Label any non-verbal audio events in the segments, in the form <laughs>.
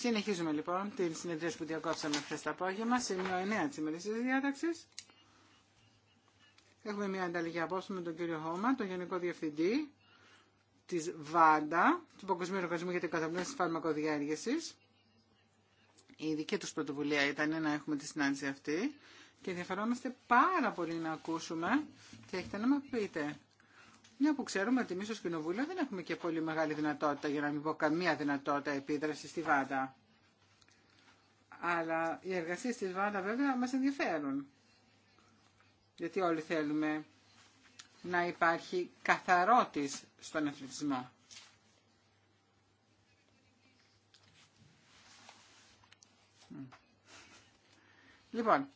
Συνεχίζουμε λοιπόν την συνεδρία που διακόψαμε χθε το απόγευμα, σημείο 9 τη ημερήσια διάταξη. Έχουμε μια ανταλλαγή απόψε με τον κύριο Χώμα, τον Γενικό Διευθυντή τη ΒΑΝΤΑ, του Παγκοσμίου Οργανισμού για την Καταπλήρωση τη Φαρμακοδιέργεση. Η δική του πρωτοβουλία ήταν να έχουμε τη συνάντηση αυτή και ενδιαφερόμαστε πάρα πολύ να ακούσουμε τι έχετε να μα πείτε. Μια που ξέρουμε ότι εμεί ω Κοινοβούλιο δεν έχουμε και πολύ μεγάλη δυνατότητα, για να μην πω καμία δυνατότητα επίδραση στη ΒΑΝΤΑ. Αλλά οι εργασίε τη ΒΑΤΑ βέβαια μα ενδιαφέρουν. Γιατί όλοι θέλουμε να υπάρχει καθαρότης στον αθλητισμό. Λοιπόν,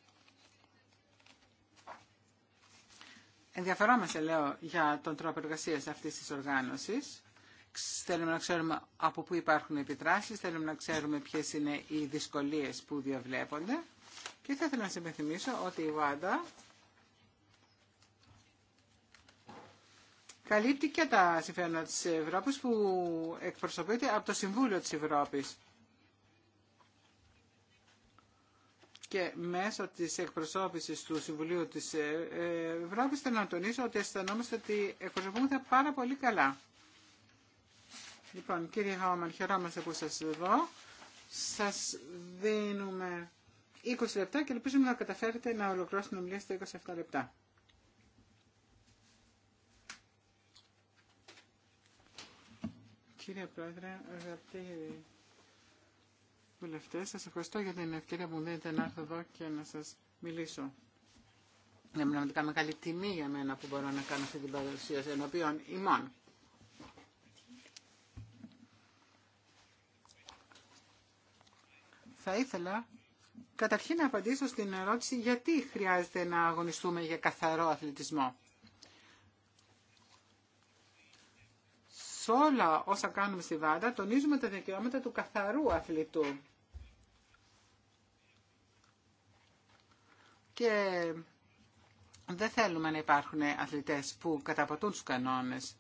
ενδιαφερόμαστε, λέω, για τον τρόπο εργασία αυτής της οργάνωσης. Θέλουμε να ξέρουμε από πού υπάρχουν επιτράσεις, θέλουμε να ξέρουμε ποιες είναι οι δυσκολίες που υπαρχουν επιτράσει, θελουμε να ξερουμε ποιε ειναι οι δυσκολιες που διαβλεπονται Και θα ήθελα να σα υπενθυμίσω ότι η ΒΑΝΤΑ καλύπτει και τα συμφέροντα της Ευρώπης που εκπροσωπείται από το Συμβούλιο της Ευρώπη. και μέσω της εκπροσώπησης του Συμβουλίου της ε, ε, Ευρώπης θέλω να τονίσω ότι αισθανόμαστε ότι εκπροσωπούμεθα πάρα πολύ καλά. Λοιπόν, κύριε Χαόμαν, χαιρόμαστε που σας εδώ. Σας δίνουμε 20 λεπτά και ελπίζουμε να καταφέρετε να ολοκληρώσετε την ομιλία στα 27 λεπτά. Κύριε Πρόεδρε, αγαπητοί βουλευτές. Σας ευχαριστώ για την ευκαιρία που μου δίνετε να έρθω εδώ και να σας μιλήσω. Είναι πραγματικά μεγάλη τιμή για μένα που μπορώ να κάνω αυτή την παρουσίαση ενώπιον ημών. Θα ήθελα καταρχήν να απαντήσω στην ερώτηση γιατί χρειάζεται να αγωνιστούμε για καθαρό αθλητισμό. όλα όσα κάνουμε στη Βάντα τονίζουμε τα δικαιώματα του καθαρού αθλητού. Και δεν θέλουμε να υπάρχουν αθλητές που καταποτούν τους κανόνες.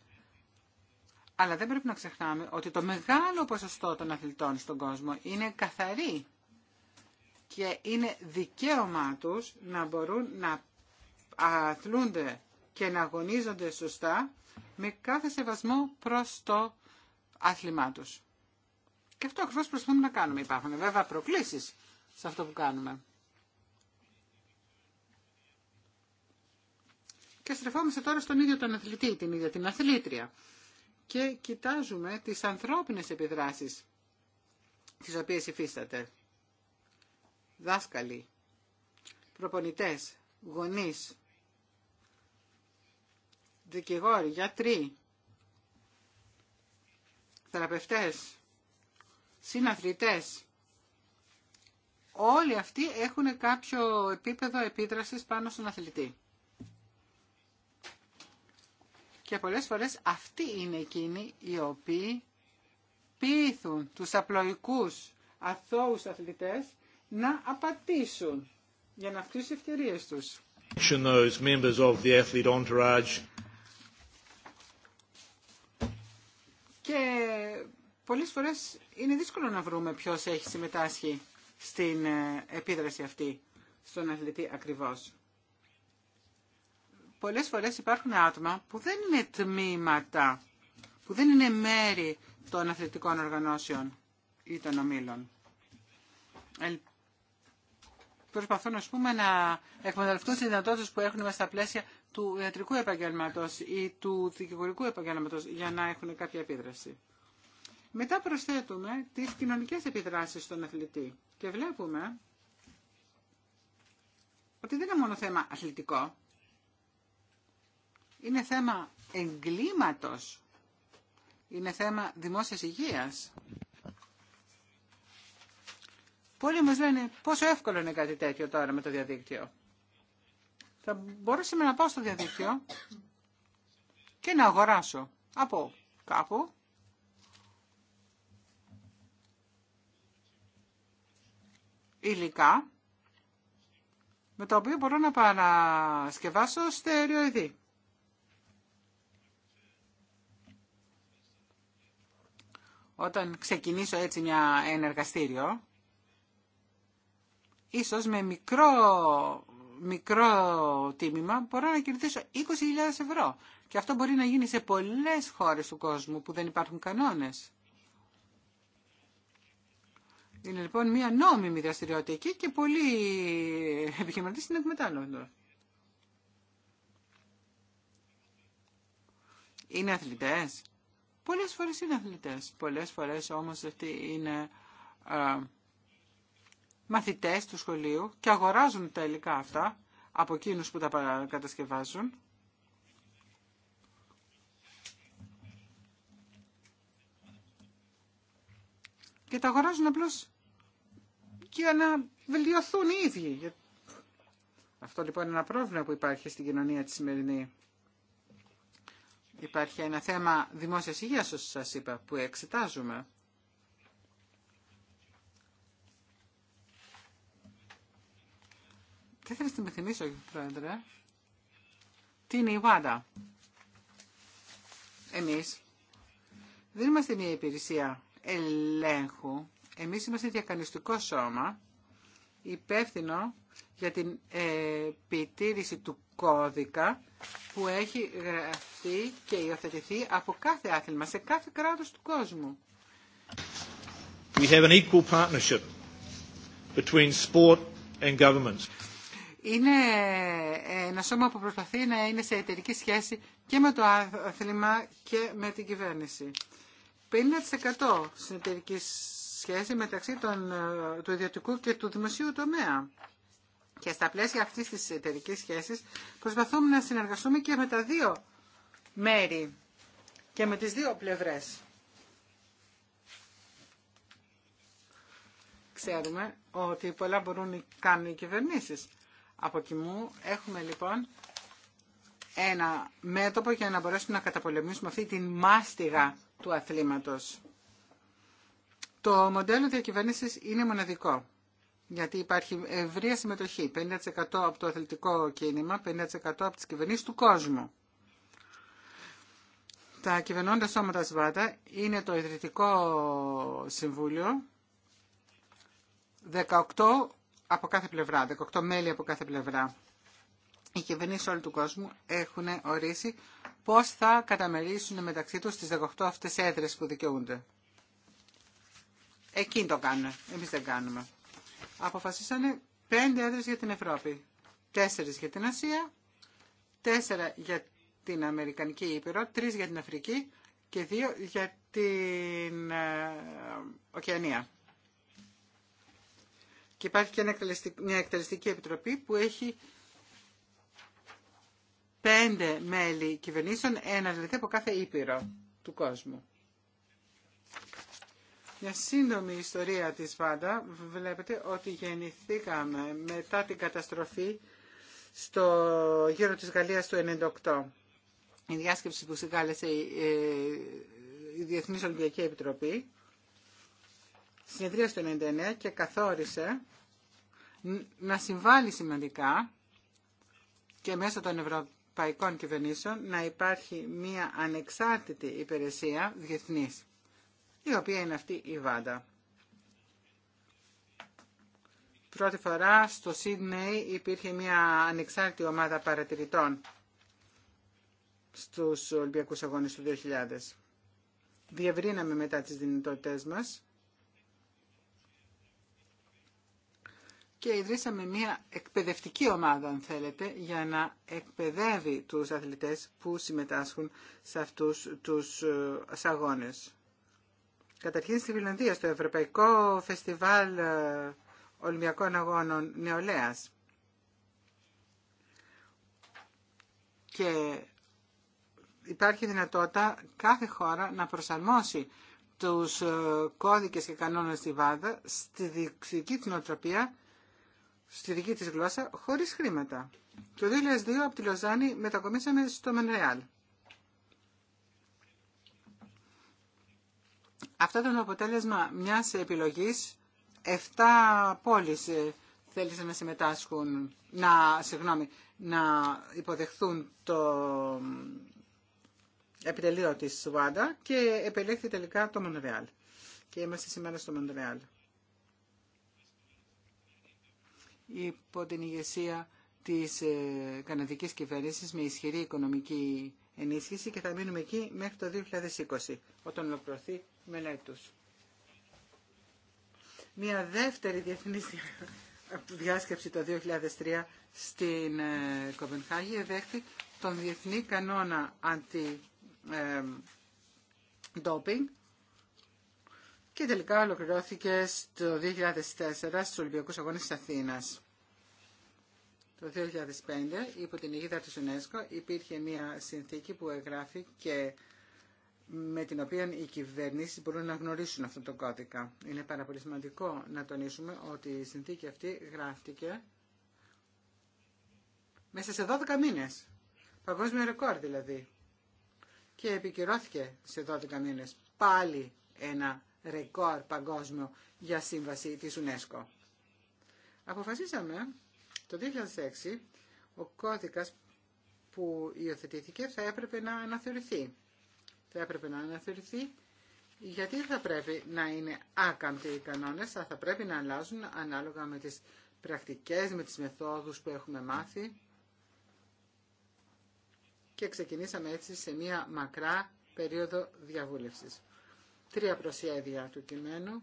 Αλλά δεν πρέπει να ξεχνάμε ότι το μεγάλο ποσοστό των αθλητών στον κόσμο είναι καθαροί και είναι δικαίωμά τους να μπορούν να αθλούνται και να αγωνίζονται σωστά με κάθε σεβασμό προς το άθλημά τους. Και αυτό ακριβώς προσπαθούμε να κάνουμε. Υπάρχουν βέβαια προκλήσεις σε αυτό που κάνουμε. Και στρεφόμαστε τώρα στον ίδιο τον αθλητή, την ίδια την αθλήτρια. Και κοιτάζουμε τις ανθρώπινες επιδράσεις τις οποίες υφίσταται. Δάσκαλοι, προπονητές, γονείς, δικηγόροι, γιατροί, θεραπευτές, συναθλητές, Όλοι αυτοί έχουν κάποιο επίπεδο επίδρασης πάνω στον αθλητή. Και πολλές φορές αυτοί είναι εκείνοι οι οποίοι πείθουν τους απλοϊκούς αθώους αθλητές να απατήσουν για να αυξήσουν ευκαιρίες τους. Those και πολλές φορές είναι δύσκολο να βρούμε ποιος έχει συμμετάσχει στην ε, επίδραση αυτή στον αθλητή ακριβώς. Πολλές φορές υπάρχουν άτομα που δεν είναι τμήματα, που δεν είναι μέρη των αθλητικών οργανώσεων ή των ομίλων. Προσπαθούν, να εκμεταλλευτούν τι δυνατότητες που έχουν μέσα στα πλαίσια του ιατρικού επαγγελματό ή του δικηγορικού επαγγελματό για να έχουν κάποια επίδραση. Μετά προσθέτουμε τις κοινωνικέ επιδράσει στον αθλητή και βλέπουμε ότι δεν είναι μόνο θέμα αθλητικό. Είναι θέμα εγκλήματος. Είναι θέμα δημόσιας υγείας. Πολλοί μας λένε πόσο εύκολο είναι κάτι τέτοιο τώρα με το διαδίκτυο θα μπορούσαμε να πάω στο διαδίκτυο και να αγοράσω από κάπου υλικά με τα οποία μπορώ να παρασκευάσω στερεοειδή. Όταν ξεκινήσω έτσι μια, ένα εργαστήριο, ίσως με μικρό μικρό τίμημα μπορώ να κερδίσω 20.000 ευρώ. Και αυτό μπορεί να γίνει σε πολλές χώρες του κόσμου που δεν υπάρχουν κανόνες. Είναι λοιπόν μια νόμιμη δραστηριότητα εκεί και πολλοί επιχειρηματίες την εκμετάλλονται. Είναι αθλητές. Πολλές φορές είναι αθλητές. Πολλές φορές όμως αυτοί είναι μαθητές του σχολείου και αγοράζουν τα υλικά αυτά από εκείνους που τα κατασκευάζουν. Και τα αγοράζουν απλώς για να βελτιωθούν οι ίδιοι. Αυτό λοιπόν είναι ένα πρόβλημα που υπάρχει στην κοινωνία τη σημερινή. Υπάρχει ένα θέμα δημόσιας υγείας, όπως σας είπα, που εξετάζουμε. Θα ήθελα να θυμίσω, κύριε Πρόεδρε, τι είναι η ΒΑΝΤΑ. Εμείς δεν είμαστε μια υπηρεσία ελέγχου. Εμείς είμαστε διακανιστικό σώμα υπεύθυνο για την επιτήρηση του κώδικα που έχει γραφτεί και υιοθετηθεί από κάθε άθλημα, σε κάθε κράτος του κόσμου. We have an equal partnership between sport and governments είναι ένα σώμα που προσπαθεί να είναι σε εταιρική σχέση και με το άθλημα και με την κυβέρνηση. 50% στην εταιρική σχέση μεταξύ των, του ιδιωτικού και του δημοσίου τομέα. Και στα πλαίσια αυτής της εταιρική σχέσης προσπαθούμε να συνεργαστούμε και με τα δύο μέρη και με τις δύο πλευρές. Ξέρουμε ότι πολλά μπορούν να κάνουν οι κυβερνήσεις, από κοιμού Έχουμε λοιπόν ένα μέτωπο για να μπορέσουμε να καταπολεμήσουμε αυτή τη μάστιγα του αθλήματος. Το μοντέλο διακυβέρνησης είναι μοναδικό, γιατί υπάρχει ευρεία συμμετοχή, 50% από το αθλητικό κίνημα, 50% από τις κυβερνήσεις του κόσμου. Τα κυβερνώντα σώματα ΣΒΑΤΑ είναι το Ιδρυτικό Συμβούλιο, 18 από κάθε πλευρά, 18 μέλη από κάθε πλευρά. Οι κυβερνήσει όλου του κόσμου έχουν ορίσει πώ θα καταμερίσουν μεταξύ του τις 18 αυτέ έδρε που δικαιούνται. Εκείνοι το κάνουν, Εμεί δεν κάνουμε. Αποφασίσανε πέντε έδρε για την Ευρώπη, τέσσερι για την Ασία, τέσσερα για την Αμερικανική Ήπειρο, τρει για την Αφρική και δύο για την Οκεανία. Ε, και υπάρχει και μια εκτελεστική επιτροπή που έχει πέντε μέλη κυβερνήσεων, ένα δηλαδή από κάθε ήπειρο του κόσμου. Μια σύντομη ιστορία της Βάντα. Βλέπετε ότι γεννηθήκαμε μετά την καταστροφή στο γύρο της Γαλλίας του 1998. Η διάσκεψη που συγκάλεσε ε, η Διεθνής Ολυμπιακή Επιτροπή συνεδρίασε το 1999 και καθόρισε να συμβάλλει σημαντικά και μέσω των ευρωπαϊκών κυβερνήσεων να υπάρχει μία ανεξάρτητη υπηρεσία διεθνής, η οποία είναι αυτή η ΒΑΝΤΑ. Πρώτη φορά στο Σίδνεϊ υπήρχε μία ανεξάρτητη ομάδα παρατηρητών στους Ολυμπιακούς Αγώνες του 2000. Διευρύναμε μετά τις δυνατότητές μας και ιδρύσαμε μια εκπαιδευτική ομάδα, αν θέλετε, για να εκπαιδεύει τους αθλητές που συμμετάσχουν σε αυτούς τους ε, αγώνες. Καταρχήν στη Βιλανδία, στο Ευρωπαϊκό Φεστιβάλ ε, Ολυμπιακών Αγώνων Νεολαίας. Και υπάρχει δυνατότητα κάθε χώρα να προσαρμόσει τους ε, κώδικες και κανόνες στη ΒΑΔΑ στη δική της νοοτροπία στη δική της γλώσσα χωρίς χρήματα. Το 2002 από τη Λοζάνη μετακομίσαμε στο Μενρεάλ. Αυτό ήταν το αποτέλεσμα μιας επιλογής. Εφτά πόλεις ε, θέλησαν να συμμετάσχουν, να, συγγνώμη, να υποδεχθούν το επιτελείο της ΒΑΝΤΑ και επελέχθη τελικά το Μονρεάλ. Και είμαστε σήμερα στο Μονρεάλ. υπό την ηγεσία της ε, καναδικής κυβέρνησης με ισχυρή οικονομική ενίσχυση και θα μείνουμε εκεί μέχρι το 2020 όταν ολοκληρωθεί η μελέτη τους. Μια δεύτερη διεθνή διάσκεψη το 2003 στην ε, Κοπενχάγη δέχτη τον διεθνή κανόνα αντι-doping ε, και τελικά ολοκληρώθηκε το 2004 στους Ολυμπιακούς Αγώνες της Αθήνας. Το 2005, υπό την ηγίδα του UNESCO, υπήρχε μια συνθήκη που εγγράφει και με την οποία οι κυβερνήσεις μπορούν να γνωρίσουν αυτόν τον κώδικα. Είναι πάρα πολύ σημαντικό να τονίσουμε ότι η συνθήκη αυτή γράφτηκε μέσα σε 12 μήνες. Παγκόσμιο ρεκόρ δηλαδή. Και επικυρώθηκε σε 12 μήνες. Πάλι ένα ρεκόρ παγκόσμιο για σύμβαση της UNESCO. Αποφασίσαμε το 2006 ο κώδικας που υιοθετήθηκε θα έπρεπε να αναθεωρηθεί. Θα έπρεπε να αναθεωρηθεί γιατί θα πρέπει να είναι άκαμπτοι οι κανόνες, θα, θα πρέπει να αλλάζουν ανάλογα με τις πρακτικές, με τις μεθόδους που έχουμε μάθει. Και ξεκινήσαμε έτσι σε μία μακρά περίοδο διαβούλευσης τρία προσέδια του κειμένου.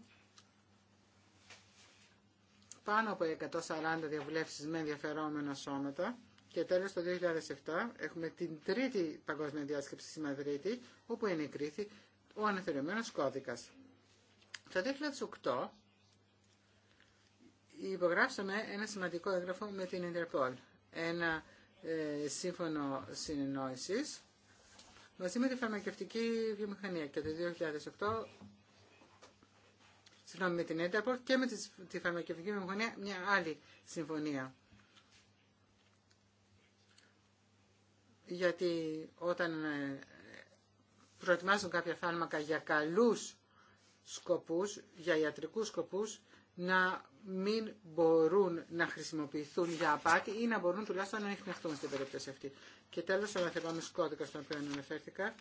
Πάνω από 140 διαβουλεύσεις με ενδιαφερόμενα σώματα. Και τέλος το 2007 έχουμε την τρίτη παγκόσμια διάσκεψη στη Μαδρίτη, όπου ενεκρίθη ο αναθεωρημένος κώδικας. Το 2008 υπογράψαμε ένα σημαντικό έγγραφο με την Interpol, ένα ε, σύμφωνο συνεννόησης μαζί με τη φαρμακευτική βιομηχανία και το 2008 συγγνώμη με την ένταπορ και με τη φαρμακευτική βιομηχανία μια άλλη συμφωνία. Γιατί όταν ε, προετοιμάζουν κάποια φάρμακα για καλούς σκοπούς, για ιατρικούς σκοπούς, να μην μπορούν να χρησιμοποιηθούν για απάτη ή να μπορούν τουλάχιστον να ανοιχνευτούν στην περίπτωση αυτή. Και τέλος, ο λαθρεμένος κώδικας στον οποίο αναφέρθηκα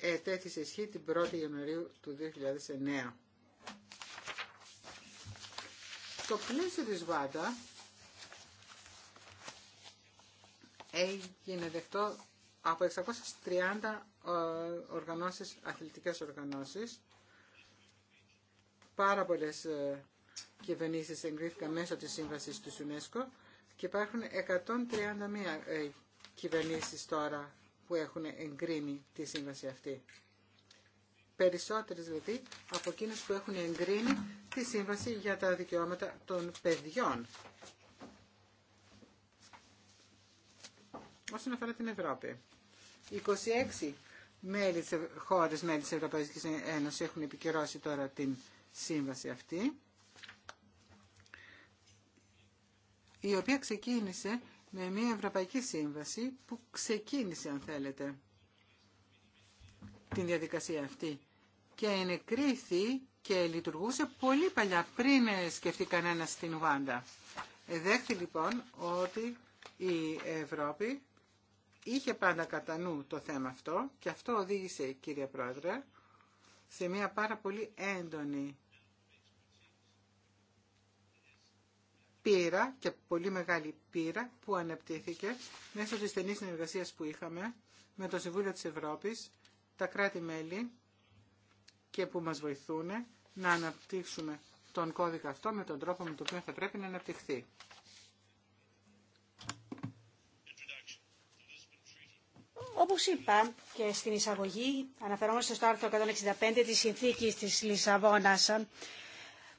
ετέθησε ισχύ την 1η Ιανουαρίου του 2009. Το πλαίσιο της ΒΑΝΤΑ, έγινε δεχτό από 630 ε, οργανώσεις, αθλητικές οργανώσεις. Πάρα πολλές ε, κυβερνήσεις εγκρίθηκαν μέσω της σύμβασης του UNESCO και υπάρχουν 131 κυβερνήσεις τώρα που έχουν εγκρίνει τη σύμβαση αυτή. Περισσότερες δηλαδή από εκείνες που έχουν εγκρίνει τη σύμβαση για τα δικαιώματα των παιδιών. Όσον αφορά την Ευρώπη, 26 μέλη, χώρες μέλη της Ευρωπαϊκής Ένωσης έχουν επικυρώσει τώρα την σύμβαση αυτή, η οποία ξεκίνησε με μια Ευρωπαϊκή Σύμβαση που ξεκίνησε, αν θέλετε, την διαδικασία αυτή και ενεκρίθη και λειτουργούσε πολύ παλιά πριν σκεφτεί κανένα στην Ουάντα. Δέχτη λοιπόν ότι η Ευρώπη είχε πάντα κατά νου το θέμα αυτό και αυτό οδήγησε, κύριε Πρόεδρε, σε μια πάρα πολύ έντονη πείρα και πολύ μεγάλη πείρα που αναπτύχθηκε μέσω της στενής συνεργασίας που είχαμε με το Συμβούλιο της Ευρώπης, τα κράτη-μέλη και που μας βοηθούν να αναπτύξουμε τον κώδικα αυτό με τον τρόπο με τον οποίο θα πρέπει να αναπτυχθεί. Όπως είπα και στην εισαγωγή, αναφερόμαστε στο άρθρο 165 της Συνθήκης της Λισαβόνας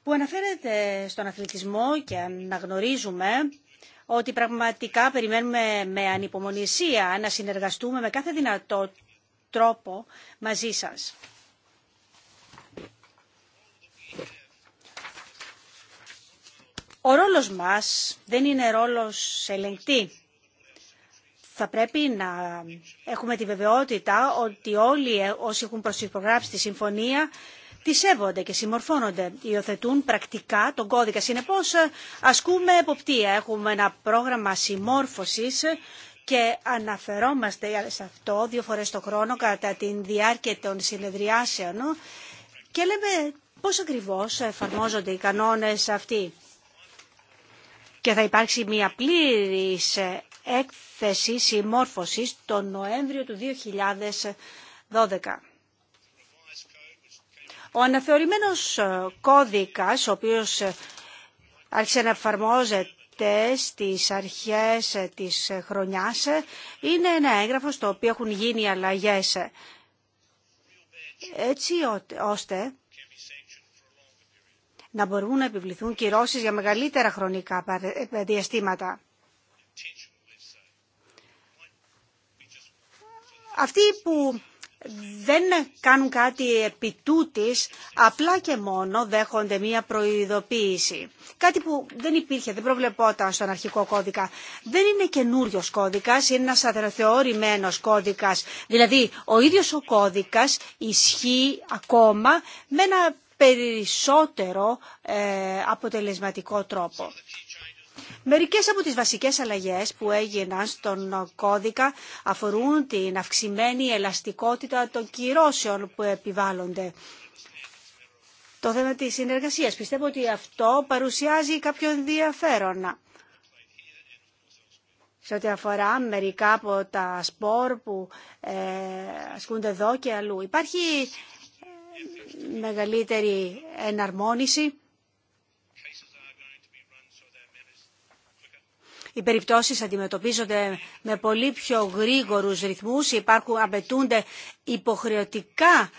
που αναφέρεται στον αθλητισμό και αναγνωρίζουμε ότι πραγματικά περιμένουμε με ανυπομονησία να συνεργαστούμε με κάθε δυνατό τρόπο μαζί σας. Ο ρόλος μας δεν είναι ρόλος ελεγκτή. Θα πρέπει να έχουμε τη βεβαιότητα ότι όλοι όσοι έχουν προσυπογράψει τη συμφωνία τη σέβονται και συμμορφώνονται. Υιοθετούν πρακτικά τον κώδικα. Συνεπώ, ε, ασκούμε εποπτεία. Έχουμε ένα πρόγραμμα συμμόρφωση και αναφερόμαστε σε αυτό δύο φορέ το χρόνο κατά την διάρκεια των συνεδριάσεων και λέμε πώ ακριβώ εφαρμόζονται οι κανόνε αυτοί. Και θα υπάρξει μια πλήρης έκθεση συμμόρφωση τον Νοέμβριο του 2012. Ο αναθεωρημένος ε, κώδικας, ο οποίος ε, άρχισε να εφαρμόζεται στις αρχές ε, της χρονιάς, είναι ένα έγγραφο στο οποίο έχουν γίνει αλλαγές. Έτσι ώστε να μπορούν να επιβληθούν κυρώσεις για μεγαλύτερα χρονικά διαστήματα. Αυτοί που δεν κάνουν κάτι επί τούτης, απλά και μόνο δέχονται μία προειδοποίηση. Κάτι που δεν υπήρχε, δεν προβλεπόταν στον αρχικό κώδικα. Δεν είναι καινούριο κώδικας, είναι ένας αθεωρημένος κώδικας. Δηλαδή, ο ίδιος ο κώδικας ισχύει ακόμα με ένα περισσότερο ε, αποτελεσματικό τρόπο. Μερικές από τις βασικές αλλαγές που έγιναν στον κώδικα αφορούν την αυξημένη ελαστικότητα των κυρώσεων που επιβάλλονται. Το θέμα της συνεργασίας. Πιστεύω ότι αυτό παρουσιάζει κάποιο ενδιαφέρον. Σε ό,τι αφορά μερικά από τα σπορ που ε, ασκούνται εδώ και αλλού. Υπάρχει ε, μεγαλύτερη εναρμόνιση οι περιπτώσεις αντιμετωπίζονται με πολύ πιο γρήγορους ρυθμούς, υπάρχουν, απαιτούνται υποχρεωτικά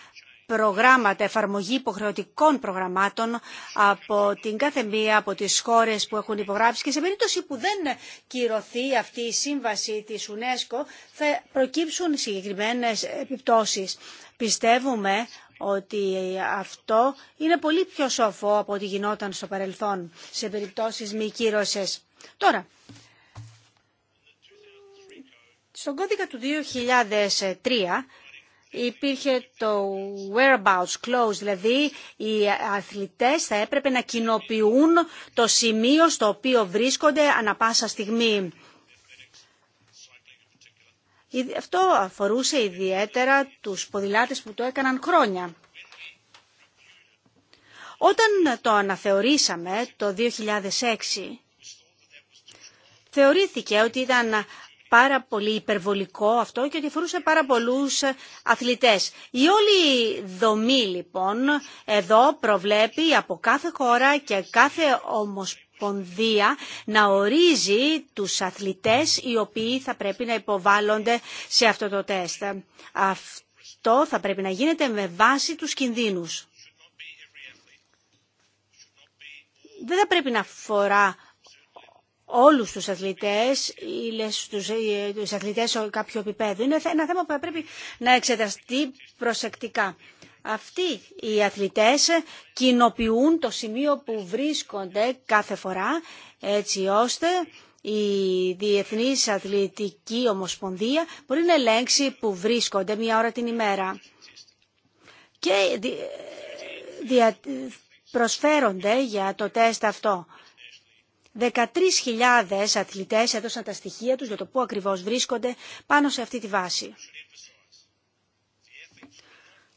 προγράμματα, εφαρμογή υποχρεωτικών προγραμμάτων από την κάθε μία από τις χώρες που έχουν υπογράψει και σε περίπτωση που δεν κυρωθεί αυτή η σύμβαση της UNESCO θα προκύψουν συγκεκριμένες επιπτώσεις. Πιστεύουμε ότι αυτό είναι πολύ πιο σοφό από ό,τι γινόταν στο παρελθόν σε περιπτώσεις μη κύρωσες. Τώρα, στον κώδικα του 2003 υπήρχε το whereabouts clause, δηλαδή οι αθλητές θα έπρεπε να κοινοποιούν το σημείο στο οποίο βρίσκονται ανα πάσα στιγμή. Αυτό αφορούσε ιδιαίτερα τους ποδηλάτες που το έκαναν χρόνια. Όταν το αναθεωρήσαμε το 2006, θεωρήθηκε ότι ήταν πάρα πολύ υπερβολικό αυτό και ότι αφορούσε πάρα πολλούς ε, αθλητές. Η όλη δομή λοιπόν εδώ προβλέπει από κάθε χώρα και κάθε ομοσπονδία να ορίζει τους αθλητές οι οποίοι θα πρέπει να υποβάλλονται σε αυτό το τεστ. Αυτό θα πρέπει να γίνεται με βάση τους κινδύνους. Δεν θα πρέπει να φορά όλους τους αθλητές ή λες τους, τους αθλητές Ομοσπονδία επίπεδου. Είναι ένα θέμα που πρέπει να εξεταστεί προσεκτικά. Αυτοί οι αθλητές κοινοποιούν το σημείο που βρίσκονται κάθε φορά έτσι ώστε η Διεθνής Αθλητική Ομοσπονδία μπορεί να ελέγξει που βρίσκονται μία ώρα την ημέρα. Και προσφέρονται για το τεστ αυτό. 13.000 αθλητές έδωσαν τα στοιχεία τους για το πού ακριβώς βρίσκονται πάνω σε αυτή τη βάση.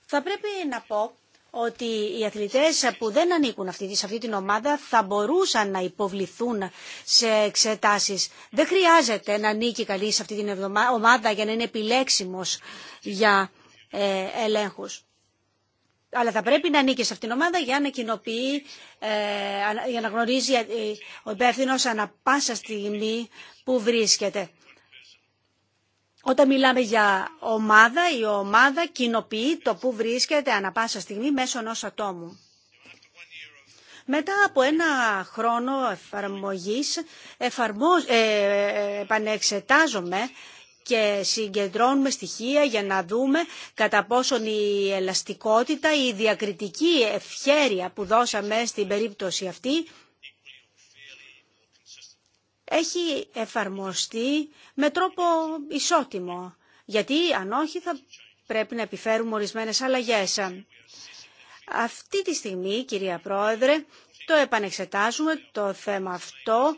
Θα πρέπει να πω ότι οι αθλητές που δεν ανήκουν σε αυτή την ομάδα θα μπορούσαν να υποβληθούν σε εξετάσεις. Δεν χρειάζεται να ανήκει καλή σε αυτή την ομάδα για να είναι επιλέξιμος για ε, ελέγχους αλλά θα πρέπει να ανήκει σε αυτήν την ομάδα για να ε, για να γνωρίζει ε, ο υπεύθυνο ανα πάσα στιγμή που βρίσκεται. Όταν μιλάμε για ομάδα, η ομάδα κοινοποιεί το που βρίσκεται ανα πάσα στιγμή μέσω ενό ατόμου. Μετά από ένα χρόνο εφαρμογής, ε, ε, επανεξετάζομαι και συγκεντρώνουμε στοιχεία για να δούμε κατά πόσον η ελαστικότητα, η διακριτική ευχέρεια που δώσαμε στην περίπτωση αυτή έχει εφαρμοστεί με τρόπο ισότιμο. Γιατί αν όχι θα πρέπει να επιφέρουμε ορισμένες αλλαγές. Αυτή τη στιγμή, κυρία Πρόεδρε, το επανεξετάζουμε το θέμα αυτό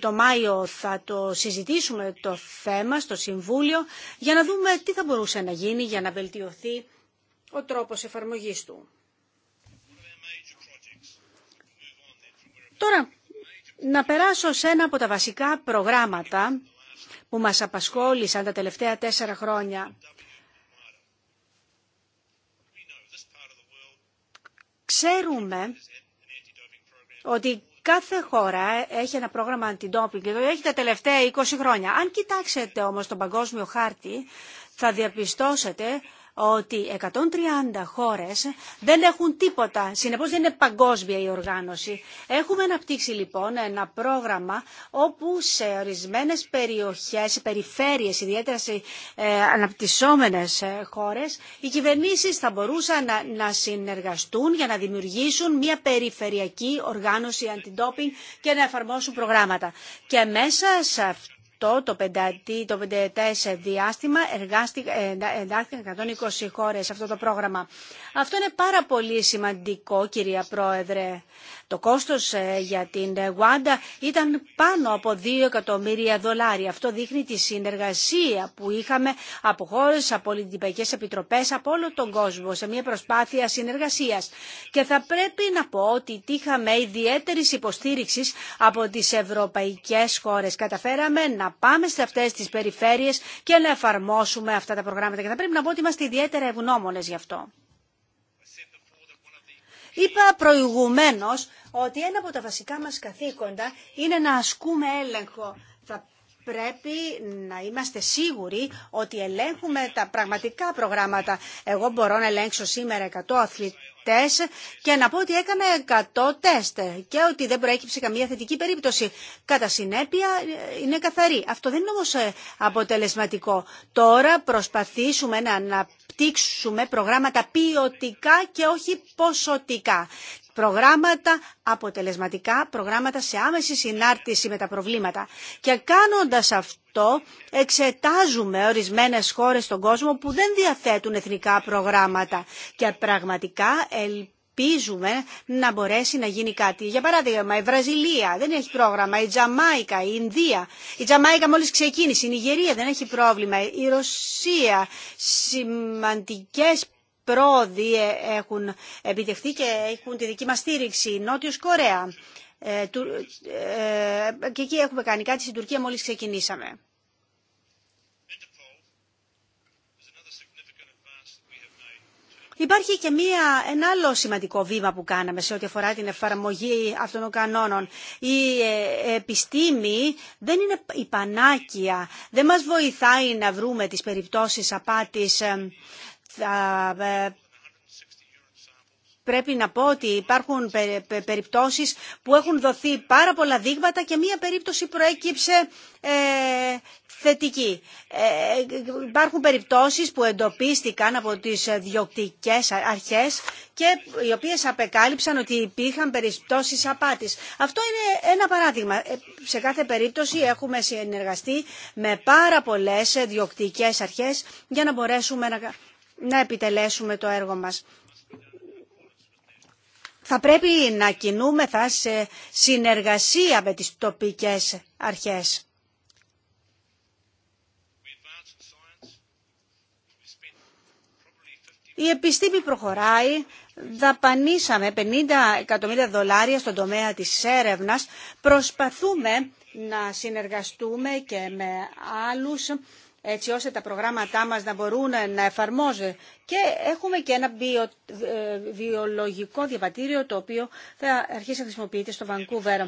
το Μάιο θα το συζητήσουμε το θέμα στο Συμβούλιο για να δούμε τι θα μπορούσε να γίνει για να βελτιωθεί ο τρόπος εφαρμογής του. Τώρα, να περάσω σε ένα από τα βασικά προγράμματα που μας απασχόλησαν τα τελευταία τέσσερα χρόνια. Ξέρουμε ότι Κάθε χώρα έχει ένα πρόγραμμα αντιντόπινγκ και το έχει τα τελευταία 20 χρόνια. Αν κοιτάξετε όμως τον παγκόσμιο χάρτη, θα διαπιστώσετε ότι 130 χώρες δεν έχουν τίποτα, συνεπώς δεν είναι παγκόσμια η οργάνωση. Έχουμε αναπτύξει λοιπόν ένα πρόγραμμα όπου σε ορισμένες περιοχές, περιφέρειες, ιδιαίτερα σε ε, αναπτυσσόμενες ε, χώρες, οι κυβερνήσεις θα μπορούσαν να, συνεργαστούν για να δημιουργήσουν μια περιφερειακή οργάνωση αντιντόπινγκ και να εφαρμόσουν προγράμματα. Και μέσα σε αυτό το, πεντατή, το 54 διάστημα, ε, εντάχθηκαν 120 χώρες σε αυτό το πρόγραμμα. Αυτό είναι πάρα πολύ σημαντικό, κυρία Πρόεδρε. Το κόστος ε, για την Γουάντα ε, ήταν πάνω από 2 εκατομμύρια δολάρια. Αυτό δείχνει τη συνεργασία που είχαμε από χώρες, από πολιτικές επιτροπές, από όλο τον κόσμο σε μια προσπάθεια συνεργασίας. Και θα πρέπει να πω ότι είχαμε ιδιαίτερη υποστήριξη από τις ευρωπαϊκές χώρες. Καταφέραμε να πάμε σε αυτές τις περιφέρειες και να εφαρμόσουμε αυτά τα προγράμματα. Και θα πρέπει να πω ότι είμαστε ιδιαίτερα ευγνώμονες γι' αυτό. Είπα προηγουμένως ότι ένα από τα βασικά μας καθήκοντα είναι να ασκούμε έλεγχο. Θα πρέπει να είμαστε σίγουροι ότι ελέγχουμε τα πραγματικά προγράμματα. Εγώ μπορώ να ελέγξω σήμερα 100 αθλητές και να πω ότι έκανε 100 τεστ και ότι δεν προέκυψε καμία θετική περίπτωση. Κατά συνέπεια ε, είναι καθαρή. Αυτό δεν είναι όμως ε, αποτελεσματικό. Τώρα προσπαθήσουμε να αναπτύξουμε προγράμματα ποιοτικά και όχι ποσοτικά προγράμματα αποτελεσματικά, προγράμματα σε άμεση συνάρτηση με τα προβλήματα. Και κάνοντας αυτό εξετάζουμε ορισμένες χώρες στον κόσμο που δεν διαθέτουν εθνικά προγράμματα και πραγματικά ελπίζουμε να μπορέσει να γίνει κάτι. Για παράδειγμα, η Βραζιλία δεν έχει πρόγραμμα, η Τζαμάικα, η Ινδία. Η Τζαμάικα μόλις ξεκίνησε, η Νιγερία δεν έχει πρόβλημα, η Ρωσία, σημαντικές πρόοδοι ε, έχουν επιτευχθεί και έχουν τη δική μας στήριξη. Νότιος Κορέα. Ε, ε, και εκεί έχουμε κάνει κάτι στην Τουρκία μόλις ξεκινήσαμε. Υπάρχει και μία, ένα άλλο σημαντικό βήμα που κάναμε σε ό,τι αφορά την εφαρμογή αυτών των κανόνων. Η ε, επιστήμη δεν είναι η πανάκια. Δεν μας βοηθάει να βρούμε τις περιπτώσεις απάτης. Ε, πρέπει να πω ότι υπάρχουν περιπτώσεις που έχουν δοθεί πάρα πολλά δείγματα και μία περίπτωση προέκυψε ε, θετική. Ε, υπάρχουν περιπτώσεις που εντοπίστηκαν από τις διοκτικές αρχές και οι οποίες απεκάλυψαν ότι υπήρχαν περιπτώσεις απάτης. Αυτό είναι ένα παράδειγμα. Σε κάθε περίπτωση έχουμε συνεργαστεί με πάρα πολλές διοκτικές αρχές για να μπορέσουμε να να επιτελέσουμε το έργο μας. Θα πρέπει να κινούμεθα σε συνεργασία με τις τοπικές αρχές. Η επιστήμη προχωράει. Δαπανίσαμε 50 εκατομμύρια δολάρια στον τομέα της έρευνας. Προσπαθούμε να συνεργαστούμε και με άλλους έτσι ώστε τα προγράμματά μας να μπορούν να εφαρμόζονται. Και έχουμε και ένα ε, βιολογικό διαβατήριο το οποίο θα αρχίσει να χρησιμοποιείται στο Βανκούβερ.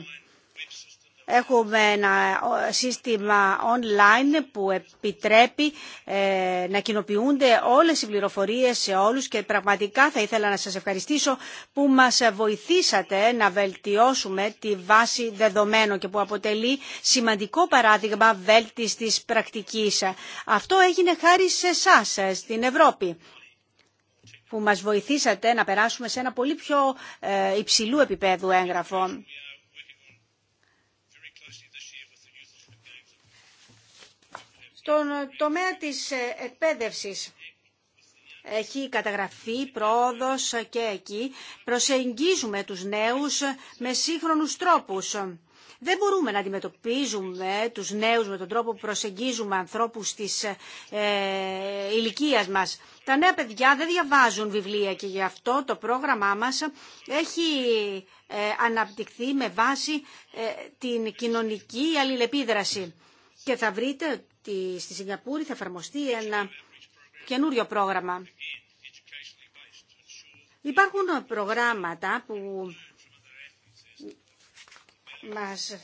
Έχουμε ένα σύστημα online που επιτρέπει ε, να κοινοποιούνται όλες οι πληροφορίες σε όλους και πραγματικά θα ήθελα να σας ευχαριστήσω που μας βοηθήσατε να βελτιώσουμε τη βάση δεδομένων και που αποτελεί σημαντικό παράδειγμα βέλτιστης πρακτικής. Αυτό έγινε χάρη σε εσά ε, στην Ευρώπη που μας βοηθήσατε να περάσουμε σε ένα πολύ πιο ε, υψηλού επίπεδου έγγραφο. Το ε, τομέα της ε, εκπαίδευσης έχει καταγραφεί πρόοδος ε, και εκεί προσεγγίζουμε τους νέους με σύγχρονους τρόπους. Δεν μπορούμε να αντιμετωπίζουμε τους νέους με τον τρόπο που προσεγγίζουμε ανθρώπους της ε, ηλικίας μας. Τα νέα παιδιά δεν διαβάζουν βιβλία και γι' αυτό το πρόγραμμά μας έχει αναπτυχθεί με βάση την κοινωνική αλληλεπίδραση. Και θα βρείτε ότι στη Σιγκαπούρη θα εφαρμοστεί ένα καινούριο πρόγραμμα. Υπάρχουν προγράμματα που μας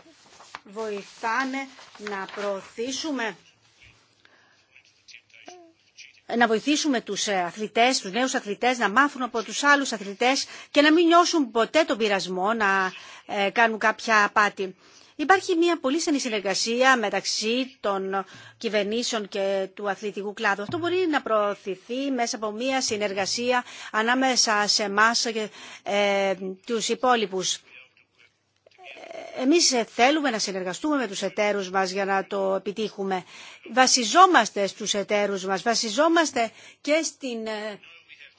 βοηθάνε να προωθήσουμε να βοηθήσουμε τους αθλητές, τους νέους αθλητές να μάθουν από τους άλλους αθλητές και να μην νιώσουν ποτέ τον πειρασμό να ε, κάνουν κάποια απάτη. Υπάρχει μια πολύ στενή συνεργασία μεταξύ των κυβερνήσεων και του αθλητικού κλάδου. Αυτό μπορεί να προωθηθεί μέσα από μια συνεργασία ανάμεσα σε εμά και ε, τους υπόλοιπους. Εμείς θέλουμε να συνεργαστούμε με τους εταίρους μας για να το επιτύχουμε. Βασιζόμαστε στους εταίρους μας, βασιζόμαστε και στην ε,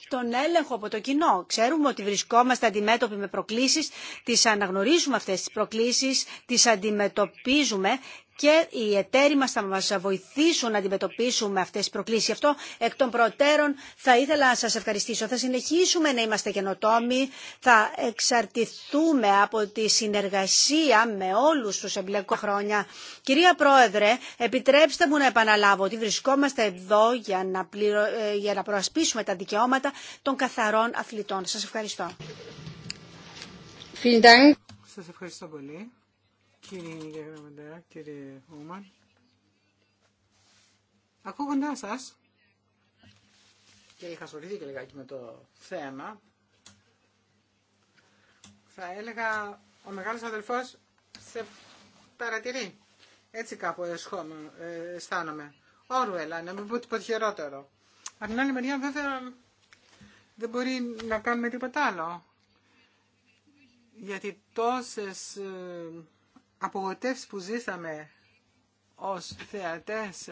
τον έλεγχο από το κοινό. Ξέρουμε ότι βρισκόμαστε αντιμέτωποι με προκλήσεις, τις αναγνωρίζουμε αυτές τις προκλήσεις, τις αντιμετωπίζουμε και οι εταίροι μας θα μας βοηθήσουν να αντιμετωπίσουμε αυτές τις προκλήσεις. Αυτό εκ των προτέρων θα ήθελα να σας ευχαριστήσω. Θα συνεχίσουμε να είμαστε καινοτόμοι, θα εξαρτηθούμε από τη συνεργασία με όλους τους εμπλεκόχρονια. χρόνια. Κυρία Πρόεδρε, επιτρέψτε μου να επαναλάβω ότι βρισκόμαστε εδώ για να, ε, για να προασπίσουμε τα δικαιώματα των καθαρών αθλητών. Σας ευχαριστώ. Σας ευχαριστώ πολύ κύριε Γραμματέα, κύριε Ούμαν. Ακούγοντά σα και είχα ασχοληθεί και λιγάκι με το θέμα, θα έλεγα ο μεγάλος αδελφός σε παρατηρεί. Έτσι κάπου αισθάνομαι. Όρουελα, να μην πω τίποτα χειρότερο. Από την άλλη μεριά βέβαια δεν μπορεί να κάνουμε τίποτα άλλο. Γιατί τόσες ε, απογοητεύσει που ζήσαμε ως θεατές,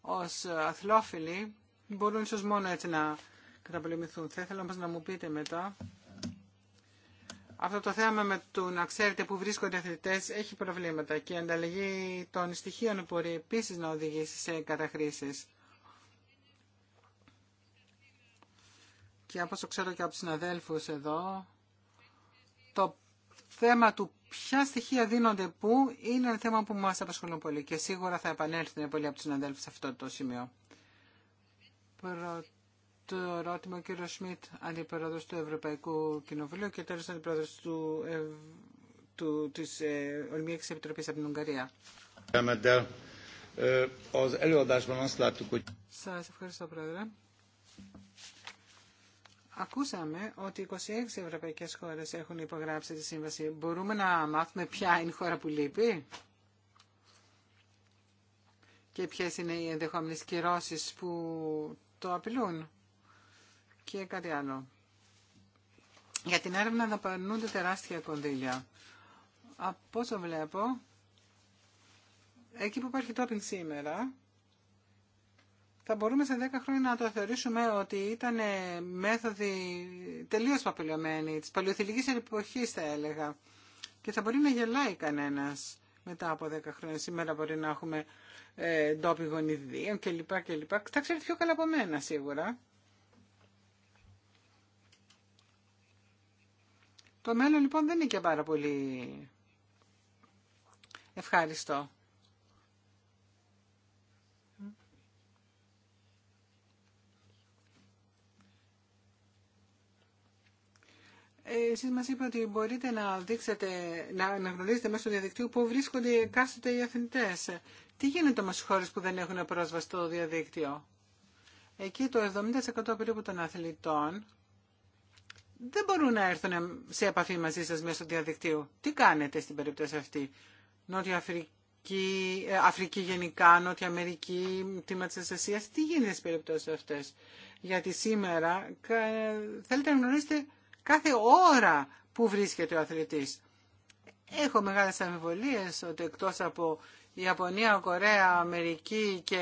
ως αθλόφιλοι, μπορούν ίσως μόνο έτσι να καταπολεμηθούν. Θα ήθελα όμως να μου πείτε μετά. Αυτό το θέμα με το να ξέρετε που βρίσκονται οι αθλητές έχει προβλήματα και η ανταλλαγή των στοιχείων μπορεί επίσης να οδηγήσει σε καταχρήσεις. Και όπως το ξέρω και από τους συναδέλφους εδώ, το θέμα του Ποια στοιχεία δίνονται πού είναι ένα θέμα που μας απασχολούν πολύ και σίγουρα θα επανέλθουν πολλοί από τους συναδέλφους σε αυτό το σημείο. Πρώτο ερώτημα ο κύριος Σμιτ, αντιπρόεδρος του Ευρωπαϊκού Κοινοβουλίου και τέλος αντιπρόεδρος του, ε, του, της ε, Επιτροπής από την Ουγγαρία. Ε, Σας ευχαριστώ πρόεδρε. Ακούσαμε ότι 26 ευρωπαϊκές χώρες έχουν υπογράψει τη σύμβαση. Μπορούμε να μάθουμε ποια είναι η χώρα που λείπει και ποιες είναι οι ενδεχόμενες κυρώσεις που το απειλούν και κάτι άλλο. Για την έρευνα δαπανούνται τεράστια κονδύλια. Από όσο βλέπω, εκεί που υπάρχει τόπινγκ σήμερα, θα μπορούμε σε 10 χρόνια να το θεωρήσουμε ότι ήταν μέθοδοι τελείως παπελωμένοι, της παλαιοθυλικής εποχής θα έλεγα. Και θα μπορεί να γελάει κανένας μετά από 10 χρόνια. Σήμερα μπορεί να έχουμε ε, ντόπι γονιδίων κλπ. κλπ. Θα ξέρετε πιο καλά από μένα σίγουρα. Το μέλλον λοιπόν δεν είναι και πάρα πολύ ευχάριστο. Εσείς μας είπατε ότι μπορείτε να, δείξετε, να αναγνωρίσετε μέσω διαδικτύου που βρίσκονται εκάστοτε οι αθλητές. Τι γίνεται όμως στις χώρες που δεν έχουν πρόσβαση στο διαδίκτυο. Εκεί το 70% περίπου των αθλητών δεν μπορούν να έρθουν σε επαφή μαζί σας μέσω διαδικτύου. Τι κάνετε στην περίπτωση αυτή. Νότια Αφρική, ε, Αφρική γενικά, Νότια Αμερική, τίμα της Ασίας. Τι γίνεται στις περιπτώσεις αυτές. Γιατί σήμερα θέλετε να γνωρίσετε κάθε ώρα που βρίσκεται ο αθλητής. Έχω μεγάλες αμφιβολίες ότι εκτός από Ιαπωνία, Κορέα, Αμερική και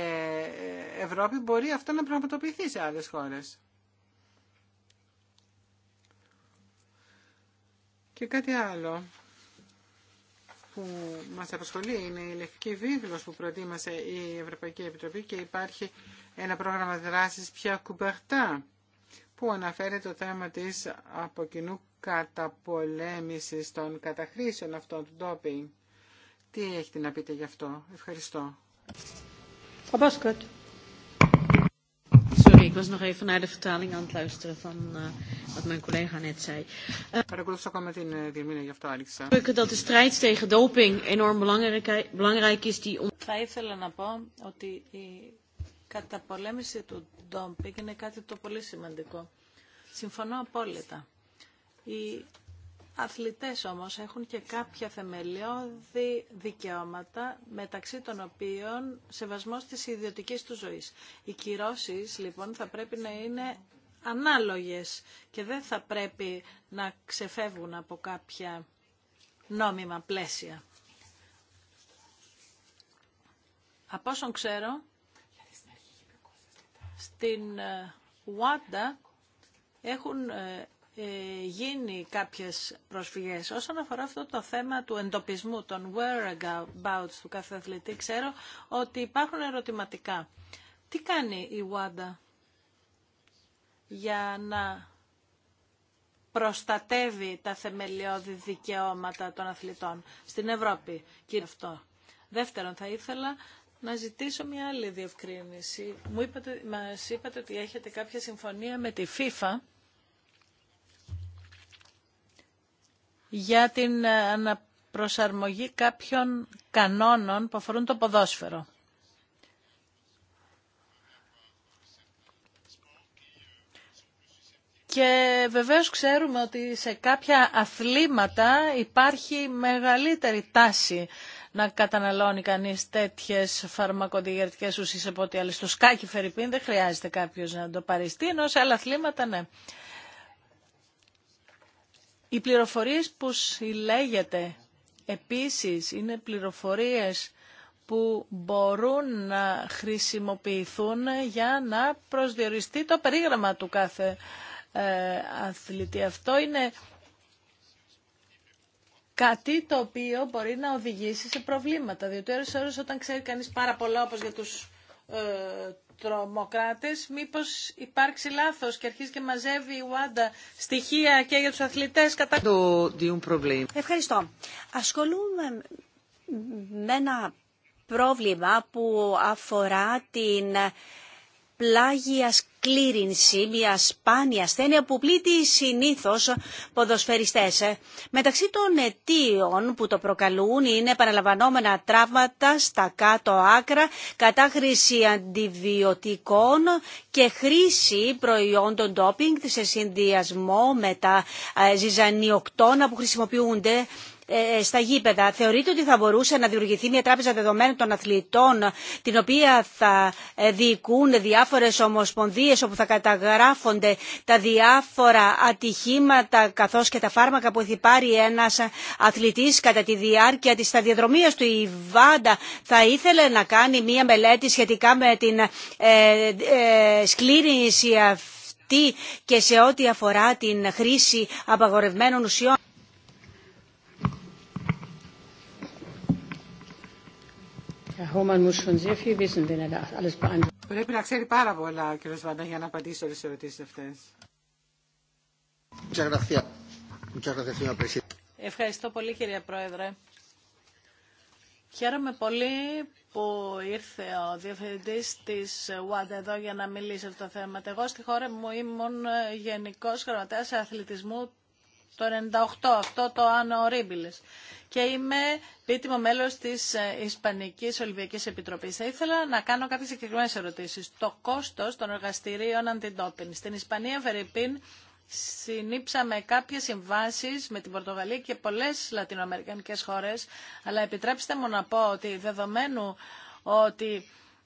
ε, Ευρώπη μπορεί αυτό να πραγματοποιηθεί σε άλλες χώρες. Και κάτι άλλο που μας απασχολεί είναι η λευκή βίβλος που προτίμασε η Ευρωπαϊκή Επιτροπή και υπάρχει ένα πρόγραμμα δράσης πια κουμπαρτά που αναφέρει το θέμα της από κοινού καταπολέμησης των καταχρήσεων αυτών του ντόπινγκ. Τι έχετε να πείτε γι' αυτό. Ευχαριστώ. Ο Sorry, ik was nog even naar de vertaling aan het luisteren van uh, wat mijn collega net zei. Eh, Παρακολουθώ ακόμα την eh, Dat de strijd tegen doping enorm belangrijk is. Die... Θα ήθελα να πω ότι η καταπολέμηση του ντόμπινγκ είναι κάτι το πολύ σημαντικό. Συμφωνώ απόλυτα. Οι αθλητές όμως έχουν και κάποια θεμελιώδη δικαιώματα μεταξύ των οποίων σεβασμός της ιδιωτικής του ζωής. Οι κυρώσεις λοιπόν θα πρέπει να είναι ανάλογες και δεν θα πρέπει να ξεφεύγουν από κάποια νόμιμα πλαίσια. Από όσον ξέρω, στην ε, ΟΑΝΤΑ έχουν ε, ε, γίνει κάποιες προσφυγές. Όσον αφορά αυτό το θέμα του εντοπισμού των whereabouts του κάθε αθλητή, ξέρω ότι υπάρχουν ερωτηματικά. Τι κάνει η ΟΑΤΑ για να προστατεύει τα θεμελιώδη δικαιώματα των αθλητών στην Ευρώπη. κύριε αυτό. Δεύτερον, θα ήθελα να ζητήσω μια άλλη διευκρίνηση. Μου είπατε, μας είπατε ότι έχετε κάποια συμφωνία με τη FIFA για την ε, αναπροσαρμογή κάποιων κανόνων που αφορούν το ποδόσφαιρο. Και βεβαίως ξέρουμε ότι σε κάποια αθλήματα υπάρχει μεγαλύτερη τάση να καταναλώνει κανείς τέτοιες φαρμακοδιαιρετικέ ουσίες από ό,τι άλλο. Στο σκάκι φερρυπίν δεν χρειάζεται κάποιο να το παριστεί, ενώ σε άλλα αθλήματα ναι. Οι πληροφορίες που συλλέγεται επίσης είναι πληροφορίες που μπορούν να χρησιμοποιηθούν για να προσδιοριστεί το περίγραμμα του κάθε ε, αθλητή. Αυτό είναι κάτι το οποίο μπορεί να οδηγήσει σε προβλήματα. Διότι ο όταν ξέρει κανείς πάρα πολλά όπω για τους ε, τρομοκράτες, μήπως υπάρξει λάθος και αρχίζει και μαζεύει η Ουάντα στοιχεία και για τους αθλητές κατά... Ευχαριστώ. Ασχολούμαι με ένα πρόβλημα που αφορά την Πλάγια κλήρινση, μια σπάνια ασθένεια που πλήττει συνήθω ποδοσφαιριστές. Μεταξύ των αιτίων που το προκαλούν είναι παραλαμβανόμενα τραύματα στα κάτω άκρα, κατάχρηση αντιβιωτικών και χρήση προϊόντων ντόπινγκ σε συνδυασμό με τα ε, ζυζανιοκτώνα που χρησιμοποιούνται ε, ε, στα γήπεδα. Θεωρείτε ότι θα μπορούσε να δημιουργηθεί μια τράπεζα δεδομένων των αθλητών, την οποία θα ε, διοικούν διάφορε ομοσπονδίε όπου θα καταγράφονται τα διάφορα ατυχήματα καθώ και τα φάρμακα που έχει πάρει ένα αθλητή κατά τη διάρκεια τη σταδιοδρομία του. Η Βάντα θα ήθελε να κάνει μια μελέτη σχετικά με την σκλήρινση αυτή και σε ό,τι αφορά την χρήση απαγορευμένων ουσιών. Er Πρέπει να ξέρει πάρα πολλά ο κ. Βαντά για να απαντήσει όλες τις ερωτήσεις αυτές. Ευχαριστώ πολύ κύριε Πρόεδρε. Χαίρομαι πολύ που ήρθε ο διευθυντής της ΟΑΝΤΑ εδώ για να μιλήσει αυτό το θέμα. Εγώ στη χώρα μου ήμουν γενικός γραμματέας αθλητισμού το 98, αυτό το Άνω Και είμαι πίτιμο μέλος της ε, Ισπανικής Ολυμπιακής Επιτροπής. Θα ήθελα να κάνω κάποιες συγκεκριμένε ερωτήσεις. Το κόστος των εργαστηρίων αντιντόπιν. Στην Ισπανία, Βερυπίν, συνήψαμε κάποιες συμβάσεις με την Πορτογαλία και πολλές λατινοαμερικανικές χώρες, αλλά επιτρέψτε μου να πω ότι δεδομένου ότι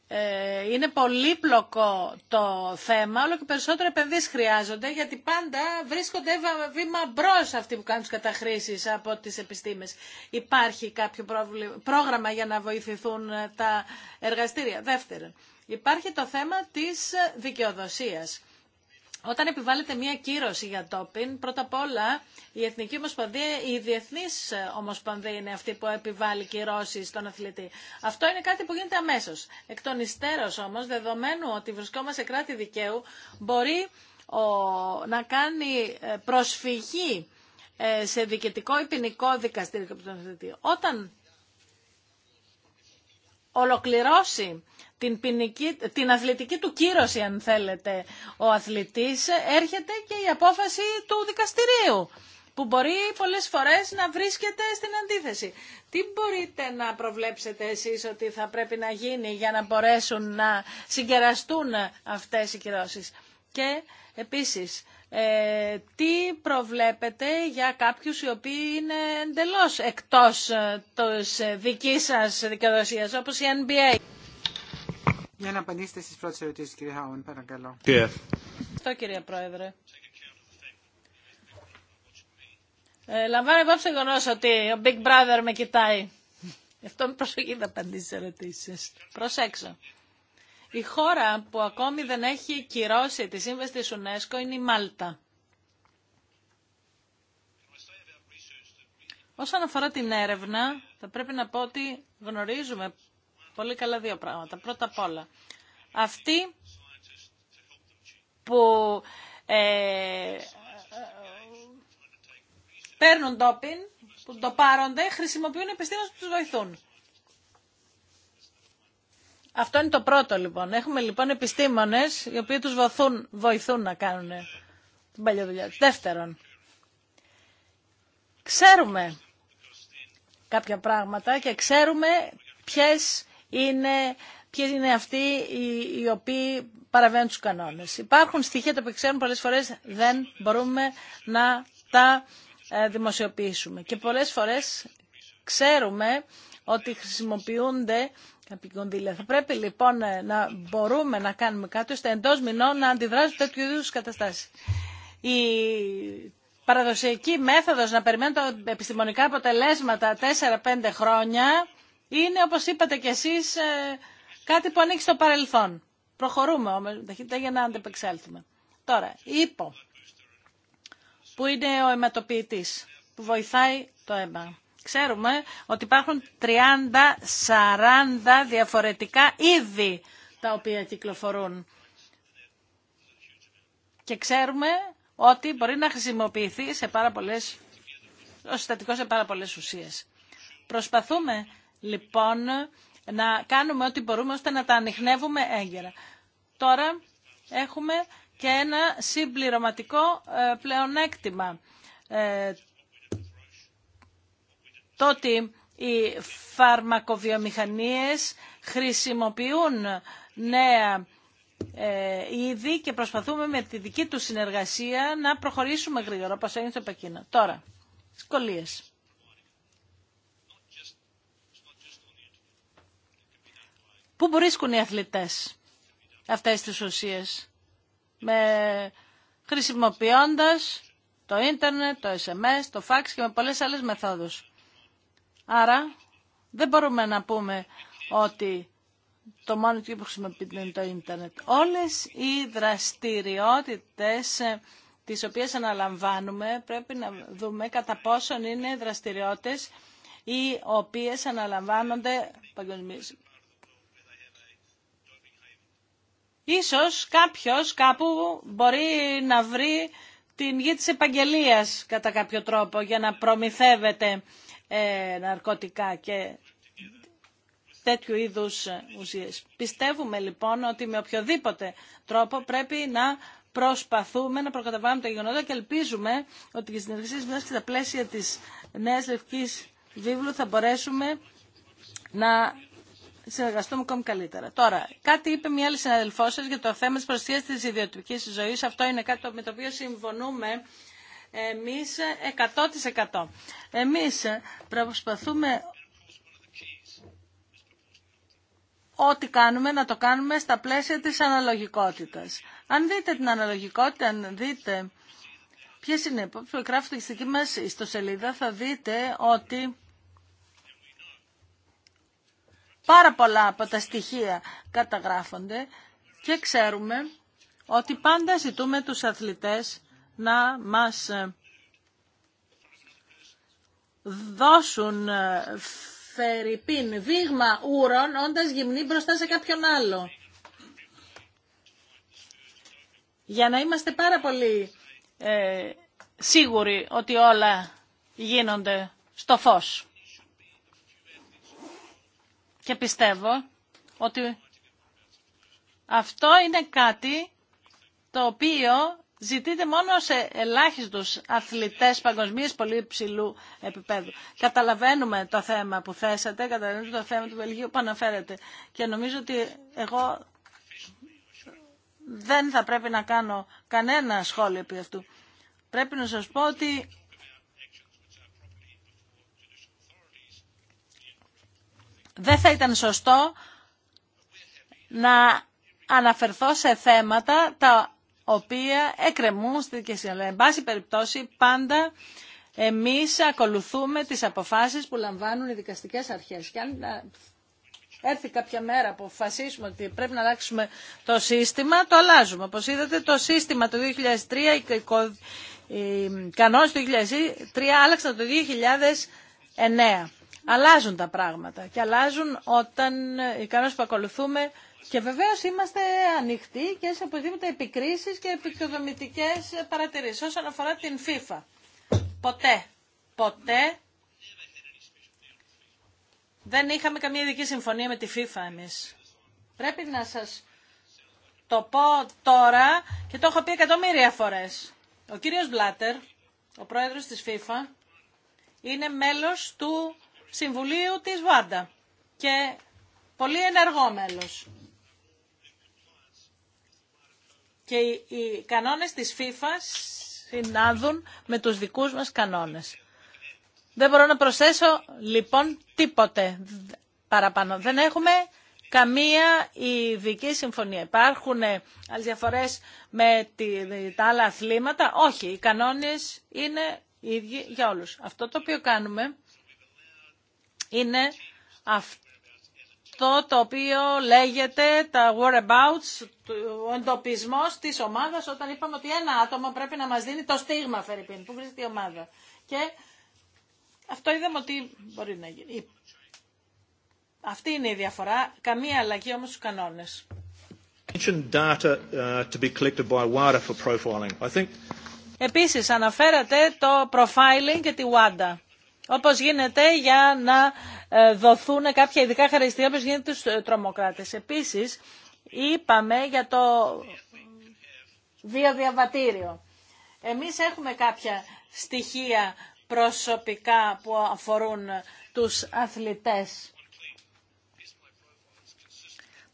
ε, είναι πολύπλοκο το θέμα, όλο και περισσότερο επενδύσεις χρειάζονται, γιατί πάντα βρίσκονται βήμα μπρο αυτοί που κάνουν τις καταχρήσεις από τις επιστήμες. Υπάρχει κάποιο πρόγραμμα για να βοηθηθούν ε, τα εργαστήρια. Δεύτερον, υπάρχει το θέμα της δικαιοδοσίας. Όταν επιβάλλεται μία κύρωση για τόπιν, πρώτα απ' όλα η Εθνική Ομοσπονδία, η Διεθνή Ομοσπονδία είναι αυτή που επιβάλλει κυρώσει στον αθλητή. Αυτό είναι κάτι που γίνεται αμέσω. Εκ των υστέρω όμω, δεδομένου ότι βρισκόμαστε κράτη δικαίου, μπορεί να κάνει ε, προσφυγή ε, σε διοικητικό ή ποινικό δικαστήριο από τον αθλητή. Όταν ολοκληρώσει την, την αθλητική του κύρωση, αν θέλετε, ο αθλητής, έρχεται και η απόφαση του δικαστηρίου, που μπορεί πολλές φορές να βρίσκεται στην αντίθεση. Τι μπορείτε να προβλέψετε εσείς ότι θα πρέπει να γίνει για να μπορέσουν να συγκεραστούν αυτές οι κυρώσεις. Και επίσης, ε, τι προβλέπετε για κάποιους οι οποίοι είναι εντελώς εκτός ε, της ε, δικής σας δικαιοδοσίας, όπως η NBA. Για να απαντήσετε στις πρώτες ερωτήσεις, κύριε Χάουν, παρακαλώ. Yeah. Αυτό, κύριε Πρόεδρε. Ε, λαμβάνω υπόψη γεγονό ότι ο Big Brother με κοιτάει. Αυτό με προσοχή να απαντήσει στις ερωτήσεις. Προσέξω. Η χώρα που ακόμη δεν έχει κυρώσει τη σύμβαση της UNESCO είναι η Μάλτα. Όσον αφορά την έρευνα, θα πρέπει να πω ότι γνωρίζουμε πολύ καλά δύο πράγματα. Πρώτα απ' όλα, αυτοί που ε, παίρνουν ντόπιν, που το πάρονται, χρησιμοποιούν επιστήμονες που τους βοηθούν. Αυτό είναι το πρώτο λοιπόν. Έχουμε λοιπόν επιστήμονες οι οποίοι τους βοηθούν, να κάνουν την παλιά δουλειά. Δεύτερον, ξέρουμε κάποια πράγματα και ξέρουμε ποιε είναι, είναι αυτοί οι, οποίοι παραβαίνουν τους κανόνες. Υπάρχουν στοιχεία τα οποία ξέρουμε πολλές φορές δεν μπορούμε να τα ε, δημοσιοποιήσουμε. Και πολλέ φορές ξέρουμε ότι χρησιμοποιούνται θα πρέπει λοιπόν ε, να μπορούμε να κάνουμε κάτι ώστε εντό μηνών να αντιδράσουν τέτοιου είδου καταστάσει. Η παραδοσιακή μέθοδο να περιμένουν επιστημονικά αποτελέσματα 4-5 χρόνια είναι όπω είπατε κι εσεί ε, κάτι που ανήκει στο παρελθόν. Προχωρούμε όμως ταχύτητα για να αντεπεξέλθουμε. Τώρα, ύπο, που είναι ο αιματοποιητή που βοηθάει το αίμα. Ξέρουμε ότι υπάρχουν 30-40 διαφορετικά είδη τα οποία κυκλοφορούν. Και ξέρουμε ότι μπορεί να χρησιμοποιηθεί σε πάρα πολλές, σε πάρα πολλές ουσίες. Προσπαθούμε λοιπόν να κάνουμε ό,τι μπορούμε ώστε να τα ανοιχνεύουμε έγκαιρα. Τώρα έχουμε και ένα συμπληρωματικό ε, πλεονέκτημα ε, το ότι οι φαρμακοβιομηχανίες χρησιμοποιούν νέα ε, είδη και προσπαθούμε με τη δική του συνεργασία να προχωρήσουμε γρήγορα, όπως έγινε στο Πεκίνο. Τώρα, σκολίες. Πού βρίσκουν οι αθλητές αυτές τις ουσίες, με, χρησιμοποιώντας το ίντερνετ, το SMS, το fax και με πολλές άλλες μεθόδους. Άρα δεν μπορούμε να πούμε ότι το μόνο που χρησιμοποιείται είναι το ίντερνετ. Όλες οι δραστηριότητες ε, τις οποίες αναλαμβάνουμε πρέπει να δούμε κατά πόσων είναι δραστηριότητες οι οποίες αναλαμβάνονται παγκοσμίως. Ίσως κάποιος κάπου μπορεί να βρει την γη της επαγγελίας κατά κάποιο τρόπο για να προμηθεύεται ε, ναρκωτικά και τέτοιου είδους ουσίες. Πιστεύουμε λοιπόν ότι με οποιοδήποτε τρόπο πρέπει να προσπαθούμε να προκαταβάλουμε τα γεγονότα και ελπίζουμε ότι και συνεργασίες μας και τα πλαίσια της Νέας Λευκής Βίβλου θα μπορέσουμε να συνεργαστούμε ακόμη καλύτερα. Τώρα, κάτι είπε μια άλλη συναδελφό σα για το θέμα τη προστασία τη ιδιωτική ζωή. Αυτό είναι κάτι με το οποίο συμφωνούμε εμείς 100%. Ε, εμείς ε, προσπαθούμε ό,τι κάνουμε να το κάνουμε στα πλαίσια της αναλογικότητας. Αν δείτε την αναλογικότητα, αν δείτε ποιες είναι υπόψεις που εγγράφονται στη δική μας ιστοσελίδα, θα δείτε ότι πάρα πολλά από τα στοιχεία καταγράφονται και ξέρουμε ότι πάντα ζητούμε τους αθλητές να μας ε, δώσουν ε, φερρυπίν δείγμα ούρων όντας γυμνή μπροστά σε κάποιον άλλο. Για να είμαστε πάρα πολύ ε, σίγουροι ότι όλα γίνονται στο φως. Και πιστεύω ότι αυτό είναι κάτι το οποίο Ζητείτε μόνο σε ελάχιστους αθλητές παγκοσμίες πολύ ψηλού επίπεδου. Καταλαβαίνουμε το θέμα που θέσατε, καταλαβαίνουμε το θέμα του Βελγίου που αναφέρετε και νομίζω ότι εγώ δεν θα πρέπει να κάνω κανένα σχόλιο επί αυτού. Πρέπει να σας πω ότι δεν θα ήταν σωστό να αναφερθώ σε θέματα τα οποία εκκρεμούν στη δικαιοσύνη. Αλλά, εν πάση περιπτώσει, πάντα εμείς ακολουθούμε τις αποφάσεις που λαμβάνουν οι δικαστικές αρχές. Και αν έρθει κάποια μέρα που αποφασίσουμε ότι πρέπει να αλλάξουμε το σύστημα, το αλλάζουμε. Όπως είδατε, το σύστημα του 2003, οι κανόνες του 2003 άλλαξαν το 2009. Αλλάζουν τα πράγματα και αλλάζουν όταν οι κανόνες που ακολουθούμε και βεβαίω είμαστε ανοιχτοί και σε οποιοδήποτε επικρίσεις και επικοδομητικές παρατηρήσεις όσον αφορά την FIFA. Ποτέ, ποτέ δεν είχαμε καμία ειδική συμφωνία με τη FIFA εμείς. Πρέπει να σας το πω τώρα και το έχω πει εκατομμύρια φορές. Ο κύριος Μπλάτερ, ο πρόεδρος της FIFA, είναι μέλος του Συμβουλίου της Βάντα και πολύ ενεργό μέλος. και οι κανόνες της FIFA συνάδουν με τους δικούς μας κανόνες. Δεν μπορώ να προσθέσω λοιπόν τίποτε παραπάνω. Δεν έχουμε καμία ειδική συμφωνία. Υπάρχουν ε, άλλε διαφορές με τα άλλα αθλήματα. Όχι, οι κανόνες είναι ίδιοι για όλους. Αυτό το οποίο κάνουμε είναι αυτό αυτό το οποίο λέγεται τα whereabouts, ο εντοπισμό τη ομάδα, όταν είπαμε ότι ένα άτομο πρέπει να μα δίνει το στίγμα, Φερρυπίν, που βρίσκεται η ομάδα. Και αυτό είδαμε ότι μπορεί να γίνει. Αυτή είναι η διαφορά, καμία αλλαγή όμω στου κανόνε. Επίση, αναφέρατε το profiling και τη WADA όπως γίνεται για να ε, δοθούν κάποια ειδικά χαρακτηριστικά όπως γίνεται στους ε, τρομοκράτες. Επίσης, είπαμε για το βιοδιαβατήριο. Εμείς έχουμε κάποια στοιχεία προσωπικά που αφορούν τους αθλητές.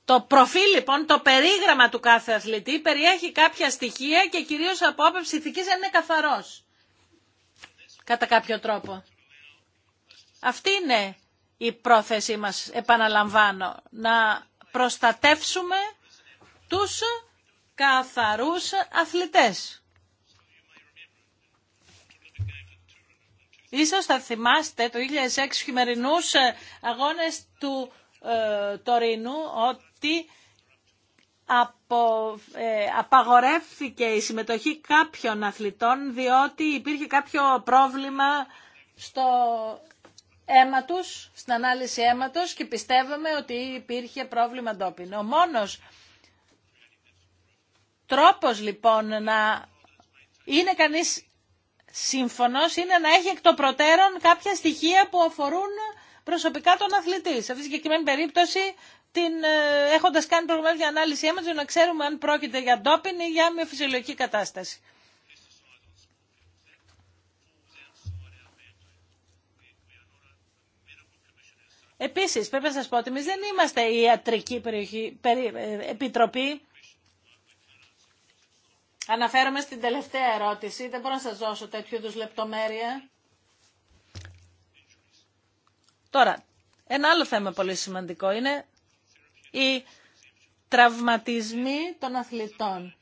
Το προφίλ λοιπόν, το περίγραμμα του κάθε αθλητή περιέχει κάποια στοιχεία και κυρίως από άποψη ηθικής είναι καθαρός. Κατά κάποιο τρόπο. Αυτή είναι η πρόθεσή μας, επαναλαμβάνω, να προστατεύσουμε τους καθαρούς αθλητές. Ίσως θα θυμάστε το 2006 χειμερινούς αγώνες του ε, Τωρινού ότι απο, ε, απαγορεύθηκε η συμμετοχή κάποιων αθλητών διότι υπήρχε κάποιο πρόβλημα στο αίματος, στην ανάλυση αίματος και πιστεύαμε ότι υπήρχε πρόβλημα ντόπιν. Ο μόνος τρόπος λοιπόν να είναι κανείς σύμφωνος είναι να έχει εκ των προτέρων κάποια στοιχεία που αφορούν προσωπικά τον αθλητή. Σε αυτή τη συγκεκριμένη περίπτωση την, ε, έχοντας κάνει προηγουμένως για ανάλυση αίματος να ξέρουμε αν πρόκειται για ντόπιν ή για μια φυσιολογική κατάσταση. Επίση, πρέπει να σα πω ότι εμεί δεν είμαστε η ιατρική περιοχή, περι, ε, επιτροπή. Αναφέρομαι στην τελευταία ερώτηση. Δεν μπορώ να σα δώσω τέτοιου είδου λεπτομέρεια. Τώρα, ένα άλλο θέμα πολύ σημαντικό είναι οι τραυματισμοί των αθλητών.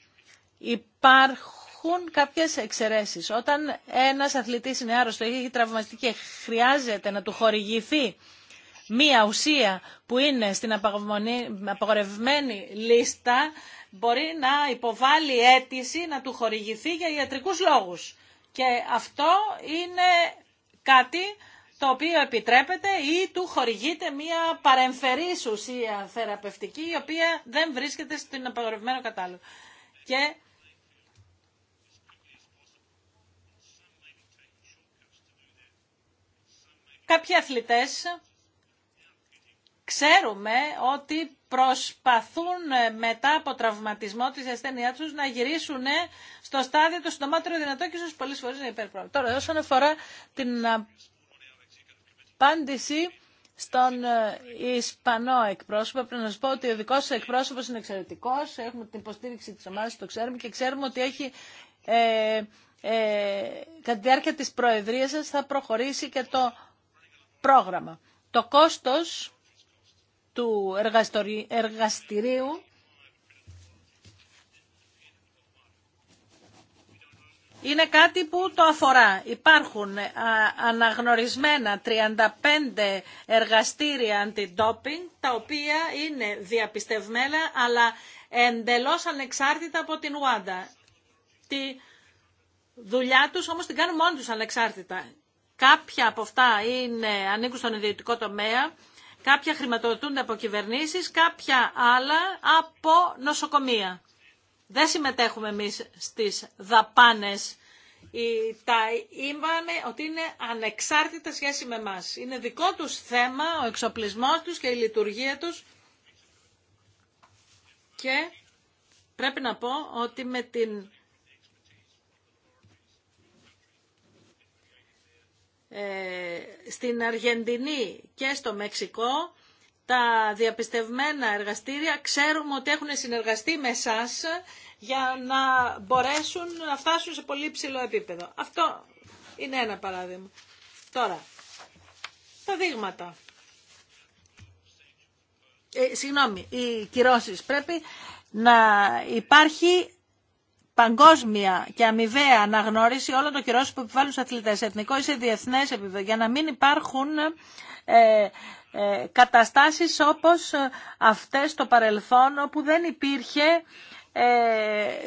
Υπάρχουν κάποιες εξαιρέσεις. Όταν ένας αθλητής είναι άρρωστο ή έχει τραυματιστεί και χρειάζεται να του χορηγηθεί μία ουσία που είναι στην απαγορευμένη λίστα μπορεί να υποβάλει αίτηση να του χορηγηθεί για ιατρικούς λόγους. Και αυτό είναι κάτι το οποίο επιτρέπεται ή του χορηγείται μία παρεμφερής ουσία θεραπευτική η οποία δεν βρίσκεται στην απαγορευμένο κατάλογο. Και κάποιοι αθλητές ξέρουμε ότι προσπαθούν ε, μετά από τραυματισμό της ασθένειά τους να γυρίσουν ε, στο στάδιο του συντομάτερο δυνατό και ίσως πολλές φορές να υπερπρόβλημα. Τώρα, όσον αφορά την απάντηση στον ε, Ισπανό εκπρόσωπο. Πρέπει να σα πω ότι ο δικός εκπρόσωπος εκπρόσωπο είναι εξαιρετικός, Έχουμε την υποστήριξη της ομάδας, το ξέρουμε και ξέρουμε ότι έχει. Ε, ε, κατά τη διάρκεια της προεδρίας σας θα προχωρήσει και το πρόγραμμα. Το κόστος του εργαστηρίου είναι κάτι που το αφορά. Υπάρχουν ε, αναγνωρισμένα 35 εργαστήρια αντι-doping, τα οποία είναι διαπιστευμένα, αλλά εντελώς ανεξάρτητα από την Οάντα. Τη δουλειά τους όμως την κάνουν μόνοι τους ανεξάρτητα. Κάποια από αυτά είναι, ανήκουν στον ιδιωτικό τομέα, Κάποια χρηματοδοτούνται από κυβερνήσεις, κάποια άλλα από νοσοκομεία. Δεν συμμετέχουμε εμείς στις δαπάνες. Τα είπαμε ότι είναι ανεξάρτητα σχέση με εμά. Είναι δικό τους θέμα ο εξοπλισμός τους και η λειτουργία τους. Και πρέπει να πω ότι με την Ε, στην Αργεντινή και στο Μεξικό τα διαπιστευμένα εργαστήρια ξέρουμε ότι έχουν συνεργαστεί με εσά για να μπορέσουν να φτάσουν σε πολύ ψηλό επίπεδο. Αυτό είναι ένα παράδειγμα. Τώρα, τα δείγματα. Ε, συγγνώμη, οι κυρώσεις πρέπει να υπάρχει παγκόσμια και αμοιβαία αναγνώριση όλων των κυρώσεων που επιβάλλουν στους αθλητές σε εθνικό ή σε διεθνές επίπεδο για να μην υπάρχουν ε, ε, καταστάσεις όπως ε, αυτές στο παρελθόν όπου δεν υπήρχε ε,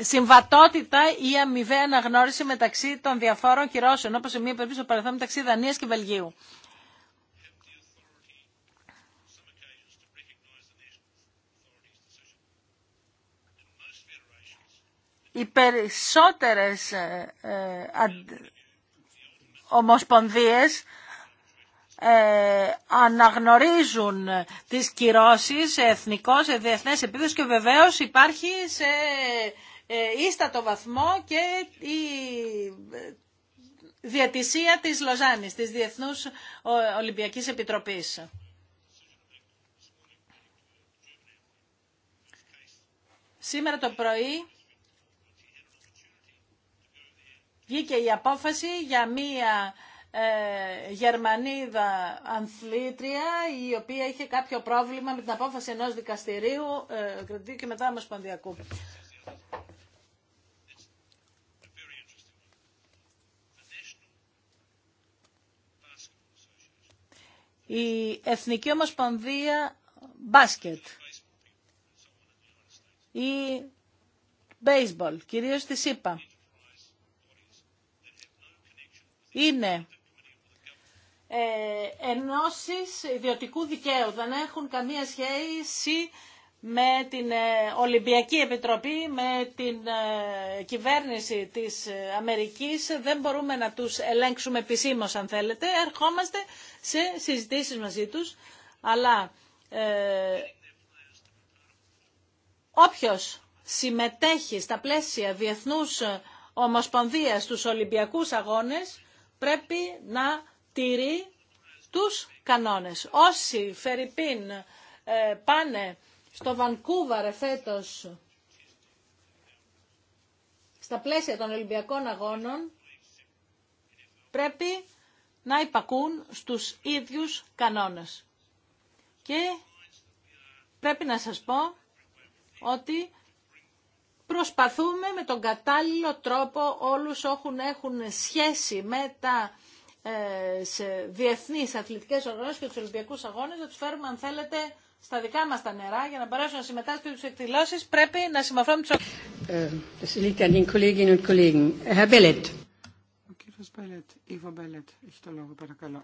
συμβατότητα ή αμοιβαία αναγνώριση μεταξύ των διαφόρων κυρώσεων όπως σε μία περίπτωση στο παρελθόν μεταξύ Δανίας και Βελγίου. οι περισσότερες ε, ε ομοσπονδίες ε, αναγνωρίζουν τις κυρώσεις σε εθνικό, σε διεθνές επίπεδο και βεβαίως υπάρχει σε ε, ίστατο βαθμό και η ε, διατησία της Λοζάνης, της Διεθνούς Ολυμπιακής Επιτροπής. Σήμερα το πρωί βγήκε η απόφαση για μία ε, Γερμανίδα ανθλήτρια η οποία είχε κάποιο πρόβλημα με την απόφαση ενός δικαστηρίου ε, και μετά ομοσπονδιακού. Η Εθνική Ομοσπονδία Μπάσκετ ή Baseball, κυρίως τη ΣΥΠΑ είναι ε, ενώσεις ιδιωτικού δικαίου. Δεν έχουν καμία σχέση με την ε, Ολυμπιακή Επιτροπή, με την ε, κυβέρνηση της ε, Αμερικής. Δεν μπορούμε να τους ελέγξουμε επισήμως αν θέλετε. Ερχόμαστε σε συζητήσεις μαζί τους. Αλλά ε, όποιος συμμετέχει στα πλαίσια διεθνούς ομοσπονδίας στους Ολυμπιακούς Αγώνες πρέπει να τηρεί τους κανόνες. Όσοι Φερρυπίν ε, πάνε στο Βανκούβαρ φέτος στα πλαίσια των Ολυμπιακών Αγώνων πρέπει να υπακούν στους ίδιους κανόνες. Και πρέπει να σας πω ότι προσπαθούμε με τον κατάλληλο τρόπο όλους όχουν έχουν σχέση με τα ε, σε διεθνείς αθλητικές οργανώσεις και τους Ολυμπιακούς Αγώνες να τους φέρουμε αν θέλετε στα δικά μας τα νερά για να μπορέσουν να συμμετάσχουν στις εκδηλώσεις πρέπει να συμμορφώνουν τους οργανώσεις. Ε,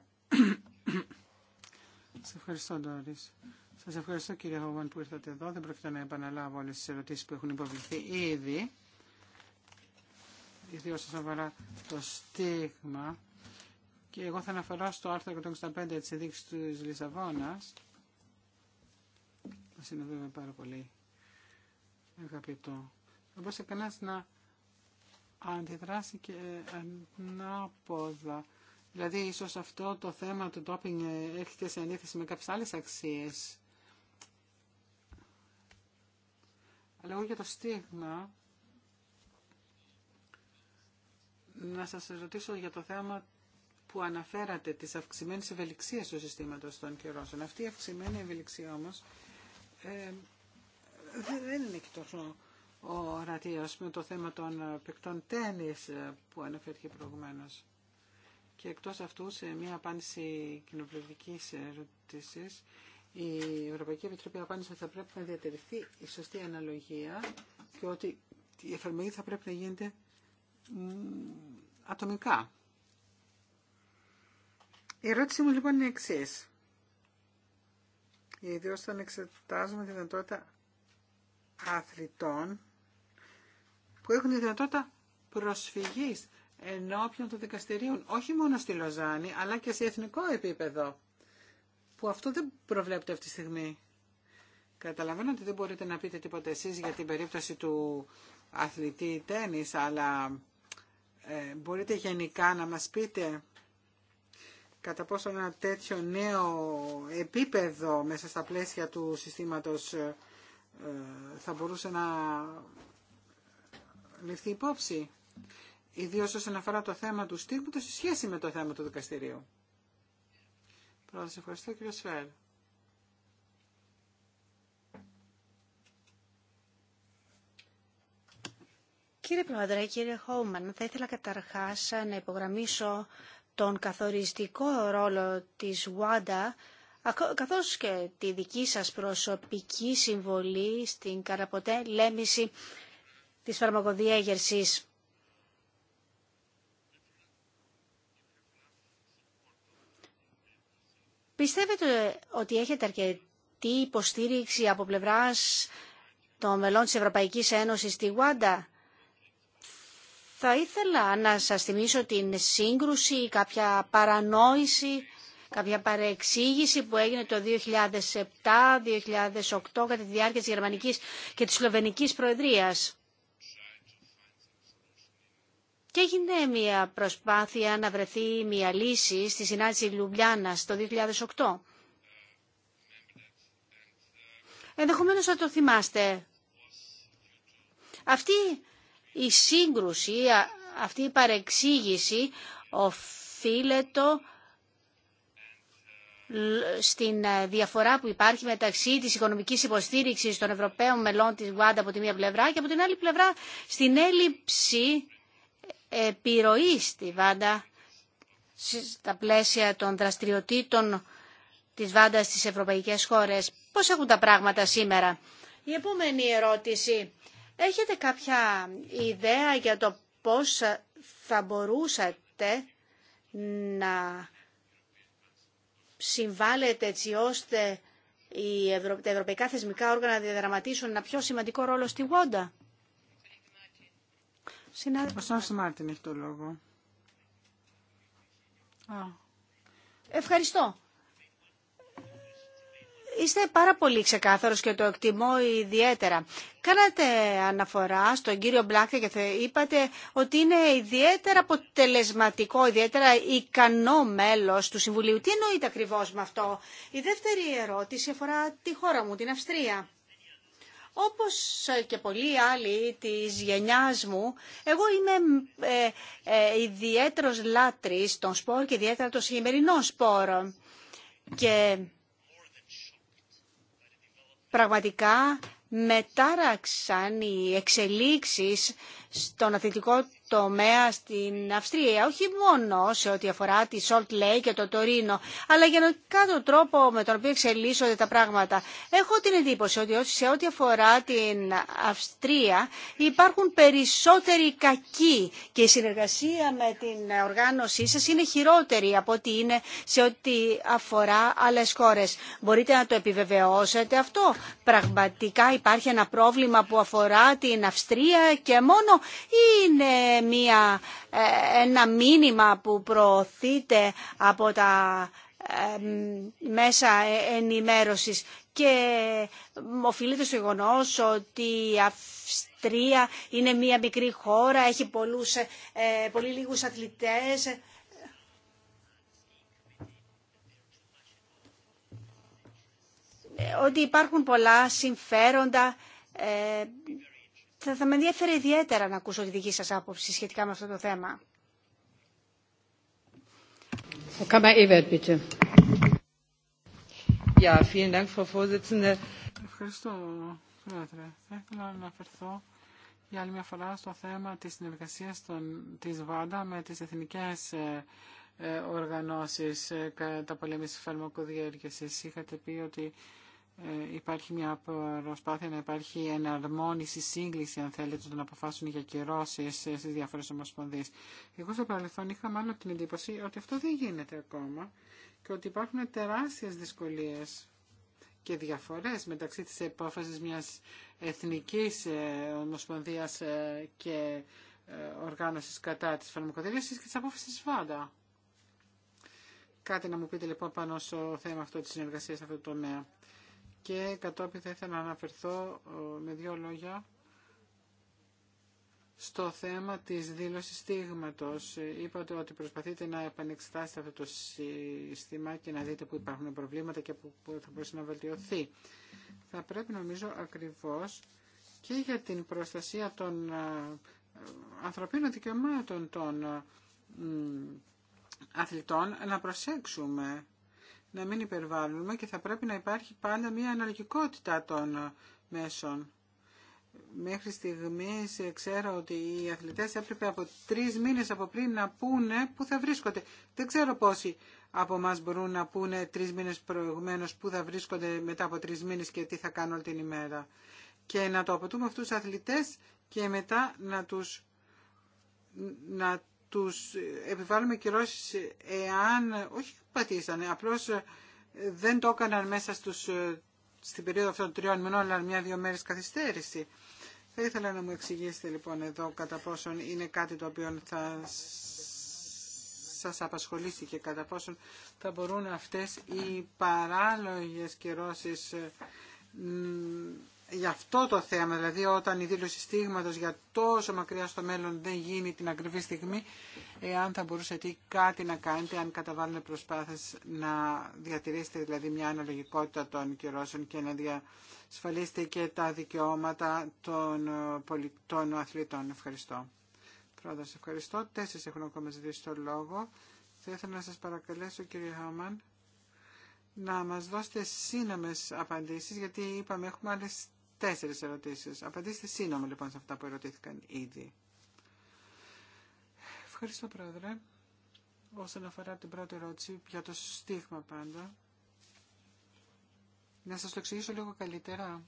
<coughs> ευχαριστώ σας ευχαριστώ κύριε Χοβάν που ήρθατε εδώ. Δεν πρόκειται να επαναλάβω όλες τις ερωτήσεις που έχουν υποβληθεί ήδη. Ιδίω όσον αφορά το στίγμα. Και εγώ θα αναφερώ στο άρθρο 165 της ειδήξης της Λισαβόνας. Μας είναι βέβαια πάρα πολύ αγαπητό. Θα μπορούσε κανένας να αντιδράσει και ε, ανάποδα. Δηλαδή, ίσως αυτό το θέμα του ντόπινγκ ε, έρχεται σε αντίθεση με κάποιες άλλες αξίες Αλλά εγώ για το στίγμα, να σας ρωτήσω για το θέμα που αναφέρατε της αυξημένης ευελιξίας του συστήματος των κυρώσεων. Αυτή η αυξημένη ευελιξία όμως ε, δεν είναι και τόσο ορατή ας το θέμα των ε, παικτών τέννις ε, που αναφέρθηκε προηγουμένως. Και εκτός αυτού, σε μια απάντηση κοινοβουλευτικής ερώτησης, η Ευρωπαϊκή Επιτροπή απάντησε ότι θα πρέπει να διατηρηθεί η σωστή αναλογία και ότι η εφαρμογή θα πρέπει να γίνεται ατομικά. Η ερώτησή μου λοιπόν είναι εξή. Ιδίω όταν εξετάζουμε τη δυνατότητα αθλητών που έχουν τη δυνατότητα προσφυγής ενώπιον των δικαστηρίων, όχι μόνο στη Λοζάνη, αλλά και σε εθνικό επίπεδο που αυτό δεν προβλέπεται αυτή τη στιγμή. Καταλαβαίνω ότι δεν μπορείτε να πείτε τίποτα εσείς για την περίπτωση του αθλητή τένις, αλλά ε, μπορείτε γενικά να μας πείτε κατά πόσο ένα τέτοιο νέο επίπεδο μέσα στα πλαίσια του συστήματος ε, θα μπορούσε να ληφθεί υπόψη. Ιδίως όσον αφορά το θέμα του στίγματος σε σχέση με το θέμα του δικαστηρίου σας ευχαριστώ κύριε Σφαίρ. Κύριε Πρόεδρε, κύριε Χόουμαν, θα ήθελα καταρχάς να υπογραμμίσω τον καθοριστικό ρόλο της Οάντα καθώς και τη δική σας προσωπική συμβολή στην καραποτέ λέμιση της φαρμακοδιέγερσης. Πιστεύετε ότι έχετε αρκετή υποστήριξη από πλευράς των μελών της Ευρωπαϊκής Ένωσης στη Γουάντα. Θα ήθελα να σας θυμίσω την σύγκρουση, κάποια παρανόηση, κάποια παρεξήγηση που έγινε το 2007-2008 κατά τη διάρκεια της Γερμανικής και της Σλοβενικής Προεδρίας. Και έγινε μια προσπάθεια να βρεθεί μια λύση στη συνάντηση Λουμπλιάνα το 2008. Ενδεχομένως θα το θυμάστε. Αυτή η σύγκρουση, αυτή η παρεξήγηση οφείλεται στην ε, διαφορά που υπάρχει μεταξύ της οικονομικής υποστήριξης των Ευρωπαίων μελών της ΓΟΑΝΤΑ από τη μία πλευρά και από την άλλη πλευρά στην έλλειψη επιρροή στη Βάντα στα πλαίσια των δραστηριοτήτων της Βάντα στις ευρωπαϊκές χώρες. Πώς έχουν τα πράγματα σήμερα. Η επόμενη ερώτηση. Έχετε κάποια ιδέα για το πώς θα μπορούσατε να συμβάλλετε έτσι ώστε τα ευρωπαϊκά θεσμικά όργανα να διαδραματίσουν ένα πιο σημαντικό ρόλο στη Βόντα. Συνάδελφος Μάρτιν έχει το λόγο. Α. Ευχαριστώ. Είστε πάρα πολύ ξεκάθαρος και το εκτιμώ ιδιαίτερα. Κάνατε αναφορά στον κύριο Μπλάκτε και είπατε ότι είναι ιδιαίτερα αποτελεσματικό, ιδιαίτερα ικανό μέλος του Συμβουλίου. Τι εννοείται ακριβώς με αυτό. Η δεύτερη ερώτηση αφορά τη χώρα μου, την Αυστρία. Όπως ε, και πολλοί άλλοι της γενιάς μου, εγώ είμαι ε, ε, ιδιαίτερος λάτρης των σπορ και ιδιαίτερα των σημερινών σπορ. Και πραγματικά μετάραξαν οι εξελίξεις στον αθλητικό τομέα στην Αυστρία, όχι μόνο σε ό,τι αφορά τη Salt Lake και το Τωρίνο, αλλά για τον τρόπο με τον οποίο εξελίσσονται τα πράγματα. Έχω την εντύπωση ότι σε ό,τι αφορά την Αυστρία υπάρχουν περισσότεροι κακοί και η συνεργασία με την οργάνωσή σας είναι χειρότερη από ό,τι είναι σε ό,τι αφορά άλλες χώρες. Μπορείτε να το επιβεβαιώσετε αυτό. Πραγματικά υπάρχει ένα πρόβλημα που αφορά την Αυστρία και μόνο είναι μια, ε, ένα μήνυμα που προωθείται από τα μέσα ε, ενημέρωσης και οφείλεται στο γεγονό ότι η Αυστρία είναι μια μικρή χώρα, έχει ε, πολύ λίγους αθλητές. Ότι υπάρχουν πολλά συμφέροντα θα, με ενδιαφέρει ιδιαίτερα να ακούσω τη δική σας άποψη σχετικά με αυτό το θέμα. Ευχαριστώ, Πρόεδρε. Θα ήθελα να αναφερθώ για άλλη μια φορά στο θέμα της συνεργασίας των, της ΒΑΝΤΑ με τις εθνικές ε, ε, οργανώσεις ε, κατά πολέμησης φαρμακοδιέργεσης. Είχατε πει ότι ε, υπάρχει μια προσπάθεια να υπάρχει εναρμόνιση, σύγκληση αν θέλετε των αποφάσεων για κυρώσει στι διαφορέ ομοσπονδίε. Εγώ στο παρελθόν είχα μάλλον την εντύπωση ότι αυτό δεν γίνεται ακόμα και ότι υπάρχουν τεράστιε δυσκολίε και διαφορές μεταξύ της επόφασης μιας εθνικής ε, ομοσπονδίας ε, και οργάνωσης κατά της φαρμακοθεραπείας και της απόφασης ΒΑΝΤΑ. Κάτι να μου πείτε λοιπόν πάνω στο θέμα αυτό της συνεργασίας σε αυτό το τομέα. Και κατόπιν θα ήθελα να αναφερθώ ε, με δύο λόγια στο θέμα της δήλωσης στίγματος. Ε, είπατε ότι προσπαθείτε να επανεξετάσετε αυτό το σύστημα και να δείτε που υπάρχουν προβλήματα και που θα μπορούσε να βελτιωθεί. Θα πρέπει νομίζω ακριβώς και για την προστασία των ε, ανθρωπίνων δικαιωμάτων των αθλητών να προσέξουμε να μην υπερβάλλουμε και θα πρέπει να υπάρχει πάντα μια αναλογικότητα των μέσων. Μέχρι στιγμής ξέρω ότι οι αθλητές έπρεπε από τρει μήνες από πριν να πούνε πού θα βρίσκονται. Δεν ξέρω πόσοι από εμά μπορούν να πούνε τρει μήνες προηγουμένω πού θα βρίσκονται μετά από τρει μήνες και τι θα κάνουν όλη την ημέρα. Και να το αποτούμε αυτού του αθλητέ και μετά να του. να τους επιβάλλουμε κυρώσεις εάν, όχι πατήσανε, απλώς ε, δεν το έκαναν μέσα στους, ε, στην περίοδο αυτών των τριών μηνών, αλλά μια-δύο μέρες καθυστέρηση. Θα ήθελα να μου εξηγήσετε λοιπόν εδώ κατά πόσον είναι κάτι το οποίο θα σας απασχολήσει και κατά πόσον θα μπορούν αυτές οι παράλογες κυρώσεις ε, για αυτό το θέμα, δηλαδή όταν η δήλωση στίγματος για τόσο μακριά στο μέλλον δεν γίνει την ακριβή στιγμή, εάν θα μπορούσατε κάτι να κάνετε, αν καταβάλλουν προσπάθειες να διατηρήσετε δηλαδή μια αναλογικότητα των κυρώσεων και να διασφαλίσετε και τα δικαιώματα των πολιτών αθλητών. Ευχαριστώ. Πρώτα, ευχαριστώ. Τέσσερις έχουν ακόμα ζητήσει το λόγο. Θα ήθελα να σας παρακαλέσω κύριε Χάμαν να μας δώσετε σύνομες απαντήσεις, γιατί είπαμε έχουμε άλλες Τέσσερι ερωτήσει. Απαντήστε σύνομα λοιπόν σε αυτά που ερωτήθηκαν ήδη. Ευχαριστώ πρόεδρε. Όσον αφορά την πρώτη ερώτηση για το στίγμα πάντα, να σας το εξηγήσω λίγο καλύτερα.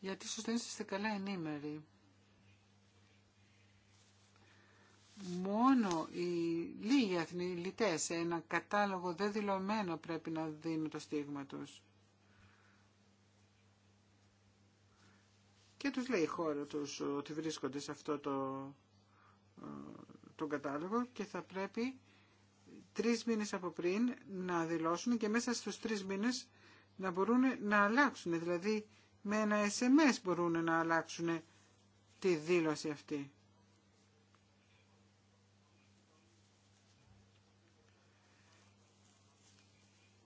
Γιατί σωστά είστε καλά ενήμεροι. Μόνο οι λίγοι αθλητές σε ένα κατάλογο δεν δηλωμένο πρέπει να δίνουν το στίγμα τους. και τους λέει η χώρα τους ότι βρίσκονται σε αυτό το, ε, το κατάλογο και θα πρέπει τρεις μήνες από πριν να δηλώσουν και μέσα στους τρεις μήνες να μπορούν να αλλάξουν. Δηλαδή με ένα SMS μπορούν να αλλάξουν τη δήλωση αυτή.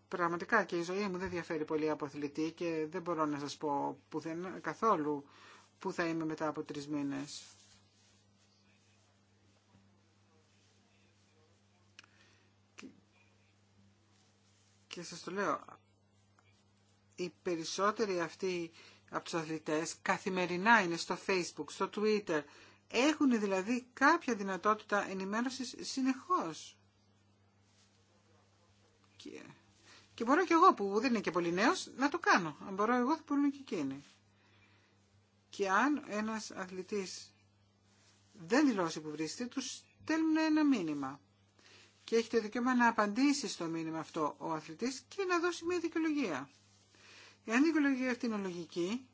Πραγματικά και η ζωή μου δεν διαφέρει πολύ από αθλητή και δεν μπορώ να σας πω πουθενά καθόλου που θα είμαι μετά από τρεις μήνες. Και, σας το λέω, οι περισσότεροι αυτοί από τους αθλητές καθημερινά είναι στο facebook, στο twitter. Έχουν δηλαδή κάποια δυνατότητα ενημέρωσης συνεχώς. Και, μπορώ κι εγώ που δεν είναι και πολύ νέος να το κάνω. Αν μπορώ εγώ θα μπορούν και εκείνοι. Και αν ένας αθλητής δεν δηλώσει που βρίσκεται, τους στέλνουν ένα μήνυμα. Και έχει το δικαίωμα να απαντήσει στο μήνυμα αυτό ο αθλητής και να δώσει μια δικαιολογία. η δικαιολογία αυτή είναι λογική,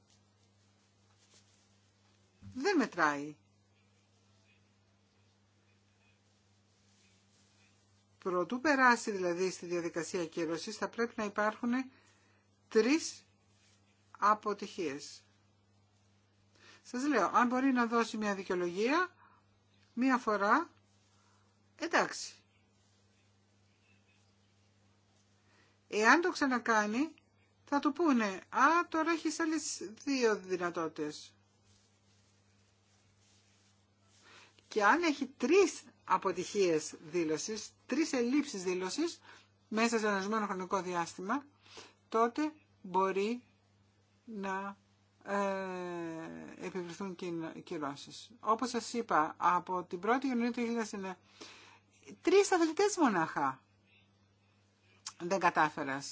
δεν μετράει. Προτού περάσει δηλαδή στη διαδικασία κύρωσης θα πρέπει να υπάρχουν τρεις αποτυχίες. Σας λέω, αν μπορεί να δώσει μια δικαιολογία, μια φορά, εντάξει. Εάν το ξανακάνει, θα του πούνε, α, τώρα έχει άλλε δύο δυνατότητες. Και αν έχει τρεις αποτυχίες δήλωσης, τρεις ελλείψεις δήλωσης, μέσα σε ένα χρονικό διάστημα, τότε μπορεί να ε, επιβληθούν κυρώσεις. Όπως σας είπα, από την 1η Ιουνίου του 2009, τρεις αθλητές μονάχα δεν κατάφεραν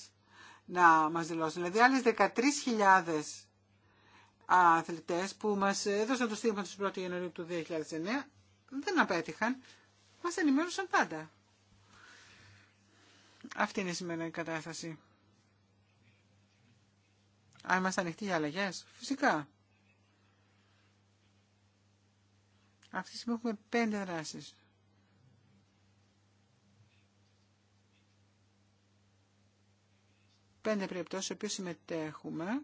να μας δηλώσουν. Δηλαδή άλλες 13.000 αθλητές που μας έδωσαν το στήμα του 1η Ιανουαρίου του 2009 δεν απέτυχαν, μας ενημέρωσαν πάντα. Αυτή είναι σήμερα η κατάσταση. Αν είμαστε ανοιχτοί για αλλαγέ, φυσικά. Αυτή τη στιγμή έχουμε πέντε δράσει. Πέντε περιπτώσει σε οποίες συμμετέχουμε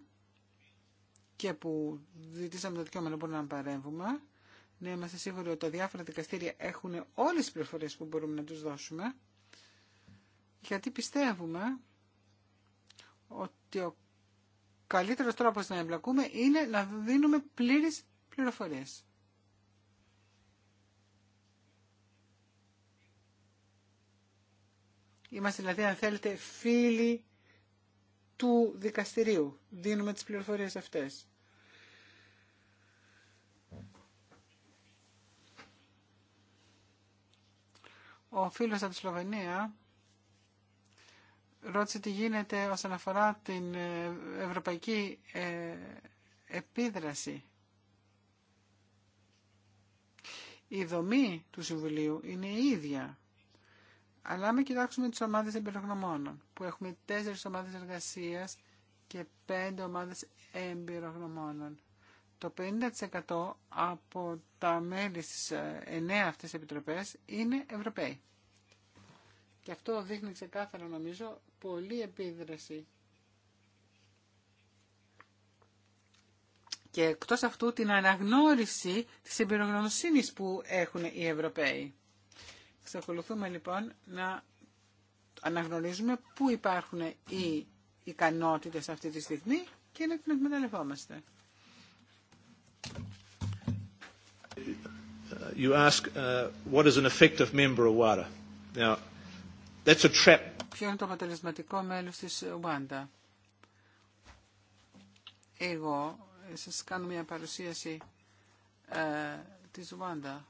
και που ζητήσαμε το δικαίωμα να μπορούμε να παρέμβουμε. Ναι, είμαστε σίγουροι ότι τα διάφορα δικαστήρια έχουν όλες τις πληροφορίες που μπορούμε να τους δώσουμε. Γιατί πιστεύουμε ότι ο καλύτερος τρόπος να εμπλακούμε είναι να δίνουμε πλήρες πληροφορίες. Είμαστε δηλαδή, αν θέλετε, φίλοι του δικαστηρίου. Δίνουμε τις πληροφορίες αυτές. Ο φίλος από τη Σλοβενία ρώτησε τι γίνεται όσον αφορά την ε, ευρωπαϊκή ε, επίδραση. Η δομή του Συμβουλίου είναι η ίδια. Αλλά με κοιτάξουμε τις ομάδες εμπειρογνωμόνων, που έχουμε τέσσερις ομάδες εργασίας και πέντε ομάδες εμπειρογνωμόνων. Το 50% από τα μέλη στις ε, εννέα αυτές επιτροπές είναι Ευρωπαίοι. Και αυτό δείχνει ξεκάθαρα νομίζω πολύ επίδραση. Και εκτός αυτού την αναγνώριση της εμπειρογνωσίνης που έχουν οι Ευρωπαίοι. Ξεκολουθούμε λοιπόν να αναγνωρίζουμε πού υπάρχουν οι ικανότητες αυτή τη στιγμή και να την εκμεταλλευόμαστε. You ποιο είναι το αποτελεσματικό μέλος της Ουάντα. Εγώ ε, σας κάνω μια παρουσίαση ε, της Ουάντα.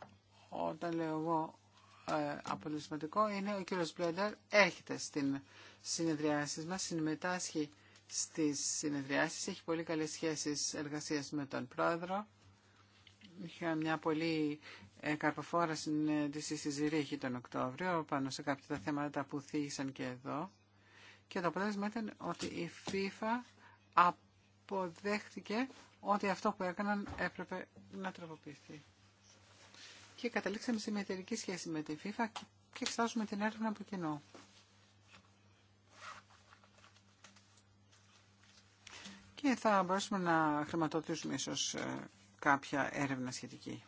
Όταν λέω εγώ ε, αποτελεσματικό είναι ο κύριος Μπλέντερ έρχεται στην συνεδριάσεις μας, συμμετάσχει στις συνεδριάσεις, έχει πολύ καλές σχέσεις εργασίας με τον πρόεδρο. Είχα μια πολύ ε, καρποφόρα συνέντευξη στη Ζυρίχη τον Οκτώβριο πάνω σε κάποια τα θέματα που θίγησαν και εδώ και το αποτέλεσμα ήταν ότι η FIFA αποδέχτηκε ότι αυτό που έκαναν έπρεπε να τροποποιηθεί. Και καταλήξαμε σε μετερική σχέση με τη FIFA και εξετάζουμε την έρευνα από κοινό. Και θα μπορέσουμε να χρηματοδοτήσουμε ίσως ε, κάποια έρευνα σχετική.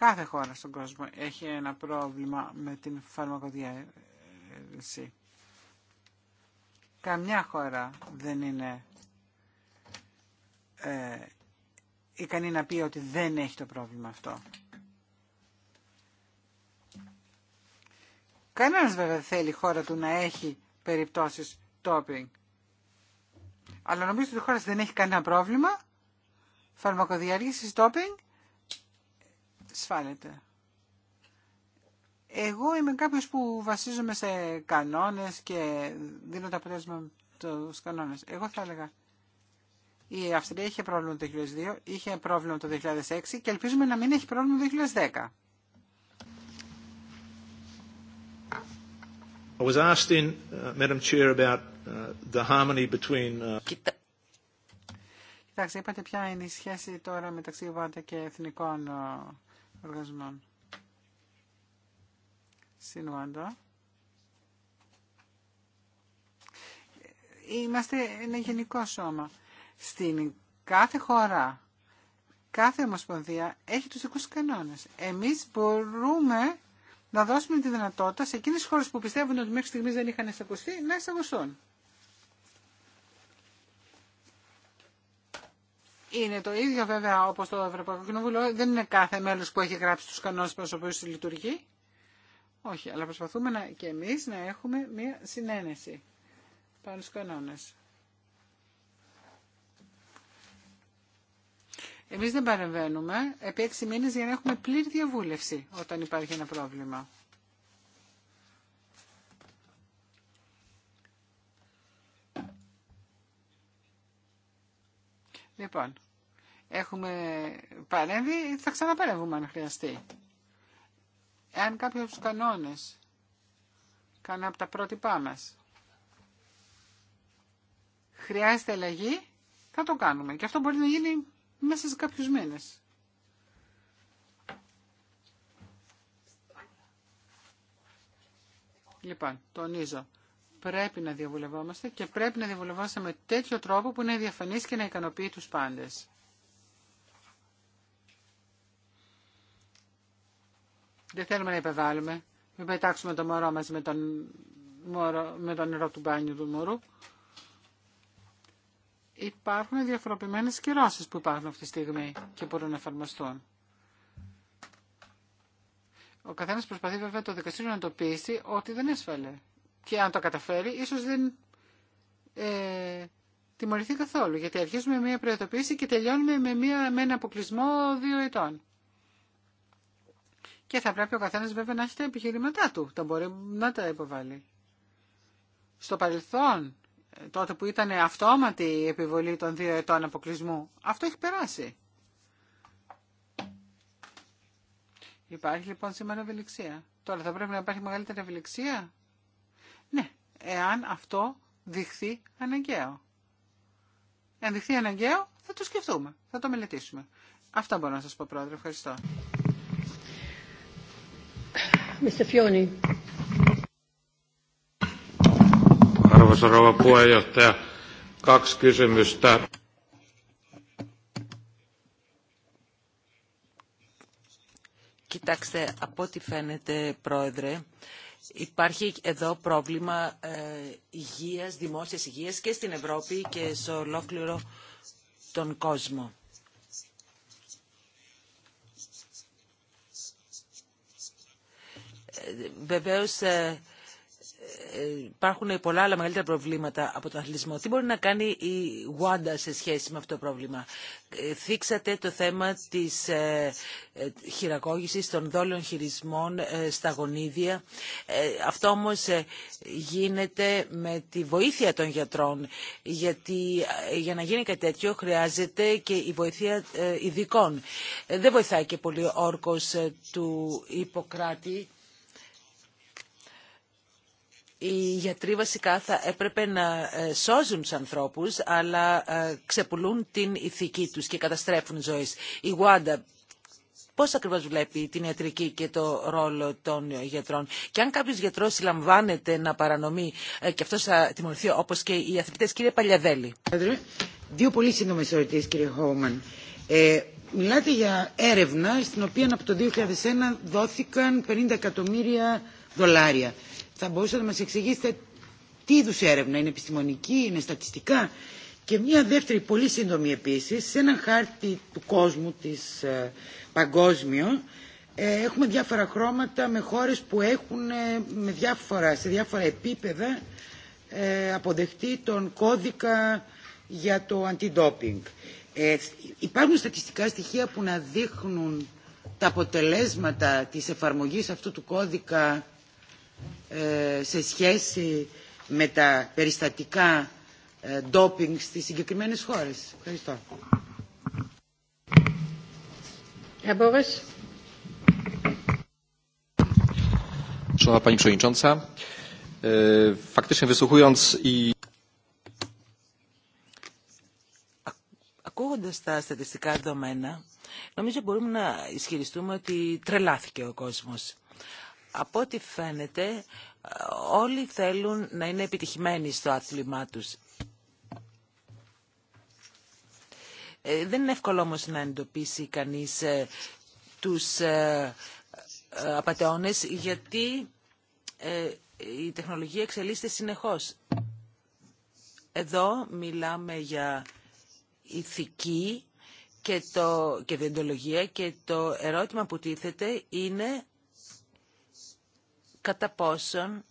Κάθε χώρα στον κόσμο έχει ένα πρόβλημα με την φαρμακοδιέργηση. Καμιά χώρα δεν είναι ε, ικανή να πει ότι δεν έχει το πρόβλημα αυτό. Κανένας βέβαια θέλει η χώρα του να έχει περιπτώσεις τόπινγκ. Αλλά νομίζω ότι η χώρα δεν έχει κανένα πρόβλημα φαρμακοδιάργησης τόπινγκ σφάλεται. Εγώ είμαι κάποιος που βασίζομαι σε κανόνες και δίνω τα αποτέλεσμα με τους κανόνες. Εγώ θα έλεγα, η Αυστρία είχε πρόβλημα το 2002, είχε πρόβλημα το 2006 και ελπίζουμε να μην έχει πρόβλημα το 2010. I was asked in, uh, Madam Chair, about uh, the harmony between. Uh, Κοιτάξτε, είπατε ποια είναι η σχέση τώρα μεταξύ ΒΑΤΑ και εθνικών εργασμών. Είμαστε ένα γενικό σώμα. Στην κάθε χώρα, κάθε ομοσπονδία έχει τους δικούς κανόνες. Εμείς μπορούμε να δώσουμε τη δυνατότητα σε εκείνες χώρες που πιστεύουν ότι μέχρι στιγμής δεν είχαν εισακουστεί να εισακουστούν. είναι το ίδιο βέβαια όπως το Ευρωπαϊκό Κοινοβούλιο. Δεν είναι κάθε μέλος που έχει γράψει τους κανόνες προς οποίους λειτουργεί. Όχι, αλλά προσπαθούμε να, και εμείς να έχουμε μία συνένεση πάνω στους κανόνες. Εμείς δεν παρεμβαίνουμε επί έξι μήνες για να έχουμε πλήρη διαβούλευση όταν υπάρχει ένα πρόβλημα. Λοιπόν, έχουμε παρέμβει, θα ξαναπαρέμβουμε αν χρειαστεί. Εάν κάποιος από τους κανόνες, κανένα από τα πρότυπά μας, χρειάζεται αλλαγή, θα το κάνουμε. Και αυτό μπορεί να γίνει μέσα σε κάποιους μήνες. Λοιπόν, τονίζω, πρέπει να διαβουλευόμαστε και πρέπει να διαβουλευόμαστε με τέτοιο τρόπο που να διαφανής και να ικανοποιεί τους πάντες. Δεν θέλουμε να υπεβάλλουμε. Μην πετάξουμε το μωρό μας με τον, με νερό του μπάνιου του μωρού. Υπάρχουν διαφοροποιημένες κυρώσεις που υπάρχουν αυτή τη στιγμή και μπορούν να εφαρμοστούν. Ο καθένας προσπαθεί βέβαια το δικαστήριο να το πείσει ότι δεν έσφαλε και αν το καταφέρει ίσως δεν ε, τιμωρηθεί καθόλου γιατί αρχίζουμε με μια προειδοποίηση και τελειώνουμε με, μια, με ένα αποκλεισμό δύο ετών. Και θα πρέπει ο καθένας βέβαια να έχει τα επιχειρηματά του, τα μπορεί να τα υποβάλει. Στο παρελθόν, ε, τότε που ήταν αυτόματη η επιβολή των δύο ετών αποκλεισμού, αυτό έχει περάσει. Υπάρχει λοιπόν σήμερα ευελιξία. Τώρα θα πρέπει να υπάρχει μεγαλύτερη ευελιξία ναι, εάν αυτό δειχθεί αναγκαίο. Εάν δειχθεί αναγκαίο, θα το σκεφτούμε, θα το μελετήσουμε. Αυτά μπορώ να σας πω, Πρόεδρε. Ευχαριστώ. Arvoisa rouva puheenjohtaja, kaksi kysymystä. Κοιτάξτε, από ό,τι φαίνεται, Πρόεδρε, Υπάρχει εδώ πρόβλημα ε, υγείας, δημόσιας υγείας και στην Ευρώπη και σε ολόκληρο τον κόσμο. Ε, βεβαίως ε, υπάρχουν πολλά άλλα μεγαλύτερα προβλήματα από τον αθλητισμό. Τι μπορεί να κάνει η Γουάντα σε σχέση με αυτό το πρόβλημα. Ε, θίξατε το θέμα της ε, ε, χειραγώγησης των δόλων χειρισμών στα γονίδια. Αυτό όμως γίνεται με τη βοήθεια των γιατρών, γιατί για να γίνει κάτι τέτοιο χρειάζεται και η βοήθεια ειδικών. Δεν βοηθάει και πολύ ο όρκος του υποκράτη οι γιατροί βασικά θα έπρεπε να ε, σώζουν τους ανθρώπους, αλλά ε, ξεπουλούν την ηθική τους και καταστρέφουν ζωές. Η Γουάντα πώς ακριβώς βλέπει την ιατρική και το ρόλο των γιατρών. Και αν κάποιος γιατρός συλλαμβάνεται να παρανομεί, ε, και αυτό θα τιμωρηθεί όπως και οι αθλητές. Κύριε Παλιαδέλη. Δύο πολύ σύντομε ερωτήσει, κύριε Χόμαν. Ε, μιλάτε για έρευνα, στην οποία από το 2001 δόθηκαν 50 εκατομμύρια δολάρια θα μπορούσατε να μας εξηγήσετε τι είδου έρευνα, είναι επιστημονική, είναι στατιστικά. Και μια δεύτερη πολύ σύντομη επίσης, σε έναν χάρτη του κόσμου, της ε, παγκόσμιο, ε, έχουμε διάφορα χρώματα με χώρες που έχουν ε, με διάφορα, σε διάφορα επίπεδα αποδεχτεί τον κώδικα για το αντιντόπινγκ. υπάρχουν στατιστικά στοιχεία που να δείχνουν τα αποτελέσματα της εφαρμογής αυτού του κώδικα ε, σε σχέση με τα περιστατικά ε, ντόπινγκ στις συγκεκριμένες χώρες. Ευχαριστώ. Szanowna Pani Przewodnicząca, e, faktycznie wysłuchując i Ακούγοντας τα στατιστικά δεδομένα, νομίζω μπορούμε να ισχυριστούμε ότι τρελάθηκε ο κόσμος από ό,τι φαίνεται όλοι θέλουν να είναι επιτυχημένοι στο άθλημά τους. Ε, δεν είναι εύκολο όμως να εντοπίσει κανείς ε, τους ε, απαταιώνες γιατί η τεχνολογία εξελίσσεται συνεχώς. Εδώ μιλάμε για ηθική και, το, και διεντολογία και το ερώτημα που τίθεται είναι κατά πόσον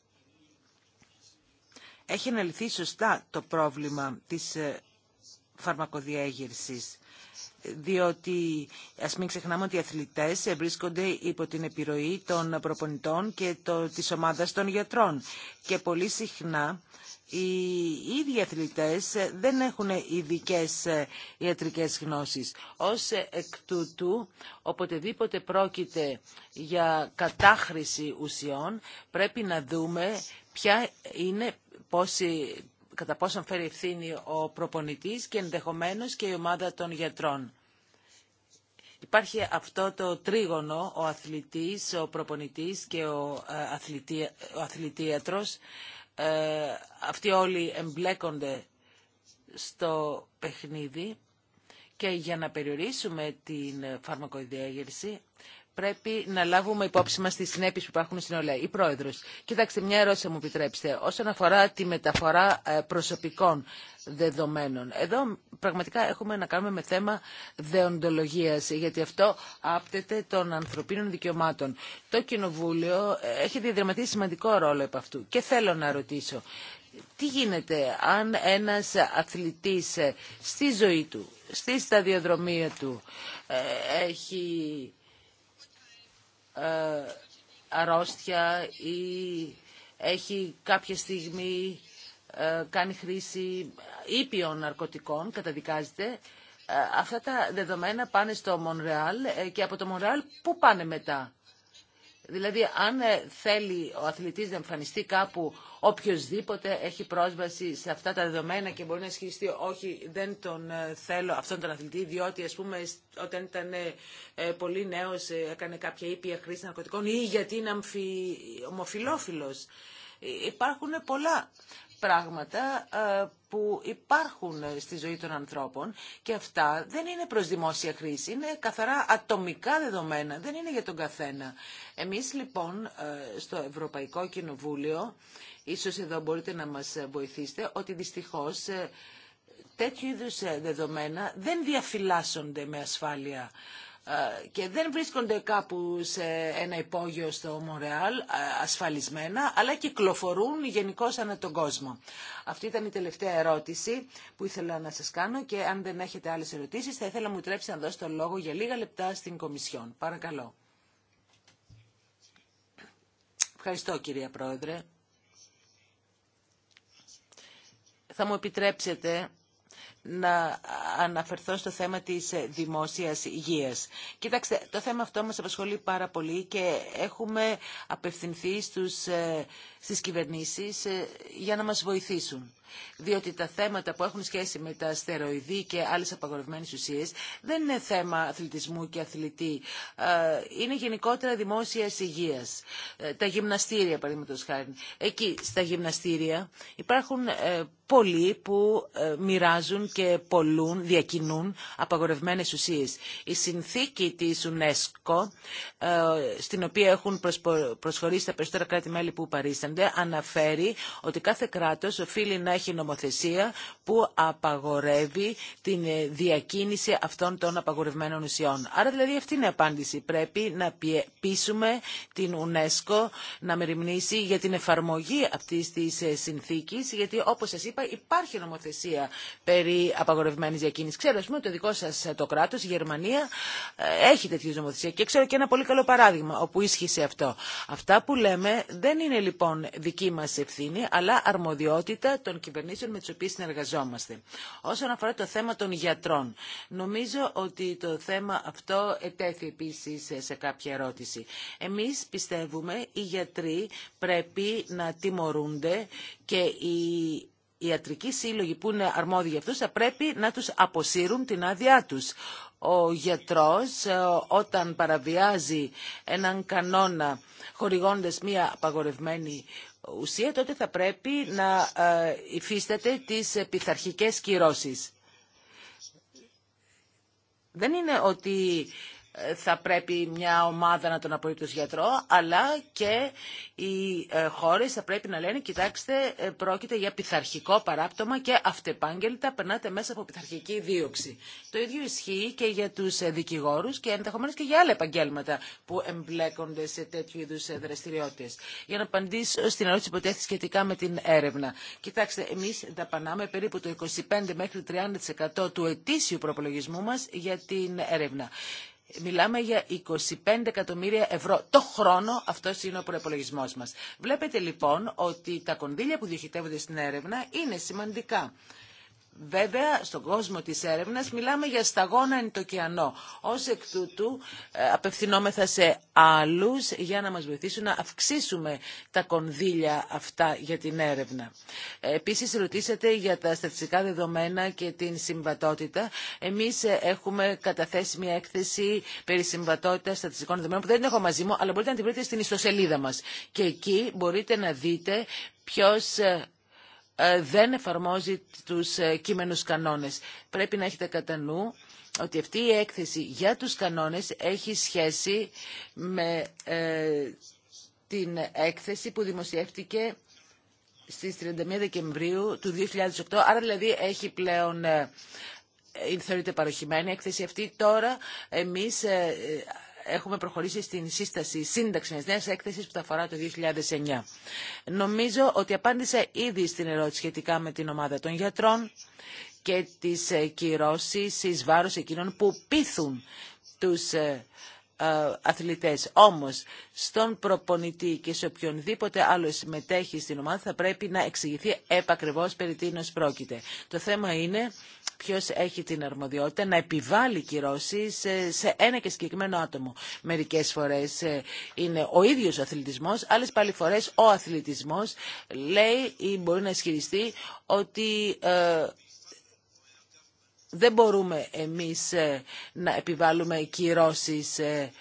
έχει αναλυθεί σωστά το πρόβλημα της ε, φαρμακοδιέγερσης διότι ας μην ξεχνάμε ότι οι αθλητές βρίσκονται υπό την επιρροή των προπονητών και το, της ομάδας των γιατρών και πολύ συχνά οι ίδιοι αθλητές ε, δεν έχουν ειδικέ ε, ιατρικές γνώσεις. Ως ε, εκ τούτου, οποτεδήποτε πρόκειται για κατάχρηση ουσιών, πρέπει να δούμε ποια είναι, πόση, κατά πόσον φέρει ευθύνη ο προπονητής και ενδεχομένως και η ομάδα των γιατρών. Υπάρχει αυτό το τρίγωνο, ο αθλητής, ο προπονητής και ο, αθλητή, ο αθλητίατρος, ε, αυτοί όλοι εμπλέκονται στο παιχνίδι και για να περιορίσουμε την φαρμακοδιέγερση πρέπει να λάβουμε υπόψη μας τις συνέπειες που υπάρχουν στην ΟΛΕ. Η Πρόεδρος, κοιτάξτε μια ερώτηση μου επιτρέψτε. Όσον αφορά τη μεταφορά ε, προσωπικών δεδομένων. Εδώ πραγματικά έχουμε να κάνουμε με θέμα δεοντολογίας, γιατί αυτό άπτεται των ανθρωπίνων δικαιωμάτων. Το Κοινοβούλιο ε, έχει διαδραματίσει σημαντικό ρόλο επ' αυτού και θέλω να ρωτήσω. Τι γίνεται αν ένας αθλητής ε, στη ζωή του, στη σταδιοδρομία του έχει ε, αρρώστια ή έχει κάποια στιγμή ε, κάνει χρήση ήπιων ναρκωτικών, καταδικάζεται. Ε, αυτά τα δεδομένα πάνε στο Μονρεάλ και από το Μονρεάλ πού πάνε μετά. Δηλαδή, αν ε, θέλει ο αθλητής να εμφανιστεί κάπου, οποιοδήποτε έχει πρόσβαση σε αυτά τα δεδομένα και μπορεί να ισχυριστεί όχι, δεν τον ε, θέλω αυτόν τον αθλητή, διότι α πούμε όταν ήταν ε, πολύ νέος έκανε κάποια ήπια χρήση ναρκωτικών ή γιατί είναι ομοφυλόφιλο. Υπάρχουν πολλά πράγματα ε, που υπάρχουν στη ζωή των ανθρώπων και αυτά δεν είναι προς δημόσια χρήση, είναι καθαρά ατομικά δεδομένα, δεν είναι για τον καθένα. Εμείς λοιπόν ε, στο Ευρωπαϊκό Κοινοβούλιο, ίσως εδώ μπορείτε να μας βοηθήσετε, ότι δυστυχώς ε, τέτοιου είδους δεδομένα δεν διαφυλάσσονται με ασφάλεια ε, και δεν βρίσκονται κάπου σε ένα υπόγειο στο Μορεάλ ε, ασφαλισμένα, αλλά κυκλοφορούν γενικώ ανά τον κόσμο. Αυτή ήταν η τελευταία ερώτηση που ήθελα να σας κάνω και αν δεν έχετε άλλες ερωτήσεις θα ήθελα να μου τρέψει να δώσω το λόγο για λίγα λεπτά στην Κομισιόν. Παρακαλώ. Ευχαριστώ κυρία Πρόεδρε. Θα μου επιτρέψετε να αναφερθώ στο θέμα της ε, δημόσιας υγείας. Κοιτάξτε, το θέμα αυτό μας απασχολεί πάρα πολύ και έχουμε απευθυνθεί στους, ε, στις κυβερνήσεις ε, για να μας βοηθήσουν διότι τα θέματα που έχουν σχέση με τα στεροειδή και άλλες απαγορευμένες ουσίες δεν είναι θέμα αθλητισμού και αθλητή. Ε, είναι γενικότερα δημόσια υγείας. Ε, τα γυμναστήρια, παραδείγματο χάρη. Εκεί, στα γυμναστήρια, υπάρχουν ε, πολλοί που μοιράζουν και πολλούν, διακινούν απαγορευμένες ουσίες. Η συνθήκη της UNESCO, στην οποία έχουν προσχωρήσει τα περισσότερα κράτη-μέλη που παρίστανται, αναφέρει ότι κάθε κράτος οφείλει να υπάρχει νομοθεσία που απαγορεύει την ε, διακίνηση αυτών των απαγορευμένων ουσιών. Άρα δηλαδή αυτή είναι η απάντηση. Πρέπει να πείσουμε την UNESCO να μεριμνήσει για την εφαρμογή αυτής της ε, συνθήκης, γιατί όπως σας είπα υπάρχει νομοθεσία περί απαγορευμένης διακίνησης. Ξέρω, ας πούμε, το δικό σας ε, το κράτος, η Γερμανία, έχει τέτοιες νομοθεσία και ξέρω και ένα πολύ καλό παράδειγμα όπου ίσχυσε αυτό. Αυτά που λέμε δεν είναι λοιπόν δική μας ευθύνη, αλλά αρμοδιότητα των κυβερνήσεων με τις οποίες συνεργαζόμαστε. Όσον αφορά το θέμα των γιατρών, νομίζω ότι το θέμα αυτό ετέθη επίσης σε κάποια ερώτηση. Εμείς πιστεύουμε οι γιατροί πρέπει να τιμωρούνται και οι ιατρικοί σύλλογοι που είναι αρμόδιοι για αυτούς θα πρέπει να τους αποσύρουν την άδειά τους. Ο γιατρός ε, όταν παραβιάζει έναν κανόνα χορηγώντας μία απαγορευμένη ουσία τότε θα πρέπει να ε, υφίσταται τις πειθαρχικές κυρώσεις. Δεν είναι ότι θα πρέπει μια ομάδα να τον απορρίπτει ως γιατρό, αλλά και οι ε, χώρες θα πρέπει να λένε, κοιτάξτε, ε, πρόκειται για πειθαρχικό παράπτωμα και αυτεπάγγελτα περνάτε μέσα από πειθαρχική δίωξη. Το ίδιο ισχύει και για τους ε, δικηγόρους και ενδεχομένως και για άλλα επαγγέλματα που εμπλέκονται σε τέτοιου είδους δραστηριότητες. Για να απαντήσω στην ερώτηση που τέθη σχετικά με την έρευνα. Κοιτάξτε, εμείς δαπανάμε περίπου το 25 μέχρι 30% του ετήσιου προπολογισμού μας για την έρευνα. Μιλάμε για 25 εκατομμύρια ευρώ το χρόνο, αυτό είναι ο προπολογισμό μα. Βλέπετε λοιπόν ότι τα κονδύλια που διοχετεύονται στην έρευνα είναι σημαντικά. Βέβαια, στον κόσμο της έρευνας μιλάμε για σταγόνα εν το ωκεανό. Ως εκ τούτου, ε, απευθυνόμεθα σε άλλους για να μας βοηθήσουν να αυξήσουμε τα κονδύλια αυτά για την έρευνα. Ε, επίσης, ρωτήσατε για τα στατιστικά δεδομένα και την συμβατότητα. Εμείς ε, έχουμε καταθέσει μια έκθεση περί συμβατότητας στατιστικών δεδομένων, που δεν έχω μαζί μου, αλλά μπορείτε να την βρείτε στην ιστοσελίδα μας. Και εκεί μπορείτε να δείτε ποιος ε, δεν εφαρμόζει τους ε, κείμενους κανόνες. Πρέπει να έχετε κατά νου ότι αυτή η έκθεση για τους κανόνες έχει σχέση με ε, την έκθεση που δημοσιεύτηκε στις 31 Δεκεμβρίου του 2008, άρα δηλαδή έχει πλέον θεωρείται παροχημένη έκθεση αυτή. Τώρα εμείς έχουμε προχωρήσει στην σύσταση σύνταξη μια νέα έκθεση που θα αφορά το 2009. Νομίζω ότι απάντησα ήδη στην ερώτηση σχετικά με την ομάδα των γιατρών και τις ε, κυρώσεις εις βάρος εκείνων που πείθουν τους ε, ε, αθλητές. Όμως, στον προπονητή και σε οποιονδήποτε άλλο συμμετέχει στην ομάδα θα πρέπει να εξηγηθεί επακριβώς περί τίνος πρόκειται. Το θέμα είναι ποιος έχει την αρμοδιότητα να επιβάλλει κυρώσει σε ένα και συγκεκριμένο άτομο. Μερικές φορές ε, είναι ο ίδιος ο αθλητισμός, άλλες πάλι φορές ο αθλητισμός λέει ή μπορεί να ισχυριστεί ότι ε, δεν μπορούμε εμείς ε, να επιβάλλουμε κυρώσεις ε,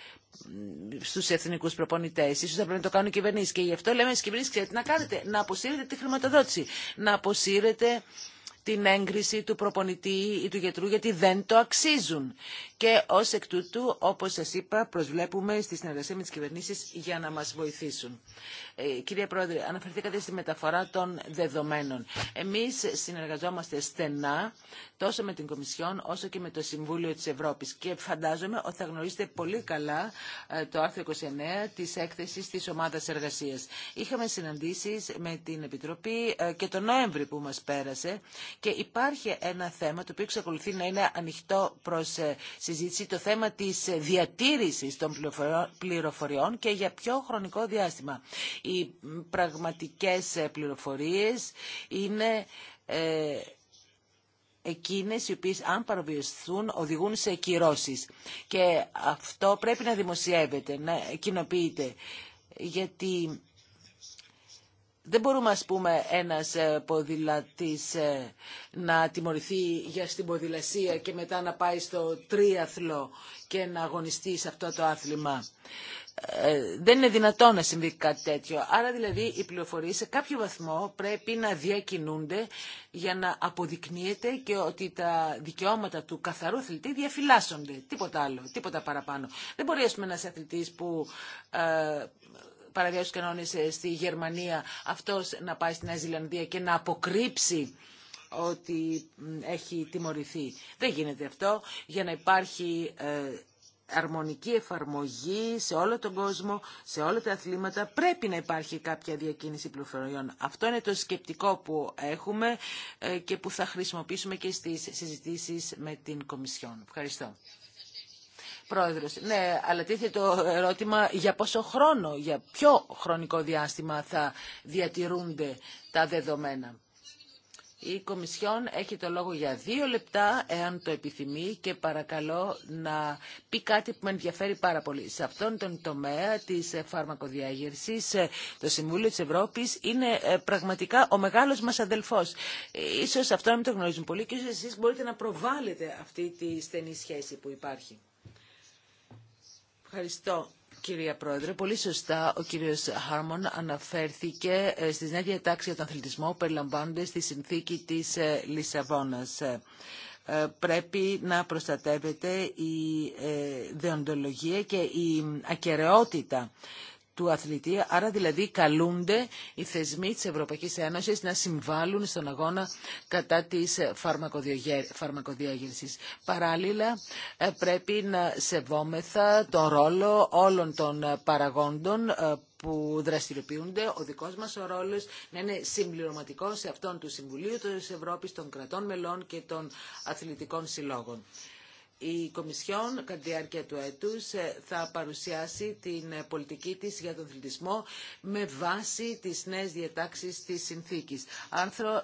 στου εθνικού προπονητέ. σω θα πρέπει να το κάνουν οι κυβερνήσει. Και γι' αυτό λέμε στι κυβερνήσει, ξέρετε να κάνετε, να αποσύρετε τη χρηματοδότηση, να αποσύρετε την έγκριση του προπονητή ή του γιατρού γιατί δεν το αξίζουν. Και ως εκ τούτου, όπως σας είπα, προσβλέπουμε στη συνεργασία με τις κυβερνήσεις για να μας βοηθήσουν. Ε, κυρία Πρόεδρε, αναφερθήκατε στη μεταφορά των δεδομένων. Εμείς συνεργαζόμαστε στενά τόσο με την Κομισιόν όσο και με το Συμβούλιο της Ευρώπης και φαντάζομαι ότι θα γνωρίσετε πολύ καλά ε, το άρθρο 29 της έκθεσης της ομάδας εργασίας. Είχαμε συναντήσεις με την Επιτροπή ε, και τον Νοέμβρη που μας πέρασε και υπάρχει ένα θέμα το οποίο εξακολουθεί να είναι ανοιχτό προς ε, συζήτηση το θέμα της διατήρησης των πληροφοριών και για ποιο χρονικό διάστημα. Οι πραγματικές πληροφορίες είναι ε, εκείνες οι οποίες αν παραβιωθούν οδηγούν σε κυρώσεις. Και αυτό πρέπει να δημοσιεύεται, να κοινοποιείται. Γιατί δεν μπορούμε, ας πούμε, ένας ε, ποδηλατής ε, να τιμωρηθεί για στην ποδηλασία και μετά να πάει στο τρίαθλο και να αγωνιστεί σε αυτό το άθλημα. Ε, δεν είναι δυνατόν να συμβεί κάτι τέτοιο. Άρα, δηλαδή, οι πληροφορίες σε κάποιο βαθμό πρέπει να διακινούνται για να αποδεικνύεται και ότι τα δικαιώματα του καθαρού αθλητή διαφυλάσσονται. Τίποτα άλλο, τίποτα παραπάνω. Δεν μπορεί, ας πούμε, ένας αθλητής που παραβιάσει του ε, στη Γερμανία, αυτό να πάει στην Αζηλανδία και να αποκρύψει ότι έχει τιμωρηθεί. Δεν γίνεται αυτό για να υπάρχει ε, αρμονική εφαρμογή σε όλο τον κόσμο, σε όλα τα αθλήματα. Πρέπει να υπάρχει κάποια διακίνηση πληροφοριών. Αυτό είναι το σκεπτικό που έχουμε ε, και που θα χρησιμοποιήσουμε και στις συζητήσεις με την Κομισιόν. Ευχαριστώ. Πρόεδρος, ναι, αλλά τίθεται το ερώτημα για πόσο χρόνο, για ποιο χρονικό διάστημα θα διατηρούνται τα δεδομένα. Η Κομισιόν έχει το λόγο για δύο λεπτά, εάν το επιθυμεί, και παρακαλώ να πει κάτι που με ενδιαφέρει πάρα πολύ. Σε αυτόν τον τομέα της φαρμακοδιάγερσης, το Συμβούλιο της Ευρώπης είναι ε, πραγματικά ο μεγάλος μας αδελφός. Ίσως αυτό να μην το γνωρίζουν πολύ και ίσως εσείς μπορείτε να προβάλλετε αυτή τη στενή σχέση που υπάρχει. Ευχαριστώ. Κυρία Πρόεδρε, πολύ σωστά ο κύριος Χάρμον αναφέρθηκε ε, στις νέα διατάξεις για τον αθλητισμό που περιλαμβάνονται στη συνθήκη της ε, Λισαβόνας. Ε, πρέπει να προστατεύεται η δεοντολογία και η ακαιρεότητα του αθλητή. Άρα δηλαδή καλούνται οι θεσμοί της Ευρωπαϊκής Ένωσης να συμβάλλουν στον αγώνα κατά της ε, φαρμακοδιάγερσης. Παράλληλα ε, πρέπει να σεβόμεθα τον ρόλο όλων των ε, παραγόντων που δραστηριοποιούνται, ο δικός μας ο ρόλος να είναι συμπληρωματικό σε αυτόν του Συμβουλίου της Ευρώπης, των κρατών μελών και των αθλητικών συλλόγων. Η Κομισιόν κατά τη διάρκεια του έτους ε, θα παρουσιάσει την ε, πολιτική της για τον αθλητισμό με βάση τις νέες διατάξεις της συνθήκης. Άρθρο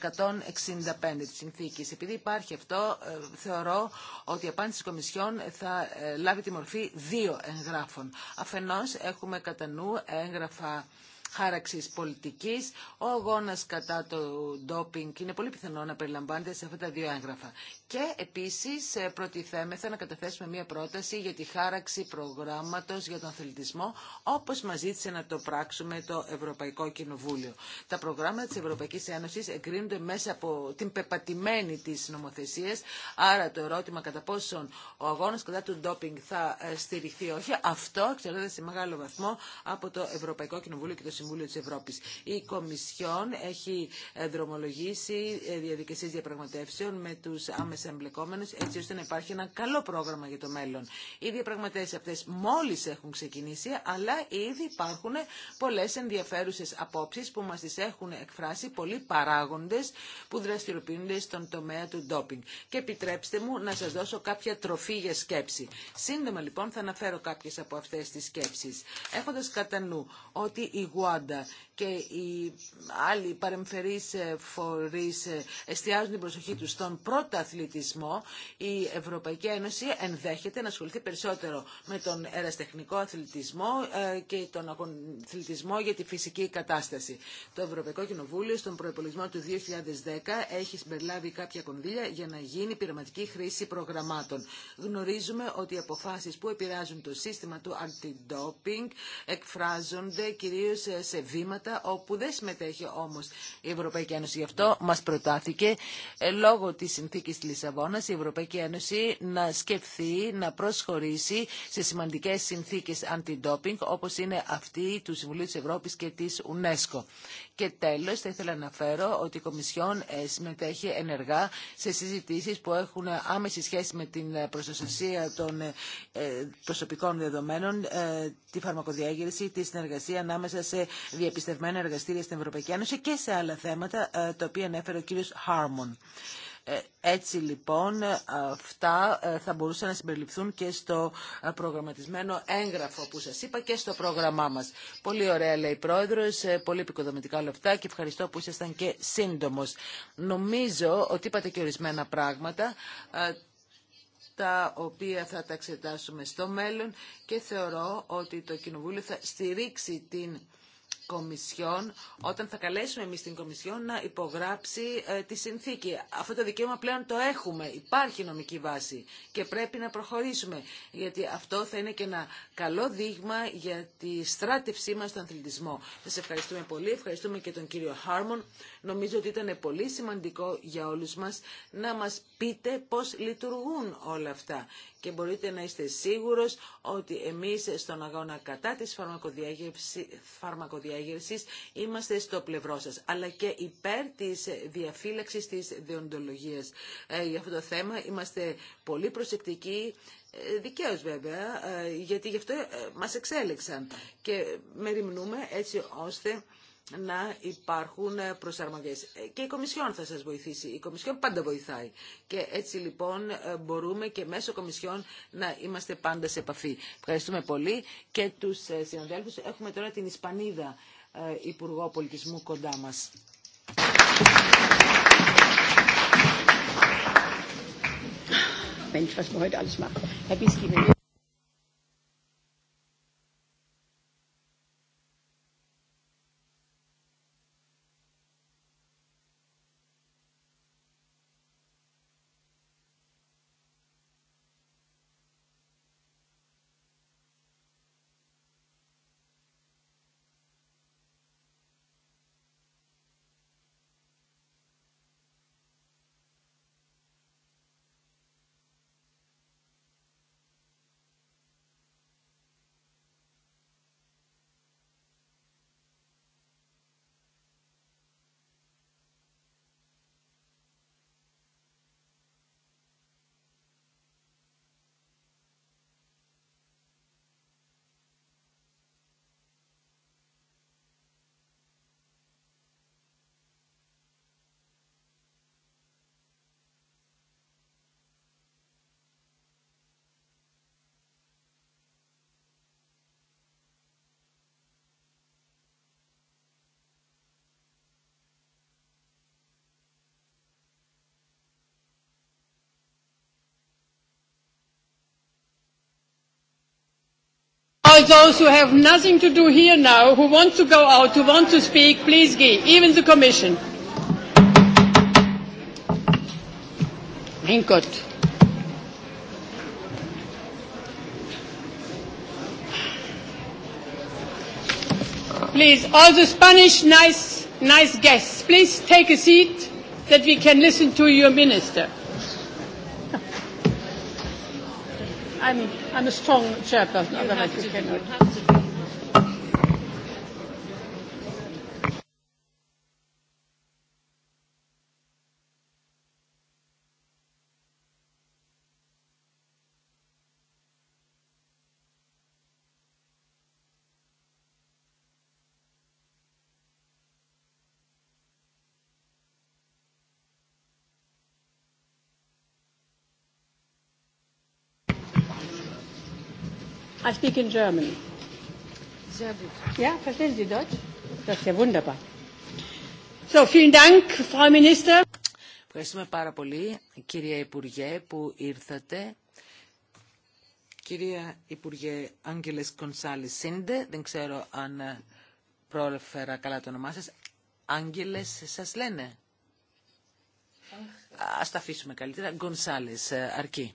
165 της συνθήκης. Επειδή υπάρχει αυτό, ε, θεωρώ ότι η απάντηση της Κομισιόν θα λάβει τη μορφή δύο εγγράφων. Αφενός έχουμε κατά νου έγγραφα χάραξης πολιτικής. Ο αγώνας κατά το ντόπινγκ είναι πολύ πιθανό να περιλαμβάνεται σε αυτά τα δύο έγγραφα. Και επίσης ε, προτιθέμεθα να καταθέσουμε μια πρόταση για τη χάραξη προγράμματος για τον αθλητισμό, όπως μας ζήτησε να το πράξουμε το Ευρωπαϊκό Κοινοβούλιο. Τα προγράμματα της Ευρωπαϊκής Ένωσης εγκρίνονται μέσα από την πεπατημένη της νομοθεσίας, άρα το ερώτημα κατά πόσον ο αγώνας κατά του ντόπινγκ θα ε, στηριχθεί όχι, αυτό εξαρτάται σε μεγάλο βαθμό από το Ευρωπαϊκό Κοινοβούλιο και το Συμβούλιο. Συμβούλιο της Ευρώπης. Η Κομισιόν έχει ε, δρομολογήσει ε, διαδικασίες διαπραγματεύσεων με τους άμεσα εμπλεκόμενους έτσι ώστε να υπάρχει ένα καλό πρόγραμμα για το μέλλον. Οι διαπραγματεύσεις αυτές μόλις έχουν ξεκινήσει αλλά ήδη υπάρχουν πολλές ενδιαφέρουσες απόψεις που μας τις έχουν εκφράσει πολλοί παράγοντες που δραστηριοποιούνται στον τομέα του ντόπινγκ. Και επιτρέψτε μου να σας δώσω κάποια τροφή για σκέψη. Σύντομα λοιπόν θα αναφέρω κάποιες από αυτές τις σκέψεις. Έχοντας κατά νου ότι η είναι και οι άλλοι παρεμφερείς ε, φορείς ε, εστιάζουν την προσοχή τους στον πρώτο αθλητισμό, η Ευρωπαϊκή Ένωση ενδέχεται να ασχοληθεί περισσότερο με τον εραστεχνικό αθλητισμό ε, και τον αθλητισμό για τη φυσική κατάσταση. Το Ευρωπαϊκό Κοινοβούλιο στον προϋπολογισμό του 2010 έχει συμπεριλάβει κάποια κονδύλια για να γίνει πειραματική χρήση προγραμμάτων. Γνωρίζουμε ότι οι αποφάσεις που επηρεάζουν το σύστημα του αντιντόπινγκ doping εκφράζονται κυρίω σε βήματα όπου δεν συμμετέχει όμως η Ευρωπαϊκή Ένωση. Γι' αυτό μας προτάθηκε ε, λόγω της συνθήκης της Λισαβόνας η Ευρωπαϊκή Ένωση να σκεφτεί, να προσχωρήσει σε σημαντικές συνθήκες αντιντόπινγκ όπως είναι αυτή του Συμβουλίου της Ευρώπης και της UNESCO. Και τέλο, θα ήθελα να αναφέρω ότι η Κομισιόν ε, συμμετέχει ενεργά σε συζητήσει που έχουν άμεση σχέση με την προστασία των ε, προσωπικών δεδομένων, ε, τη φαρμακοδιέγερση, τη συνεργασία ανάμεσα σε διαπιστευμένα εργαστήρια στην Ευρωπαϊκή Ένωση και σε άλλα θέματα, τα οποία ανέφερε ο κ. Χάρμον. Ε, έτσι λοιπόν αυτά ε, θα μπορούσαν να συμπεριληφθούν και στο ε, προγραμματισμένο έγγραφο που σας είπα και στο πρόγραμμά μας. Πολύ ωραία λέει η Πρόεδρος, πολύ επικοδομητικά όλα αυτά και ευχαριστώ που ήσασταν και σύντομος. Νομίζω ότι είπατε και ορισμένα πράγματα τα οποία θα τα εξετάσουμε στο μέλλον και θεωρώ ότι το Κοινοβούλιο θα στηρίξει την Κομισιόν, όταν θα καλέσουμε εμείς την Κομισιόν να υπογράψει ε, τη συνθήκη. Αυτό το δικαίωμα πλέον το έχουμε. Υπάρχει νομική βάση και πρέπει να προχωρήσουμε. Γιατί αυτό θα είναι και ένα καλό δείγμα για τη στράτευσή μας στον αθλητισμό. Σας ευχαριστούμε πολύ. Ευχαριστούμε και τον κύριο Χάρμον. Νομίζω ότι ήταν πολύ σημαντικό για όλους μας να μας πείτε πώς λειτουργούν όλα αυτά και μπορείτε να είστε σίγουρος ότι εμείς στον αγώνα κατά της φαρμακοδιάγευσης, είμαστε στο πλευρό σας, αλλά και υπέρ της διαφύλαξης της διοντολογίας. Ε, για αυτό το θέμα είμαστε πολύ προσεκτικοί, ε, δικαίως βέβαια, ε, γιατί γι' αυτό μας εξέλεξαν και μεριμνούμε έτσι ώστε να υπάρχουν ε, προσαρμογές. Ε, και η Κομισιόν θα σας βοηθήσει. Η Κομισιόν πάντα βοηθάει. Και έτσι λοιπόν ε, μπορούμε και μέσω Κομισιόν να είμαστε πάντα σε επαφή. Ευχαριστούμε πολύ και τους συναδέλφους. Έχουμε τώρα την Ισπανίδα Υπουργό Πολιτισμού κοντά μας. all those who have nothing to do here now, who want to go out, who want to speak, please give, even the Commission. Please, all the Spanish nice, nice guests, please take a seat that we can listen to your minister. mean. I'm a strong chairperson, otherwise you cannot. I speak in German. Sehr gut. Ja, verstehen Sie Deutsch? Das ist ja wunderbar. So, vielen Dank, Frau Minister. Ευχαριστούμε πάρα πολύ, κυρία Υπουργέ, που ήρθατε. Κυρία Υπουργέ Άγγελες Κονσάλη Σίντε, δεν ξέρω αν ε, πρόφερα καλά το όνομά σας. Άγγελες σας λένε. Ας τα αφήσουμε καλύτερα. Γκονσάλης, ε, αρκεί.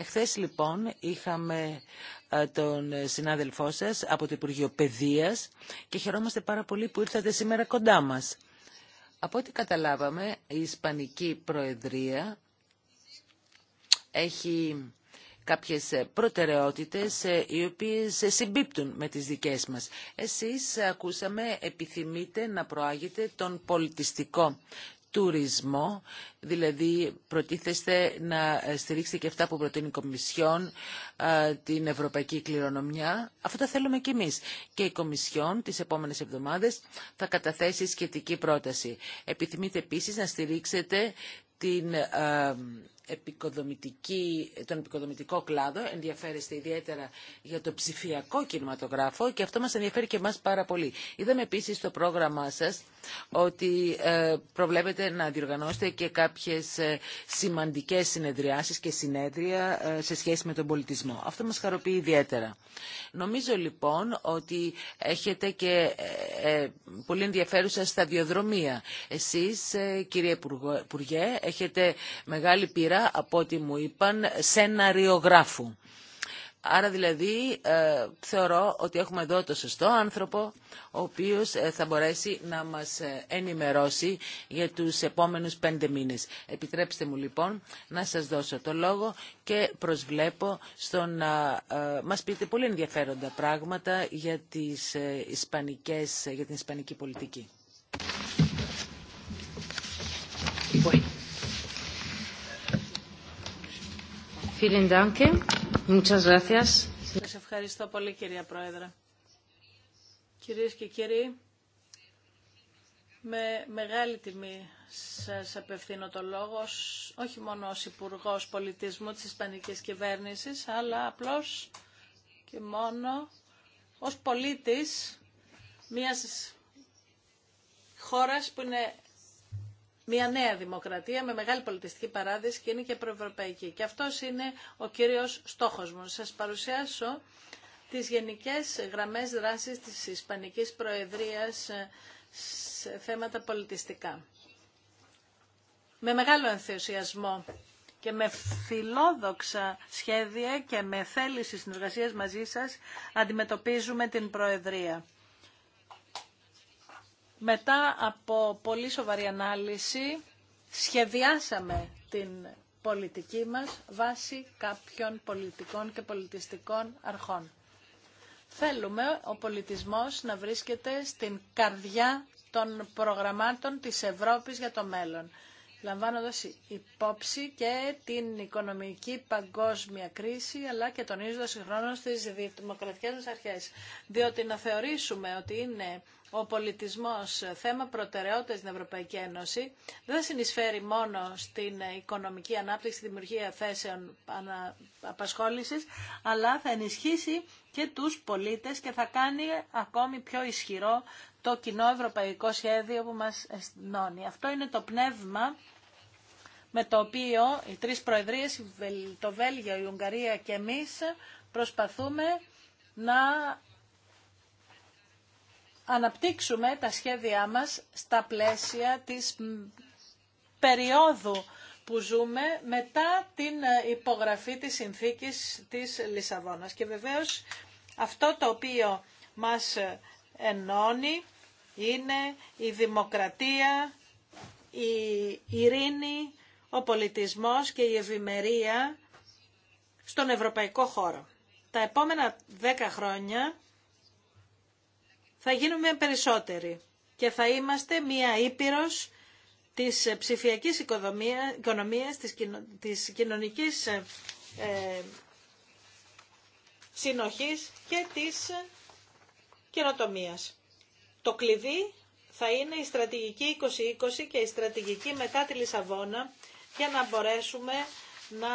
Εχθές λοιπόν είχαμε ε, τον συνάδελφό σας από το Υπουργείο Παιδείας και χαιρόμαστε πάρα πολύ που ήρθατε σήμερα κοντά μας. Από ό,τι καταλάβαμε, η Ισπανική Προεδρία έχει κάποιες προτεραιότητες ε, οι οποίες συμπίπτουν με τις δικές μας. Εσείς ε, ακούσαμε επιθυμείτε να προάγετε τον πολιτιστικό τουρισμό, δηλαδή προτίθεστε να ε, στηρίξετε και αυτά που προτείνει η Κομισιόν, ε, την Ευρωπαϊκή Κληρονομιά. Αυτό τα θέλουμε κι εμείς. Και η Κομισιόν τις επόμενες εβδομάδες θα καταθέσει σχετική πρόταση. Επιθυμείτε επίσης να στηρίξετε την ε, επικοδομητική, τον επικοδομητικό κλάδο, ενδιαφέρεστε ιδιαίτερα για το ψηφιακό κινηματογράφο και αυτό μας ενδιαφέρει και εμάς πάρα πολύ. Είδαμε επίσης στο πρόγραμμά σας ότι ε, προβλέπετε να διοργανώσετε και κάποιες ε, σημαντικές συνεδριάσεις και συνέδρια ε, σε σχέση με τον πολιτισμό. Αυτό μας χαροποιεί ιδιαίτερα. Νομίζω λοιπόν ότι έχετε και πολύ ενδιαφέρουσα σταδιοδρομία. Εσείς κύριε Υπουργέ έχετε μεγάλη πειρά από ό,τι μου είπαν σεναριογράφου. Άρα δηλαδή ε, θεωρώ ότι έχουμε εδώ το σωστό άνθρωπο ο οποίος ε, θα μπορέσει να μας ε, ενημερώσει για τους επόμενους πέντε μήνες. Επιτρέψτε μου λοιπόν να σας δώσω το λόγο και προσβλέπω στο να μας πείτε πολύ ενδιαφέροντα πράγματα για, τις, για την ισπανική πολιτική. Σας ευχαριστώ πολύ κυρία Πρόεδρε. Κυρίες και κύριοι, με μεγάλη τιμή σας απευθύνω το λόγο, όχι μόνο ως υπουργό Πολιτισμού της Ισπανικής Κυβέρνησης, αλλά απλώς και μόνο ως πολίτης μιας χώρας που είναι μια νέα δημοκρατία με μεγάλη πολιτιστική παράδειση και είναι και προευρωπαϊκή. Και αυτός είναι ο κύριος στόχος μου. Σας παρουσιάσω τις γενικές γραμμές δράσης της Ισπανικής Προεδρίας ε, σε θέματα πολιτιστικά. Με μεγάλο ενθουσιασμό και με φιλόδοξα σχέδια και με θέληση συνεργασίας μαζί σας αντιμετωπίζουμε την Προεδρία. Μετά από πολύ σοβαρή ανάλυση σχεδιάσαμε την πολιτική μας βάσει κάποιων πολιτικών και πολιτιστικών αρχών. Θέλουμε ο πολιτισμός να βρίσκεται στην καρδιά των προγραμμάτων της Ευρώπης για το μέλλον λαμβάνοντας υπόψη και την οικονομική παγκόσμια κρίση, αλλά και τονίζοντας χρόνο τις δημοκρατικές μας αρχές. Διότι να θεωρήσουμε ότι είναι ο πολιτισμός θέμα προτεραιότητας στην Ευρωπαϊκή Ένωση, δεν θα συνεισφέρει μόνο στην οικονομική ανάπτυξη, δημιουργία θέσεων απασχόλησης, αλλά θα ενισχύσει και τους πολίτες και θα κάνει ακόμη πιο ισχυρό το κοινό ευρωπαϊκό σχέδιο που μας ενώνει. Αυτό είναι το πνεύμα με το οποίο οι τρεις προεδρίες, το Βέλγιο, η Ουγγαρία και εμείς προσπαθούμε να αναπτύξουμε τα σχέδιά μας στα πλαίσια της περίοδου που ζούμε μετά την υπογραφή της συνθήκης της Λισαβόνας. Και βεβαίως αυτό το οποίο μας ενώνει είναι η δημοκρατία, η ειρήνη, ο πολιτισμός και η ευημερία στον ευρωπαϊκό χώρο. Τα επόμενα δέκα χρόνια θα γίνουμε περισσότεροι και θα είμαστε μία ήπειρος της ψηφιακής οικονομίας, της, κοινωνικής ε, ε, συνοχής και της καινοτομίας. Το κλειδί θα είναι η στρατηγική 2020 και η στρατηγική μετά τη Λισαβόνα για να μπορέσουμε να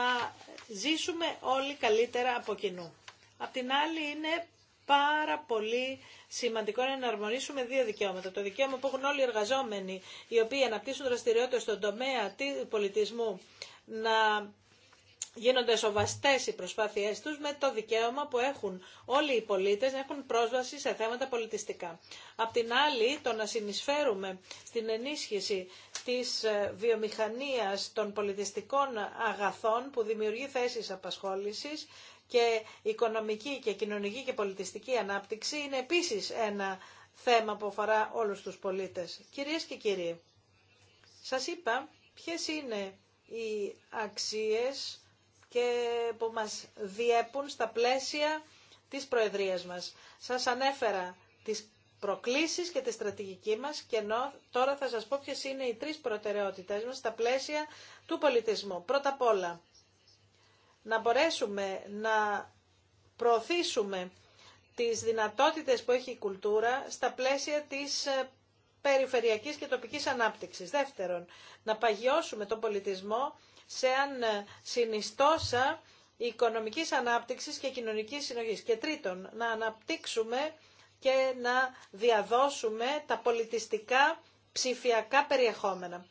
ζήσουμε όλοι καλύτερα από κοινού. Απ' την άλλη είναι πάρα πολύ σημαντικό να εναρμονίσουμε δύο δικαιώματα. Το δικαίωμα που έχουν όλοι οι εργαζόμενοι οι οποίοι αναπτύσσουν δραστηριότητα στον τομέα πολιτισμού να γίνονται σοβαστές οι προσπάθειές τους με το δικαίωμα που έχουν όλοι οι πολίτες να έχουν πρόσβαση σε θέματα πολιτιστικά. Απ' την άλλη, το να συνεισφέρουμε στην ενίσχυση της ε, βιομηχανίας των πολιτιστικών αγαθών που δημιουργεί θέσεις απασχόλησης και οικονομική και κοινωνική και πολιτιστική ανάπτυξη είναι επίσης ένα θέμα που αφορά όλους τους πολίτες. Κυρίες και κύριοι, σας είπα ποιες είναι οι αξίες και που μας διέπουν στα πλαίσια της Προεδρίας μας. Σας ανέφερα τις προκλήσεις και τη στρατηγική μας και ενώ τώρα θα σας πω ποιες είναι οι τρεις προτεραιότητες μας στα πλαίσια του πολιτισμού. Πρώτα απ' όλα, να μπορέσουμε να προωθήσουμε τις δυνατότητες που έχει η κουλτούρα στα πλαίσια της ε, περιφερειακής και τοπικής ανάπτυξης. Δεύτερον, να παγιώσουμε τον πολιτισμό σε αν ε, συνιστόσα οικονομικής ανάπτυξης και κοινωνικής συνοχής. Και τρίτον, να αναπτύξουμε και να διαδώσουμε τα πολιτιστικά ψηφιακά περιεχόμενα.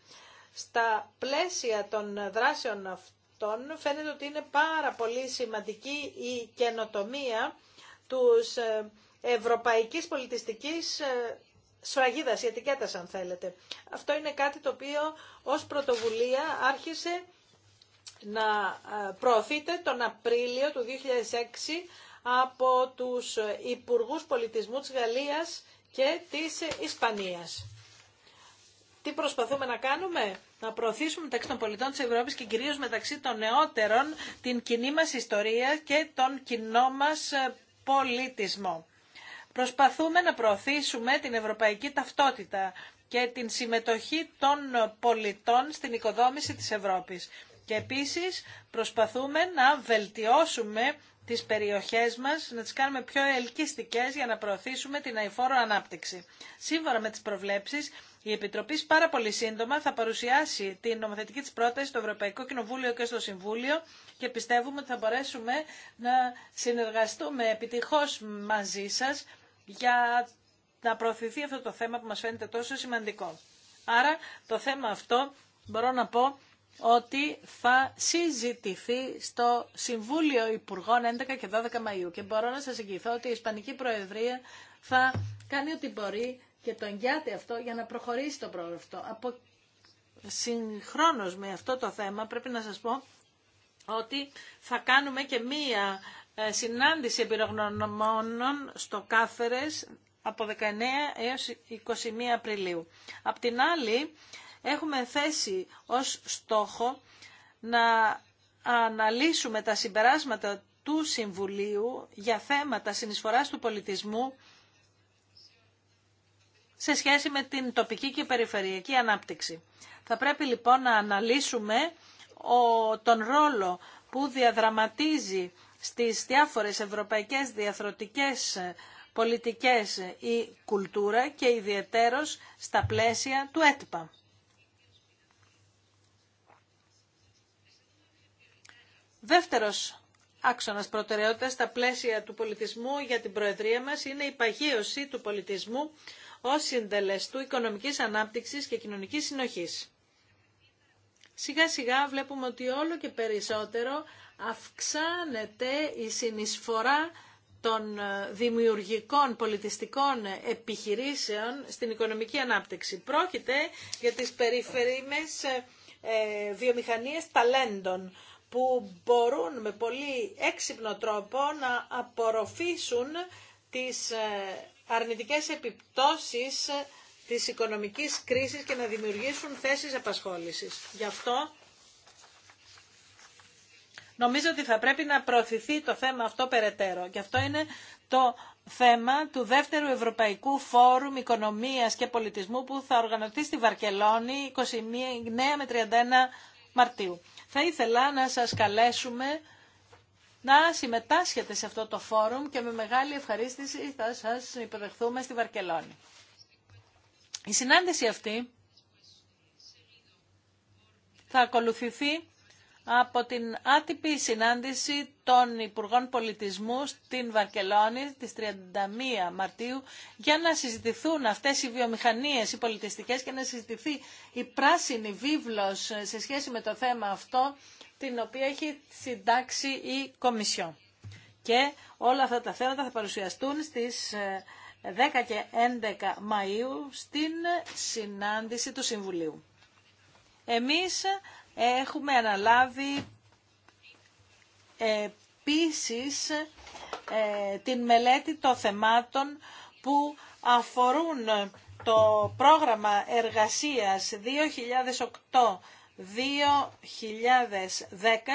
Στα πλαίσια των δράσεων αυτών φαίνεται ότι είναι πάρα πολύ σημαντική η καινοτομία τους ε, ευρωπαϊκής πολιτιστικής ε, σφραγίδας, η ετικέτας αν θέλετε. Αυτό είναι κάτι το οποίο ως πρωτοβουλία άρχισε να ε, προωθείται τον Απρίλιο του 2006 από τους Υπουργούς Πολιτισμού της Γαλλίας και της Ισπανίας. Τι προσπαθούμε να κάνουμε? Να προωθήσουμε μεταξύ των πολιτών της Ευρώπης και κυρίως μεταξύ των νεότερων την κοινή μας ιστορία και τον κοινό μας ε, πολιτισμό. Προσπαθούμε να προωθήσουμε την ευρωπαϊκή ταυτότητα και την συμμετοχή των πολιτών στην οικοδόμηση της Ευρώπης. Και επίσης προσπαθούμε να βελτιώσουμε τις περιοχές μας, να τις κάνουμε πιο ελκυστικές για να προωθήσουμε την αηφόρο ανάπτυξη. Σύμφωνα με τις προβλέψεις, η Επιτροπή πάρα πολύ σύντομα θα παρουσιάσει την νομοθετική της πρόταση στο Ευρωπαϊκό Κοινοβούλιο και στο Συμβούλιο και πιστεύουμε ότι θα μπορέσουμε να συνεργαστούμε επιτυχώς μαζί σας για να προωθηθεί αυτό το θέμα που μας φαίνεται τόσο σημαντικό. Άρα το θέμα αυτό μπορώ να πω ότι θα συζητηθεί στο Συμβούλιο Υπουργών 11 και 12 Μαΐου. Και μπορώ να σας εγγυηθώ ότι η Ισπανική Προεδρία θα κάνει ό,τι μπορεί και το εγγυάται αυτό για να προχωρήσει το πρόγραμμα αυτό. Από... Συγχρόνως με αυτό το θέμα πρέπει να σας πω ότι θα κάνουμε και μία ε, συνάντηση επιρρογνωμόνων στο Κάθερες από 19 έως 21 Απριλίου. Απ' την άλλη, έχουμε θέσει ως στόχο να αναλύσουμε τα συμπεράσματα του Συμβουλίου για θέματα συνεισφοράς του πολιτισμού σε σχέση με την τοπική και περιφερειακή ανάπτυξη. Θα πρέπει λοιπόν να αναλύσουμε τον ρόλο που διαδραματίζει στις διάφορες ευρωπαϊκές διαθροτικές πολιτικές η κουλτούρα και ιδιαιτέρως στα πλαίσια του ΕΤΠΑ. Δεύτερος άξονας προτεραιότητας στα πλαίσια του πολιτισμού για την Προεδρία μας είναι η παγίωση του πολιτισμού ως συντελεστού οικονομικής ανάπτυξης και κοινωνικής συνοχής. Σιγά σιγά βλέπουμε ότι όλο και περισσότερο αυξάνεται η συνεισφορά των δημιουργικών πολιτιστικών επιχειρήσεων στην οικονομική ανάπτυξη. Πρόκειται για τις περιφερήμες ε, βιομηχανίες ταλέντων που μπορούν με πολύ έξυπνο τρόπο να απορροφήσουν τις ε, αρνητικές επιπτώσεις ε, της οικονομικής κρίσης και να δημιουργήσουν θέσεις απασχόλησης. Γι' αυτό νομίζω ότι θα πρέπει να προωθηθεί το θέμα αυτό περαιτέρω. Γι' αυτό είναι το θέμα του δεύτερου Ευρωπαϊκού Φόρουμ Οικονομίας και Πολιτισμού που θα οργανωθεί στη Βαρκελόνη 29 με 31 Μαρτίου. Θα ήθελα να σας καλέσουμε να συμμετάσχετε σε αυτό το φόρουμ και με μεγάλη ευχαρίστηση θα σας υπερεχθούμε στη Βαρκελόνη. Η συνάντηση αυτή θα ακολουθηθεί από την άτυπη συνάντηση των Υπουργών Πολιτισμού στην Βαρκελόνη της 31 Μαρτίου για να συζητηθούν αυτές οι βιομηχανίες, οι πολιτιστικές και να συζητηθεί η πράσινη βίβλος σε σχέση με το θέμα αυτό την οποία έχει συντάξει η Κομισιό. Και όλα αυτά τα θέματα θα παρουσιαστούν στις 10 ε, και 11 Μαΐου στην συνάντηση του Συμβουλίου. Εμείς έχουμε αναλάβει επίσης ε, την μελέτη των θεμάτων που αφορούν το πρόγραμμα εργασίας 2008-2010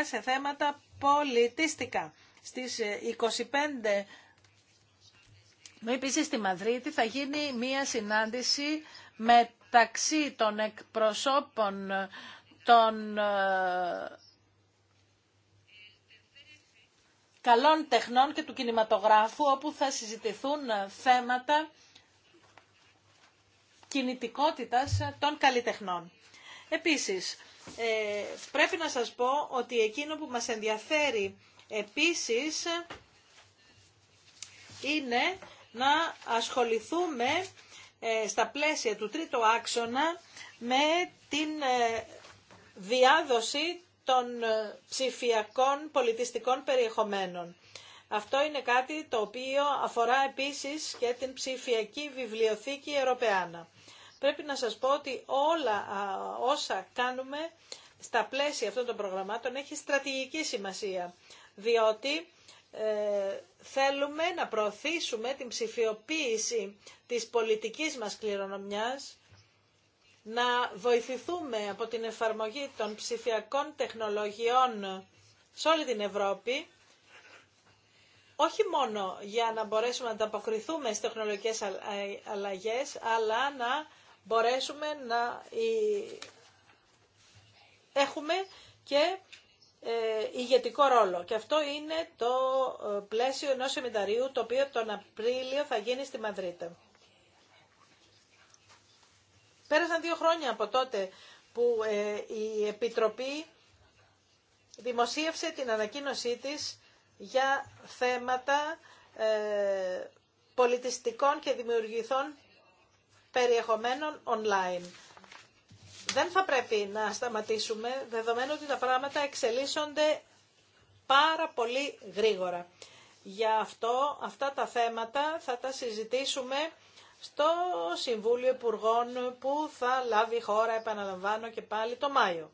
σε θέματα πολιτιστικά. Στις 25 με επίσης στη Μαδρίτη θα γίνει μία συνάντηση μεταξύ των εκπροσώπων των ε, καλών τεχνών και του κινηματογράφου, όπου θα συζητηθούν ε, θέματα κινητικότητας των καλλιτεχνών. Επίσης, ε, πρέπει να σας πω ότι εκείνο που μας ενδιαφέρει επίσης είναι να ασχοληθούμε στα πλαίσια του τρίτου άξονα με την διάδοση των ε, ψηφιακών πολιτιστικών περιεχομένων. Αυτό είναι κάτι το οποίο αφορά επίσης και την ψηφιακή βιβλιοθήκη Ευρωπαίνα. Πρέπει να σας πω ότι όλα όσα κάνουμε στα πλαίσια αυτών των προγραμμάτων έχει στρατηγική σημασία, διότι ε, θέλουμε να προωθήσουμε την ψηφιοποίηση της πολιτικής μας κληρονομιάς να βοηθηθούμε από την εφαρμογή των ψηφιακών τεχνολογιών σε όλη την Ευρώπη, όχι μόνο για να μπορέσουμε να ανταποκριθούμε στις τεχνολογικές αλλαγές, αλλά να μπορέσουμε να έχουμε και ε, ηγετικό ρόλο. Και αυτό είναι το ε, πλαίσιο ενός σεμιταρίου, το οποίο τον Απρίλιο θα γίνει στη Μαδρίτα. Πέρασαν δύο χρόνια από τότε που ε, η Επιτροπή δημοσίευσε την ανακοίνωσή της για θέματα ε, πολιτιστικών και δημιουργηθών περιεχομένων online. Δεν θα πρέπει να σταματήσουμε, δεδομένου ότι τα πράγματα εξελίσσονται πάρα πολύ γρήγορα. Γι' αυτό αυτά τα θέματα θα τα συζητήσουμε στο Συμβούλιο Υπουργών που θα λάβει χώρα, επαναλαμβάνω και πάλι, το Μάιο.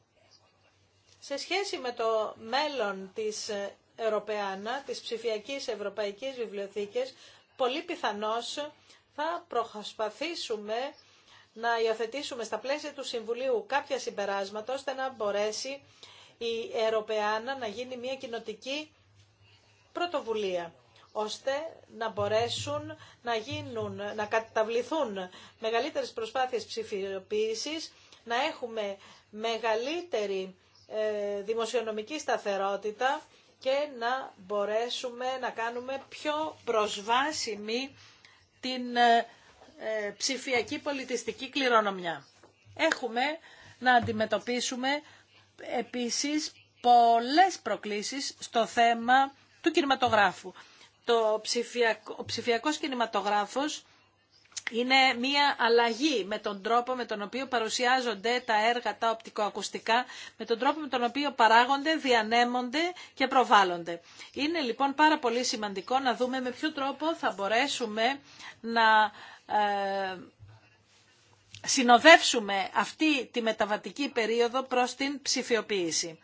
Σε σχέση με το μέλλον της Ευρωπαϊκής, της ψηφιακής Ευρωπαϊκής Βιβλιοθήκης, πολύ πιθανώς θα προσπαθήσουμε να υιοθετήσουμε στα πλαίσια του Συμβουλίου κάποια συμπεράσματα, ώστε να μπορέσει η Ευρωπαϊκή να γίνει μια κοινοτική πρωτοβουλία ώστε να μπορέσουν να, γίνουν, να καταβληθούν μεγαλύτερες προσπάθειες ψηφιοποίησης, να έχουμε μεγαλύτερη ε, δημοσιονομική σταθερότητα και να μπορέσουμε να κάνουμε πιο προσβάσιμη την ε, ε, ψηφιακή πολιτιστική κληρονομιά. Έχουμε να αντιμετωπίσουμε επίσης πολλές προκλήσεις στο θέμα του κινηματογράφου το ψηφιακό, ο ψηφιακός κινηματογράφος είναι μία αλλαγή με τον τρόπο με τον οποίο παρουσιάζονται τα έργα τα οπτικοακουστικά, με τον τρόπο με τον οποίο παράγονται, διανέμονται και προβάλλονται. Είναι λοιπόν πάρα πολύ σημαντικό να δούμε με ποιο τρόπο θα μπορέσουμε να ε, συνοδεύσουμε αυτή τη μεταβατική περίοδο προς την ψηφιοποίηση.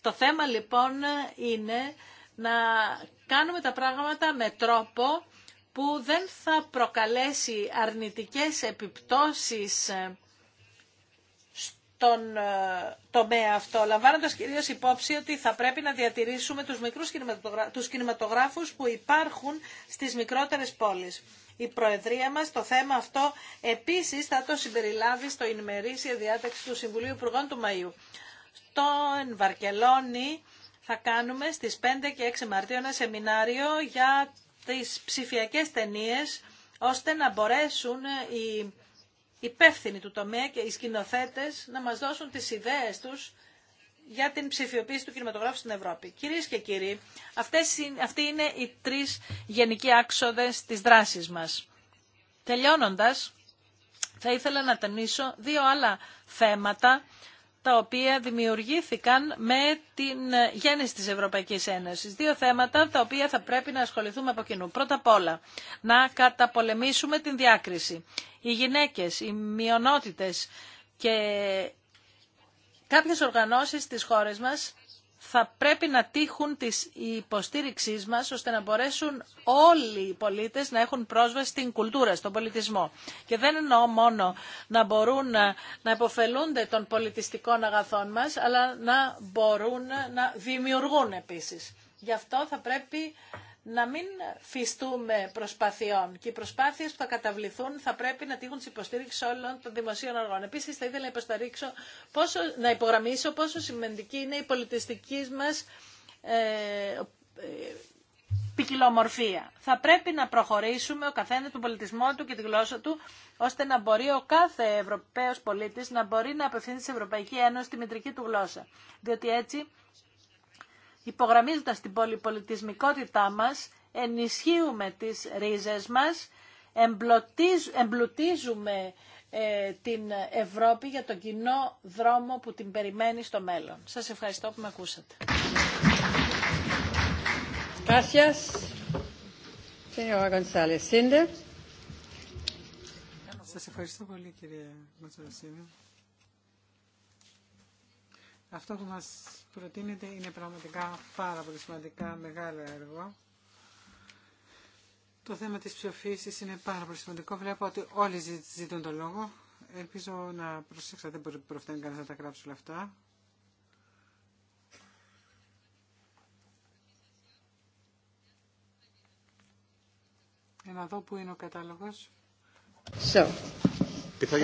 Το θέμα λοιπόν είναι να κάνουμε τα πράγματα με τρόπο που δεν θα προκαλέσει αρνητικές επιπτώσεις ε, στον ε, τομέα αυτό, λαμβάνοντας κυρίως υπόψη ότι θα πρέπει να διατηρήσουμε τους μικρούς τους κινηματογράφους που υπάρχουν στις μικρότερες πόλεις. Η Προεδρία μας το θέμα αυτό επίσης θα το συμπεριλάβει στο ημερήσια διάταξη του Συμβουλίου Υπουργών του Μαΐου. Στον Βαρκελόνη θα κάνουμε στις 5 και 6 Μαρτίου ένα σεμινάριο για τις ψηφιακές ταινίες, ώστε να μπορέσουν οι υπεύθυνοι του τομέα και οι σκηνοθέτες να μας δώσουν τις ιδέες τους για την ψηφιοποίηση του κινηματογράφου στην Ευρώπη. Κυρίες και κύριοι, αυτές, αυτοί είναι οι τρεις γενικοί άξοδες της δράσης μας. Τελειώνοντας, θα ήθελα να τονίσω δύο άλλα θέματα τα οποία δημιουργήθηκαν με την ε, γέννηση της Ευρωπαϊκής Ένωσης. Δύο θέματα τα οποία θα πρέπει να ασχοληθούμε από κοινού. Πρώτα απ' όλα, να καταπολεμήσουμε την διάκριση. Οι γυναίκες, οι μειονότητες και κάποιες οργανώσεις της χώρας μας θα πρέπει να τύχουν τις υποστήριξής μας ώστε να μπορέσουν όλοι οι πολίτες να έχουν πρόσβαση στην κουλτούρα, στον πολιτισμό. Και δεν εννοώ μόνο να μπορούν να, ε, να υποφελούνται των πολιτιστικών αγαθών μας, αλλά να μπορούν ε, να δημιουργούν επίσης. Γι' αυτό θα πρέπει να μην φυστούμε προσπαθειών και οι προσπάθειες που θα καταβληθούν θα πρέπει να τύχουν τη υποστήριξη όλων των δημοσίων οργών. Επίσης θα ήθελα να, πόσο, να υπογραμμίσω πόσο σημαντική είναι η πολιτιστική μας ε, ε, ποικιλομορφία. Θα πρέπει να προχωρήσουμε ο καθένα τον πολιτισμό του και τη γλώσσα του, ώστε να μπορεί ο κάθε Ευρωπαίος πολίτης να μπορεί να απευθύνει στην Ευρωπαϊκή Ένωση τη μητρική του γλώσσα. Διότι έτσι υπογραμμίζοντας την πολυπολιτισμικότητά μας, ενισχύουμε τις ρίζες μας, εμπλουτίζουμε ε, την Ευρώπη για τον κοινό δρόμο που την περιμένει στο μέλλον. Σας ευχαριστώ που με ακούσατε. Σας ευχαριστώ πολύ κύριε αυτό που μας προτείνεται είναι πραγματικά πάρα πολύ σημαντικά μεγάλο έργο. Το θέμα της ψηφίσης είναι πάρα πολύ σημαντικό. Βλέπω ότι όλοι ζητούν τον λόγο. Ελπίζω να προσέξατε, δεν προφτάνει κανείς να τα γράψει όλα αυτά. Για ε, δω που είναι ο κατάλογος. So.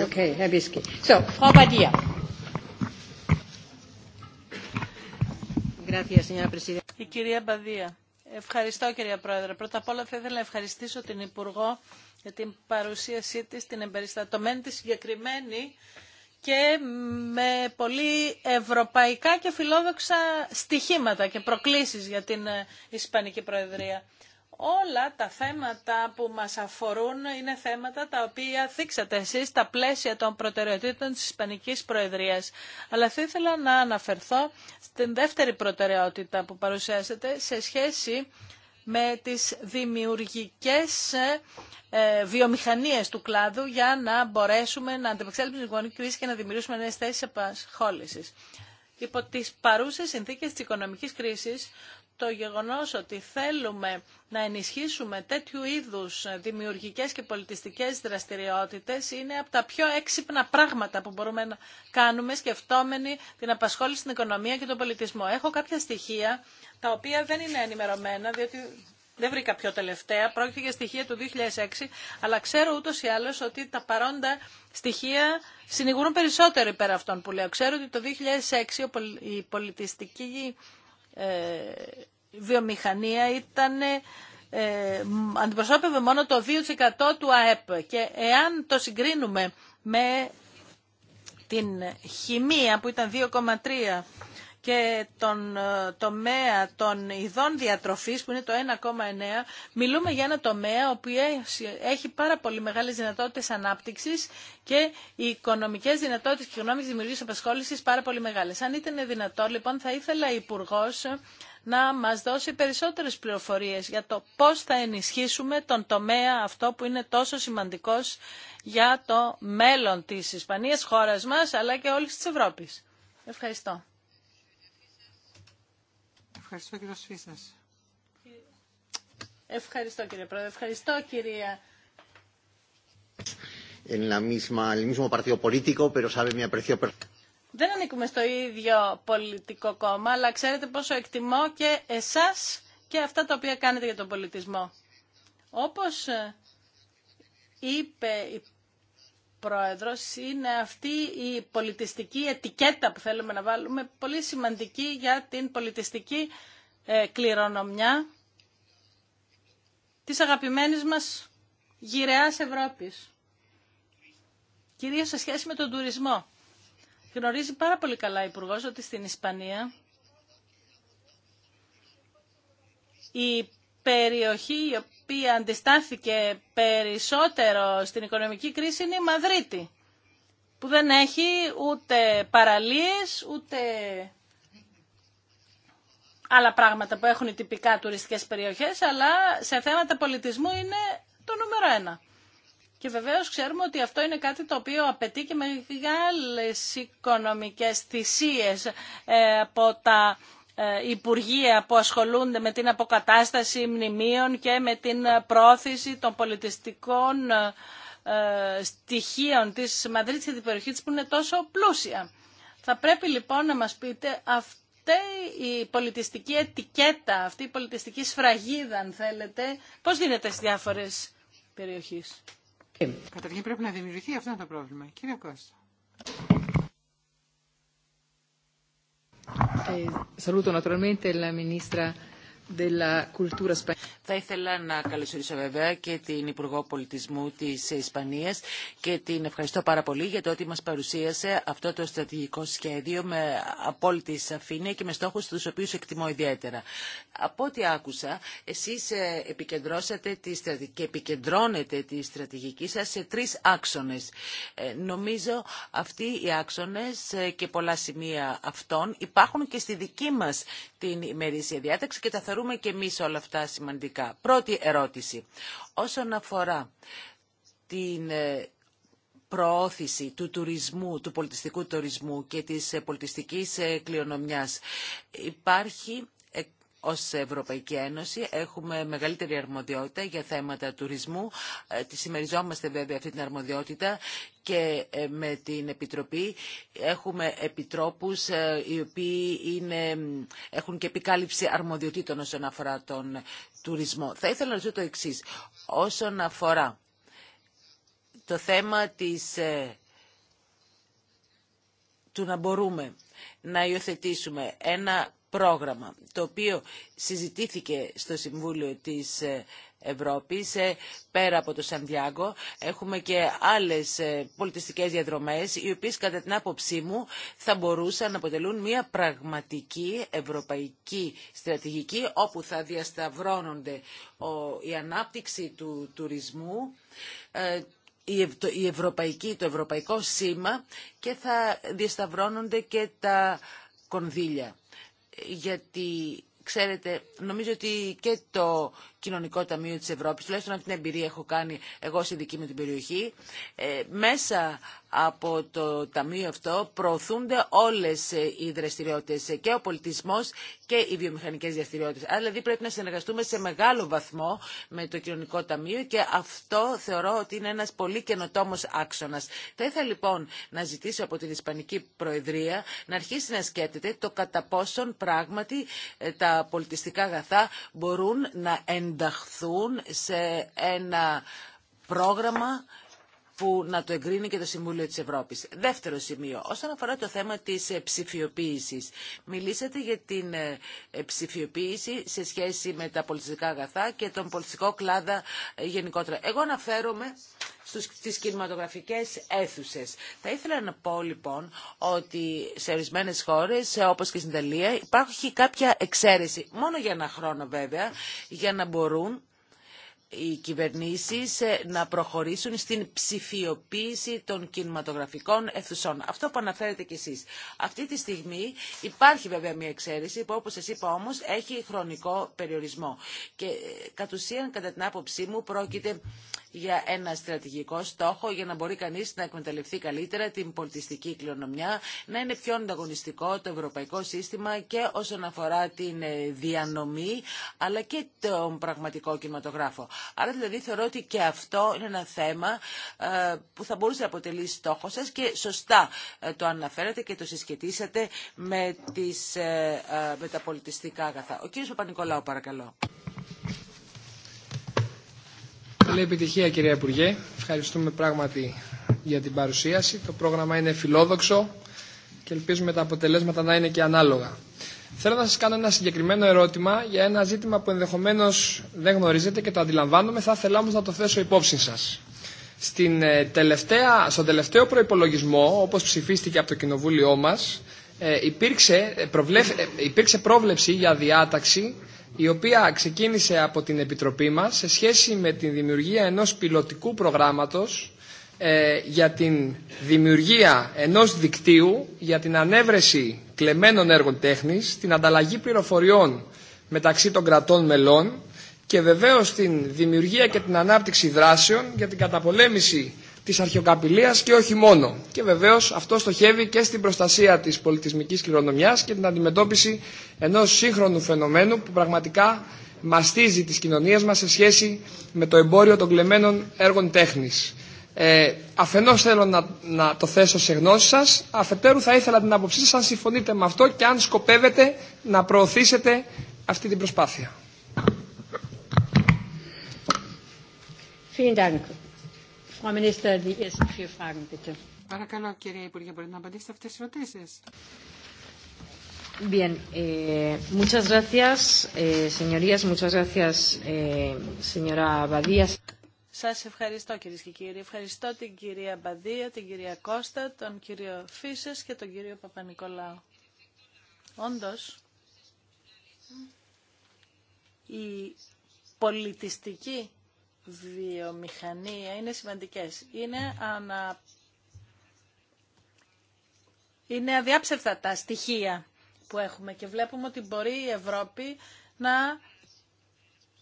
Okay, So, Frau Badia. Η κυρία Μπαδία. Ευχαριστώ κυρία Πρόεδρε. Πρώτα απ' όλα θα ήθελα να ευχαριστήσω την Υπουργό για την παρουσίασή της, την εμπεριστατωμένη της συγκεκριμένη και με πολύ ευρωπαϊκά και φιλόδοξα στοιχήματα και προκλήσεις για την ε, Ισπανική Προεδρία όλα τα θέματα που μας αφορούν είναι θέματα τα οποία θίξατε εσείς στα πλαίσια των προτεραιοτήτων της Ισπανικής Προεδρίας. Αλλά θα ήθελα να αναφερθώ στην δεύτερη προτεραιότητα που παρουσιάσατε σε σχέση με τις δημιουργικές ε, βιομηχανίες του κλάδου για να μπορέσουμε να αντιμετωπίσουμε την οικονομική κρίση και να δημιουργήσουμε νέες θέσεις απασχόλησης. Υπό τις παρούσες συνθήκες της οικονομικής κρίσης, το γεγονός ότι θέλουμε να ενισχύσουμε τέτοιου είδους δημιουργικές και πολιτιστικές δραστηριότητες είναι από τα πιο έξυπνα πράγματα που μπορούμε να κάνουμε σκεφτόμενοι την απασχόληση στην οικονομία και τον πολιτισμό. Έχω κάποια στοιχεία τα οποία δεν είναι ενημερωμένα, διότι δεν βρήκα πιο τελευταία, πρόκειται για στοιχεία του 2006, αλλά ξέρω ούτω ή άλλω ότι τα παρόντα στοιχεία συνηγούν περισσότερο υπέρ αυτών που λέω. Ξέρω ότι το 2006 η πολιτιστική ε, βιομηχανία ήταν ε, αντιπροσώπευε μόνο το 2% του ΑΕΠ και εάν το συγκρίνουμε με την χημεία που ήταν 2,3 και τον ε, τομέα των ειδών διατροφής που είναι το 1,9 μιλούμε για ένα τομέα που έχει πάρα πολύ μεγάλες δυνατότητες ανάπτυξης και οι οικονομικές δυνατότητες και οικονομικές δημιουργίας απασχόλησης πάρα πολύ μεγάλες. Αν ήταν δυνατό λοιπόν θα ήθελα υπουργό να μας δώσει περισσότερες πληροφορίες για το πώς θα ενισχύσουμε τον τομέα αυτό που είναι τόσο σημαντικός για το μέλλον της Ισπανίας, χώρας μας, αλλά και όλης της Ευρώπης. Ευχαριστώ. Ευχαριστώ κύριε Πρόεδρε. Ευχαριστώ κυρία. Δεν ανήκουμε στο ίδιο πολιτικό κόμμα, αλλά ξέρετε πόσο εκτιμώ και εσάς και αυτά τα οποία κάνετε για τον πολιτισμό. Όπως ε, είπε η Πρόεδρος, είναι αυτή η πολιτιστική ετικέτα που θέλουμε να βάλουμε, πολύ σημαντική για την πολιτιστική ε, κληρονομιά της αγαπημένης μας γυρεάς Ευρώπης. Κυρίως σε σχέση με τον τουρισμό. Γνωρίζει πάρα πολύ καλά η Υπουργός ότι στην Ισπανία η περιοχή η οποία αντιστάθηκε περισσότερο στην οικονομική κρίση είναι η Μαδρίτη, που δεν έχει ούτε παραλίες, ούτε άλλα πράγματα που έχουν οι τυπικά τουριστικές περιοχές, αλλά σε θέματα πολιτισμού είναι το νούμερο ένα. Και βεβαίως ξέρουμε ότι αυτό είναι κάτι το οποίο απαιτεί και μεγάλες οικονομικές θυσίες ε, από τα ε, υπουργεία που ασχολούνται με την αποκατάσταση μνημείων και με την πρόθεση των πολιτιστικών ε, ε, στοιχείων της Μαδρίτης και της περιοχής που είναι τόσο πλούσια. Θα πρέπει λοιπόν να μας πείτε αυτή η πολιτιστική ετικέτα, αυτή η πολιτιστική σφραγίδα αν θέλετε, πώς δίνεται στις διάφορες περιοχές. Καταρχήν πρέπει να δημιουργηθεί αυτό το πρόβλημα. Κύριε Κώστα. Saluto naturalmente la ministra θα ήθελα να καλωσορίσω βέβαια και την Υπουργό Πολιτισμού της Ισπανίας και την ευχαριστώ πάρα πολύ για το ότι μας παρουσίασε αυτό το στρατηγικό σχέδιο με απόλυτη σαφήνεια και με στόχους τους οποίους εκτιμώ ιδιαίτερα. Από ό,τι άκουσα, εσείς ε, επικεντρώσατε τη και επικεντρώνετε τη στρατηγική σας σε τρεις άξονες. Ε, νομίζω αυτοί οι άξονες ε, και πολλά σημεία αυτών υπάρχουν και στη δική μας την ημερήσια διάταξη και τα θεωρούμε και εμείς όλα αυτά σημαντικά. Πρώτη ερώτηση. Όσον αφορά την ε, προώθηση του τουρισμού, του πολιτιστικού τουρισμού και της ε, πολιτιστικής ε, κληρονομιάς. Υπάρχει ως Ευρωπαϊκή Ένωση έχουμε μεγαλύτερη αρμοδιότητα για θέματα τουρισμού. Ε, τη συμμεριζόμαστε βέβαια αυτή την αρμοδιότητα και ε, με την Επιτροπή έχουμε επιτρόπους ε, οι οποίοι είναι, έχουν και επικάλυψη αρμοδιοτήτων όσον αφορά τον τουρισμό. Θα ήθελα να ρωτήσω το εξή. Όσον αφορά το θέμα της, του να μπορούμε να υιοθετήσουμε ένα πρόγραμμα, το οποίο συζητήθηκε στο Συμβούλιο της ε, Ευρώπης, ε, πέρα από το Σαντιάγκο. Έχουμε και άλλες ε, πολιτιστικές διαδρομές, οι οποίες κατά την άποψή μου θα μπορούσαν να αποτελούν μια πραγματική ευρωπαϊκή στρατηγική, όπου θα διασταυρώνονται η ανάπτυξη του τουρισμού, η ευρωπαϊκή, το ευρωπαϊκό σήμα και θα διασταυρώνονται και τα κονδύλια γιατί ξέρετε, νομίζω ότι και το Κοινωνικό Ταμείο της Ευρώπης, τουλάχιστον αυτή την εμπειρία έχω κάνει εγώ σε δική μου την περιοχή, ε, μέσα από το Ταμείο αυτό προωθούνται όλες ε, οι δραστηριότητες ε, και ο πολιτισμός και οι βιομηχανικές δραστηριότητες. Άρα δηλαδή πρέπει να συνεργαστούμε σε μεγάλο βαθμό με το Κοινωνικό Ταμείο και αυτό θεωρώ ότι είναι ένας πολύ καινοτόμος άξονας. Θα ήθελα λοιπόν να ζητήσω από την Ισπανική Προεδρία να αρχίσει να σκέπτεται το κατά πόσον πράγματι τα πολιτιστικά αγαθά μπορούν να ενταχθούν σε ένα πρόγραμμα που να το εγκρίνει και το Συμβούλιο της Ευρώπης. Δεύτερο σημείο, όσον αφορά το θέμα της ε, ψηφιοποίησης. Μιλήσατε για την ε, ε, ψηφιοποίηση σε σχέση με τα πολιτιστικά αγαθά και τον πολιτιστικό κλάδα γενικότερα. Εγώ αναφέρομαι στις κινηματογραφικές αίθουσες. Θα ήθελα να πω λοιπόν ότι σε ορισμένε χώρες όπως και στην Ιταλία υπάρχει κάποια εξαίρεση μόνο για ένα χρόνο βέβαια για να μπορούν οι κυβερνήσεις ε, να προχωρήσουν στην ψηφιοποίηση των κινηματογραφικών αιθουσών. Αυτό που αναφέρετε κι εσείς. Αυτή τη στιγμή υπάρχει βέβαια μια εξαίρεση που όπως σας είπα όμως έχει χρονικό περιορισμό. Και ε, κατ' ουσίαν κατά την άποψή μου πρόκειται για ένα στρατηγικό στόχο για να μπορεί κανείς να εκμεταλλευτεί καλύτερα την πολιτιστική κληρονομιά, να είναι πιο ανταγωνιστικό το ευρωπαϊκό σύστημα και όσον αφορά την ε, διανομή αλλά και τον πραγματικό κινηματογράφο. Άρα δηλαδή θεωρώ ότι και αυτό είναι ένα θέμα ε, που θα μπορούσε να αποτελεί στόχο σας και σωστά ε, το αναφέρατε και το συσχετίσατε με, τις, τα πολιτιστικά αγαθά. Ο κύριος Παπα-Νικολάου παρακαλώ. Καλή επιτυχία κυρία Υπουργέ. Ευχαριστούμε πράγματι για την παρουσίαση. Το πρόγραμμα είναι φιλόδοξο και ελπίζουμε τα αποτελέσματα να είναι και ανάλογα. Θέλω να σας κάνω ένα συγκεκριμένο ερώτημα για ένα ζήτημα που ενδεχομένως δεν γνωρίζετε και το αντιλαμβάνομαι. Θα ήθελα όμως να το θέσω υπόψη σας. Στην ε, στον τελευταίο προϋπολογισμό, όπως ψηφίστηκε από το Κοινοβούλιο μας, ε, υπήρξε, ε, προβλεφ, υπήρξε πρόβλεψη για διάταξη η οποία ξεκίνησε από την Επιτροπή μας σε σχέση με τη δημιουργία ενός πιλωτικού προγράμματος ε, για την δημιουργία ενός δικτύου για την ανέβρεση κλεμμένων έργων τέχνης, την ανταλλαγή πληροφοριών μεταξύ των κρατών μελών και βεβαίως την δημιουργία και την ανάπτυξη δράσεων για την καταπολέμηση Τη αρχαιοκαπηλεία και όχι μόνο. Και βεβαίως αυτό στοχεύει και στην προστασία της πολιτισμικής κληρονομιάς και την αντιμετώπιση ενός σύγχρονου φαινομένου που πραγματικά μαστίζει τις κοινωνίες μας σε σχέση με το εμπόριο των κλεμμένων έργων τέχνης. Ε, αφενός θέλω να, το θέσω σε γνώση σας, αφετέρου θα ήθελα την άποψή σα αν συμφωνείτε με αυτό και αν σκοπεύετε να προωθήσετε αυτή την προσπάθεια. Vielen Dank. Frau Minister, die ersten vier Fragen bitte. Παρακαλώ, κύριε Υπουργέ, μπορείτε να απαντήσετε αυτές τις ερωτήσεις. Bien, eh, muchas gracias, eh, señorías, muchas gracias, eh, señora Badía. Σας ευχαριστώ κυρίες και κύριοι. Ευχαριστώ την κυρία Μπαδία, την κυρία Κώστα, τον κύριο Φίσες και τον κύριο Παπα-Νικολάου. Όντως, η πολιτιστική βιομηχανία είναι σημαντικές. Είναι ανα... Είναι αδιάψευτα τα στοιχεία που έχουμε και βλέπουμε ότι μπορεί η Ευρώπη να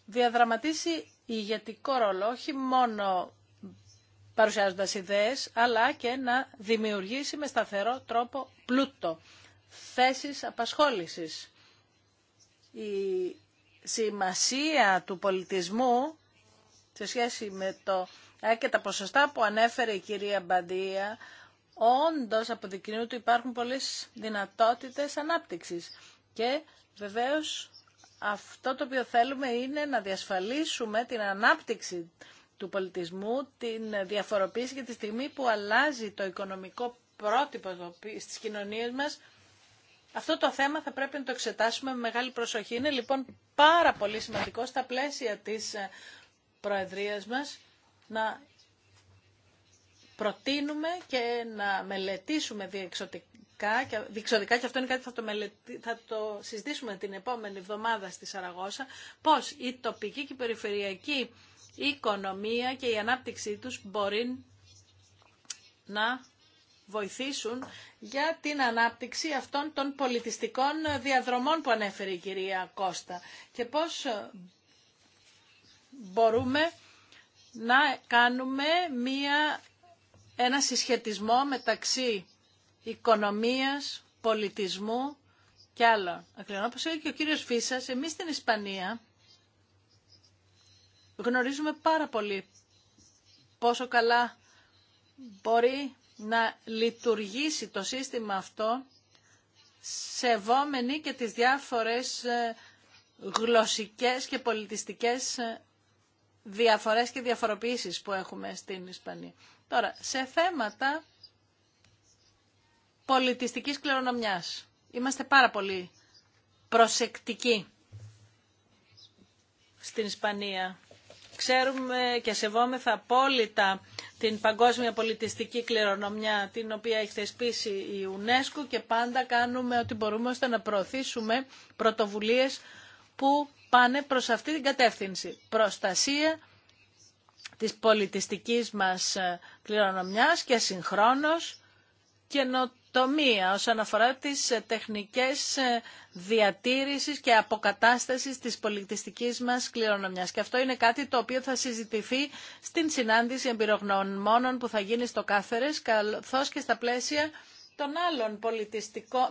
διαδραματίσει ηγετικό ρόλο, όχι μόνο παρουσιάζοντας ιδέες, αλλά και να δημιουργήσει με σταθερό τρόπο πλούτο, θέσεις απασχόλησης. Η σημασία του πολιτισμού σε σχέση με το ε, και τα ποσοστά που ανέφερε η κυρία Μπαντία, όντως αποδεικνύουν ότι υπάρχουν πολλές δυνατότητες ανάπτυξης. Και βεβαίως αυτό το οποίο θέλουμε είναι να διασφαλίσουμε την ανάπτυξη του πολιτισμού, την διαφοροποίηση και τη στιγμή που αλλάζει το οικονομικό πρότυπο στις κοινωνίες μας, αυτό το θέμα θα πρέπει να το εξετάσουμε με μεγάλη προσοχή. Είναι λοιπόν πάρα πολύ σημαντικό στα πλαίσια της ε, Προεδρίας μας να προτείνουμε και να μελετήσουμε διεξοδικά και, διεξοδικά, και αυτό είναι κάτι που θα το, θα το συζητήσουμε την επόμενη εβδομάδα στη Σαραγώσα, πώς η τοπική και η περιφερειακή οικονομία και η ανάπτυξή τους μπορεί να βοηθήσουν για την ανάπτυξη αυτών των πολιτιστικών διαδρομών που ανέφερε η κυρία Κώστα και πώς μπορούμε να κάνουμε μία, ένα συσχετισμό μεταξύ οικονομίας, πολιτισμού και άλλων. Ακριβώς όπως είπε και ο κύριος Φίσας, εμείς στην Ισπανία γνωρίζουμε πάρα πολύ πόσο καλά μπορεί να λειτουργήσει το σύστημα αυτό σεβόμενοι και τις διάφορες ε, γλωσσικές και πολιτιστικές ε, διαφορές και διαφοροποιήσεις που έχουμε στην Ισπανία. Τώρα, σε θέματα πολιτιστικής κληρονομιάς. Είμαστε πάρα πολύ προσεκτικοί στην Ισπανία. Ξέρουμε και σεβόμεθα απόλυτα την παγκόσμια πολιτιστική κληρονομιά την οποία έχει θεσπίσει η UNESCO και πάντα κάνουμε ό,τι μπορούμε ώστε να προωθήσουμε πρωτοβουλίες που πάνε προς αυτή την κατεύθυνση. Προστασία της πολιτιστικής μας ε, κληρονομιάς και συγχρόνως καινοτομία όσον αφορά τις ε, τεχνικές ε, διατήρησης και αποκατάστασης της πολιτιστικής μας κληρονομιάς. Και αυτό είναι κάτι το οποίο θα συζητηθεί στην συνάντηση εμπειρογνωμόνων που θα γίνει στο Κάθερες, καθώς και στα πλαίσια των άλλων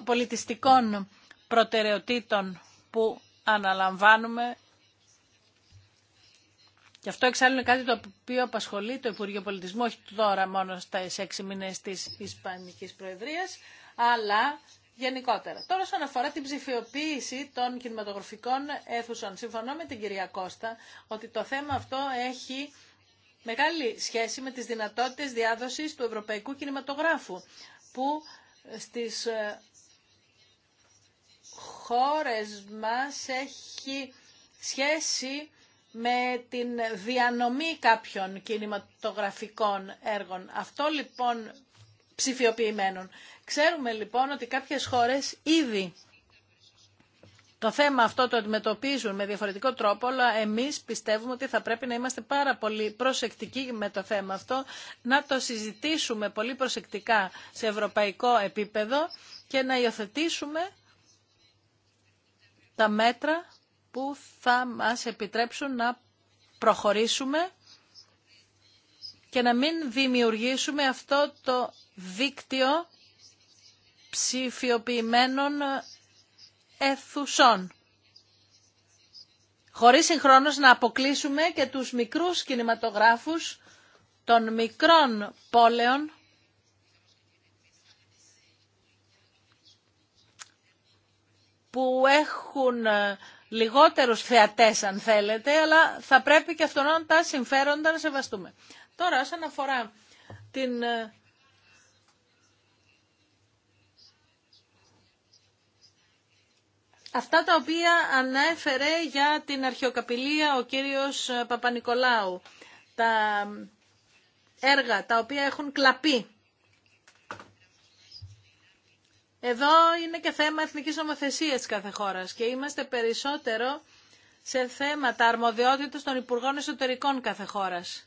πολιτιστικών προτεραιοτήτων που αναλαμβάνουμε. Και αυτό εξάλλου είναι κάτι το οποίο απασχολεί το Υπουργείο Πολιτισμού, όχι τώρα μόνο στα έξι μήνες της Ισπανικής Προεδρίας, αλλά γενικότερα. Τώρα, όσον αφορά την ψηφιοποίηση των κινηματογραφικών αίθουσων, συμφωνώ με την κυρία Κώστα ότι το θέμα αυτό έχει μεγάλη σχέση με τις δυνατότητες διάδοσης του ευρωπαϊκού κινηματογράφου, που στις ε, χώρες μας έχει σχέση με την διανομή κάποιων κινηματογραφικών έργων. Αυτό λοιπόν ψηφιοποιημένων. Ξέρουμε λοιπόν ότι κάποιες χώρες ήδη το θέμα αυτό το αντιμετωπίζουν με διαφορετικό τρόπο, αλλά εμείς πιστεύουμε ότι θα πρέπει να είμαστε πάρα πολύ προσεκτικοί με το θέμα αυτό, να το συζητήσουμε πολύ προσεκτικά σε ευρωπαϊκό επίπεδο και να υιοθετήσουμε τα μέτρα που θα μας επιτρέψουν να προχωρήσουμε και να μην δημιουργήσουμε αυτό το δίκτυο ψηφιοποιημένων αιθουσών. Χωρίς συγχρόνως να αποκλείσουμε και τους μικρούς κινηματογράφους των μικρών πόλεων που έχουν ε, λιγότερους θεατές αν θέλετε, αλλά θα πρέπει και αυτόν τα συμφέροντα να σεβαστούμε. Τώρα, όσον αφορά την... Ε, αυτά τα οποία ανέφερε για την αρχαιοκαπηλεία ο κύριος ε, Παπανικολάου, τα έργα τα οποία έχουν κλαπεί Εδώ είναι και θέμα εθνικής νομοθεσίας τη κάθε χώρας και είμαστε περισσότερο σε θέματα αρμοδιότητας των Υπουργών Εσωτερικών κάθε χώρας.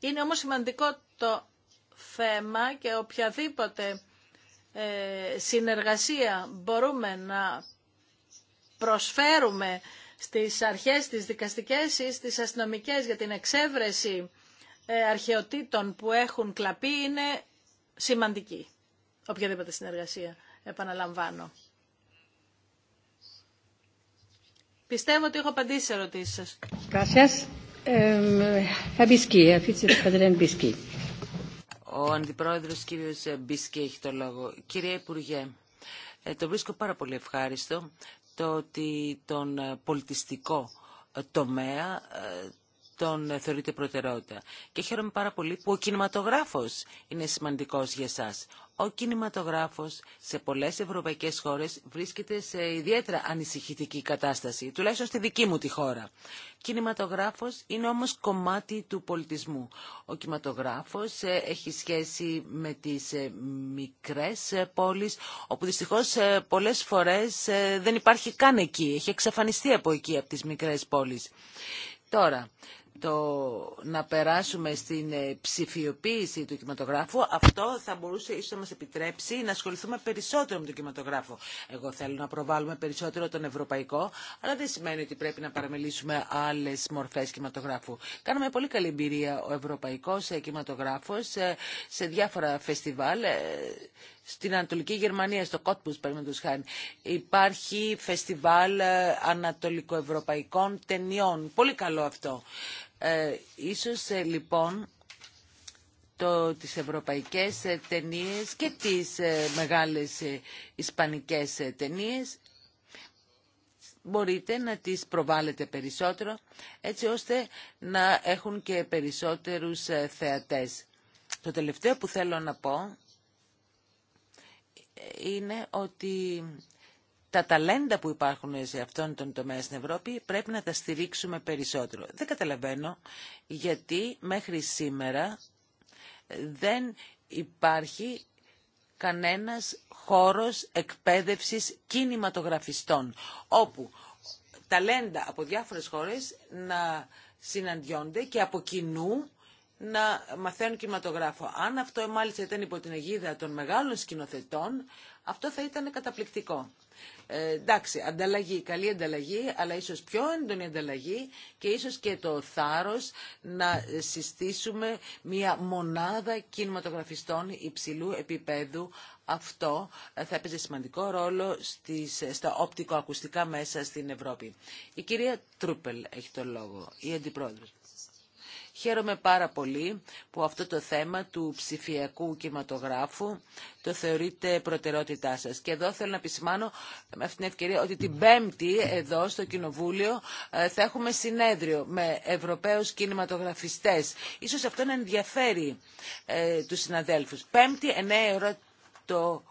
Είναι όμως σημαντικό το θέμα και οποιαδήποτε ε, συνεργασία μπορούμε να προσφέρουμε στις αρχές, της δικαστικές ή στις αστυνομικές για την εξέβρεση ε, αρχαιοτήτων που έχουν κλαπεί είναι σημαντική οποιαδήποτε συνεργασία, επαναλαμβάνω. Πιστεύω ότι έχω απαντήσει σε ερωτήσεις σας. Ο Αντιπρόεδρος κύριος Μπίσκι έχει το λόγο. Κύριε Υπουργέ, ε, το βρίσκω πάρα πολύ ευχάριστο το ότι τον πολιτιστικό τομέα ε, τον θεωρείται προτεραιότητα. Και χαίρομαι πάρα πολύ που ο κινηματογράφος είναι σημαντικός για σας. Ο κινηματογράφος σε πολλές ευρωπαϊκές χώρες βρίσκεται σε ιδιαίτερα ανησυχητική κατάσταση, τουλάχιστον στη δική μου τη χώρα. Κινηματογράφος είναι όμως κομμάτι του πολιτισμού. Ο κινηματογράφος ε, έχει σχέση με τις ε, μικρές ε, πόλεις, όπου δυστυχώς πολλές φορές δεν υπάρχει καν εκεί, έχει εξαφανιστεί από εκεί, από τις μικρές πόλεις. Τώρα, το να περάσουμε στην ε, ψηφιοποίηση του κινηματογράφου, αυτό θα μπορούσε ίσως να μας επιτρέψει να ασχοληθούμε περισσότερο με τον κινηματογράφο. Εγώ θέλω να προβάλλουμε περισσότερο τον ευρωπαϊκό, αλλά δεν σημαίνει ότι πρέπει να παραμελήσουμε άλλες μορφές κινηματογράφου. Κάναμε πολύ καλή εμπειρία ο ευρωπαϊκός ε, κινηματογράφος ε, σε διάφορα φεστιβάλ στην Ανατολική Γερμανία, στο Κότμπους, παραδείγματος χάρη, υπάρχει φεστιβάλ ε, ανατολικοευρωπαϊκών ταινιών. Πολύ καλό αυτό. Ε, ίσως, ε, λοιπόν, το, τις ευρωπαϊκές ε, ταινίες και τις μεγάλες ισπανικές ταινίες μπορείτε να τις προβάλετε περισσότερο, έτσι ώστε να έχουν και περισσότερους θεατές. Το τελευταίο που θέλω να πω είναι ότι τα ταλέντα που υπάρχουν σε αυτόν τον τομέα στην Ευρώπη πρέπει να τα στηρίξουμε περισσότερο. Δεν καταλαβαίνω γιατί μέχρι σήμερα δεν υπάρχει κανένας χώρος εκπαίδευσης κινηματογραφιστών, όπου ταλέντα από διάφορες χώρες να συναντιόνται και από κοινού να μαθαίνουν κινηματογράφο. Αν αυτό μάλιστα ήταν υπό την αιγίδα των μεγάλων σκηνοθετών, αυτό θα ήταν καταπληκτικό. Ε, εντάξει, ανταλλαγή, καλή ανταλλαγή, αλλά ίσως πιο έντονη ανταλλαγή και ίσως και το θάρρος να συστήσουμε μια μονάδα κινηματογραφιστών υψηλού επίπεδου. Αυτό ε, θα έπαιζε σημαντικό ρόλο στις, στα οπτικοακουστικά μέσα στην Ευρώπη. Η κυρία Τρούπελ έχει το λόγο, η αντιπρόεδρος. Χαίρομαι πάρα πολύ που αυτό το θέμα του ψηφιακού κινηματογράφου το θεωρείτε προτεραιότητά σας. Και εδώ θέλω να επισημάνω με αυτή την ευκαιρία ότι την Πέμπτη εδώ στο Κοινοβούλιο ε, θα έχουμε συνέδριο με Ευρωπαίους κινηματογραφιστές. Ίσως αυτό να ενδιαφέρει ε, τους συναδέλφους. Πέμπτη, 9 ώρα το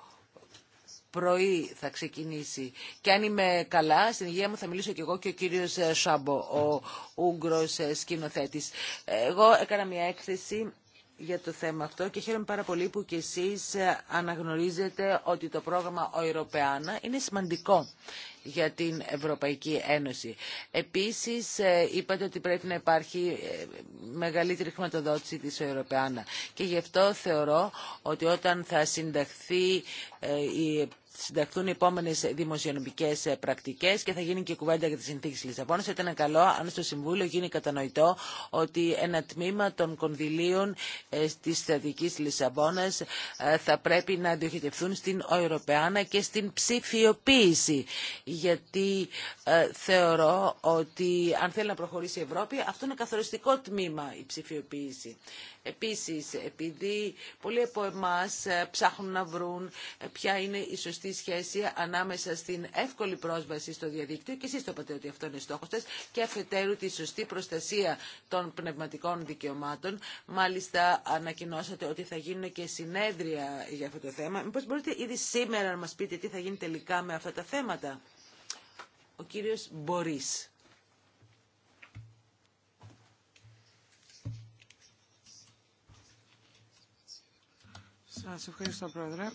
πρωί θα ξεκινήσει. Και αν είμαι καλά, στην υγεία μου θα μιλήσω και εγώ και ο κύριος ε, Σάμπο, ο Ούγγρος ε, σκηνοθέτης. Εγώ έκανα μια έκθεση για το θέμα αυτό και χαίρομαι πάρα πολύ που κι εσείς ε, αναγνωρίζετε ότι το πρόγραμμα «Ο Ευρωπαϊκά είναι σημαντικό για την Ευρωπαϊκή Ένωση. Επίσης, ε, είπατε ότι πρέπει να υπάρχει ε, μεγαλύτερη χρηματοδότηση της Ευρωπαϊκής Και γι' αυτό θεωρώ ότι όταν θα συνταχθεί ε, η συνταχθούν οι επόμενε δημοσιονομικέ πρακτικέ και θα γίνει και κουβέντα για τι συνθήκε Λισαβόνα. Θα ήταν καλό αν στο Συμβούλιο γίνει κατανοητό ότι ένα τμήμα των κονδυλίων τη στρατηγική Λισαβόνα θα πρέπει να διοχετευθούν στην Ευρωπαϊκή και στην ψηφιοποίηση γιατί ε, θεωρώ ότι αν θέλει να προχωρήσει η Ευρώπη, αυτό είναι καθοριστικό τμήμα η ψηφιοποίηση. Επίσης, επειδή πολλοί από εμάς ε, ψάχνουν να βρουν ε, ποια είναι η σωστή σχέση ανάμεσα στην εύκολη πρόσβαση στο διαδίκτυο, και εσείς το είπατε ότι αυτό είναι στόχος σας, και αφετέρου τη σωστή προστασία των πνευματικών δικαιωμάτων. Μάλιστα, ανακοινώσατε ότι θα γίνουν και συνέδρια για αυτό το θέμα. Μήπως μπορείτε ήδη σήμερα να μας πείτε τι θα γίνει τελικά με αυτά τα θέματα ο κύριος Μπορίς. Σας ευχαριστώ, Πρόεδρε.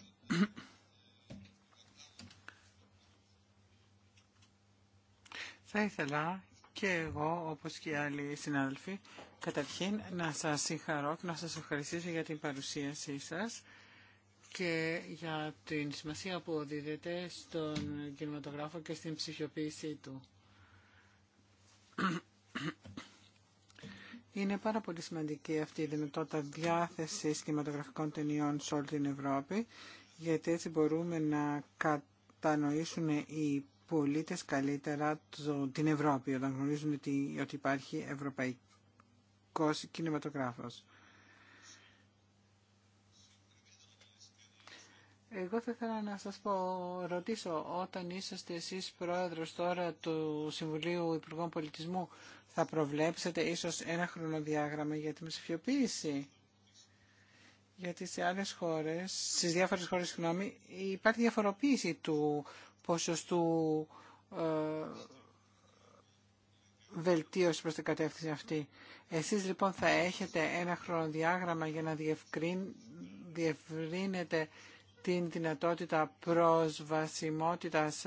Θα ήθελα και εγώ, όπως και οι άλλοι συνάδελφοι, καταρχήν να σας συγχαρώ και να σας ευχαριστήσω για την παρουσίασή σας και για την σημασία που δίδεται στον κινηματογράφο και στην ψυχιοποίησή του. Είναι πάρα πολύ σημαντική αυτή η δυνατότητα διάθεση κινηματογραφικών ταινιών σε όλη την Ευρώπη, γιατί έτσι μπορούμε να κατανοήσουν οι πολίτες καλύτερα την Ευρώπη, όταν γνωρίζουν ότι υπάρχει ευρωπαϊκός κινηματογράφο Εγώ θα ήθελα να σας πω, ρωτήσω, όταν είσαστε εσείς πρόεδρος τώρα του Συμβουλίου Υπουργών Πολιτισμού, θα προβλέψετε ίσως ένα χρονοδιάγραμμα για τη μεσηφιοποίηση. Γιατί σε άλλες χώρες, στις διάφορες χώρες, συγγνώμη, υπάρχει διαφοροποίηση του ποσοστού ε, βελτίωση προς την κατεύθυνση αυτή. Εσείς λοιπόν θα έχετε ένα χρονοδιάγραμμα για να διευκρίνετε την δυνατότητα πρόσβασιμότητας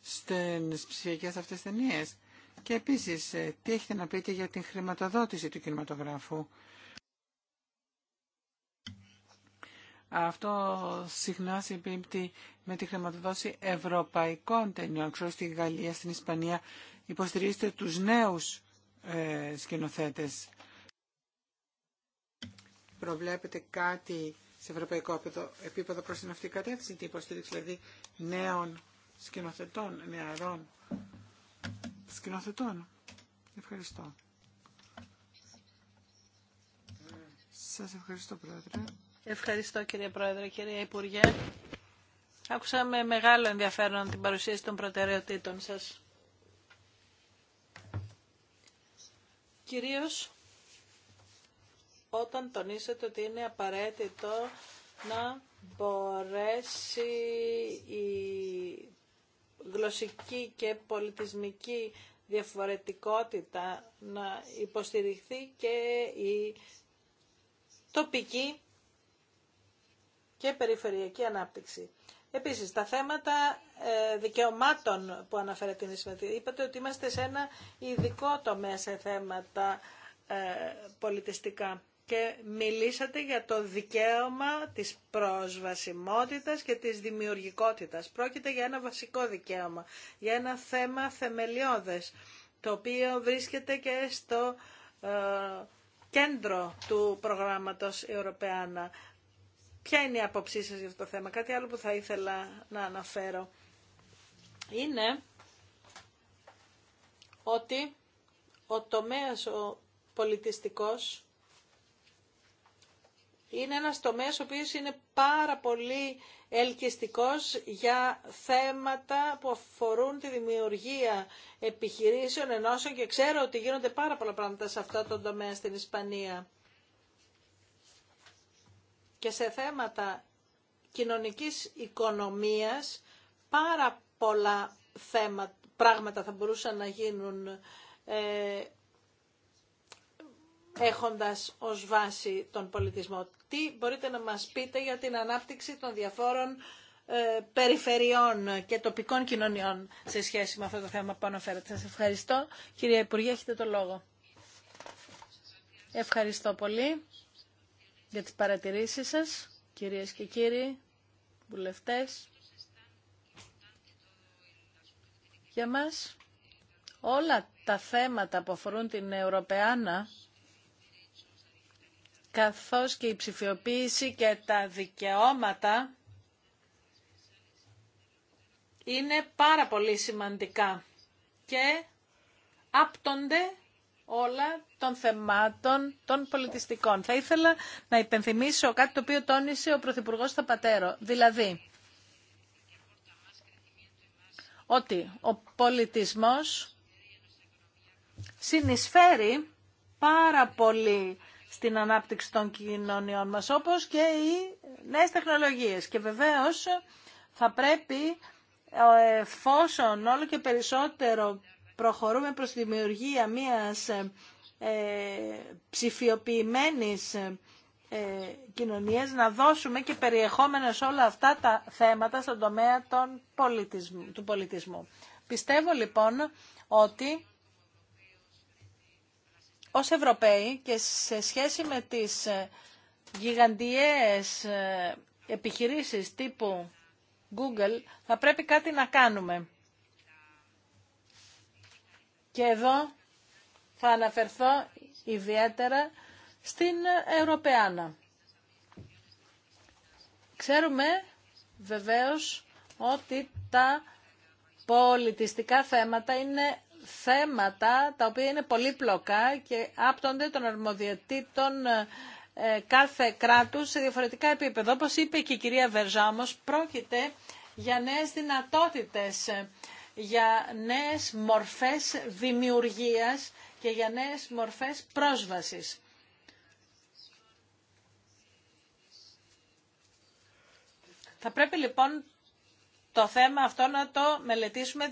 στις ψηφιακές αυτές ταινίες. Και επίσης, ε, τι έχετε να πείτε για την χρηματοδότηση του κινηματογράφου. Αυτό συχνά συμπίπτει με τη χρηματοδότηση ευρωπαϊκών ταινιών. Ξέρω στη Γαλλία, στην Ισπανία υποστηρίζετε τους νέους ε, σκηνοθέτες. Προβλέπετε κάτι σε ευρωπαϊκό επίπεδο προς την αυτή κατεύθυνση, την υποστήριξη δηλαδή νέων σκηνοθετών, νεαρών σκηνοθετών. Ευχαριστώ. Σας ευχαριστώ, Πρόεδρε. Ευχαριστώ, κύριε Πρόεδρε, κύριε Υπουργέ. Άκουσα με μεγάλο ενδιαφέρον την παρουσίαση των προτεραιοτήτων σας. Κυρίως όταν τονίσετε ότι είναι απαραίτητο να μπορέσει η γλωσσική και πολιτισμική διαφορετικότητα να υποστηριχθεί και η τοπική και περιφερειακή ανάπτυξη. Επίσης, τα θέματα ε, δικαιωμάτων που αναφέρατε είπατε ότι είμαστε σε ένα ειδικό τομέα σε θέματα ε, πολιτιστικά και μιλήσατε για το δικαίωμα της προσβασιμότητας και της δημιουργικότητας. Πρόκειται για ένα βασικό δικαίωμα, για ένα θέμα θεμελιώδες, το οποίο βρίσκεται και στο ε, κέντρο του προγράμματος Ευρωπαίνα. Ποια είναι η άποψή σας για αυτό το θέμα, κάτι άλλο που θα ήθελα να αναφέρω. Είναι ότι ο τομέας ο πολιτιστικός είναι ένας τομέας ο οποίος είναι πάρα πολύ ελκυστικός για θέματα που αφορούν τη δημιουργία επιχειρήσεων, ενώσεων και ξέρω ότι γίνονται πάρα πολλά πράγματα σε αυτό το τομέα στην Ισπανία. Και σε θέματα κοινωνικής οικονομίας πάρα πολλά θέματα, πράγματα θα μπορούσαν να γίνουν ε, έχοντας ως βάση τον πολιτισμό. Τι μπορείτε να μας πείτε για την ανάπτυξη των διαφόρων ε, περιφερειών και τοπικών κοινωνιών σε σχέση με αυτό το θέμα που αναφέρατε. Σας ευχαριστώ. Κυρία Υπουργέ, έχετε το λόγο. Ευχαριστώ πολύ για τις παρατηρήσεις σας, κυρίες και κύριοι, βουλευτές. Για μας όλα τα θέματα που αφορούν την Ευρωπαϊκή καθώς και η ψηφιοποίηση και τα δικαιώματα είναι πάρα πολύ σημαντικά και άπτονται όλα των θεμάτων των πολιτιστικών. Θα ήθελα να υπενθυμίσω κάτι το οποίο τόνισε ο Πρωθυπουργό στο Πατέρο. Δηλαδή, ότι ο πολιτισμός συνεισφέρει πάρα πολύ στην ανάπτυξη των κοινωνιών μας, όπως και οι νέες τεχνολογίες. Και βεβαίως θα πρέπει, εφόσον όλο και περισσότερο προχωρούμε προς τη δημιουργία μιας ε, ψηφιοποιημένης ε, κοινωνίας, να δώσουμε και περιεχόμενα σε όλα αυτά τα θέματα στον τομέα των του πολιτισμού. Πιστεύω λοιπόν ότι ως Ευρωπαίοι και σε σχέση με τις ε, γιγαντιές ε, επιχειρήσεις τύπου Google θα πρέπει κάτι να κάνουμε. Και εδώ θα αναφερθώ ιδιαίτερα στην Ευρωπαϊκή. Ξέρουμε βεβαίως ότι τα πολιτιστικά θέματα είναι θέματα τα οποία είναι πολύπλοκα και άπτονται των αρμοδιοτήτων ε, κάθε κράτους σε διαφορετικά επίπεδα. Όπως είπε και η κυρία Βερζά πρόκειται για νέες δυνατότητες, για νέες μορφές δημιουργίας και για νέες μορφές πρόσβασης. Θα πρέπει λοιπόν το θέμα αυτό να το μελετήσουμε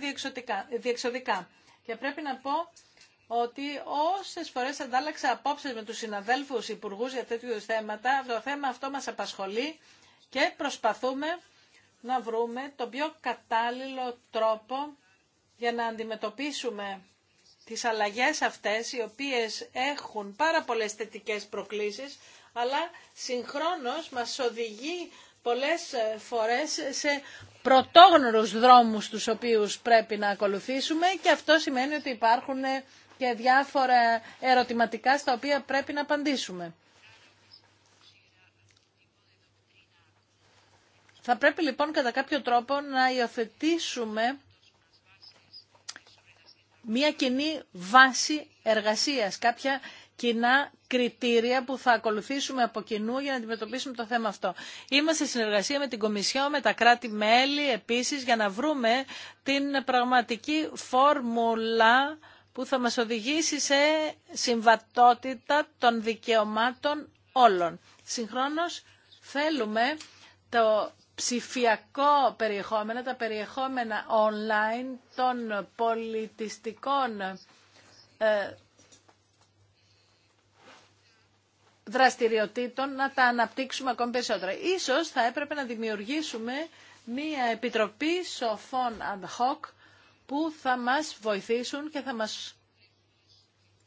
διεξοδικά. Και πρέπει να πω ότι όσε φορέ αντάλλαξα απόψε με του συναδέλφου υπουργού για τέτοιου θέματα, το θέμα αυτό μα απασχολεί και προσπαθούμε να βρούμε τον πιο κατάλληλο τρόπο για να αντιμετωπίσουμε τις αλλαγές αυτές, οι οποίες έχουν πάρα πολλές θετικές προκλήσεις, αλλά συγχρόνως μας οδηγεί πολλές φορές σε πρωτόγνωρους δρόμους τους οποίους πρέπει να ακολουθήσουμε και αυτό σημαίνει ότι υπάρχουν και διάφορα ερωτηματικά στα οποία πρέπει να απαντήσουμε. Θα πρέπει λοιπόν κατά κάποιο τρόπο να υιοθετήσουμε μία κοινή βάση εργασίας, κάποια κοινά κριτήρια που θα ακολουθήσουμε από κοινού για να αντιμετωπίσουμε το θέμα αυτό. Είμαστε σε συνεργασία με την Κομισιό, με τα κράτη-μέλη επίσης για να βρούμε την πραγματική φόρμουλα που θα μας οδηγήσει σε συμβατότητα των δικαιωμάτων όλων. Συγχρόνως θέλουμε το ψηφιακό περιεχόμενο, τα περιεχόμενα online των πολιτιστικών ε, δραστηριοτήτων να τα αναπτύξουμε ακόμη περισσότερα. Ίσως θα έπρεπε να δημιουργήσουμε μία επιτροπή σοφών ad hoc που θα μας βοηθήσουν και θα μας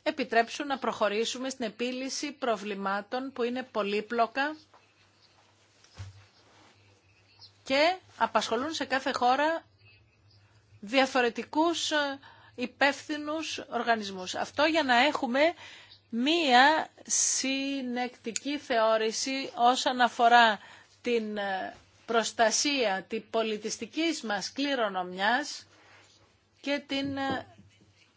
επιτρέψουν να προχωρήσουμε στην επίλυση προβλημάτων που είναι πολύπλοκα και απασχολούν σε κάθε χώρα διαφορετικούς υπεύθυνους οργανισμούς. Αυτό για να έχουμε μία συνεκτική θεώρηση όσον αφορά την ε, προστασία τη πολιτιστικής μας κληρονομιάς και την ε,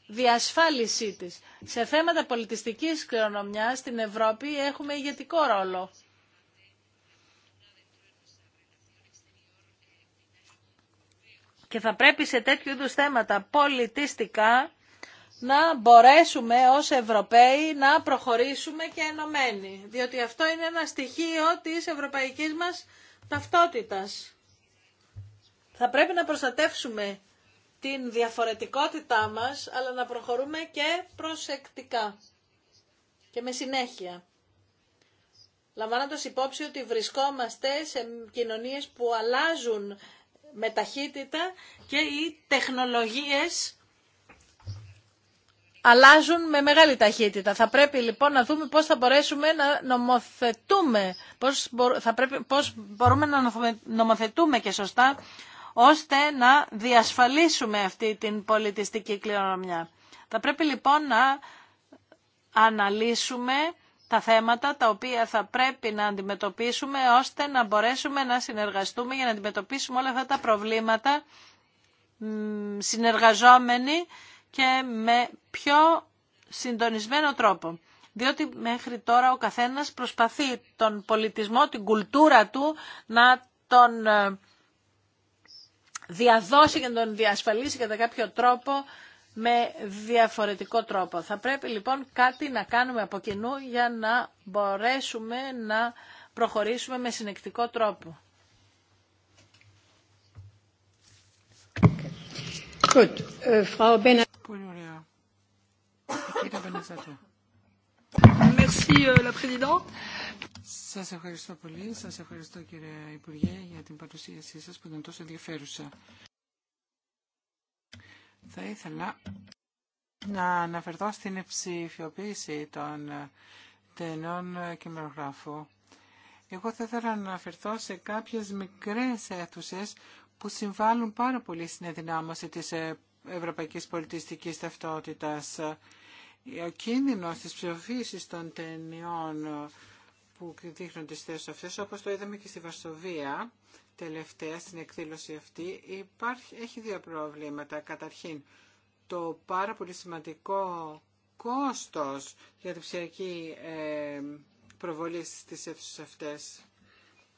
διασφάλισή της. Σε θέματα πολιτιστικής κληρονομιάς στην Ευρώπη έχουμε ηγετικό ρόλο. Και θα πρέπει σε τέτοιου είδους θέματα πολιτιστικά να μπορέσουμε ως Ευρωπαίοι να προχωρήσουμε και ενωμένοι. Διότι αυτό είναι ένα στοιχείο της ευρωπαϊκής μας ταυτότητας. Θα πρέπει να προστατεύσουμε την διαφορετικότητά μας, αλλά να προχωρούμε και προσεκτικά και με συνέχεια. Λαμβάνοντας υπόψη ότι βρισκόμαστε σε κοινωνίες που αλλάζουν με ταχύτητα και οι τεχνολογίες αλλάζουν με μεγάλη ταχύτητα. Θα πρέπει λοιπόν να δούμε πώς θα μπορέσουμε να νομοθετούμε, πώς, θα πρέπει, πώς μπορούμε να νομοθετούμε και σωστά, ώστε να διασφαλίσουμε αυτή την πολιτιστική κληρονομιά. Θα πρέπει λοιπόν να αναλύσουμε τα θέματα τα οποία θα πρέπει να αντιμετωπίσουμε ώστε να μπορέσουμε να συνεργαστούμε για να αντιμετωπίσουμε όλα αυτά τα προβλήματα συνεργαζόμενοι και με πιο συντονισμένο τρόπο. Διότι μέχρι τώρα ο καθένας προσπαθεί τον πολιτισμό, την κουλτούρα του να τον ε, διαδώσει και να τον διασφαλίσει κατά κάποιο τρόπο με διαφορετικό τρόπο. Θα πρέπει λοιπόν κάτι να κάνουμε από κοινού για να μπορέσουμε να προχωρήσουμε με συνεκτικό τρόπο. Σα ε, <laughs> euh, σας ευχαριστώ πολύ. Σας ευχαριστώ κύριε Υπουργέ για την παρουσίασή σας που ήταν τόσο ενδιαφέρουσα. Θα ήθελα να αναφερθώ στην ψηφιοποίηση των ταινών κειμενογράφου. Εγώ θα ήθελα να αναφερθώ σε κάποιες μικρές αίθουσες που συμβάλλουν πάρα πολύ στην ενδυνάμωση της ε, ευρωπαϊκής πολιτιστικής ταυτότητας. Ο κίνδυνος της ψηφοποίησης των ταινιών ε, που δείχνουν τις θέσεις αυτές, όπως το είδαμε και στη Βαρσοβία, τελευταία στην εκδήλωση αυτή, υπάρχει, έχει δύο προβλήματα. Καταρχήν, το πάρα πολύ σημαντικό κόστος για την ψηφιακή ε, προβολή στις αίθουσες αυτές.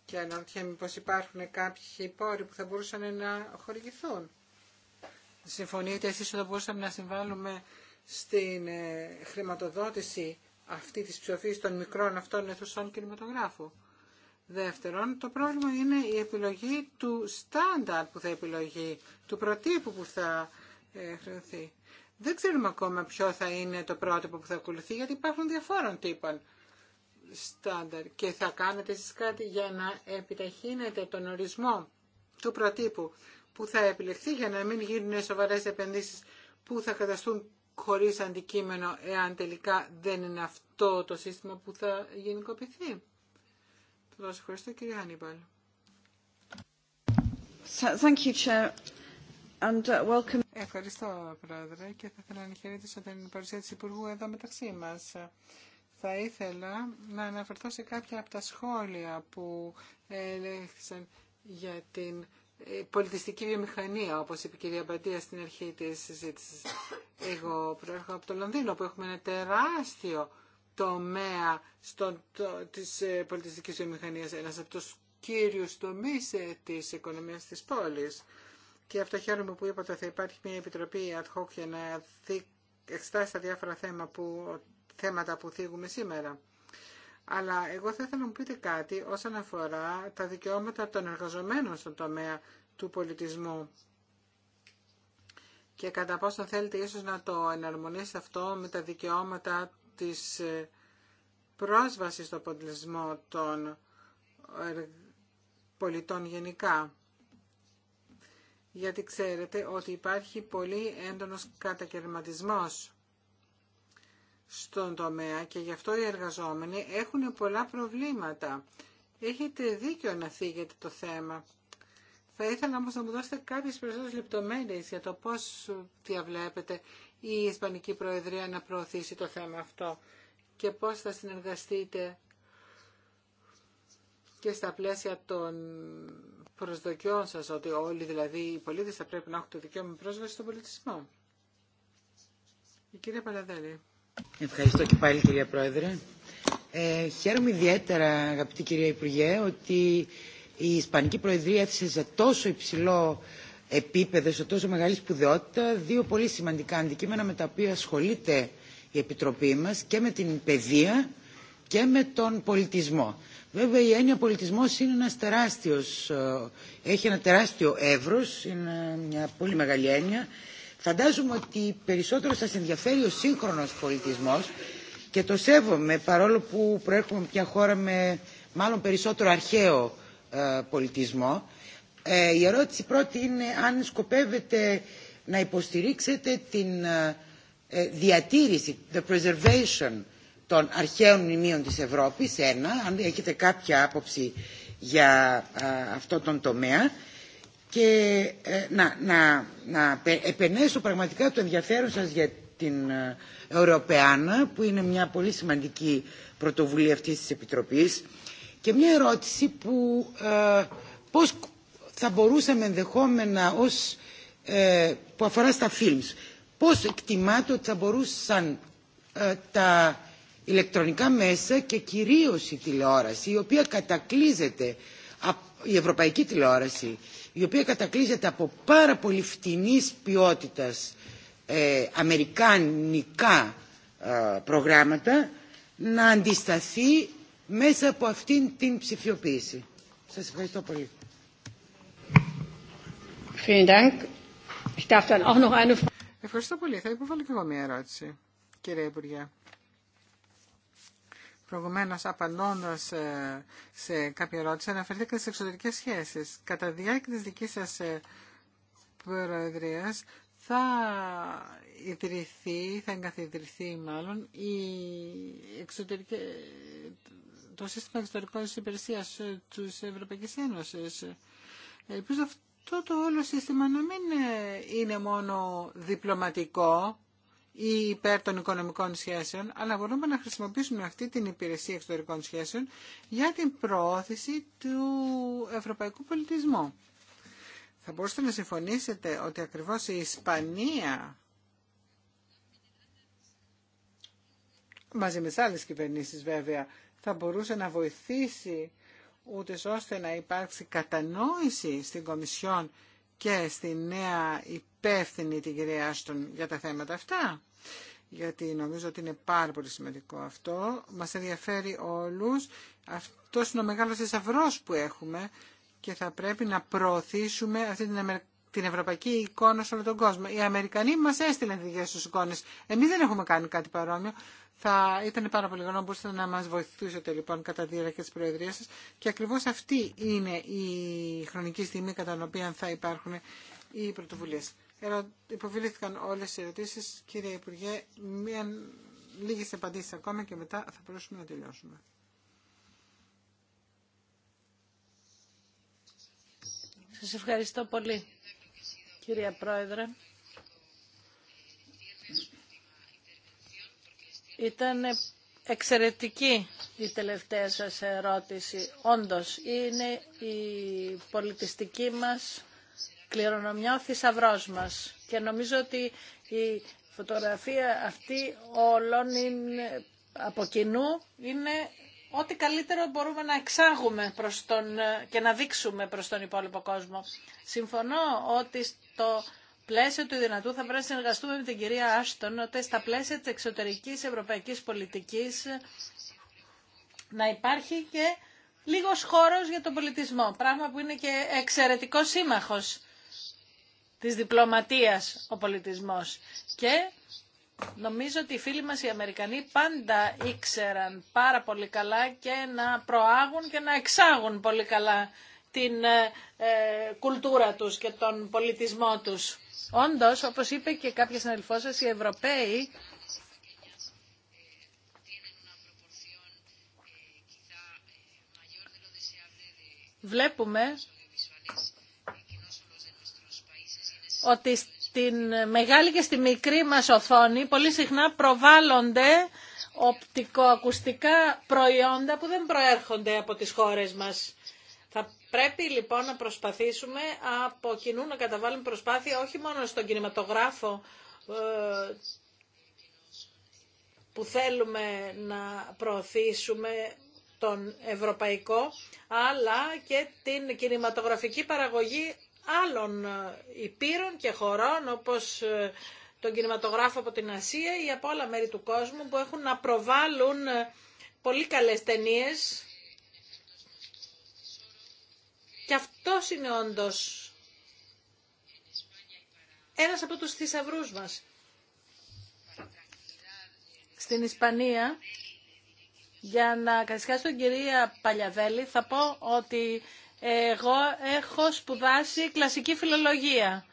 Και αναρωτιέμαι πως υπάρχουν κάποιοι πόροι που θα μπορούσαν να χορηγηθούν. Συμφωνείτε εσείς ότι θα μπορούσαμε να συμβάλλουμε στην ε, χρηματοδότηση αυτή της ψηφής των μικρών αυτών αιθουσών κινηματογράφου. Δεύτερον, το πρόβλημα είναι η επιλογή του στάνταρ που θα επιλογεί, του προτύπου που θα ε, χρηθεί. Δεν ξέρουμε ακόμα ποιο θα είναι το πρότυπο που θα ακολουθεί, γιατί υπάρχουν διαφόρων τύπων στάνταρ και θα κάνετε εσείς κάτι για να επιταχύνετε τον ορισμό του προτύπου που θα επιλεχθεί για να μην γίνουν σοβαρές επενδύσεις που θα καταστούν χωρίς αντικείμενο εάν τελικά δεν είναι αυτό το σύστημα που θα γενικοποιηθεί. Θα σας ευχαριστώ κύριε Χανίμπαλ. Thank you, And uh, welcome. Ευχαριστώ, Πρόεδρε, και θα ήθελα να χαιρετήσω την παρουσία της Υπουργού εδώ μεταξύ μας θα ήθελα να αναφερθώ σε κάποια από τα σχόλια που έλεγχαν για την ε, πολιτιστική βιομηχανία, όπως είπε η κυρία Μπαντία στην αρχή της συζήτησης. Εγώ προέρχομαι από το Λονδίνο, που έχουμε ένα τεράστιο τομέα στο, το, της ε, πολιτιστικής βιομηχανίας, ένας από τους κύριους τομείς ε, της οικονομίας της πόλης. Και αυτό χαίρομαι που είπατε ότι θα υπάρχει μια επιτροπή ad hoc για να δει εξετάσει τα διάφορα θέματα που, θέματα που θίγουμε σήμερα. Αλλά εγώ θα ήθελα να μου πείτε κάτι όσον αφορά τα δικαιώματα των εργαζομένων στον τομέα του πολιτισμού και κατά πόσο θέλετε ίσως να το εναρμονίσετε αυτό με τα δικαιώματα της ε, πρόσβασης στο πολιτισμό των ε, πολιτών γενικά. Γιατί ξέρετε ότι υπάρχει πολύ έντονος κατακαιρματισμός στον τομέα και γι' αυτό οι εργαζόμενοι έχουν πολλά προβλήματα. Έχετε δίκιο να θίγετε το θέμα. Θα ήθελα όμως να μου δώσετε κάποιες περισσότερες λεπτομέρειες για το πώς διαβλέπετε η Ισπανική Προεδρία να προωθήσει το θέμα αυτό και πώς θα συνεργαστείτε και στα πλαίσια των προσδοκιών σας, ότι όλοι δηλαδή οι πολίτες θα πρέπει να έχουν το δικαίωμα πρόσβαση στον πολιτισμό. Η κυρία Παλαδέλη. Ευχαριστώ και πάλι κυρία Πρόεδρε. Ε, χαίρομαι ιδιαίτερα αγαπητή κυρία Υπουργέ ότι η Ισπανική Προεδρία έθεσε σε τόσο υψηλό επίπεδο, σε τόσο μεγάλη σπουδαιότητα δύο πολύ σημαντικά αντικείμενα με τα οποία ασχολείται η Επιτροπή μας και με την παιδεία και με τον πολιτισμό. Βέβαια η έννοια πολιτισμός είναι ένας τεράστιος, ε, έχει ένα τεράστιο εύρος, είναι μια πολύ μεγάλη έννοια Φαντάζομαι ότι περισσότερο σας ενδιαφέρει ο σύγχρονος πολιτισμός και το σέβομαι παρόλο που προέρχομαι από μια χώρα με μάλλον περισσότερο αρχαίο ε, πολιτισμό. Ε, η ερώτηση πρώτη είναι αν σκοπεύετε να υποστηρίξετε την ε, διατήρηση, the preservation των αρχαίων μνημείων της Ευρώπης, ένα, αν έχετε κάποια άποψη για αυτό τον τομέα και ε, να, να, να επενέσω πραγματικά το ενδιαφέρον σας για την ε, Ευρωπαϊκή που είναι μια πολύ σημαντική πρωτοβουλία αυτής της Επιτροπής και μια ερώτηση που ε, πώς θα μπορούσαμε ενδεχόμενα ως, ε, που αφορά στα films πώς εκτιμάτε ότι θα μπορούσαν τα ηλεκτρονικά μέσα και κυρίως η τηλεόραση η οποία κατακλείζεται η ευρωπαϊκή τηλεόραση η οποία κατακλείζεται από πάρα πολύ φτηνής ποιότητας ε, αμερικανικά ε, προγράμματα να αντισταθεί μέσα από αυτήν την ψηφιοποίηση. Σας ευχαριστώ πολύ. Ευχαριστώ πολύ. Θα υποβάλω και εγώ μια ερώτηση, κύριε Υπουργέ. Προηγουμένως απαντώντας ε, σε κάποια ερώτηση αναφερθήκατε στις εξωτερικές σχέσεις. Κατά διάρκεια της δικής σας ε, προεδρίας θα ιδρυθεί, θα εγκαθιδρυθεί μάλλον η εξωτερική, το σύστημα εξωτερικών υπηρεσίας ε, της Ευρωπαϊκής Ένωσης. Ελπίζω αυτό το όλο σύστημα να μην είναι μόνο διπλωματικό, ή υπέρ των οικονομικών σχέσεων, αλλά μπορούμε να χρησιμοποιήσουμε αυτή την υπηρεσία εξωτερικών σχέσεων για την προώθηση του ευρωπαϊκού πολιτισμού. Θα μπορούσατε να συμφωνήσετε ότι ακριβώς η Ισπανία μαζί με τις άλλες κυβερνήσεις βέβαια, θα μπορούσε να βοηθήσει ούτε ώστε να υπάρξει κατανόηση στην Κομισιόν και στη νέα υπεύθυνη την κυρία Άστον για τα θέματα αυτά γιατί νομίζω ότι είναι πάρα πολύ σημαντικό αυτό. Μας ενδιαφέρει όλους. Αυτός είναι ο μεγάλος θησαυρό που έχουμε και θα πρέπει να προωθήσουμε αυτή την την ευρωπαϊκή εικόνα σε όλο τον κόσμο. Οι Αμερικανοί μα έστειλαν τις του του εικόνες. Εμείς δεν έχουμε κάνει κάτι παρόμοιο. Θα ήταν πάρα πολύ γνώμη μπορούσατε να μα βοηθούσατε λοιπόν κατά τη διάρκεια τη Προεδρία σα. Και ακριβώ αυτή είναι η χρονική στιγμή κατά την οποία θα υπάρχουν οι πρωτοβουλίε. Υποβλήθηκαν όλε οι ερωτήσει, Κύριε Υπουργέ, μία λίγες απαντήσεις ακόμα και μετά θα μπορέσουμε να τελειώσουμε. Σας ευχαριστώ πολύ. Κύριε Πρόεδρε, ήταν εξαιρετική η τελευταία σας ερώτηση. Όντως, είναι η πολιτιστική μας κληρονομιά ο θησαυρό μας. Και νομίζω ότι η φωτογραφία αυτή όλων είναι, από κοινού είναι ό,τι καλύτερο μπορούμε να εξάγουμε προς τον, ε, και να δείξουμε προς τον υπόλοιπο κόσμο. Συμφωνώ ότι στο πλαίσιο του δυνατού θα πρέπει να συνεργαστούμε με την κυρία Άστον ότι στα πλαίσια της εξωτερικής ευρωπαϊκής πολιτικής να υπάρχει και λίγος χώρος για τον πολιτισμό, πράγμα που είναι και εξαιρετικό σύμμαχος της διπλωματίας ο πολιτισμός. Και Νομίζω ότι οι φίλοι μας οι Αμερικανοί πάντα ήξεραν πάρα πολύ καλά και να προάγουν και να εξάγουν πολύ καλά την ε, ε, κουλτούρα τους και τον πολιτισμό τους. Όντως, όπως είπε και κάποια συναδελφό σας, οι Ευρωπαίοι βλέπουμε ότι στην μεγάλη και στη μικρή μας οθόνη πολύ συχνά προβάλλονται οπτικοακουστικά προϊόντα που δεν προέρχονται από τις χώρες μας. Θα πρέπει λοιπόν να προσπαθήσουμε από κοινού να καταβάλουμε προσπάθεια όχι μόνο στον κινηματογράφο ε, που θέλουμε να προωθήσουμε τον ευρωπαϊκό, αλλά και την κινηματογραφική παραγωγή άλλων ε, υπήρων και χωρών όπως ε, τον κινηματογράφο από την Ασία ή από άλλα μέρη του κόσμου που έχουν να προβάλλουν ε, πολύ καλές ταινίες και αυτό είναι όντως ένας από τους θησαυρούς μας. Στην Ισπανία, για να καθισκάσω την κυρία Παλιαδέλη, θα πω ότι εγώ έχω σπουδάσει κλασική φιλολογία.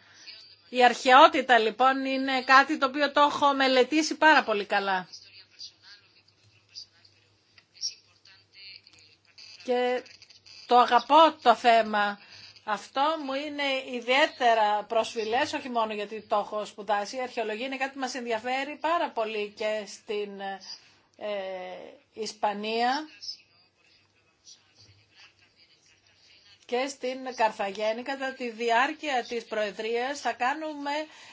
Η αρχαιότητα λοιπόν είναι κάτι το οποίο το έχω μελετήσει πάρα πολύ καλά. Και το αγαπώ το θέμα. Αυτό μου είναι ιδιαίτερα προσφυλές, όχι μόνο γιατί το έχω σπουδάσει. Η αρχαιολογία είναι κάτι που μας ενδιαφέρει πάρα πολύ και στην ε, Ισπανία. και στην Καρθαγένη κατά τη διάρκεια της Προεδρίας θα κάνουμε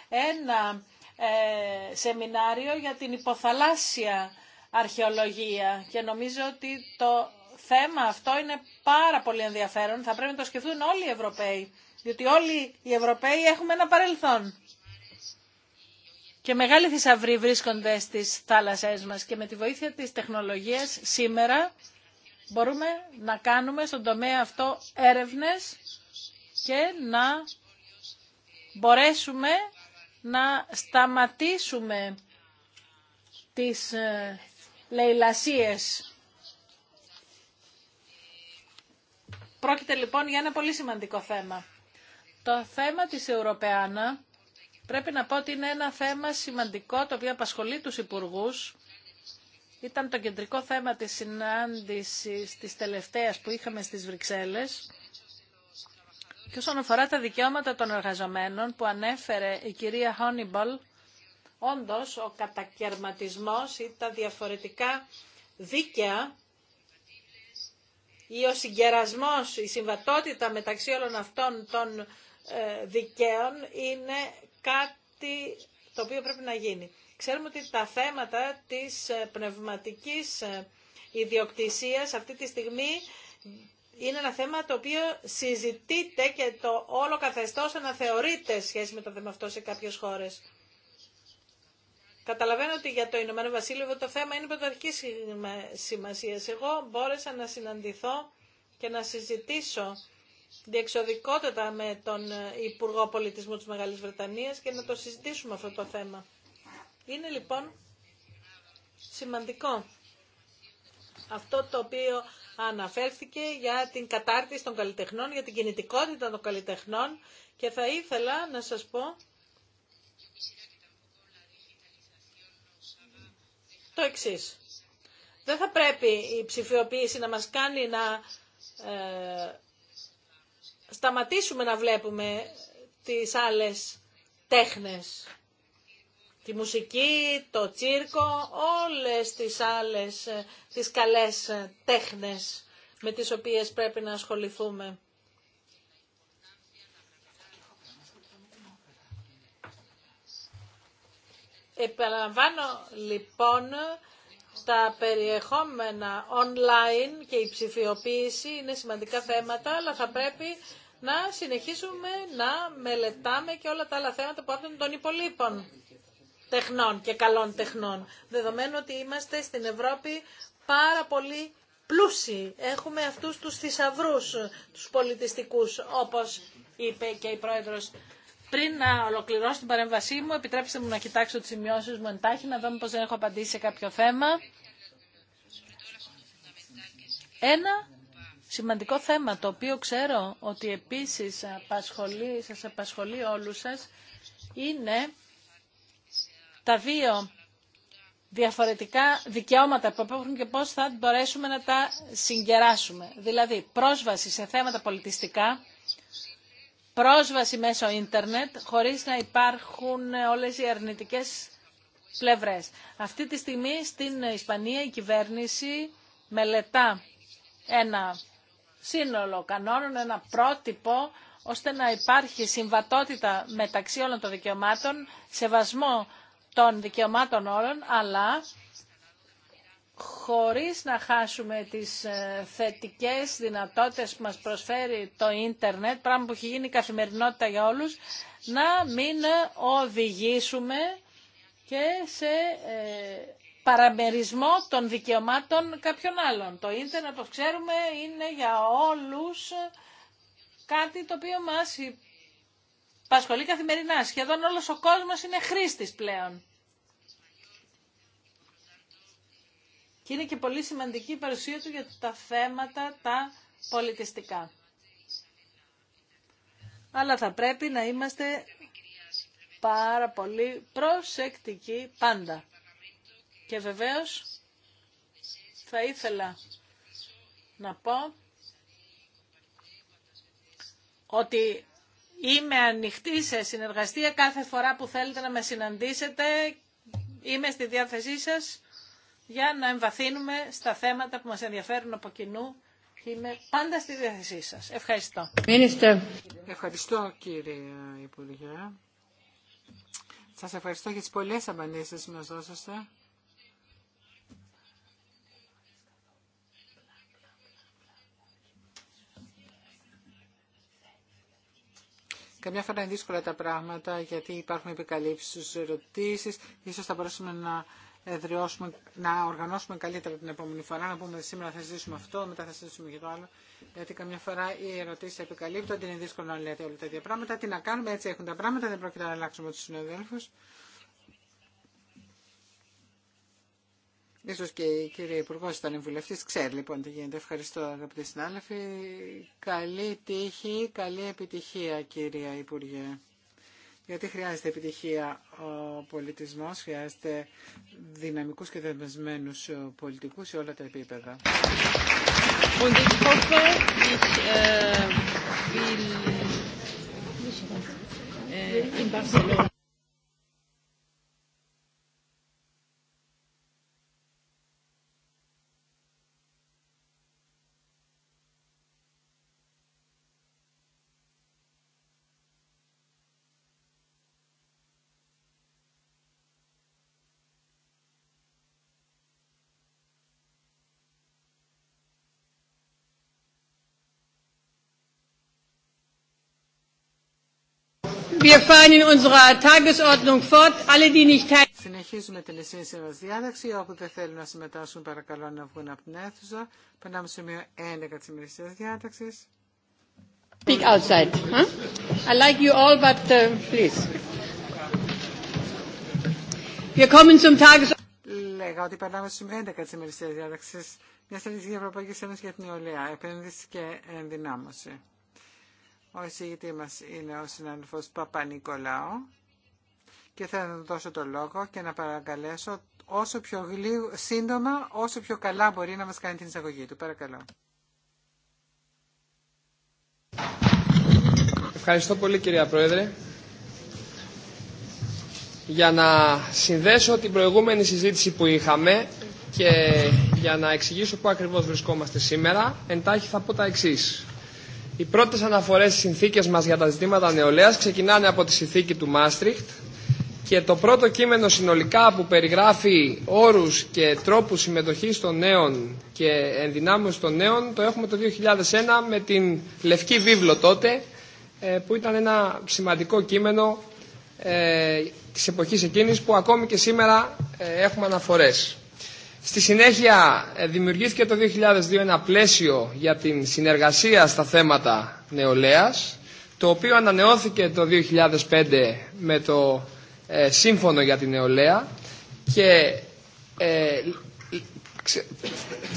ένα ε, σεμινάριο για την υποθαλάσσια αρχαιολογία και νομίζω ότι το θέμα αυτό είναι πάρα πολύ ενδιαφέρον. Θα πρέπει να το σκεφτούν όλοι οι Ευρωπαίοι, διότι όλοι οι Ευρωπαίοι έχουμε ένα παρελθόν. Και μεγάλοι θησαυροί βρίσκονται στις θάλασσές μας και με τη βοήθεια της τεχνολογίας σήμερα μπορούμε να κάνουμε στον τομέα αυτό έρευνες και να μπορέσουμε να σταματήσουμε τις ε, λαιλασίες. Πρόκειται λοιπόν για ένα πολύ σημαντικό θέμα. Το θέμα της Ευρωπαϊκής πρέπει να πω ότι είναι ένα θέμα σημαντικό το οποίο απασχολεί τους υπουργούς ήταν το κεντρικό θέμα της συνάντησης της τελευταίας που είχαμε στις Βρυξέλλες και όσον αφορά τα δικαιώματα των εργαζομένων που ανέφερε η κυρία Χόνιμπολ, όντως ο κατακαιρματισμός ή τα διαφορετικά δίκαια ή ο συγκερασμός, η συμβατότητα μεταξύ όλων αυτών των ε, δικαίων είναι κάτι το οποίο πρέπει να γίνει. Ξέρουμε ότι τα θέματα της ε, πνευματικής ε, ιδιοκτησίας αυτή τη στιγμή είναι ένα θέμα το οποίο συζητείται και το όλο καθεστώς αναθεωρείται σχέση με το θέμα αυτό σε κάποιες χώρες. Καταλαβαίνω ότι για το Ηνωμένο Βασίλειο το θέμα είναι πρωταρχική σημασία. Εγώ μπόρεσα να συναντηθώ και να συζητήσω διεξοδικότητα με τον ε, Υπουργό Πολιτισμού της Μεγάλης Βρετανίας και να το συζητήσουμε αυτό το θέμα. Είναι λοιπόν σημαντικό αυτό το οποίο αναφέρθηκε για την κατάρτιση των καλλιτεχνών, για την κινητικότητα των καλλιτεχνών και θα ήθελα να σας πω το εξής. Δεν θα πρέπει η ψηφιοποίηση να μας κάνει να ε, σταματήσουμε να βλέπουμε τις άλλες τέχνες τη μουσική, το τσίρκο, όλες τις άλλες, τις καλές τέχνες με τις οποίες πρέπει να ασχοληθούμε. Επαναλαμβάνω λοιπόν τα περιεχόμενα online και η ψηφιοποίηση είναι σημαντικά θέματα, αλλά θα πρέπει να συνεχίσουμε να μελετάμε και όλα τα άλλα θέματα που άφηναν των υπολείπων τεχνών και καλών τεχνών. Δεδομένου ότι είμαστε στην Ευρώπη πάρα πολύ πλούσιοι. Έχουμε αυτούς τους θησαυρού τους πολιτιστικούς, όπως είπε και η Πρόεδρος. Πριν να ολοκληρώσω την παρέμβασή μου, επιτρέψτε μου να κοιτάξω τις σημειώσει μου εντάχει, να δω πως δεν έχω απαντήσει σε κάποιο θέμα. Ένα σημαντικό θέμα, το οποίο ξέρω ότι επίσης απασχολεί, σας απασχολεί όλους σας, είναι τα δύο διαφορετικά δικαιώματα που υπάρχουν και πώς θα μπορέσουμε να τα συγκεράσουμε. Δηλαδή, πρόσβαση σε θέματα πολιτιστικά, πρόσβαση μέσω ίντερνετ, χωρίς να υπάρχουν όλες οι αρνητικές πλευρές. Αυτή τη στιγμή στην Ισπανία η κυβέρνηση μελετά ένα σύνολο κανόνων, ένα πρότυπο, ώστε να υπάρχει συμβατότητα μεταξύ όλων των δικαιωμάτων, σεβασμό των δικαιωμάτων όλων, αλλά χωρίς να χάσουμε τις ε, θετικές δυνατότητες που μας προσφέρει το ίντερνετ, πράγμα που έχει γίνει καθημερινότητα για όλους, να μην οδηγήσουμε και σε ε, παραμερισμό των δικαιωμάτων κάποιων άλλων. Το ίντερνετ, όπως ξέρουμε, είναι για όλους κάτι το οποίο μας Πασχολεί καθημερινά. Σχεδόν όλος ο κόσμος είναι χρήστης πλέον. Και είναι και πολύ σημαντική η παρουσία του για τα θέματα τα πολιτιστικά. Αλλά θα πρέπει να είμαστε πάρα πολύ προσεκτικοί πάντα. Και βεβαίως θα ήθελα να πω ότι είμαι ανοιχτή σε συνεργαστία κάθε φορά που θέλετε να με συναντήσετε. Είμαι στη διάθεσή σας για να εμβαθύνουμε στα θέματα που μας ενδιαφέρουν από κοινού και είμαι πάντα στη διάθεσή σας. Ευχαριστώ. Minister. Ευχαριστώ κύριε Υπουργέ. Σας ευχαριστώ για τις πολλές απαντήσεις που μας δώσατε. Καμιά φορά είναι δύσκολα τα πράγματα γιατί υπάρχουν επικαλύψεις στους ερωτήσεις. Ίσως θα μπορούσαμε να εδραιώσουμε, να οργανώσουμε καλύτερα την επόμενη φορά, να πούμε σήμερα θα συζητήσουμε αυτό, μετά θα συζητήσουμε και το άλλο. Γιατί καμιά φορά οι ερωτήσει επικαλύπτονται, είναι δύσκολο να λέτε όλα τα ίδια πράγματα. Τι να κάνουμε, έτσι έχουν τα πράγματα, δεν πρόκειται να αλλάξουμε του συναδέλφου. σω και η κυρία Υπουργό ήταν βουλευτή, ξέρει λοιπόν τι γίνεται. Ευχαριστώ αγαπητοί συνάδελφοι. Καλή τύχη, καλή επιτυχία κυρία Υπουργέ. Γιατί χρειάζεται επιτυχία ο πολιτισμός, χρειάζεται δυναμικούς και δεσμευμένους πολιτικούς σε όλα τα επίπεδα. Wir fahren in unserer Tagesordnung fort. Alle, die nicht Συνεχίζουμε την λυσία μα διάταξη. Όποτε δεν θέλουν να συμμετάσχουν, παρακαλώ να βγουν από την αίθουσα. Περνάμε στο σημείο 11 τη ημερησία διάταξη. Speak outside. Huh? I like you all, but uh, please. Wir kommen zum Λέγα ότι περνάμε στο σημείο 11 τη ημερησία διάταξη. Μια στρατηγική Ευρωπαϊκή Ένωση για την Ιωλία. επένδυση και ενδυνάμωση. Ο εισηγητή μας είναι ο συνάδελφος Παπα-Νικολάου και θα του δώσω το λόγο και να παρακαλέσω όσο πιο σύντομα, όσο πιο καλά μπορεί να μας κάνει την εισαγωγή του. Παρακαλώ. Ευχαριστώ πολύ κυρία Πρόεδρε. Για να συνδέσω την προηγούμενη συζήτηση που είχαμε και για να εξηγήσω πού ακριβώς βρισκόμαστε σήμερα, εντάχει θα πω τα εξής. Οι πρώτες αναφορές στις συνθήκες μας για τα ζητήματα νεολαίας ξεκινάνε από τη συνθήκη του Μάστριχτ και το πρώτο κείμενο συνολικά που περιγράφει όρους και τρόπους συμμετοχής των νέων και ενδυνάμωση των νέων το έχουμε το 2001 με την Λευκή Βίβλο τότε ε, που ήταν ένα σημαντικό κείμενο ε, της εποχής εκείνης που ακόμη και σήμερα ε, έχουμε αναφορές. Στη συνέχεια ε, δημιουργήθηκε το 2002 ένα πλαίσιο για την συνεργασία στα θέματα νεολαίας, το οποίο ανανεώθηκε το 2005 με το ε, Σύμφωνο για την Νεολαία και ε,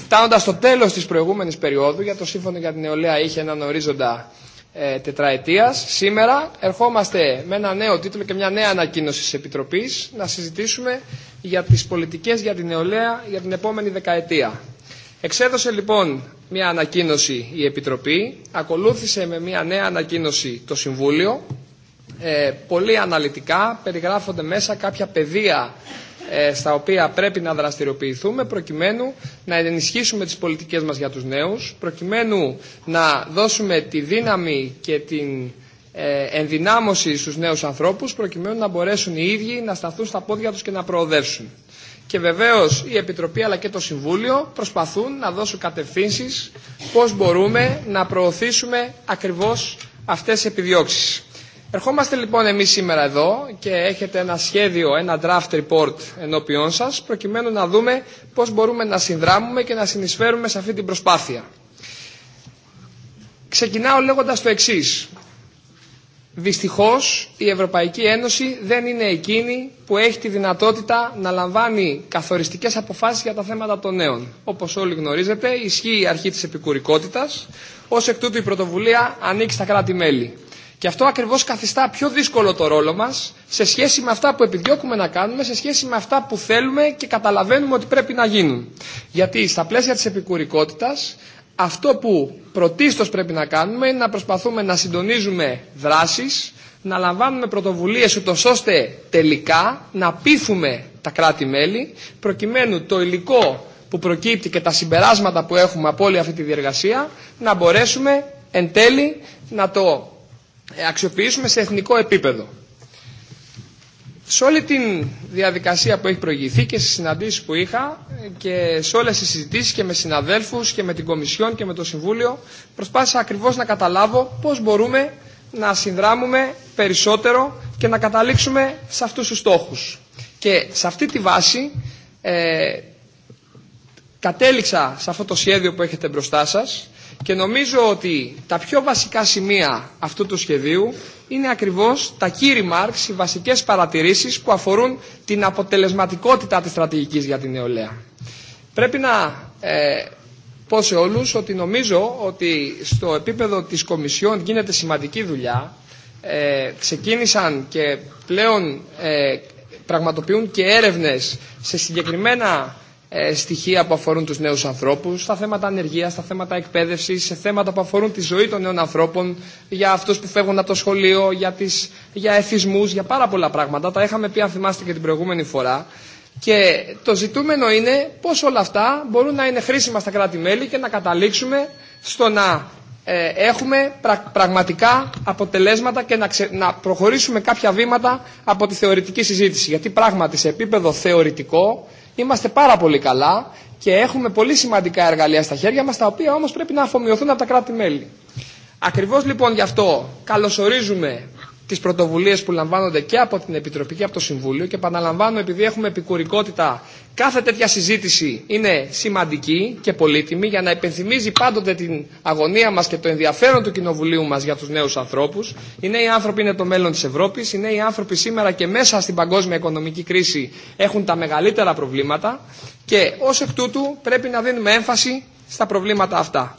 φτάνοντας στο τέλος της προηγούμενης περίοδου, για το Σύμφωνο για την Νεολαία είχε έναν ορίζοντα ε, τετραετίας. Σήμερα ερχόμαστε με ένα νέο τίτλο και μια νέα ανακοίνωση της Επιτροπής να συζητήσουμε για τις πολιτικές για την νεολαία για την επόμενη δεκαετία. Εξέδωσε λοιπόν μια ανακοίνωση η Επιτροπή, ακολούθησε με μια νέα ανακοίνωση το Συμβούλιο, ε, πολύ αναλυτικά περιγράφονται μέσα κάποια πεδία ε, στα οποία πρέπει να δραστηριοποιηθούμε προκειμένου να ενισχύσουμε τις πολιτικές μας για τους νέους, προκειμένου να δώσουμε τη δύναμη και την ε, ενδυνάμωση στους νέους ανθρώπους προκειμένου να μπορέσουν οι ίδιοι να σταθούν στα πόδια τους και να προοδεύσουν. Και βεβαίως η Επιτροπή αλλά και το Συμβούλιο προσπαθούν να δώσουν κατευθύνσει πώς μπορούμε να προωθήσουμε ακριβώς αυτές τις επιδιώξει. Ερχόμαστε λοιπόν εμείς σήμερα εδώ και έχετε ένα σχέδιο, ένα draft report ενώπιόν σας προκειμένου να δούμε πώς μπορούμε να συνδράμουμε και να συνεισφέρουμε σε αυτή την προσπάθεια. Ξεκινάω λέγοντας το εξής. Δυστυχώς η Ευρωπαϊκή Ένωση δεν είναι εκείνη που έχει τη δυνατότητα να λαμβάνει καθοριστικές αποφάσεις για τα θέματα των νέων. Όπως όλοι γνωρίζετε ισχύει η αρχή της επικουρικότητας, ως εκ τούτου η πρωτοβουλία ανήκει στα κράτη-μέλη. Και αυτό ακριβώ καθιστά πιο δύσκολο το ρόλο μα σε σχέση με αυτά που επιδιώκουμε να κάνουμε, σε σχέση με αυτά που θέλουμε και καταλαβαίνουμε ότι πρέπει να γίνουν. Γιατί στα πλαίσια τη επικουρικότητας αυτό που πρωτίστω πρέπει να κάνουμε είναι να προσπαθούμε να συντονίζουμε δράσει, να λαμβάνουμε πρωτοβουλίες ούτω ώστε τελικά να πείθουμε τα κράτη-μέλη προκειμένου το υλικό που προκύπτει και τα συμπεράσματα που έχουμε από όλη αυτή τη διεργασία να μπορέσουμε εν τέλει να το ε, αξιοποιήσουμε σε εθνικό επίπεδο. Σε όλη την διαδικασία που έχει προηγηθεί και στις συναντήσεις που είχα και σε όλες τις συζητήσεις και με συναδέλφους και με την Κομισιόν και με το Συμβούλιο προσπάθησα ακριβώς να καταλάβω πώς μπορούμε να συνδράμουμε περισσότερο και να καταλήξουμε σε αυτούς τους στόχους. Και σε αυτή τη βάση ε, κατέληξα σε αυτό το σχέδιο που έχετε μπροστά σας και νομίζω ότι τα πιο βασικά σημεία αυτού του σχεδίου είναι ακριβώς τα key Μάρξ, οι βασικές παρατηρήσεις που αφορούν την αποτελεσματικότητα της στρατηγικής για την νεολαία. Πρέπει να ε, πω σε όλους ότι νομίζω ότι στο επίπεδο της Κομισιόν γίνεται σημαντική δουλειά. Ε, ξεκίνησαν και πλέον ε, πραγματοποιούν και έρευνες σε συγκεκριμένα ε, στοιχεία που αφορούν τους νέους ανθρώπους, στα θέματα ανεργίας, στα θέματα εκπαίδευσης, σε θέματα που αφορούν τη ζωή των νέων ανθρώπων, για αυτούς που φεύγουν από το σχολείο, για, τις, για εθισμούς, για πάρα πολλά πράγματα. Τα είχαμε πει αν θυμάστε και την προηγούμενη φορά. Και το ζητούμενο είναι πώς όλα αυτά μπορούν να είναι χρήσιμα στα κράτη-μέλη και να καταλήξουμε στο να ε, έχουμε πραγματικά αποτελέσματα και να, να προχωρήσουμε κάποια βήματα από τη θεωρητική συζήτηση. Γιατί πράγματι σε επίπεδο θεωρητικό Είμαστε πάρα πολύ καλά και έχουμε πολύ σημαντικά εργαλεία στα χέρια μας, τα οποία όμως πρέπει να αφομοιωθούν από τα κράτη-μέλη. Ακριβώς λοιπόν γι' αυτό καλωσορίζουμε τι πρωτοβουλίε που λαμβάνονται και από την Επιτροπή και από το Συμβούλιο και επαναλαμβάνω επειδή έχουμε επικουρικότητα κάθε τέτοια συζήτηση είναι σημαντική και πολύτιμη για να υπενθυμίζει πάντοτε την αγωνία μα και το ενδιαφέρον του Κοινοβουλίου μα για τους νέους ανθρώπους. Οι νέοι άνθρωποι είναι το μέλλον της Ευρώπης, οι νέοι άνθρωποι σήμερα και μέσα στην παγκόσμια οικονομική κρίση έχουν τα μεγαλύτερα προβλήματα και ω εκ τούτου πρέπει να δίνουμε έμφαση στα προβλήματα αυτά.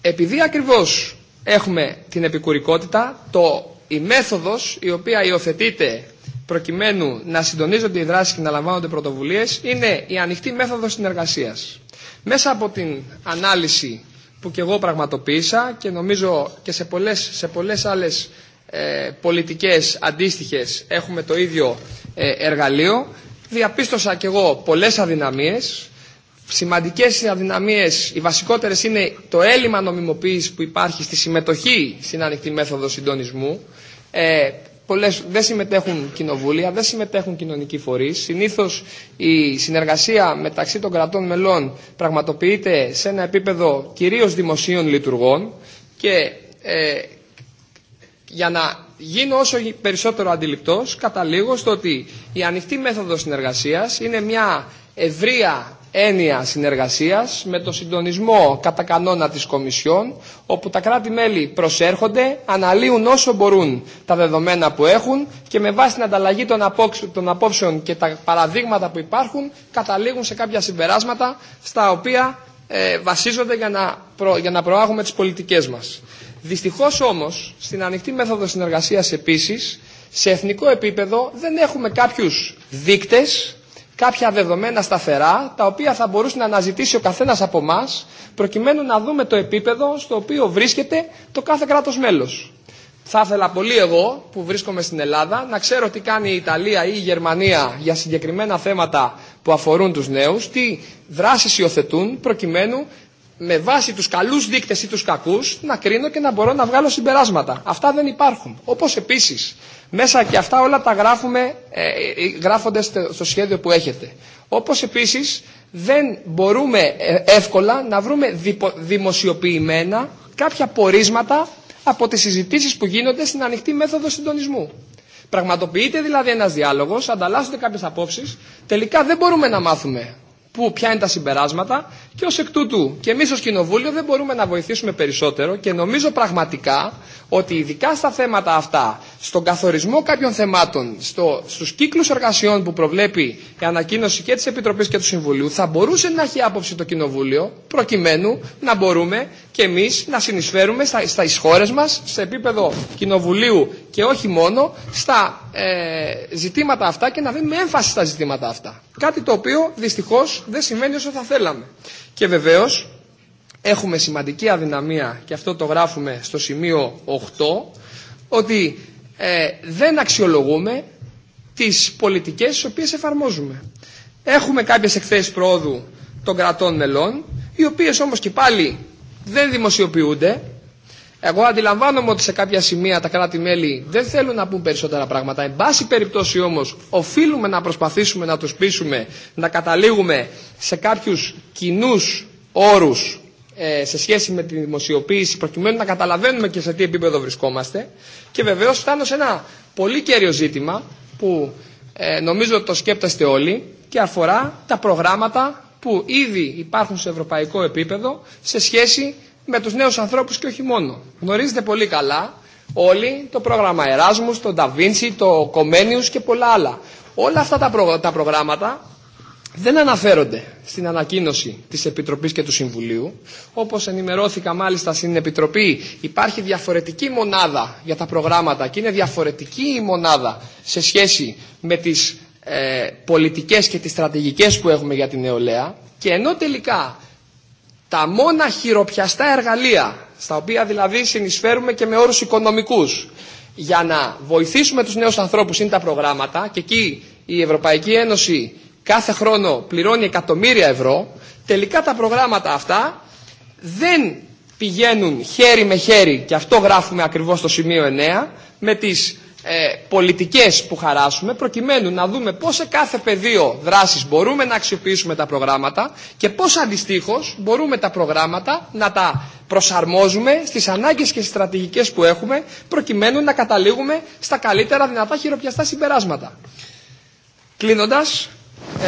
Επειδή ακριβώς έχουμε την επικουρικότητα, το, η μέθοδος η οποία υιοθετείται προκειμένου να συντονίζονται οι δράσεις και να λαμβάνονται πρωτοβουλίες είναι η ανοιχτή μέθοδος συνεργασίας. Μέσα από την ανάλυση που και εγώ πραγματοποίησα και νομίζω και σε πολλές, σε πολλές άλλες ε, πολιτικές αντίστοιχες έχουμε το ίδιο ε, εργαλείο, διαπίστωσα και εγώ πολλές αδυναμίες σημαντικέ αδυναμίες, οι βασικότερε είναι το έλλειμμα νομιμοποίησης που υπάρχει στη συμμετοχή στην ανοιχτή μέθοδο συντονισμού. Ε, πολλές, δεν συμμετέχουν κοινοβούλια, δεν συμμετέχουν κοινωνικοί φορεί. Συνήθω η συνεργασία μεταξύ των κρατών μελών πραγματοποιείται σε ένα επίπεδο κυρίω δημοσίων λειτουργών και ε, για να γίνω όσο περισσότερο αντιληπτός καταλήγω στο ότι η ανοιχτή μέθοδος συνεργασίας είναι μια ευρεία έννοια συνεργασίας με το συντονισμό κατά κανόνα της Κομισιόν όπου τα κράτη-μέλη προσέρχονται, αναλύουν όσο μπορούν τα δεδομένα που έχουν και με βάση την ανταλλαγή των απόψεων και τα παραδείγματα που υπάρχουν καταλήγουν σε κάποια συμπεράσματα στα οποία ε, βασίζονται για να, για να προάγουμε τις πολιτικές μας. Δυστυχώς όμως στην ανοιχτή μέθοδο συνεργασίας επίσης σε εθνικό επίπεδο δεν έχουμε κάποιους δείκτες κάποια δεδομένα σταθερά, τα οποία θα μπορούσε να αναζητήσει ο καθένα από εμά, προκειμένου να δούμε το επίπεδο στο οποίο βρίσκεται το κάθε κράτο μέλο. Θα ήθελα πολύ εγώ που βρίσκομαι στην Ελλάδα να ξέρω τι κάνει η Ιταλία ή η Γερμανία για συγκεκριμένα θέματα που αφορούν τους νέους, τι δράσεις υιοθετούν προκειμένου με βάση τους καλούς δείκτες ή τους κακούς να κρίνω και να μπορώ να βγάλω συμπεράσματα. Αυτά δεν υπάρχουν. Όπως επίσης μέσα και αυτά όλα τα γράφουμε, ε, ε, γράφονται στο σχέδιο που έχετε. Όπως επίσης δεν μπορούμε ε, εύκολα να βρούμε δημοσιοποιημένα κάποια πορίσματα από τις συζητήσεις που γίνονται στην ανοιχτή μέθοδο συντονισμού. Πραγματοποιείται δηλαδή ένας διάλογος, ανταλλάσσονται κάποιες απόψεις, τελικά δεν μπορούμε να μάθουμε που, ποια είναι τα συμπεράσματα και ως εκ τούτου και εμείς ως Κοινοβούλιο δεν μπορούμε να βοηθήσουμε περισσότερο και νομίζω πραγματικά ότι ειδικά στα θέματα αυτά, στον καθορισμό κάποιων θεμάτων, στο, στους κύκλους εργασιών που προβλέπει η ανακοίνωση και της Επιτροπής και του Συμβουλίου θα μπορούσε να έχει άποψη το Κοινοβούλιο προκειμένου να μπορούμε και εμεί να συνεισφέρουμε στα, στα μα, μας, σε επίπεδο κοινοβουλίου και όχι μόνο, στα ε, ζητήματα αυτά και να δίνουμε έμφαση στα ζητήματα αυτά. Κάτι το οποίο δυστυχώ δεν σημαίνει όσο θα θέλαμε. Και βεβαίως έχουμε σημαντική αδυναμία, και αυτό το γράφουμε στο σημείο 8, ότι ε, δεν αξιολογούμε τις πολιτικές τις οποίες εφαρμόζουμε. Έχουμε κάποιες εκθέσεις πρόοδου των κρατών μελών, οι οποίες όμως και πάλι δεν δημοσιοποιούνται. Εγώ αντιλαμβάνομαι ότι σε κάποια σημεία τα κράτη-μέλη δεν θέλουν να πούν περισσότερα πράγματα. Εν πάση περιπτώσει όμως οφείλουμε να προσπαθήσουμε να τους πείσουμε να καταλήγουμε σε κάποιους κοινού όρους ε, σε σχέση με τη δημοσιοποίηση προκειμένου να καταλαβαίνουμε και σε τι επίπεδο βρισκόμαστε. Και βεβαίως φτάνω σε ένα πολύ κέριο ζήτημα που ε, νομίζω ότι το σκέπτεστε όλοι και αφορά τα προγράμματα που ήδη υπάρχουν σε ευρωπαϊκό επίπεδο σε σχέση με τους νέους ανθρώπους και όχι μόνο. Γνωρίζετε πολύ καλά όλοι το πρόγραμμα Εράσμους, το Νταβίντσι, το Κομένιους και πολλά άλλα. Όλα αυτά τα, τα προγράμματα δεν αναφέρονται στην ανακοίνωση της Επιτροπής και του Συμβουλίου. Όπως ενημερώθηκα μάλιστα στην Επιτροπή υπάρχει διαφορετική μονάδα για τα προγράμματα και είναι διαφορετική η μονάδα σε σχέση με τις ε, πολιτικές και τις στρατηγικές που έχουμε για την νεολαία και ενώ τελικά τα μόνα χειροπιαστά εργαλεία, στα οποία δηλαδή συνεισφέρουμε και με όρους οικονομικούς, για να βοηθήσουμε τους νέους ανθρώπους είναι τα προγράμματα και εκεί η Ευρωπαϊκή Ένωση κάθε χρόνο πληρώνει εκατομμύρια ευρώ, τελικά τα προγράμματα αυτά δεν πηγαίνουν χέρι με χέρι, και αυτό γράφουμε ακριβώς στο σημείο 9, με τις ε, πολιτικές που χαράσουμε προκειμένου να δούμε πώς σε κάθε πεδίο δράσης μπορούμε να αξιοποιήσουμε τα προγράμματα και πώς αντιστοίχως μπορούμε τα προγράμματα να τα προσαρμόζουμε στις ανάγκες και στις στρατηγικές που έχουμε προκειμένου να καταλήγουμε στα καλύτερα δυνατά χειροπιαστά συμπεράσματα. Κλείνοντας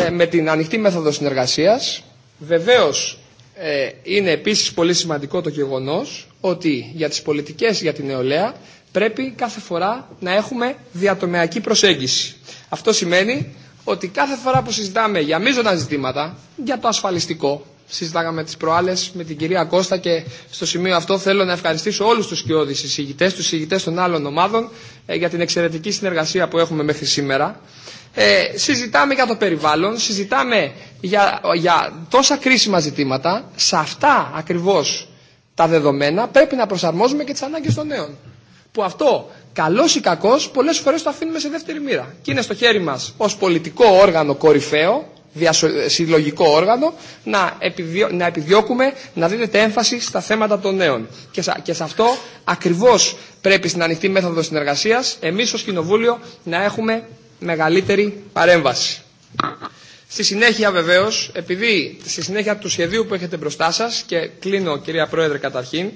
ε, με την ανοιχτή μέθοδο συνεργασίας, βεβαίως ε, είναι επίσης πολύ σημαντικό το γεγονός ότι για τις πολιτικές για την νεολαία πρέπει κάθε φορά να έχουμε διατομεακή προσέγγιση. Αυτό σημαίνει ότι κάθε φορά που συζητάμε για μείζοντα ζητήματα, για το ασφαλιστικό, συζητάγαμε τις προάλλες με την κυρία Κώστα και στο σημείο αυτό θέλω να ευχαριστήσω όλους τους κοιόδης συζητητές, τους συζητητές των άλλων ομάδων ε, για την εξαιρετική συνεργασία που έχουμε μέχρι σήμερα. Ε, συζητάμε για το περιβάλλον, συζητάμε για, για τόσα κρίσιμα ζητήματα. Σε αυτά ακριβώς τα δεδομένα πρέπει να προσαρμόζουμε και τι ανάγκες των νέων που αυτό καλό ή κακό πολλέ φορέ το αφήνουμε σε δεύτερη μοίρα. Και είναι στο χέρι μα ω πολιτικό όργανο κορυφαίο, ε, συλλογικό όργανο, να, επιδιώκουμε να δίνεται έμφαση στα θέματα των νέων. Και, σε... και σε αυτό ακριβώ πρέπει στην ανοιχτή μέθοδο συνεργασία εμεί ω Κοινοβούλιο να έχουμε μεγαλύτερη παρέμβαση. Στη συνέχεια βεβαίω, επειδή στη συνέχεια του σχεδίου που έχετε μπροστά σα, και κλείνω κυρία Πρόεδρε καταρχήν,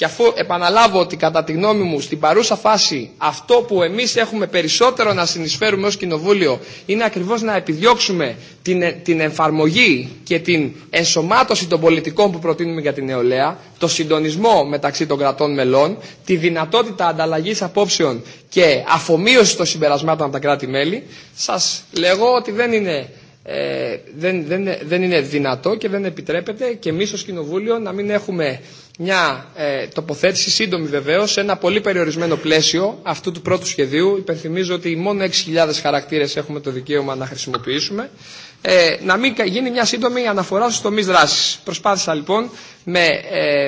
και αφού επαναλάβω ότι κατά τη γνώμη μου στην παρούσα φάση αυτό που εμείς έχουμε περισσότερο να συνεισφέρουμε ως Κοινοβούλιο είναι ακριβώς να επιδιώξουμε την, ε, την εφαρμογή και την ενσωμάτωση των πολιτικών που προτείνουμε για την νεολαία, το συντονισμό μεταξύ των κρατών μελών, τη δυνατότητα ανταλλαγής απόψεων και αφομοίωση των συμπερασμάτων από τα κράτη-μέλη, σας λέγω ότι δεν είναι ε, δεν, δεν, δεν είναι δυνατό και δεν επιτρέπεται και εμεί ως Κοινοβούλιο να μην έχουμε μια ε, τοποθέτηση σύντομη βεβαίω σε ένα πολύ περιορισμένο πλαίσιο αυτού του πρώτου σχεδίου. Υπενθυμίζω ότι μόνο 6.000 χαρακτήρε έχουμε το δικαίωμα να χρησιμοποιήσουμε. Ε, να μην γίνει μια σύντομη αναφορά στου τομεί δράση. Προσπάθησα λοιπόν με ε,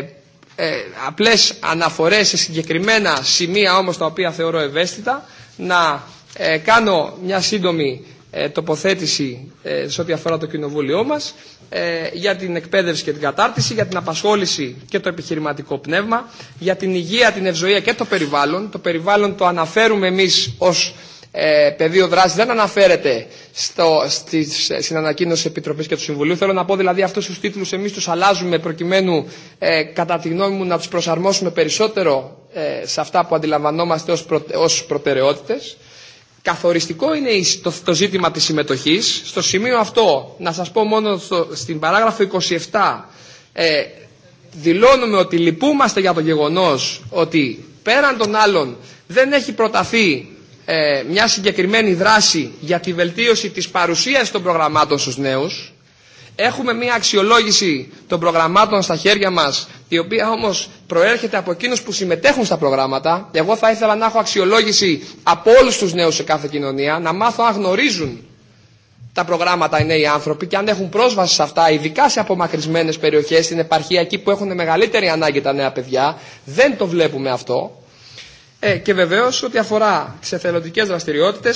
ε, απλέ αναφορέ σε συγκεκριμένα σημεία όμω τα οποία θεωρώ ευαίσθητα να ε, κάνω μια σύντομη ε, τοποθέτηση σε ό,τι αφορά το κοινοβούλιο μας ε, για την εκπαίδευση και την κατάρτιση, για την απασχόληση και το επιχειρηματικό πνεύμα, για την υγεία, την ευζοία και το περιβάλλον. Το περιβάλλον το αναφέρουμε εμείς ως ε, πεδίο δράση δεν αναφέρεται στο, στις, στην ανακοίνωση Επιτροπής και του Συμβουλίου. Θέλω να πω δηλαδή αυτούς τους τίτλους εμείς τους αλλάζουμε προκειμένου ε, κατά τη γνώμη μου να τους προσαρμόσουμε περισσότερο ε, σε αυτά που αντιλαμβανόμαστε ως, ως προτεραιότητες. Καθοριστικό είναι το ζήτημα της συμμετοχής. Στο σημείο αυτό, να σας πω μόνο στο, στην παράγραφο 27, ε, δηλώνουμε ότι λυπούμαστε για το γεγονός ότι πέραν των άλλων δεν έχει προταθεί ε, μια συγκεκριμένη δράση για τη βελτίωση της παρουσίας των προγραμμάτων στους νέους. Έχουμε μια αξιολόγηση των προγραμμάτων στα χέρια μα, η οποία όμω προέρχεται από εκείνου που συμμετέχουν στα προγράμματα. Εγώ θα ήθελα να έχω αξιολόγηση από όλου του νέου σε κάθε κοινωνία, να μάθω αν γνωρίζουν τα προγράμματα οι νέοι άνθρωποι και αν έχουν πρόσβαση σε αυτά, ειδικά σε απομακρυσμένε περιοχέ, στην επαρχία, εκεί που έχουν μεγαλύτερη ανάγκη τα νέα παιδιά. Δεν το βλέπουμε αυτό. Ε, και βεβαίω, ό,τι αφορά τι εθελοντικέ δραστηριότητε,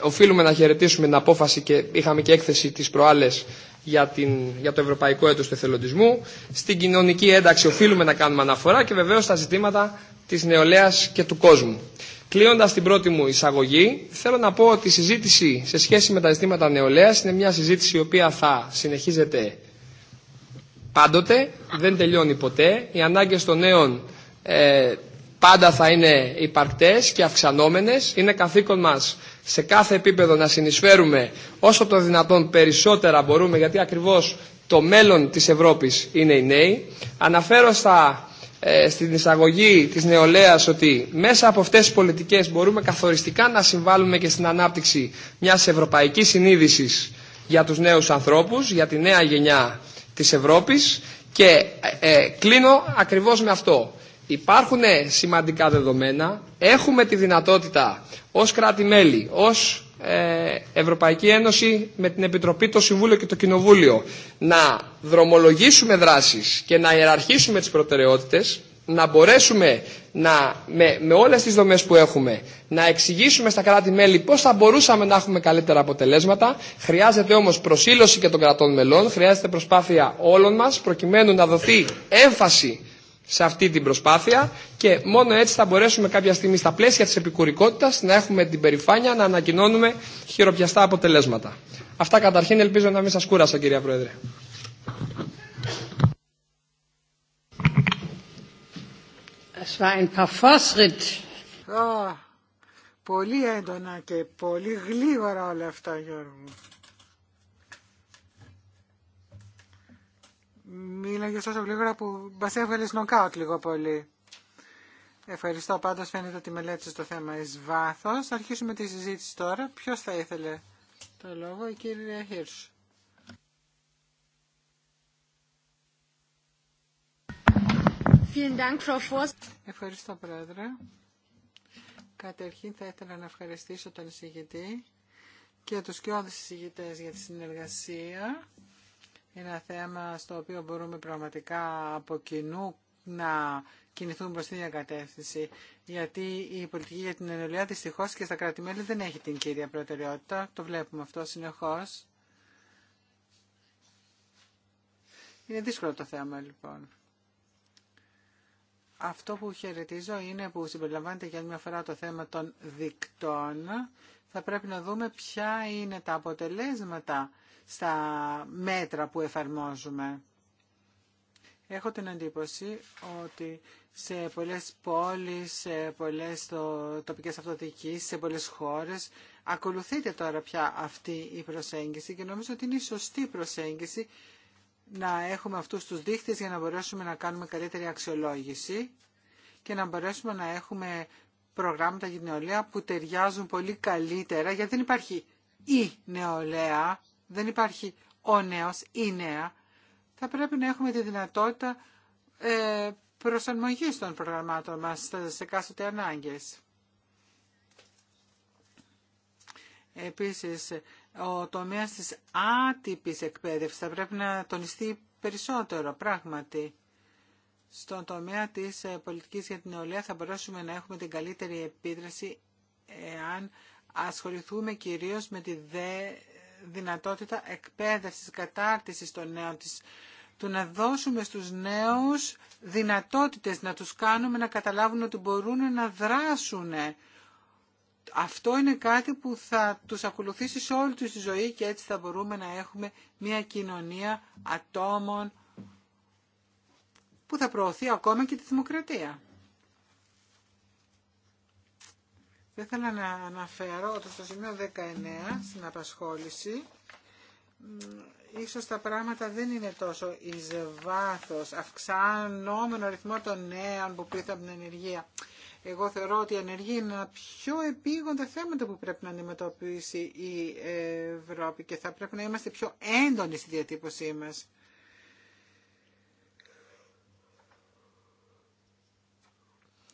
οφείλουμε να χαιρετήσουμε την απόφαση και είχαμε και έκθεση τις προάλλες για, την, για το Ευρωπαϊκό Έτος του Εθελοντισμού. Στην κοινωνική ένταξη οφείλουμε να κάνουμε αναφορά και βεβαίως στα ζητήματα της νεολαίας και του κόσμου. Κλείνοντα την πρώτη μου εισαγωγή, θέλω να πω ότι η συζήτηση σε σχέση με τα ζητήματα νεολαία είναι μια συζήτηση η οποία θα συνεχίζεται πάντοτε, δεν τελειώνει ποτέ. Οι ανάγκε των νέων ε, πάντα θα είναι υπαρκτές και αυξανόμενες. Είναι καθήκον μας σε κάθε επίπεδο να συνεισφέρουμε όσο το δυνατόν περισσότερα μπορούμε, γιατί ακριβώς το μέλλον της Ευρώπης είναι οι νέοι. Αναφέρω στα, ε, στην εισαγωγή της νεολαίας ότι μέσα από αυτές τις πολιτικές μπορούμε καθοριστικά να συμβάλλουμε και στην ανάπτυξη μιας ευρωπαϊκής συνείδησης για τους νέους ανθρώπους, για τη νέα γενιά της Ευρώπης και ε, ε, κλείνω ακριβώς με αυτό υπάρχουν σημαντικά δεδομένα, έχουμε τη δυνατότητα ως κράτη-μέλη, ως ε, Ευρωπαϊκή Ένωση με την Επιτροπή, το Συμβούλιο και το Κοινοβούλιο να δρομολογήσουμε δράσεις και να ιεραρχήσουμε τις προτεραιότητες, να μπορέσουμε να, με, με όλες τις δομές που έχουμε να εξηγήσουμε στα κράτη-μέλη πώς θα μπορούσαμε να έχουμε καλύτερα αποτελέσματα. Χρειάζεται όμως προσήλωση και των κρατών μελών, χρειάζεται προσπάθεια όλων μας προκειμένου να δοθεί έμφαση σε αυτή την προσπάθεια και μόνο έτσι θα μπορέσουμε κάποια στιγμή στα πλαίσια της επικουρικότητας να έχουμε την περηφάνεια να ανακοινώνουμε χειροπιαστά αποτελέσματα. Αυτά καταρχήν ελπίζω να μην σας κούρασα κυρία Πρόεδρε. πολύ έντονα και πολύ γλίγορα όλα αυτά Γιώργο. μίλαγε τόσο γλίγορα που μα έβγαλε νοκάουτ λίγο πολύ. Ευχαριστώ πάντω φαίνεται ότι μελέτησε το θέμα εις βάθος. Αρχίσουμε τη συζήτηση τώρα. Ποιο θα ήθελε το λόγο, η κυρία Χίρσου. Ευχαριστώ, Πρόεδρε. Καταρχήν θα ήθελα να ευχαριστήσω τον εισηγητή και τους κοιόδους εισηγητές για τη συνεργασία είναι ένα θέμα στο οποίο μπορούμε πραγματικά από κοινού να κινηθούμε προς την διακατεύθυνση. Γιατί η πολιτική για την ενολία δυστυχώ και στα κράτη-μέλη δεν έχει την κύρια προτεραιότητα. Το βλέπουμε αυτό συνεχώς. Είναι δύσκολο το θέμα λοιπόν. Αυτό που χαιρετίζω είναι που συμπεριλαμβάνεται για μια φορά το θέμα των δικτών. Θα πρέπει να δούμε ποια είναι τα αποτελέσματα στα μέτρα που εφαρμόζουμε. Έχω την εντύπωση ότι σε πολλές πόλεις, σε πολλές το, τοπικές αυτοδικείς, σε πολλές χώρες ακολουθείται τώρα πια αυτή η προσέγγιση και νομίζω ότι είναι η σωστή προσέγγιση να έχουμε αυτούς τους δείχτες για να μπορέσουμε να κάνουμε καλύτερη αξιολόγηση και να μπορέσουμε να έχουμε προγράμματα για νεολαία που ταιριάζουν πολύ καλύτερα γιατί δεν υπάρχει η νεολαία δεν υπάρχει ο νέος ή νέα, θα πρέπει να έχουμε τη δυνατότητα ε, προσαρμογής των προγραμμάτων μας σε κάστοτε ανάγκες. Επίσης, ο τομέας της άτυπης εκπαίδευσης θα πρέπει να τονιστεί περισσότερο, πράγματι. Στον τομέα της ε, πολιτικής για την νεολαία θα μπορέσουμε να έχουμε την καλύτερη επίδραση εάν ασχοληθούμε κυρίως με τη δε δυνατότητα εκπαίδευσης, κατάρτισης των νέων της, του να δώσουμε στους νέους δυνατότητες, να τους κάνουμε να καταλάβουν ότι μπορούν να δράσουν. Αυτό είναι κάτι που θα τους ακολουθήσει σε όλη τους τη ζωή και έτσι θα μπορούμε να έχουμε μια κοινωνία ατόμων που θα προωθεί ακόμα και τη δημοκρατία. Θα ήθελα να αναφέρω ότι στο σημείο 19 στην απασχόληση ίσως τα πράγματα δεν είναι τόσο εις βάθος, αυξανόμενο ρυθμό των νέων που πήθαν από την ενεργεία. Εγώ θεωρώ ότι η ανεργία είναι ένα πιο επίγοντα θέματα που πρέπει να αντιμετωπίσει η Ευρώπη και θα πρέπει να είμαστε πιο έντονοι στη διατύπωσή μας.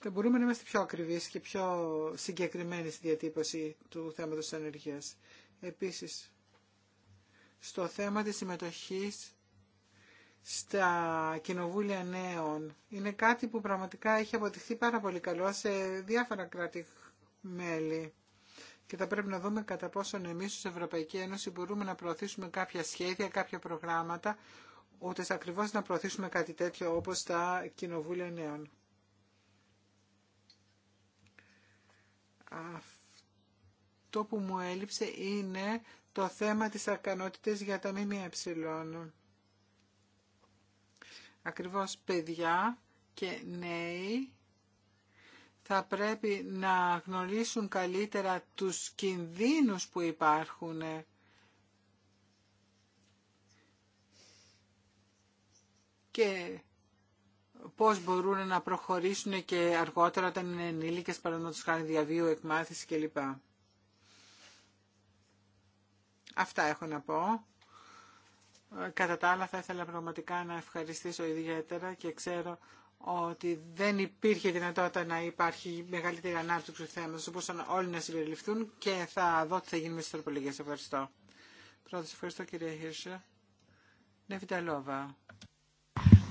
θα ε, μπορούμε να είμαστε πιο ακριβείς και πιο συγκεκριμένοι στη διατύπωση του θέματος της ανεργίας. Επίσης, στο θέμα της συμμετοχή στα κοινοβούλια νέων είναι κάτι που πραγματικά έχει αποδειχθεί πάρα πολύ καλό σε διάφορα κράτη-μέλη και θα πρέπει να δούμε κατά πόσον εμείς ως Ευρωπαϊκή Ένωση μπορούμε να προωθήσουμε κάποια σχέδια, κάποια προγράμματα, ούτε ακριβώς να προωθήσουμε κάτι τέτοιο όπως τα κοινοβούλια νέων. Αυτό που μου έλειψε είναι το θέμα της αρκανότητας για τα ΜΜΕ. Ακριβώς παιδιά και νέοι θα πρέπει να γνωρίσουν καλύτερα τους κινδύνους που υπάρχουν. Και πώς μπορούν να προχωρήσουν και αργότερα όταν είναι ενήλικες παραδείγματος κάνει διαβίου, εκμάθηση κλπ. Αυτά έχω να πω. Ε, κατά τα άλλα θα ήθελα πραγματικά να ευχαριστήσω ιδιαίτερα και ξέρω ότι δεν υπήρχε δυνατότητα να υπάρχει μεγαλύτερη ανάπτυξη του θέματος, όπως όλοι να συμπεριληφθούν και θα δω τι θα γίνει με τις τροπολογίες. Ευχαριστώ. Πρώτα, ευχαριστώ κύριε Χίρσα. Νεφιταλόβα.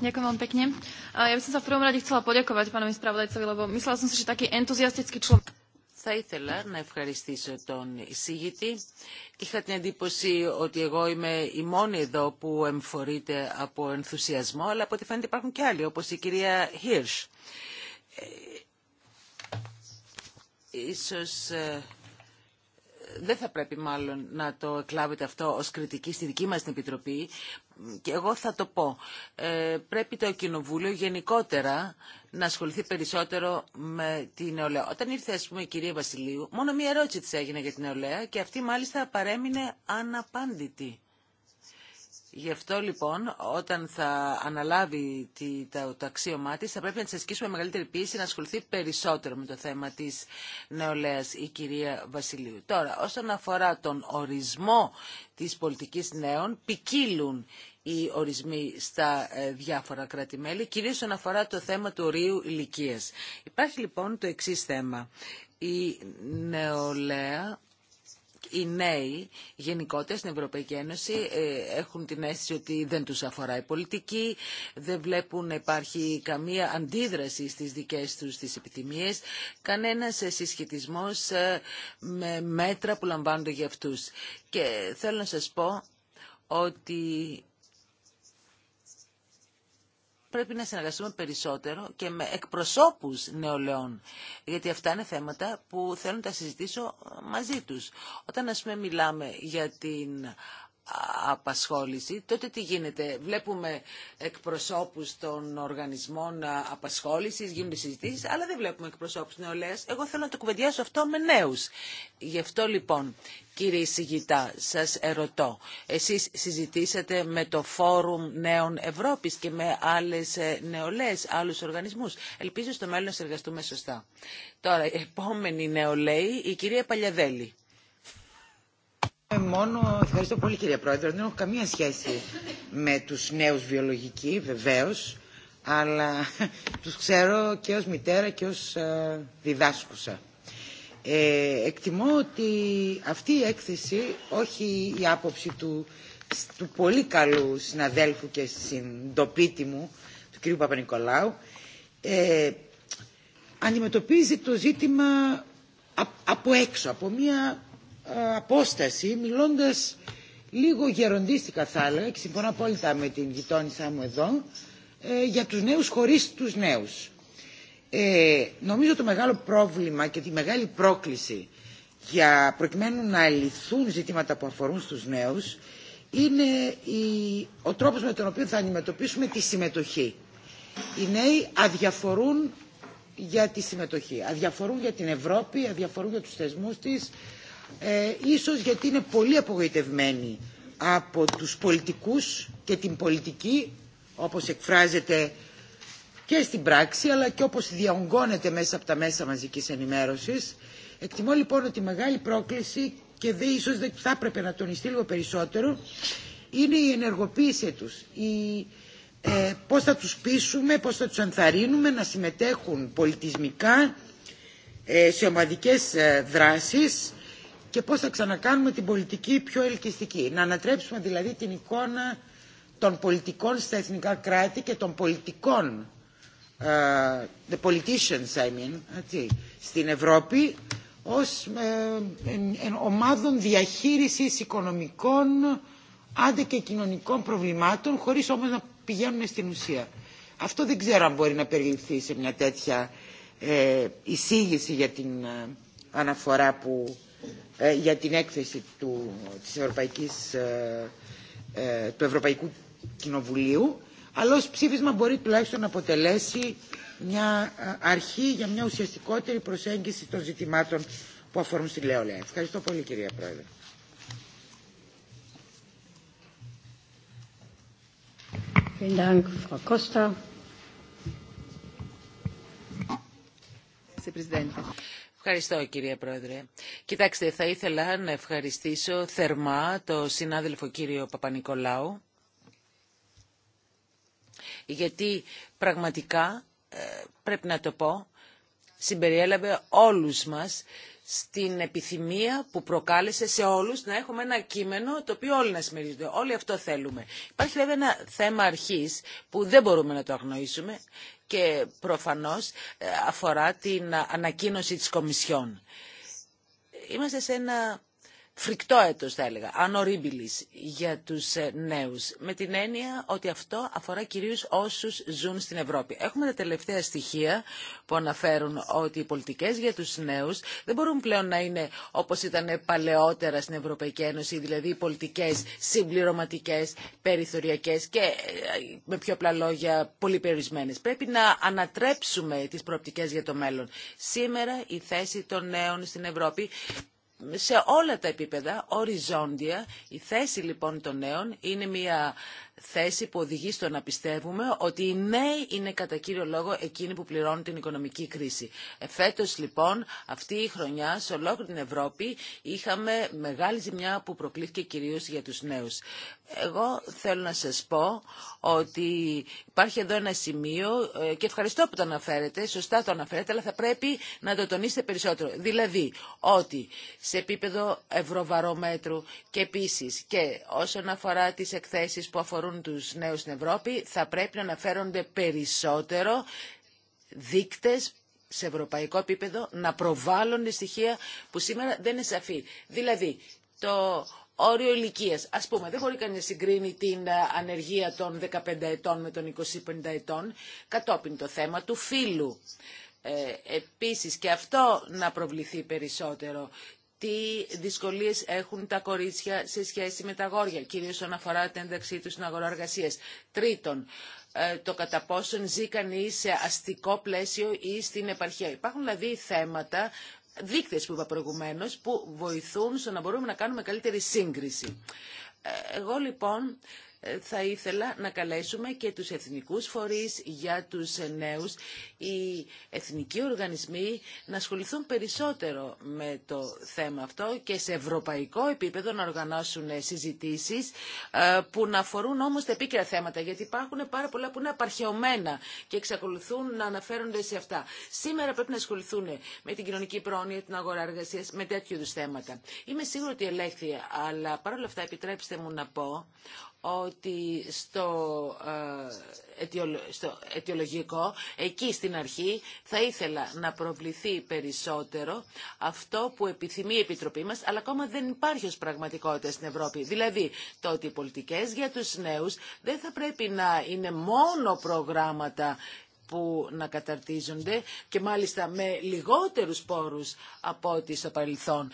Ďakujem Ja by som sa v prvom rade chcela poďakovať pánovi spravodajcovi, lebo myslela som si, že taký entuziastický človek θα ήθελα να ευχαριστήσω τον εισήγητη. Είχα την εντύπωση ότι εγώ είμαι η μόνη εδώ που εμφορείται από ενθουσιασμό, αλλά από ό,τι φαίνεται υπάρχουν και άλλοι, όπως η κυρία Χίρς. Ε, ίσως ε, δεν θα πρέπει μάλλον να το εκλάβετε αυτό ως κριτική στη δική μας την Επιτροπή και εγώ θα το πω, ε, πρέπει το Κοινοβούλιο γενικότερα να ασχοληθεί περισσότερο με την νεολαία. Όταν ήρθε, ας πούμε, η κυρία Βασιλείου, μόνο μία ερώτηση της έγινε για την νεολαία και αυτή μάλιστα παρέμεινε αναπάντητη. Γι' αυτό λοιπόν όταν θα αναλάβει το, το αξίωμά τη θα πρέπει να τη ασκήσουμε μεγαλύτερη πίεση να ασχοληθεί περισσότερο με το θέμα τη νεολαία η κυρία Βασιλείου. Τώρα, όσον αφορά τον ορισμό τη πολιτική νέων, ποικίλουν οι ορισμοί στα ε, διάφορα κράτη-μέλη, κυρίως αφορά το θέμα του ορίου ηλικία. Υπάρχει λοιπόν το εξής θέμα. Η νεολαία οι νέοι γενικότερα στην Ευρωπαϊκή Ένωση ε, έχουν την αίσθηση ότι δεν τους αφορά η πολιτική, δεν βλέπουν να υπάρχει καμία αντίδραση στις δικές τους τις επιθυμίες, κανένας ε, συσχετισμός με μέτρα που λαμβάνονται για αυτούς. Και θέλω να σας πω ότι πρέπει να συνεργαστούμε περισσότερο και με εκπροσώπους νεολαίων, γιατί αυτά είναι θέματα που θέλω να συζητήσω μαζί τους. Όταν, ας πούμε, μιλάμε για την απασχόληση, τότε τι γίνεται. Βλέπουμε εκπροσώπους των οργανισμών απασχόλησης, γίνονται συζητήσεις, αλλά δεν βλέπουμε εκπροσώπους νεολαίας. Εγώ θέλω να το κουβεντιάσω αυτό με νέους. Γι' αυτό λοιπόν, κύριε Σιγητά, σας ερωτώ. Εσείς συζητήσατε με το Φόρουμ Νέων Ευρώπης και με άλλες ε, νεολαίες, άλλους οργανισμούς. Ελπίζω στο μέλλον να συνεργαστούμε σωστά. Τώρα, η επόμενη νεολαία, η κυρία Παλιαδέλη. Ε, μόνο ευχαριστώ πολύ κύριε Πρόεδρε. Δεν έχω καμία σχέση με τους νέους βιολογικοί βεβαίως αλλά τους ξέρω και ως μητέρα και ως ε, διδάσκουσα. Ε, εκτιμώ ότι αυτή η έκθεση, όχι η άποψη του, του πολύ καλού συναδέλφου και συντοπίτη μου, του κυριου Παπα-Νικολάου, ε, αντιμετωπίζει το ζήτημα από έξω, από μια ε, απόσταση μιλώντας λίγο γεροντίστικα θα έλεγα και συμφωνώ απόλυτα με την γειτόνισά μου εδώ ε, για τους νέους χωρίς τους νέους. Ε, νομίζω το μεγάλο πρόβλημα και τη μεγάλη πρόκληση για προκειμένου να λυθούν ζητήματα που αφορούν στους νέους είναι η, ο τρόπος με τον οποίο θα αντιμετωπίσουμε τη συμμετοχή. Οι νέοι αδιαφορούν για τη συμμετοχή, αδιαφορούν για την Ευρώπη, αδιαφορούν για τους θεσμούς της, ε, ίσως γιατί είναι πολύ απογοητευμένοι από τους πολιτικούς και την πολιτική όπως εκφράζεται και στην πράξη αλλά και όπως διαγκώνεται μέσα από τα μέσα μαζικής ενημέρωσης. Εκτιμώ λοιπόν ότι η μεγάλη πρόκληση και δε, ίσως δεν θα έπρεπε να τονιστεί λίγο περισσότερο είναι η ενεργοποίησή τους, η, ε, πώς θα τους πείσουμε, πώς θα τους ανθαρρύνουμε να συμμετέχουν πολιτισμικά ε, σε ομαδικές δράσεις και πώς θα ξανακάνουμε την πολιτική πιο ελκυστική. Να ανατρέψουμε δηλαδή την εικόνα των πολιτικών στα εθνικά κράτη και των πολιτικών ε, the politicians I mean, έτσι, στην Ευρώπη ως ε, ομάδων διαχείρισης οικονομικών άντε και κοινωνικών προβλημάτων χωρίς όμως να πηγαίνουν στην ουσία. Αυτό δεν ξέρω αν μπορεί να περιληφθεί σε μια τέτοια ε, εισήγηση για την ε, αναφορά που ε, για την έκθεση του, της Ευρωπαϊκής, ε, ε, του Ευρωπαϊκού Κοινοβουλίου αλλά ως ψήφισμα μπορεί τουλάχιστον να αποτελέσει μια αρχή για μια ουσιαστικότερη προσέγγιση των ζητημάτων που αφορούν στη Λεόλαια. Ευχαριστώ πολύ κυρία Πρόεδρε. Ευχαριστώ κυρία Πρόεδρε. Κοιτάξτε, θα ήθελα να ευχαριστήσω θερμά το συνάδελφο κύριο Παπανικολάου γιατί πραγματικά, ε, πρέπει να το πω, συμπεριέλαβε όλους μας στην επιθυμία που προκάλεσε σε όλους να έχουμε ένα κείμενο το οποίο όλοι να συμμερίζονται. Όλοι αυτό θέλουμε. Υπάρχει βέβαια ένα θέμα αρχής που δεν μπορούμε να το αγνοήσουμε και προφανώς ε, αφορά την ανακοίνωση της Κομισιόν. Είμαστε σε ένα φρικτό έτος θα έλεγα, ανορύμπιλης για τους ε, νέους, με την έννοια ότι αυτό αφορά κυρίως όσους ζουν στην Ευρώπη. Έχουμε τα τελευταία στοιχεία που αναφέρουν ότι οι πολιτικές για τους νέους δεν μπορούν πλέον να είναι όπως ήταν παλαιότερα στην Ευρωπαϊκή Ένωση, δηλαδή οι πολιτικές συμπληρωματικές, περιθωριακές και ε, με πιο απλά λόγια πολύ περιορισμένες. Πρέπει να ανατρέψουμε τις προοπτικές για το μέλλον. Σήμερα η θέση των νέων στην Ευρώπη σε όλα τα επίπεδα, οριζόντια. Η θέση λοιπόν των νέων είναι μια θέση που οδηγεί στο να πιστεύουμε ότι οι νέοι είναι κατά κύριο λόγο εκείνοι που πληρώνουν την οικονομική κρίση. Φέτος λοιπόν αυτή η χρονιά σε ολόκληρη την Ευρώπη είχαμε μεγάλη ζημιά που προκλήθηκε κυρίως για τους νέους. Εγώ θέλω να σας πω ότι υπάρχει εδώ ένα σημείο ε, και ευχαριστώ που το αναφέρετε, σωστά το αναφέρετε, αλλά θα πρέπει να το τονίσετε περισσότερο. Δηλαδή ότι σε επίπεδο ευρωβαρόμετρου και επίση και όσον αφορά τι εκθέσει που αφορούν αφορούν τους νέους στην Ευρώπη θα πρέπει να αναφέρονται περισσότερο δείκτες σε ευρωπαϊκό επίπεδο να προβάλλουν στοιχεία που σήμερα δεν είναι σαφή. Δηλαδή, το όριο ηλικία. Α πούμε, δεν μπορεί κανεί να συγκρίνει την ε, ανεργία των 15 ετών με των 25 ετών. Κατόπιν το θέμα του φύλου. Ε, επίσης και αυτό να προβληθεί περισσότερο τι δυσκολίες έχουν τα κορίτσια σε σχέση με τα αγόρια, κυρίως όσον αφορά την ένταξή τους στην αγορά Τρίτον, ε, το κατά πόσον ζει κανεί σε αστικό πλαίσιο ή στην επαρχία. Υπάρχουν δηλαδή θέματα, δείκτες που είπα προηγουμένω, που βοηθούν στο να μπορούμε να κάνουμε καλύτερη σύγκριση. Ε, εγώ λοιπόν θα ήθελα να καλέσουμε και τους εθνικούς φορείς για τους νέους, οι εθνικοί οργανισμοί να ασχοληθούν περισσότερο με το θέμα αυτό και σε ευρωπαϊκό επίπεδο να οργανώσουν συζητήσεις ε, που να αφορούν όμως τα επίκαιρα θέματα, γιατί υπάρχουν πάρα πολλά που είναι απαρχαιωμένα και εξακολουθούν να αναφέρονται σε αυτά. Σήμερα πρέπει να ασχοληθούν με την κοινωνική πρόνοια, την αγορά εργασίας, με τέτοιου είδους θέματα. Είμαι σίγουρη ότι ελέγχθη, αλλά παρόλα αυτά επιτρέψτε μου να πω ότι στο, ε, στο αιτιολογικό, εκεί στην αρχή, θα ήθελα να προβληθεί περισσότερο αυτό που επιθυμεί η Επιτροπή μας, αλλά ακόμα δεν υπάρχει ως πραγματικότητα στην Ευρώπη. Δηλαδή, το ότι οι πολιτικές για τους νέους δεν θα πρέπει να είναι μόνο προγράμματα που να καταρτίζονται και μάλιστα με λιγότερους πόρους από ό,τι στο παρελθόν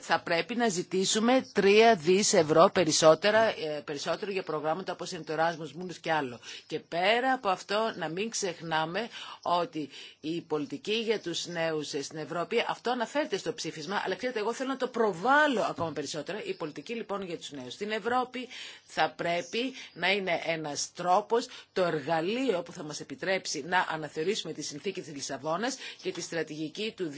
θα πρέπει να ζητήσουμε 3 δις ευρώ περισσότερα, ε, περισσότερο για προγράμματα όπως είναι το Erasmus Mundus και άλλο. Και πέρα από αυτό να μην ξεχνάμε ότι η πολιτική για τους νέους στην Ευρώπη, αυτό αναφέρεται στο ψήφισμα, αλλά ξέρετε εγώ θέλω να το προβάλλω ακόμα περισσότερα, Η πολιτική λοιπόν για τους νέους στην Ευρώπη θα πρέπει να είναι ένας τρόπος, το εργαλείο που θα μας επιτρέψει να αναθεωρήσουμε τη συνθήκη της Λισαβόνας και τη στρατηγική του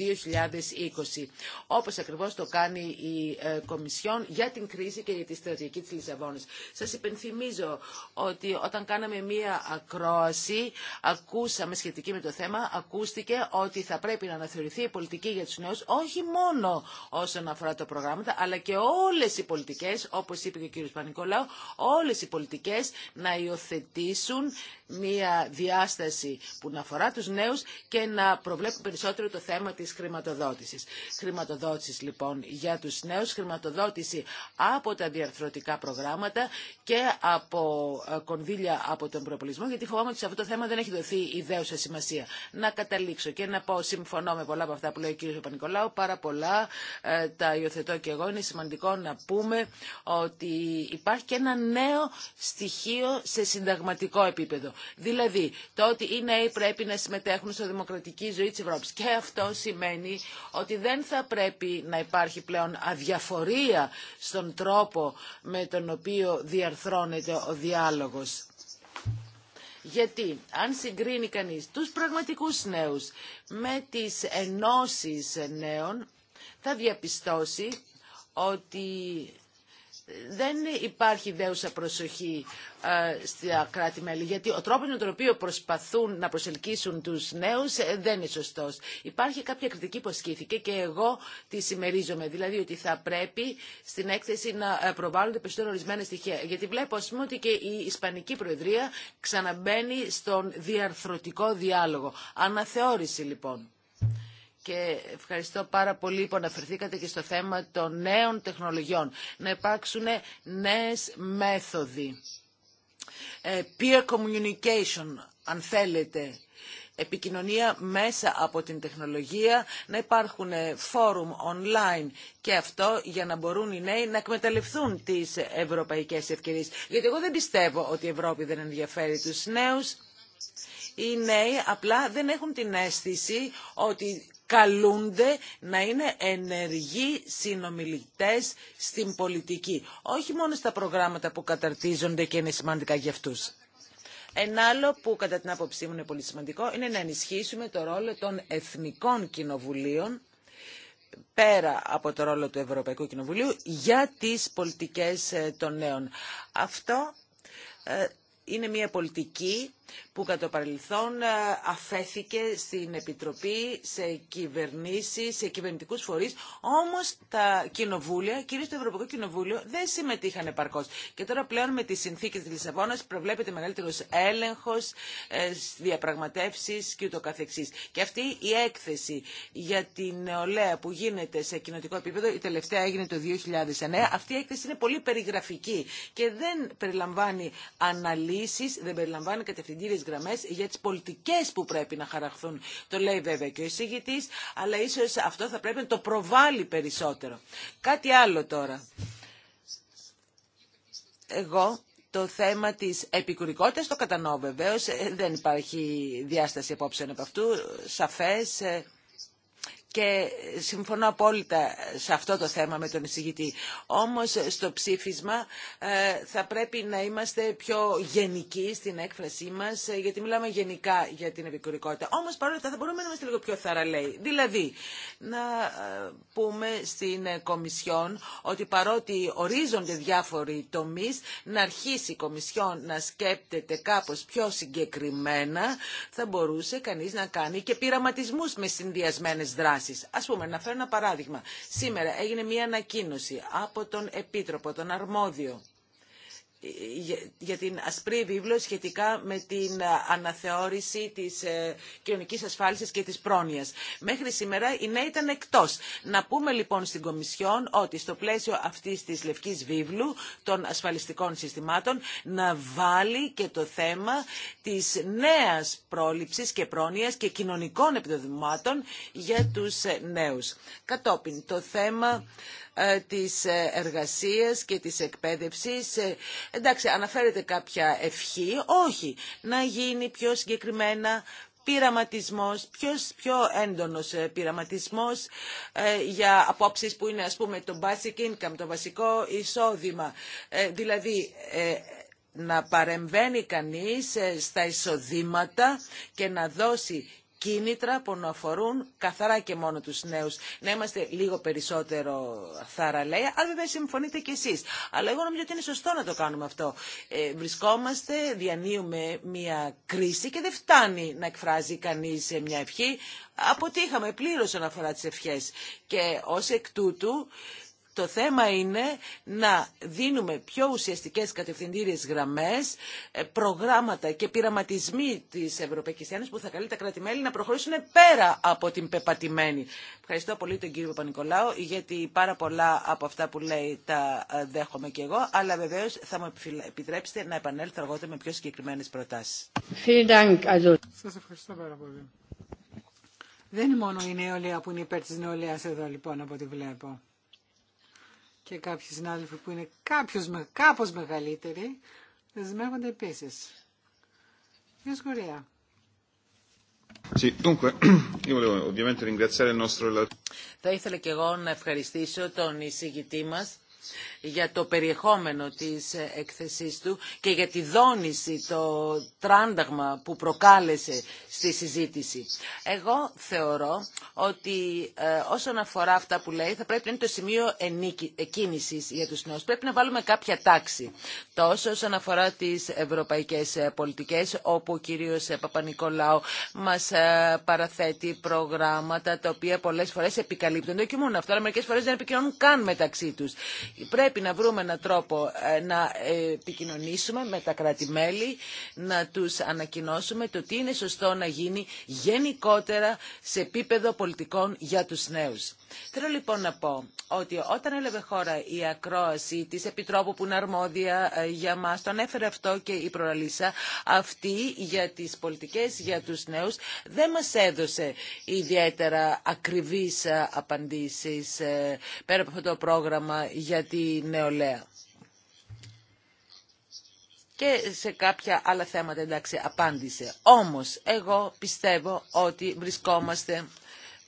2020. Όπως ακριβώς κάνει η ε, Κομισιόν για την κρίση και για τη στρατηγική της Λισαβόνης. Σας υπενθυμίζω ότι όταν κάναμε μία ακρόαση, ακούσαμε σχετική με το θέμα, ακούστηκε ότι θα πρέπει να αναθεωρηθεί η πολιτική για τους νέους, όχι μόνο όσον αφορά τα προγράμματα, αλλά και όλες οι πολιτικές, όπως είπε και ο κ. Πανικολάου, όλες οι πολιτικές να υιοθετήσουν μία διάσταση που να αφορά τους νέους και να προβλέπουν περισσότερο το θέμα της χρηματοδότησης. Χρηματοδότησης λοιπόν Λοιπόν για τους νέους χρηματοδότηση από τα διαρθρωτικά προγράμματα και από ε, κονδύλια από τον προπολισμό, γιατί φοβάμαι ότι σε αυτό το θέμα δεν έχει δοθεί ιδέουσα σημασία. Να καταλήξω και να πω, συμφωνώ με πολλά από αυτά που λέει ο κ. παπα πάρα πολλά ε, τα υιοθετώ και εγώ. Είναι σημαντικό να πούμε ότι υπάρχει και ένα νέο στοιχείο σε συνταγματικό επίπεδο. Δηλαδή, το ότι οι νέοι πρέπει να συμμετέχουν στο δημοκρατική ζωή της Ευρώπη. Και αυτό σημαίνει ότι δεν θα πρέπει να υπάρχει υπάρχει πλέον αδιαφορία στον τρόπο με τον οποίο διαρθρώνεται ο διάλογος. Γιατί αν συγκρίνει κανείς τους πραγματικούς νέους με τις ενώσεις νέων, θα διαπιστώσει ότι δεν υπάρχει δέουσα προσοχή ε, στα κράτη-μέλη, γιατί ο τρόπος με τον οποίο προσπαθούν να προσελκύσουν τους νέους ε, δεν είναι σωστός. Υπάρχει κάποια κριτική που ασκήθηκε και εγώ τη συμμερίζομαι, δηλαδή ότι θα πρέπει στην έκθεση να ε, προβάλλονται περισσότερο ορισμένα στοιχεία. Γιατί βλέπω, ας πούμε, ότι και η Ισπανική Προεδρία ξαναμπαίνει στον διαρθρωτικό διάλογο. Αναθεώρηση, λοιπόν και ευχαριστώ πάρα πολύ που αναφερθήκατε και στο θέμα των νέων τεχνολογιών. Να υπάρξουν νέες μέθοδοι. Ε, peer communication, αν θέλετε, επικοινωνία μέσα από την τεχνολογία, να υπάρχουν φόρουμ online και αυτό για να μπορούν οι νέοι να εκμεταλλευτούν τις ευρωπαϊκές ευκαιρίες. Γιατί εγώ δεν πιστεύω ότι η Ευρώπη δεν ενδιαφέρει τους νέους. Οι νέοι απλά δεν έχουν την αίσθηση ότι καλούνται να είναι ενεργοί συνομιλητές στην πολιτική. Όχι μόνο στα προγράμματα που καταρτίζονται και είναι σημαντικά για αυτούς. Ένα άλλο που κατά την άποψή μου είναι πολύ σημαντικό είναι να ενισχύσουμε το ρόλο των εθνικών κοινοβουλίων πέρα από το ρόλο του Ευρωπαϊκού Κοινοβουλίου για τις πολιτικές ε, των νέων. Αυτό ε, είναι μια πολιτική που κατά το παρελθόν ε, αφέθηκε στην Επιτροπή, σε κυβερνήσεις, σε κυβερνητικούς φορείς, όμως τα κοινοβούλια, κυρίως το Ευρωπαϊκό Κοινοβούλιο, δεν συμμετείχαν επαρκώς. Και τώρα πλέον με τις συνθήκες της Λισαβόνας προβλέπεται μεγαλύτερο έλεγχος, ε, διαπραγματεύσεις και ούτω καθεξής. Και αυτή η έκθεση για την νεολαία που γίνεται σε κοινοτικό επίπεδο, η τελευταία έγινε το 2009, αυτή η έκθεση είναι πολύ περιγραφική και δεν περιλαμβάνει αναλύσεις, δεν περιλαμβάνει κατευθυντικές για τι πολιτικέ που πρέπει να χαραχθούν. Το λέει βέβαια και ο εισηγητή, αλλά ίσω αυτό θα πρέπει να το προβάλλει περισσότερο. Κάτι άλλο τώρα. Εγώ το θέμα της επικουρικότητας το κατανοώ βεβαίως, ε, δεν υπάρχει διάσταση απόψεων από αυτού, σαφές, ε, και συμφωνώ απόλυτα σε αυτό το θέμα με τον εισηγητή. Όμως στο ψήφισμα ε, θα πρέπει να είμαστε πιο γενικοί στην έκφρασή μας, ε, γιατί μιλάμε γενικά για την επικουρικότητα. Όμως παρόλα αυτά θα μπορούμε να είμαστε λίγο πιο θαραλέοι. Δηλαδή, να ε, πούμε στην Κομισιόν ότι παρότι ορίζονται διάφοροι τομείς, να αρχίσει η Κομισιόν να σκέπτεται κάπως πιο συγκεκριμένα, θα μπορούσε κανείς να κάνει και πειραματισμούς με συνδυασμένες δράσεις. Α Ας πούμε, να φέρω ένα παράδειγμα. Σήμερα έγινε μια ανακοίνωση από τον Επίτροπο, τον Αρμόδιο, για την ασπρή βίβλο σχετικά με την αναθεώρηση της ε, κοινωνικής ασφάλισης και της πρόνοιας. Μέχρι σήμερα η νέα ήταν εκτός. Να πούμε λοιπόν στην Κομισιόν ότι στο πλαίσιο αυτής της λευκής βίβλου των ασφαλιστικών συστημάτων να βάλει και το θέμα της νέας πρόληψης και πρόνοιας και κοινωνικών επιδοδημάτων για τους ε, νέους. Κατόπιν το θέμα ε, της ε, εργασίας και της εκπαίδευσης. Ε, εντάξει, αναφέρεται κάποια ευχή. Όχι, να γίνει πιο συγκεκριμένα πειραματισμός, πιο, πιο έντονος πειραματισμός ε, για απόψεις που είναι ας πούμε το basic income, το βασικό εισόδημα. δηλαδή να παρεμβαίνει κανείς στα εισοδήματα και να δώσει κίνητρα που να αφορούν καθαρά και μόνο τους νέους. Να είμαστε λίγο περισσότερο θαραλέα, αν βέβαια συμφωνείτε κι εσείς. Αλλά εγώ νομίζω ότι είναι σωστό να το κάνουμε αυτό. Ε, βρισκόμαστε, διανύουμε μια κρίση και δεν φτάνει να εκφράζει κανείς μια ευχή. Αποτύχαμε πλήρως αναφορά αφορά τις ευχές. Και ως εκ τούτου το θέμα είναι να δίνουμε πιο ουσιαστικές κατευθυντήριες γραμμές, ε, προγράμματα και πειραματισμοί της Ευρωπαϊκής Ένωσης που θα καλεί τα κράτη-μέλη να προχωρήσουν πέρα από την πεπατημένη. Ευχαριστώ πολύ τον κυριο Πανικολάου γιατί πάρα πολλά από αυτά που λέει τα ε, δέχομαι και εγώ, αλλά βεβαίως θα μου επιτρέψετε να επανέλθω αργότερα με πιο συγκεκριμένες προτάσεις. Σας ευχαριστώ πάρα πολύ. Δεν είναι μόνο η νεολαία που είναι υπέρ της νεολαίας εδώ λοιπόν από ό,τι βλέπω και κάποιοι συνάδελφοι που είναι κάποιος, κάπως μεγαλύτεροι δεσμεύονται επίσης. Μια Σκουρία. Θα ήθελα και εγώ να ευχαριστήσω τον εισηγητή μας για το περιεχόμενο της έκθεσής του και για τη δόνηση, το τράνταγμα που προκάλεσε στη συζήτηση. Εγώ θεωρώ ότι ε, όσον αφορά αυτά που λέει θα πρέπει να είναι το σημείο κίνησης για τους νέους. Πρέπει να βάλουμε κάποια τάξη. Τόσο όσον αφορά τις ευρωπαϊκές ε, πολιτικές όπου ο κύριος ε, Παπα-Νικολάου μας παραθέτει προγράμματα τα οποία πολλές φορές επικαλύπτονται και μόνο αυτό αλλά μερικές φορές δεν επικοινωνούν καν μεταξύ τους. Πρέπει να βρούμε έναν τρόπο ε, να ε, επικοινωνήσουμε με τα κράτη-μέλη, να τους ανακοινώσουμε το τι είναι σωστό να γίνει γενικότερα σε επίπεδο πολιτικών για τους νέους. Θέλω λοιπόν να πω ότι όταν έλαβε χώρα η ακρόαση της Επιτρόπου που είναι αρμόδια ε, για μας, τον έφερε αυτό και η προαλήσα, αυτή για τις πολιτικές, για τους νέους, δεν μας έδωσε ιδιαίτερα ακριβείς ε, απαντήσεις ε, πέρα από αυτό το πρόγραμμα για τη νεολαία και σε κάποια άλλα θέματα εντάξει απάντησε. Όμως εγώ πιστεύω ότι βρισκόμαστε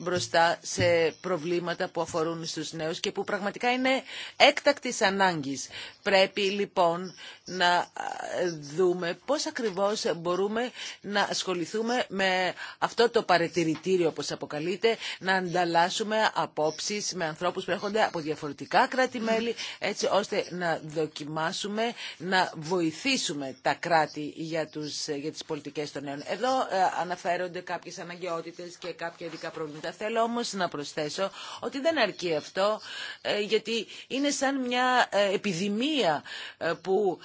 μπροστά σε προβλήματα που αφορούν στους νέους και που πραγματικά είναι έκτακτης ανάγκης. Πρέπει λοιπόν να δούμε πώς ακριβώς μπορούμε να ασχοληθούμε με αυτό το παρετηρητήριο όπως αποκαλείται, να ανταλλάσσουμε απόψεις με ανθρώπους που έρχονται από διαφορετικά κράτη-μέλη έτσι ώστε να δοκιμάσουμε, να βοηθήσουμε τα κράτη για, τους, για τις πολιτικές των νέων. Εδώ ε, αναφέρονται κάποιες αναγκαιότητες και κάποια ειδικά προβλήματα. Θέλω όμως να προσθέσω ότι δεν αρκεί αυτό ε, γιατί είναι σαν μια ε, επιδημία που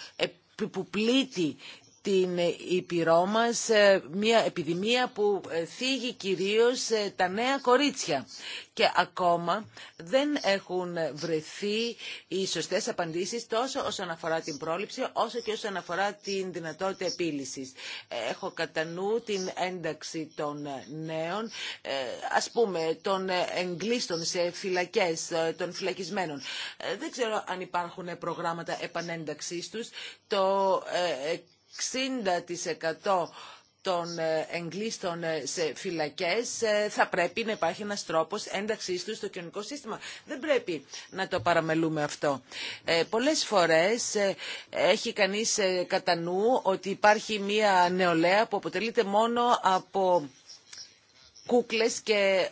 που πλήττει την Ήπειρό μας ε, μια επιδημία που ε, θίγει κυρίως ε, τα νέα κορίτσια. Και ακόμα δεν έχουν βρεθεί οι σωστές απαντήσεις τόσο όσον αφορά την πρόληψη όσο και όσον αφορά την δυνατότητα επίλυσης. Έχω κατά νου την ένταξη των νέων, ας πούμε των εγκλήστων σε φυλακές, των φυλακισμένων. Δεν ξέρω αν υπάρχουν προγράμματα επανένταξής τους. Το 60% των ε, εγκλήστων ε, σε φυλακές ε, θα πρέπει να υπάρχει ένας τρόπος ένταξής τους στο κοινωνικό σύστημα. Δεν πρέπει να το παραμελούμε αυτό. Ε, πολλές φορές έχει κανείς κατά νου ότι υπάρχει μια νεολαία που αποτελείται μόνο από κούκλες και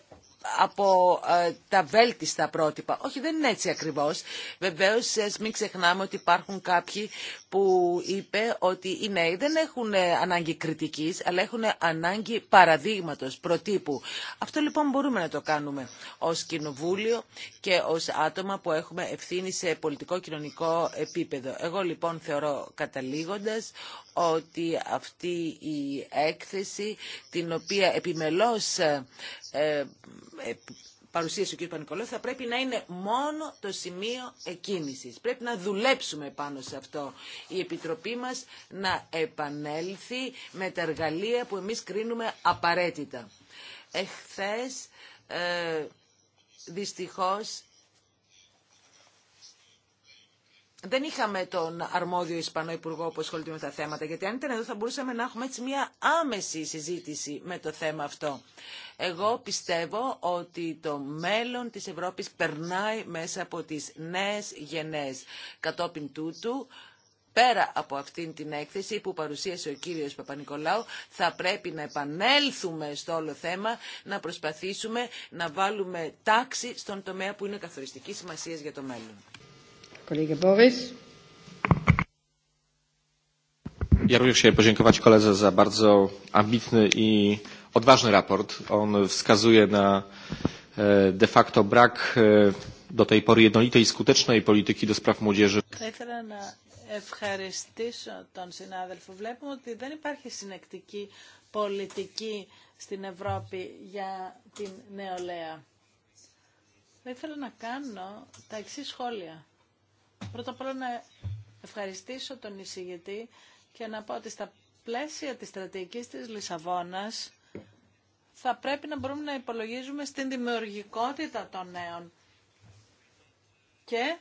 από ε, τα βέλτιστα πρότυπα. Όχι, δεν είναι έτσι ακριβώς. Βεβαίως, μην ξεχνάμε ότι υπάρχουν κάποιοι που είπε ότι οι νέοι δεν έχουν ε, ανάγκη κριτικής, αλλά έχουν ανάγκη παραδείγματος, προτύπου. Αυτό λοιπόν μπορούμε να το κάνουμε ως κοινοβούλιο και ως άτομα που έχουμε ευθύνη σε πολιτικό-κοινωνικό επίπεδο. Εγώ λοιπόν θεωρώ καταλήγοντας ότι αυτή η έκθεση, την οποία επιμελώς ε, ε, Παρουσίαση ο κ. θα πρέπει να είναι μόνο το σημείο εκκίνησης. Πρέπει να δουλέψουμε πάνω σε αυτό. Η Επιτροπή μας να επανέλθει με τα εργαλεία που εμείς κρίνουμε απαραίτητα. Εχθές, ε, δυστυχώς, δεν είχαμε τον αρμόδιο Ισπανό Υπουργό που ασχολείται με τα θέματα, γιατί αν ήταν εδώ θα μπορούσαμε να έχουμε έτσι μια άμεση συζήτηση με το θέμα αυτό. Εγώ πιστεύω ότι το μέλλον της Ευρώπης περνάει μέσα από τις νέες γενές. Κατόπιν τούτου, πέρα από αυτήν την έκθεση που παρουσίασε ο κύριος θα πρέπει να επανέλθουμε στο όλο θέμα, να προσπαθήσουμε να βάλουμε τάξη στον τομέα που είναι καθοριστική σημασία για το μέλλον. Kolega Boris. Ja również chciałem podziękować koledze za bardzo ambitny i odważny raport. On wskazuje na de facto brak do tej pory jednolitej i skutecznej polityki do spraw młodzieży. ευχαριστήσω τον συνάδελφο. Βλέπουμε ότι δεν υπάρχει συνεκτική πολιτική στην Ευρώπη για την νεολαία. Θα ήθελα να κάνω τα εξή σχόλια. Πρώτα απ' όλα να ευχαριστήσω τον εισηγητή και να πω ότι στα πλαίσια της στρατηγικής της Λισαβόνας θα πρέπει να μπορούμε να υπολογίζουμε στην δημιουργικότητα των νέων. Και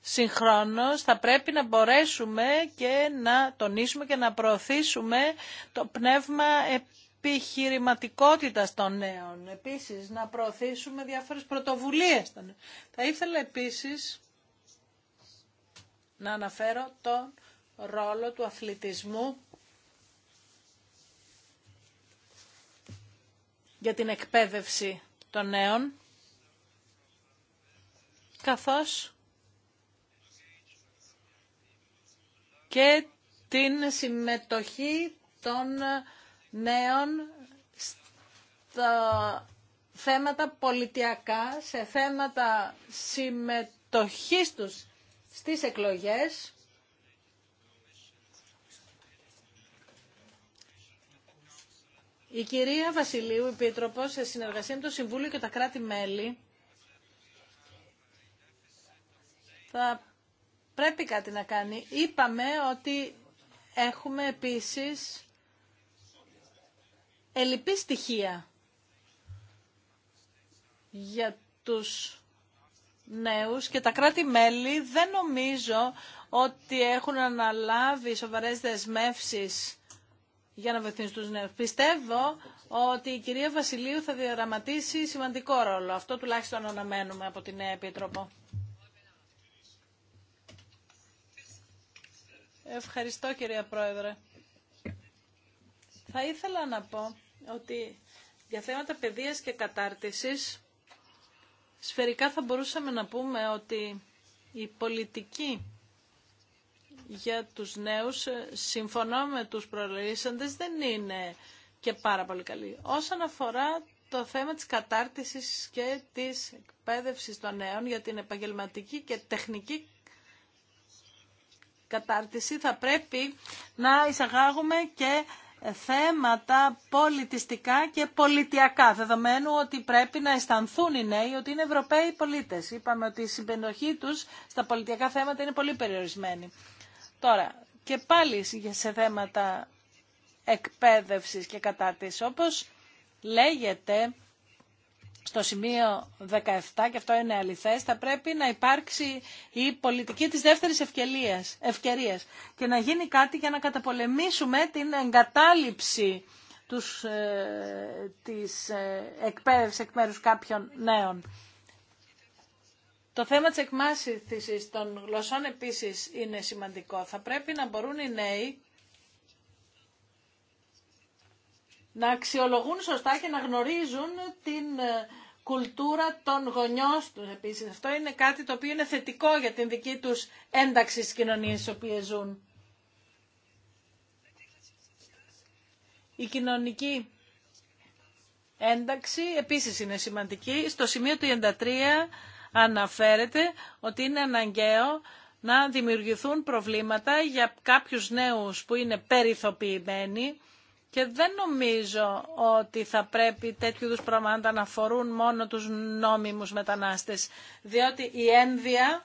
συγχρόνως θα πρέπει να μπορέσουμε και να τονίσουμε και να προωθήσουμε το πνεύμα επιχειρηματικότητας των νέων. Επίσης, να προωθήσουμε διάφορες πρωτοβουλίες. Θα ήθελα επίσης να αναφέρω τον ρόλο του αθλητισμού για την εκπαίδευση των νέων, καθώς και την συμμετοχή των νέων στα θέματα πολιτιακά, σε θέματα συμμετοχής τους στις εκλογές. Η κυρία Βασιλείου, Επίτροπος, σε συνεργασία με το Συμβούλιο και τα κράτη-μέλη, θα πρέπει κάτι να κάνει. Είπαμε ότι έχουμε επίσης ελλειπή στοιχεία για τους νέους και τα κράτη-μέλη δεν νομίζω ότι έχουν αναλάβει σοβαρές δεσμεύσεις για να βοηθήσουν τους νέους. Πιστεύω ότι η κυρία Βασιλείου θα διαραματίσει σημαντικό ρόλο. Αυτό τουλάχιστον αναμένουμε από την νέα Επίτροπο. Ευχαριστώ κυρία Πρόεδρε. Θα ήθελα να πω ότι για θέματα παιδείας και κατάρτισης σφαιρικά θα μπορούσαμε να πούμε ότι η πολιτική για τους νέους, ε, συμφωνώ με τους προελίσσαντες, δεν είναι και πάρα πολύ καλή. Όσον αφορά το θέμα της κατάρτισης και της εκπαίδευσης των νέων για την επαγγελματική και τεχνική κατάρτιση θα πρέπει να εισαγάγουμε και θέματα πολιτιστικά και πολιτιακά, δεδομένου ότι πρέπει να αισθανθούν οι νέοι ότι είναι Ευρωπαίοι πολίτες. Είπαμε ότι η συμπενοχή τους στα πολιτιακά θέματα είναι πολύ περιορισμένη. Τώρα, και πάλι σε θέματα εκπαίδευσης και κατάρτισης, όπως λέγεται στο σημείο 17, και αυτό είναι αληθές, θα πρέπει να υπάρξει η πολιτική της δεύτερης ευκαιρίας, και να γίνει κάτι για να καταπολεμήσουμε την εγκατάλειψη τους, ε, της ε, εκπαίδευσης εκ μέρους κάποιων νέων. Το θέμα της εκμάθησης των γλωσσών επίσης είναι σημαντικό. Θα πρέπει να μπορούν οι νέοι να αξιολογούν σωστά και να γνωρίζουν την ε, κουλτούρα των γονιών τους επίσης. Αυτό είναι κάτι το οποίο είναι θετικό για την δική τους ένταξη στις κοινωνίες στις οποίες ζουν. Η κοινωνική ένταξη επίσης είναι σημαντική. Στο σημείο του 93 αναφέρεται ότι είναι αναγκαίο να δημιουργηθούν προβλήματα για κάποιους νέους που είναι περιθωποιημένοι και δεν νομίζω ότι θα πρέπει τέτοιου είδους προγράμματα να αφορούν μόνο τους νόμιμους μετανάστες, διότι η ένδυα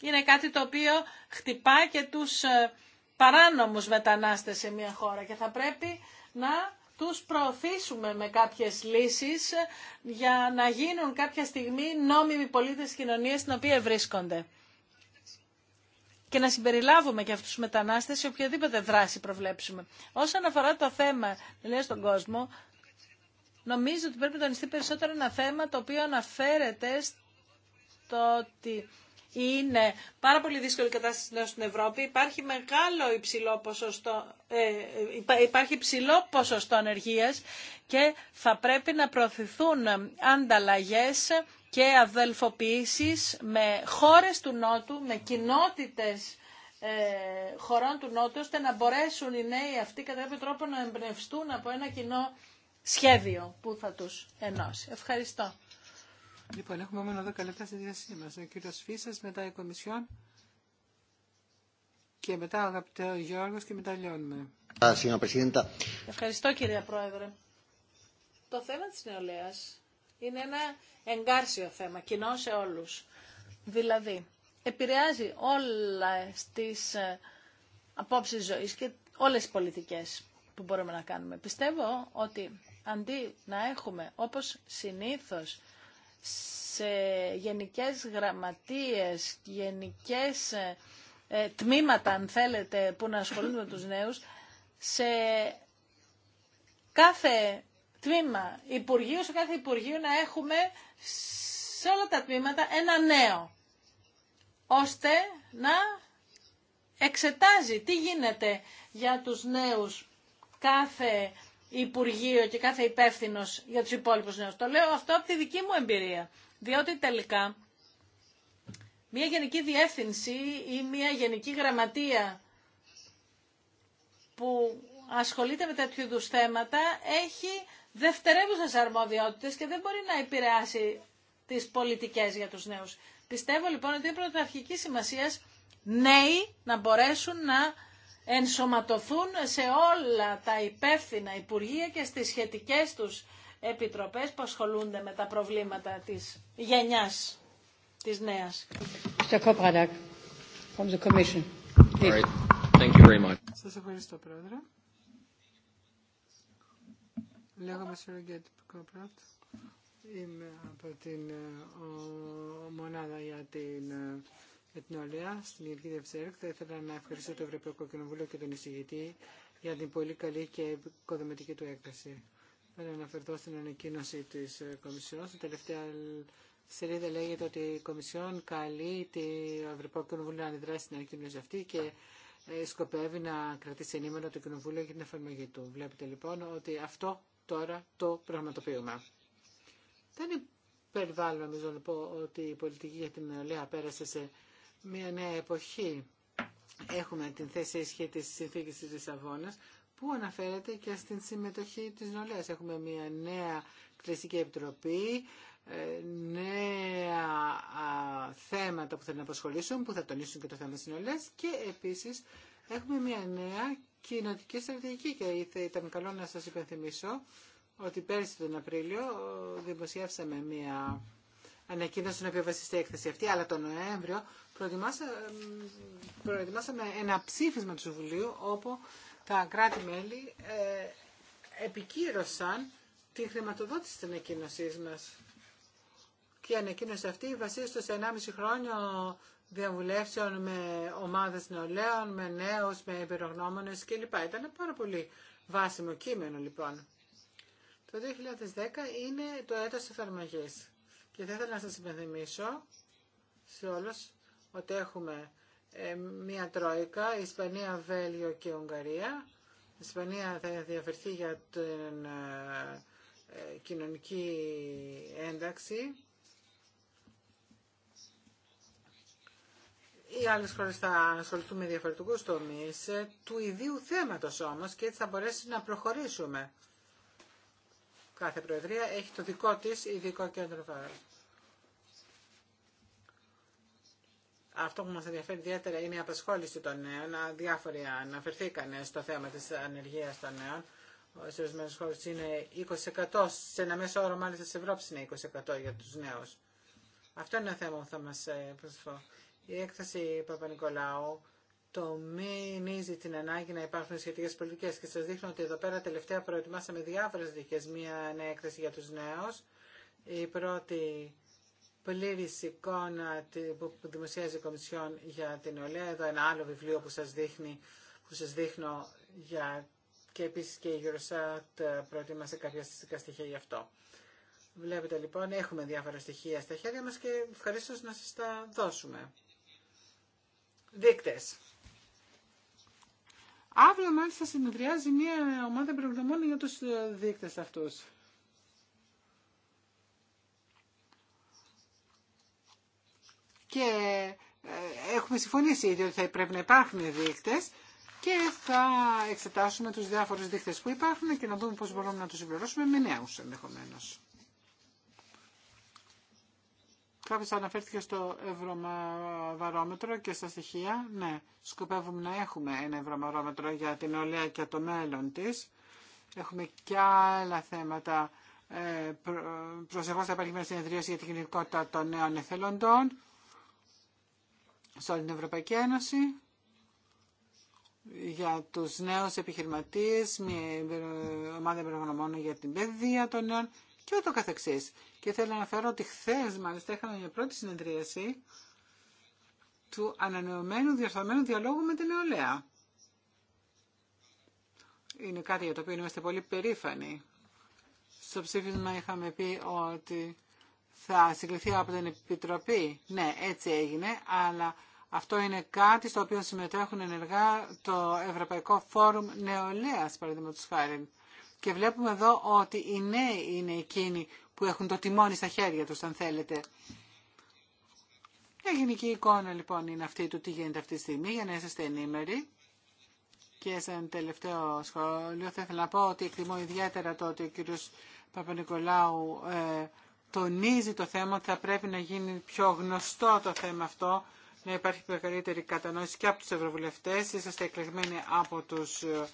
είναι κάτι το οποίο χτυπά και τους ε, παράνομους μετανάστες σε μια χώρα και θα πρέπει να τους προωθήσουμε με κάποιες λύσεις ε, για να γίνουν κάποια στιγμή νόμιμοι πολίτες κοινωνίας στην οποία βρίσκονται και να συμπεριλάβουμε και αυτούς τους μετανάστες σε οποιαδήποτε δράση προβλέψουμε. Όσον αφορά το θέμα, λέει στον κόσμο, νομίζω ότι πρέπει να τονιστεί περισσότερο ένα θέμα το οποίο αναφέρεται στο ότι είναι πάρα πολύ δύσκολη η κατάσταση στην Ευρώπη. Υπάρχει μεγάλο υψηλό ποσοστό, ε, υπάρχει υψηλό ποσοστό ανεργίας και θα πρέπει να προωθηθούν ανταλλαγές και αδελφοποιήσεις με χώρες του Νότου, με κοινότητες ε, χωρών του Νότου, ώστε να μπορέσουν οι νέοι αυτοί κατά κάποιο τρόπο να εμπνευστούν από ένα κοινό σχέδιο που θα τους ενώσει. Ευχαριστώ. Λοιπόν, έχουμε μόνο 10 λεπτά στη διασύνη μας. Ο κύριος Φίσας, μετά η Κομισιόν και μετά ο αγαπητέο Γιώργος και μετά λιώνουμε. Ευχαριστώ κύριε Πρόεδρε. Το θέμα της νεολαίας είναι ένα εγκάρσιο θέμα, κοινό σε όλους. Δηλαδή, επηρεάζει όλα τις ε, απόψεις ζωής και όλες τις πολιτικές που μπορούμε να κάνουμε. Πιστεύω ότι αντί να έχουμε, όπως συνήθως, σε γενικές γραμματείες, γενικές ε, ε, τμήματα, αν θέλετε, που να ασχολούνται με τους νέους, σε κάθε τμήμα Υπουργείου, σε κάθε Υπουργείο να έχουμε σε όλα τα τμήματα ένα νέο, ώστε να εξετάζει τι γίνεται για τους νέους κάθε Υπουργείο και κάθε υπεύθυνο για τους υπόλοιπους νέους. Το λέω αυτό από τη δική μου εμπειρία, διότι τελικά μια γενική διεύθυνση ή μια γενική γραμματεία που ασχολείται με τέτοιου είδους θέματα έχει δευτερεύουσες αρμοδιότητες και δεν μπορεί να επηρεάσει τις πολιτικές για τους νέους. Πιστεύω λοιπόν ότι είναι πρωταρχική σημασία νέοι να μπορέσουν να ενσωματωθούν σε όλα τα υπεύθυνα υπουργεία και στις σχετικές τους επιτροπές που ασχολούνται με τα προβλήματα της γενιάς, της νέας. Σας ευχαριστώ, Πρόεδρε. Λέγομαι Σερογκέτ Κόπρατ. Είμαι από την ε, μονάδα για την ε, Εθνόλια στην Γενική Δευτέρα. Θα ήθελα να ευχαριστήσω το Ευρωπαϊκό Κοινοβούλιο και τον εισηγητή για την πολύ καλή και οικοδομητική του έκταση. να αναφερθώ στην ανακοίνωση τη ε, Κομισιόν. Στην τελευταία σελίδα λέγεται ότι η Κομισιόν καλεί το Ευρωπαϊκό Κοινοβούλιο να αντιδράσει στην ανακοίνωση αυτή και σκοπεύει να κρατήσει ενήμερο το Κοινοβούλιο για την εφαρμογή του. Βλέπετε λοιπόν ότι αυτό τώρα το πραγματοποιούμε. Δεν υπερβάλλω νομίζω να πω ότι η πολιτική για την νεολαία πέρασε σε μια νέα εποχή. Έχουμε την θέση ισχύ της συνθήκης της Λισαβόνας που αναφέρεται και στην συμμετοχή της νεολαίας. Έχουμε μια νέα κλειστική επιτροπή, ε, νέα θέματα που θα να απασχολήσουν, που θα τονίσουν και το θέμα της νεολαίας και επίσης έχουμε μια νέα κοινοτική στρατηγική και ήταν καλό να σας υπενθυμίσω ότι πέρσι τον Απρίλιο δημοσιεύσαμε μία ανακοίνωση στην οποία βασιστεί η έκθεση αυτή, αλλά τον Νοέμβριο προετοιμάσαμε ένα ψήφισμα του Συμβουλίου όπου τα κράτη-μέλη ε, επικύρωσαν τη χρηματοδότηση της ανακοίνωσή μας. Και η ανακοίνωση αυτή βασίζεται σε 1,5 χρόνο διαβουλεύσεων με ομάδες νεολαίων, με νέους, με εμπειρογνώμονες κλπ. Ήταν πάρα πολύ βάσιμο κείμενο λοιπόν. Το 2010 είναι το έτος εφαρμογής. Και θα ήθελα να σας υπενθυμίσω σε όλους ότι έχουμε ε, μία τρόικα, Ισπανία, Βέλγιο και Ουγγαρία. Η Ισπανία θα διαφερθεί για την ε, ε, κοινωνική ένταξη Οι άλλε χώρε θα ασχοληθούν με διαφορετικού τομεί ε, του ιδίου θέματο όμω και έτσι θα μπορέσει να προχωρήσουμε. Κάθε Προεδρία έχει το δικό τη ειδικό κέντρο βάρου. Αυτό που μας ενδιαφέρει ιδιαίτερα είναι η απασχόληση των νέων. Διάφοροι αναφερθήκαν στο θέμα της ανεργίας των νέων. Σε ορισμένε χώρε είναι 20%, σε ένα μέσο όρο μάλιστα τη Ευρώπη είναι 20% για τους νέους. Αυτό είναι ένα θέμα που θα μας ε, προσφέρει. Η έκθεση Παπα-Νικολάου το μηνίζει την ανάγκη να υπάρχουν σχετικέ πολιτικέ και σα δείχνω ότι εδώ πέρα τελευταία προετοιμάσαμε διάφορε δίκε. Μία νέα έκθεση για του νέου. Η πρώτη πλήρη εικόνα που δημοσιάζει η Κομισιόν για την Ολέα. Εδώ ένα άλλο βιβλίο που σα δείχνει που σας δείχνω και επίσης και η Eurosat προετοίμασε κάποια στατιστικά στοιχεία γι' αυτό. Βλέπετε λοιπόν, έχουμε διάφορα στοιχεία στα χέρια μα και ευχαρίστω να σα τα δώσουμε δείκτες. Αύριο μάλιστα συνεδριάζει μια ομάδα προγραμμών για τους ε, δείκτες αυτούς. Και ε, έχουμε συμφωνήσει ήδη ότι θα πρέπει να υπάρχουν δείκτες και θα εξετάσουμε τους διάφορους δείκτες που υπάρχουν και να δούμε πώς μπορούμε να τους συμπληρώσουμε με νέους ενδεχομένως. Κάποιος αναφέρθηκε στο ευρωβαρόμετρο και στα στοιχεία. Ναι, σκοπεύουμε να έχουμε ένα ευρωβαρόμετρο για την ολέα και το μέλλον της. Έχουμε και άλλα θέματα. Ε, προ, προσεχώς θα για την κοινωνικότητα των νέων εθελοντών σε όλη την Ευρωπαϊκή Ένωση για τους νέους επιχειρηματίες, μια ομάδα εμπειρογνωμόνων για την παιδεία των νέων και ούτω καθεξής. Και θέλω να αναφέρω ότι χθε μάλιστα είχαμε μια πρώτη συνεδρίαση του ανανεωμένου διορθωμένου διαλόγου με την νεολαία. Είναι κάτι για το οποίο είμαστε πολύ περήφανοι. Στο ψήφισμα είχαμε πει ότι θα συγκληθεί από την Επιτροπή. Ναι, έτσι έγινε, αλλά αυτό είναι κάτι στο οποίο συμμετέχουν ενεργά το Ευρωπαϊκό Φόρουμ Νεολαίας, παραδείγματος χάρη. Και βλέπουμε εδώ ότι οι νέοι είναι εκείνοι που έχουν το τιμόνι στα χέρια τους, αν θέλετε. Μια γενική εικόνα λοιπόν είναι αυτή του τι γίνεται αυτή τη στιγμή για να είσαστε ενήμεροι. Και σαν τελευταίο σχόλιο θα ήθελα να πω ότι εκτιμώ ιδιαίτερα το ότι ο κύριος Παπα-Νικολάου ε, τονίζει το θέμα ότι θα πρέπει να γίνει πιο γνωστό το θέμα αυτό, να υπάρχει μεγαλύτερη κατανόηση και από τους ευρωβουλευτές. Είσαστε εκλεγμένοι από τους ε,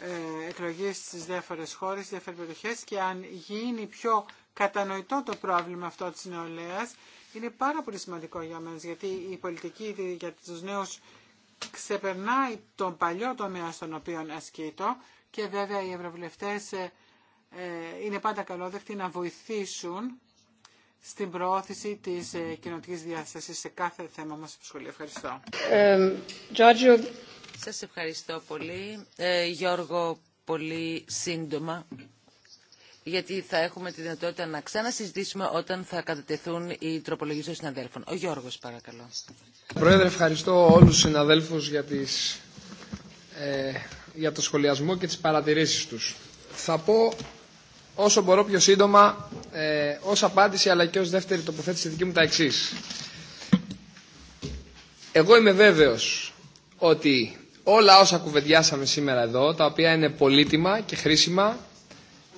ε, εκλογές στις διάφορες χώρες, στις διάφορες περιοχές και αν γίνει πιο κατανοητό το πρόβλημα αυτό της νεολαίας είναι πάρα πολύ σημαντικό για μας γιατί η πολιτική για τους νέους ξεπερνάει τον παλιό τομέα στον οποίο ασκείτο και βέβαια οι ευρωβουλευτές ε, ε, είναι πάντα καλόδεκτοι να βοηθήσουν στην προώθηση της ε, κοινωνικής διάστασης σε κάθε θέμα μας Ευχαριστώ. Σας ευχαριστώ πολύ. Ε, Γιώργο, πολύ σύντομα, γιατί θα έχουμε τη δυνατότητα να ξανασυζητήσουμε όταν θα κατατεθούν οι τροπολογίες των συναδέλφων. Ο Γιώργος, παρακαλώ. Πρόεδρε, ευχαριστώ όλους τους συναδέλφους για, τις, ε, για το σχολιασμό και τις παρατηρήσεις τους. Θα πω όσο μπορώ πιο σύντομα ε, ως απάντηση αλλά και ως δεύτερη τοποθέτηση δική μου τα εξή. Εγώ είμαι βέβαιος ότι όλα όσα κουβεντιάσαμε σήμερα εδώ, τα οποία είναι πολύτιμα και χρήσιμα.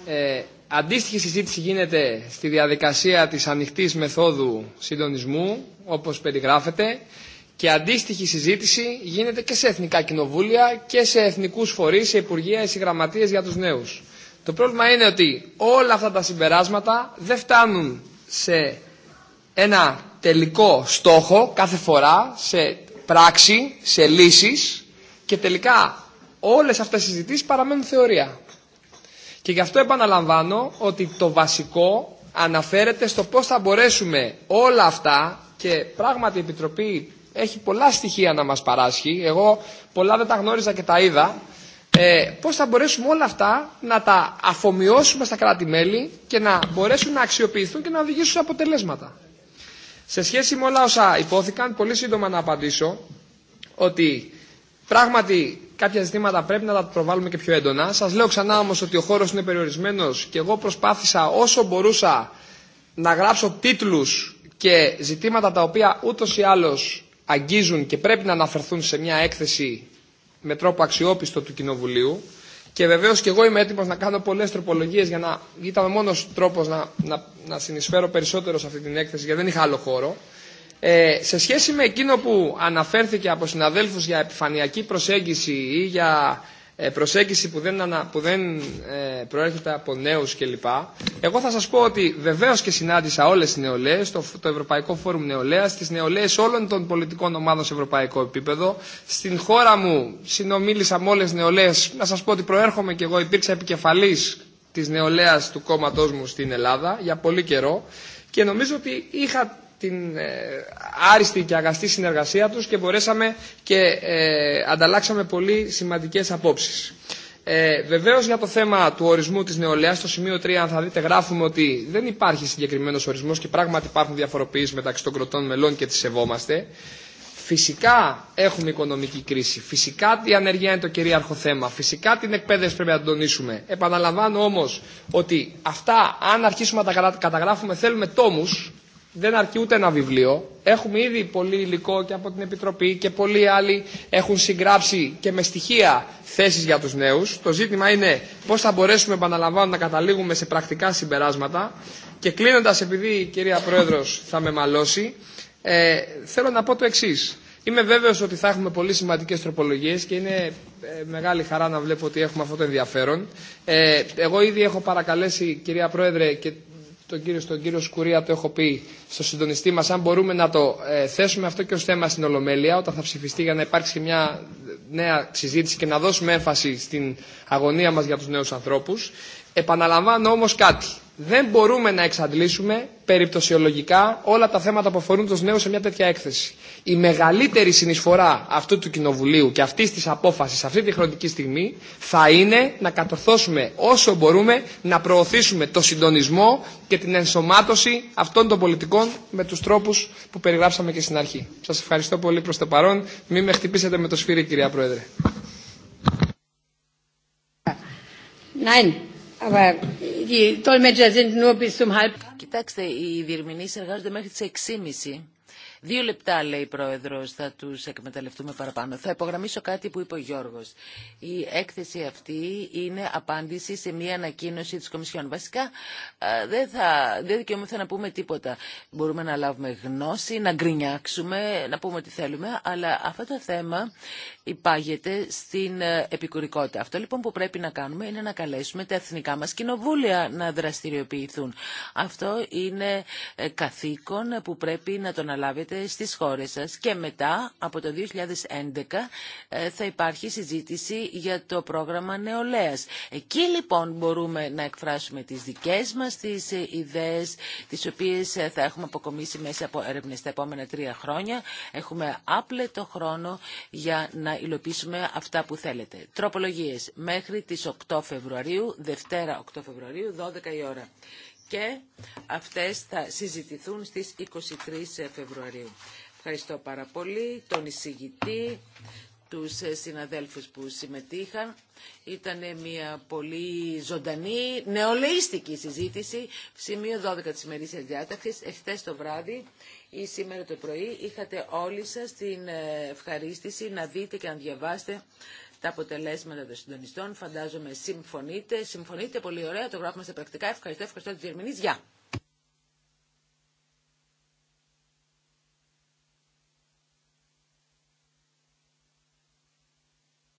Ε, αντίστοιχη συζήτηση γίνεται στη διαδικασία της ανοιχτής μεθόδου συντονισμού, όπως περιγράφεται, και αντίστοιχη συζήτηση γίνεται και σε εθνικά κοινοβούλια και σε εθνικούς φορείς, σε υπουργεία, σε γραμματείες για τους νέους. Το πρόβλημα είναι ότι όλα αυτά τα συμπεράσματα δεν φτάνουν σε ένα τελικό στόχο κάθε φορά, σε πράξη, σε λύσεις, και τελικά όλες αυτές οι συζητήσεις παραμένουν θεωρία. Και γι' αυτό επαναλαμβάνω ότι το βασικό αναφέρεται στο πώς θα μπορέσουμε όλα αυτά και πράγματι η Επιτροπή έχει πολλά στοιχεία να μας παράσχει, εγώ πολλά δεν τα γνώριζα και τα είδα, ε, πώς θα μπορέσουμε όλα αυτά να τα αφομοιώσουμε στα κράτη-μέλη και να μπορέσουν να αξιοποιηθούν και να οδηγήσουν σε αποτελέσματα. Σε σχέση με όλα όσα υπόθηκαν, πολύ σύντομα να απαντήσω ότι Πράγματι, κάποια ζητήματα πρέπει να τα προβάλλουμε και πιο έντονα. Σα λέω ξανά όμω ότι ο χώρο είναι περιορισμένο και εγώ προσπάθησα όσο μπορούσα να γράψω τίτλου και ζητήματα τα οποία ούτω ή άλλω αγγίζουν και πρέπει να αναφερθούν σε μια έκθεση με τρόπο αξιόπιστο του Κοινοβουλίου. Και βεβαίω και εγώ είμαι έτοιμο να κάνω πολλέ τροπολογίε για να ήταν ο μόνο τρόπο να, να, να συνεισφέρω περισσότερο σε αυτή την έκθεση γιατί δεν είχα άλλο χώρο. Ε, σε σχέση με εκείνο που αναφέρθηκε από συναδέλφους για επιφανειακή προσέγγιση ή για ε, προσέγγιση που δεν, ανα, που δεν ε, προέρχεται από νέους κλπ. Εγώ θα σας πω ότι βεβαίως και συνάντησα όλες τις νεολαίες, το, το Ευρωπαϊκό Φόρουμ Νεολαίας, τις νεολαίες όλων των πολιτικών ομάδων σε ευρωπαϊκό επίπεδο. Στην χώρα μου συνομίλησα με όλες τις νεολαίες. Να σας πω ότι προέρχομαι και εγώ, υπήρξα επικεφαλής της νεολαίας του κόμματός μου στην Ελλάδα για πολύ καιρό και νομίζω ότι είχα την ε, άριστη και αγαστή συνεργασία τους και μπορέσαμε και ε, ανταλλάξαμε πολύ σημαντικές απόψεις. Ε, Βεβαίω για το θέμα του ορισμού της νεολαία, στο σημείο 3, αν θα δείτε, γράφουμε ότι δεν υπάρχει συγκεκριμένος ορισμός και πράγματι υπάρχουν διαφοροποιήσει μεταξύ των κροτών μελών και τις σεβόμαστε. Φυσικά έχουμε οικονομική κρίση. Φυσικά η ανεργία είναι το κυρίαρχο θέμα. Φυσικά την εκπαίδευση πρέπει να τονίσουμε. Επαναλαμβάνω όμως ότι αυτά, αν αρχίσουμε να τα καταγράφουμε, θέλουμε τόμου δεν αρκεί ούτε ένα βιβλίο. Έχουμε ήδη πολύ υλικό και από την Επιτροπή και πολλοί άλλοι έχουν συγγράψει και με στοιχεία θέσεις για τους νέους. Το ζήτημα είναι πώς θα μπορέσουμε, επαναλαμβάνω, να καταλήγουμε σε πρακτικά συμπεράσματα. Και κλείνοντας, επειδή η κυρία Πρόεδρος θα με μαλώσει, ε, θέλω να πω το εξή. Είμαι βέβαιος ότι θα έχουμε πολύ σημαντικές τροπολογίες και είναι ε, μεγάλη χαρά να βλέπω ότι έχουμε αυτό το ενδιαφέρον. Ε, εγώ ήδη έχω παρακαλέσει, κυρία Πρόεδρε, και τον κύριο, στον κύριο Σκουρία το έχω πει στο συντονιστή μας, αν μπορούμε να το ε, θέσουμε αυτό και ως θέμα στην Ολομέλεια, όταν θα ψηφιστεί για να υπάρξει μια νέα συζήτηση και να δώσουμε έμφαση στην αγωνία μας για τους νέους ανθρώπους. Επαναλαμβάνω όμως κάτι δεν μπορούμε να εξαντλήσουμε περιπτωσιολογικά όλα τα θέματα που αφορούν τους νέους σε μια τέτοια έκθεση. Η μεγαλύτερη συνεισφορά αυτού του Κοινοβουλίου και αυτής της απόφασης αυτή τη χρονική στιγμή θα είναι να κατορθώσουμε όσο μπορούμε να προωθήσουμε το συντονισμό και την ενσωμάτωση αυτών των πολιτικών με τους τρόπους που περιγράψαμε και στην αρχή. Σας ευχαριστώ πολύ προς το παρόν. Μην με χτυπήσετε με το σφύρι κυρία Πρόεδρε. Κοιτάξτε, οι διερμηνείς εργάζονται μέχρι τις 6.30. Δύο λεπτά, λέει η πρόεδρο, θα του εκμεταλλευτούμε παραπάνω. Θα υπογραμμίσω κάτι που είπε ο Γιώργο. Η έκθεση αυτή είναι απάντηση σε μια ανακοίνωση τη Κομισιόν. Βασικά, δεν, θα, δεν δικαιούμεθα να πούμε τίποτα. Μπορούμε να λάβουμε γνώση, να γκρινιάξουμε, να πούμε ό,τι θέλουμε, αλλά αυτό το θέμα υπάγεται στην ε, επικουρικότητα. Αυτό λοιπόν που πρέπει να κάνουμε είναι να καλέσουμε τα εθνικά μα κοινοβούλια να δραστηριοποιηθούν. Αυτό είναι ε, καθήκον που πρέπει να το αλάβει γίνεται στις χώρες σας. Και μετά, από το 2011, ε, θα υπάρχει συζήτηση για το πρόγραμμα νεολαίας. Εκεί λοιπόν μπορούμε να εκφράσουμε τις δικές μας τις ε, ιδέες, τις οποίες ε, θα έχουμε αποκομίσει μέσα από έρευνες τα επόμενα τρία χρόνια. Έχουμε άπλετο χρόνο για να υλοποιήσουμε αυτά που θέλετε. Τροπολογίες μέχρι τις 8 Φεβρουαρίου, Δευτέρα 8 Φεβρουαρίου, 12 η ώρα και αυτές θα συζητηθούν στις 23 Φεβρουαρίου. Ευχαριστώ πάρα πολύ τον εισηγητή, τους συναδέλφους που συμμετείχαν. Ήταν μια πολύ ζωντανή, νεολαίστικη συζήτηση, σημείο 12 της ημερήσιας διάταξης, εχθές το βράδυ ή σήμερα το πρωί. Είχατε όλοι σας την ευχαρίστηση να δείτε και να διαβάσετε τα αποτελέσματα των συντονιστών. Φαντάζομαι συμφωνείτε. Συμφωνείτε πολύ ωραία. Το γράφουμε στα πρακτικά. Ευχαριστώ. Ευχαριστώ τη Γερμανία, Γεια.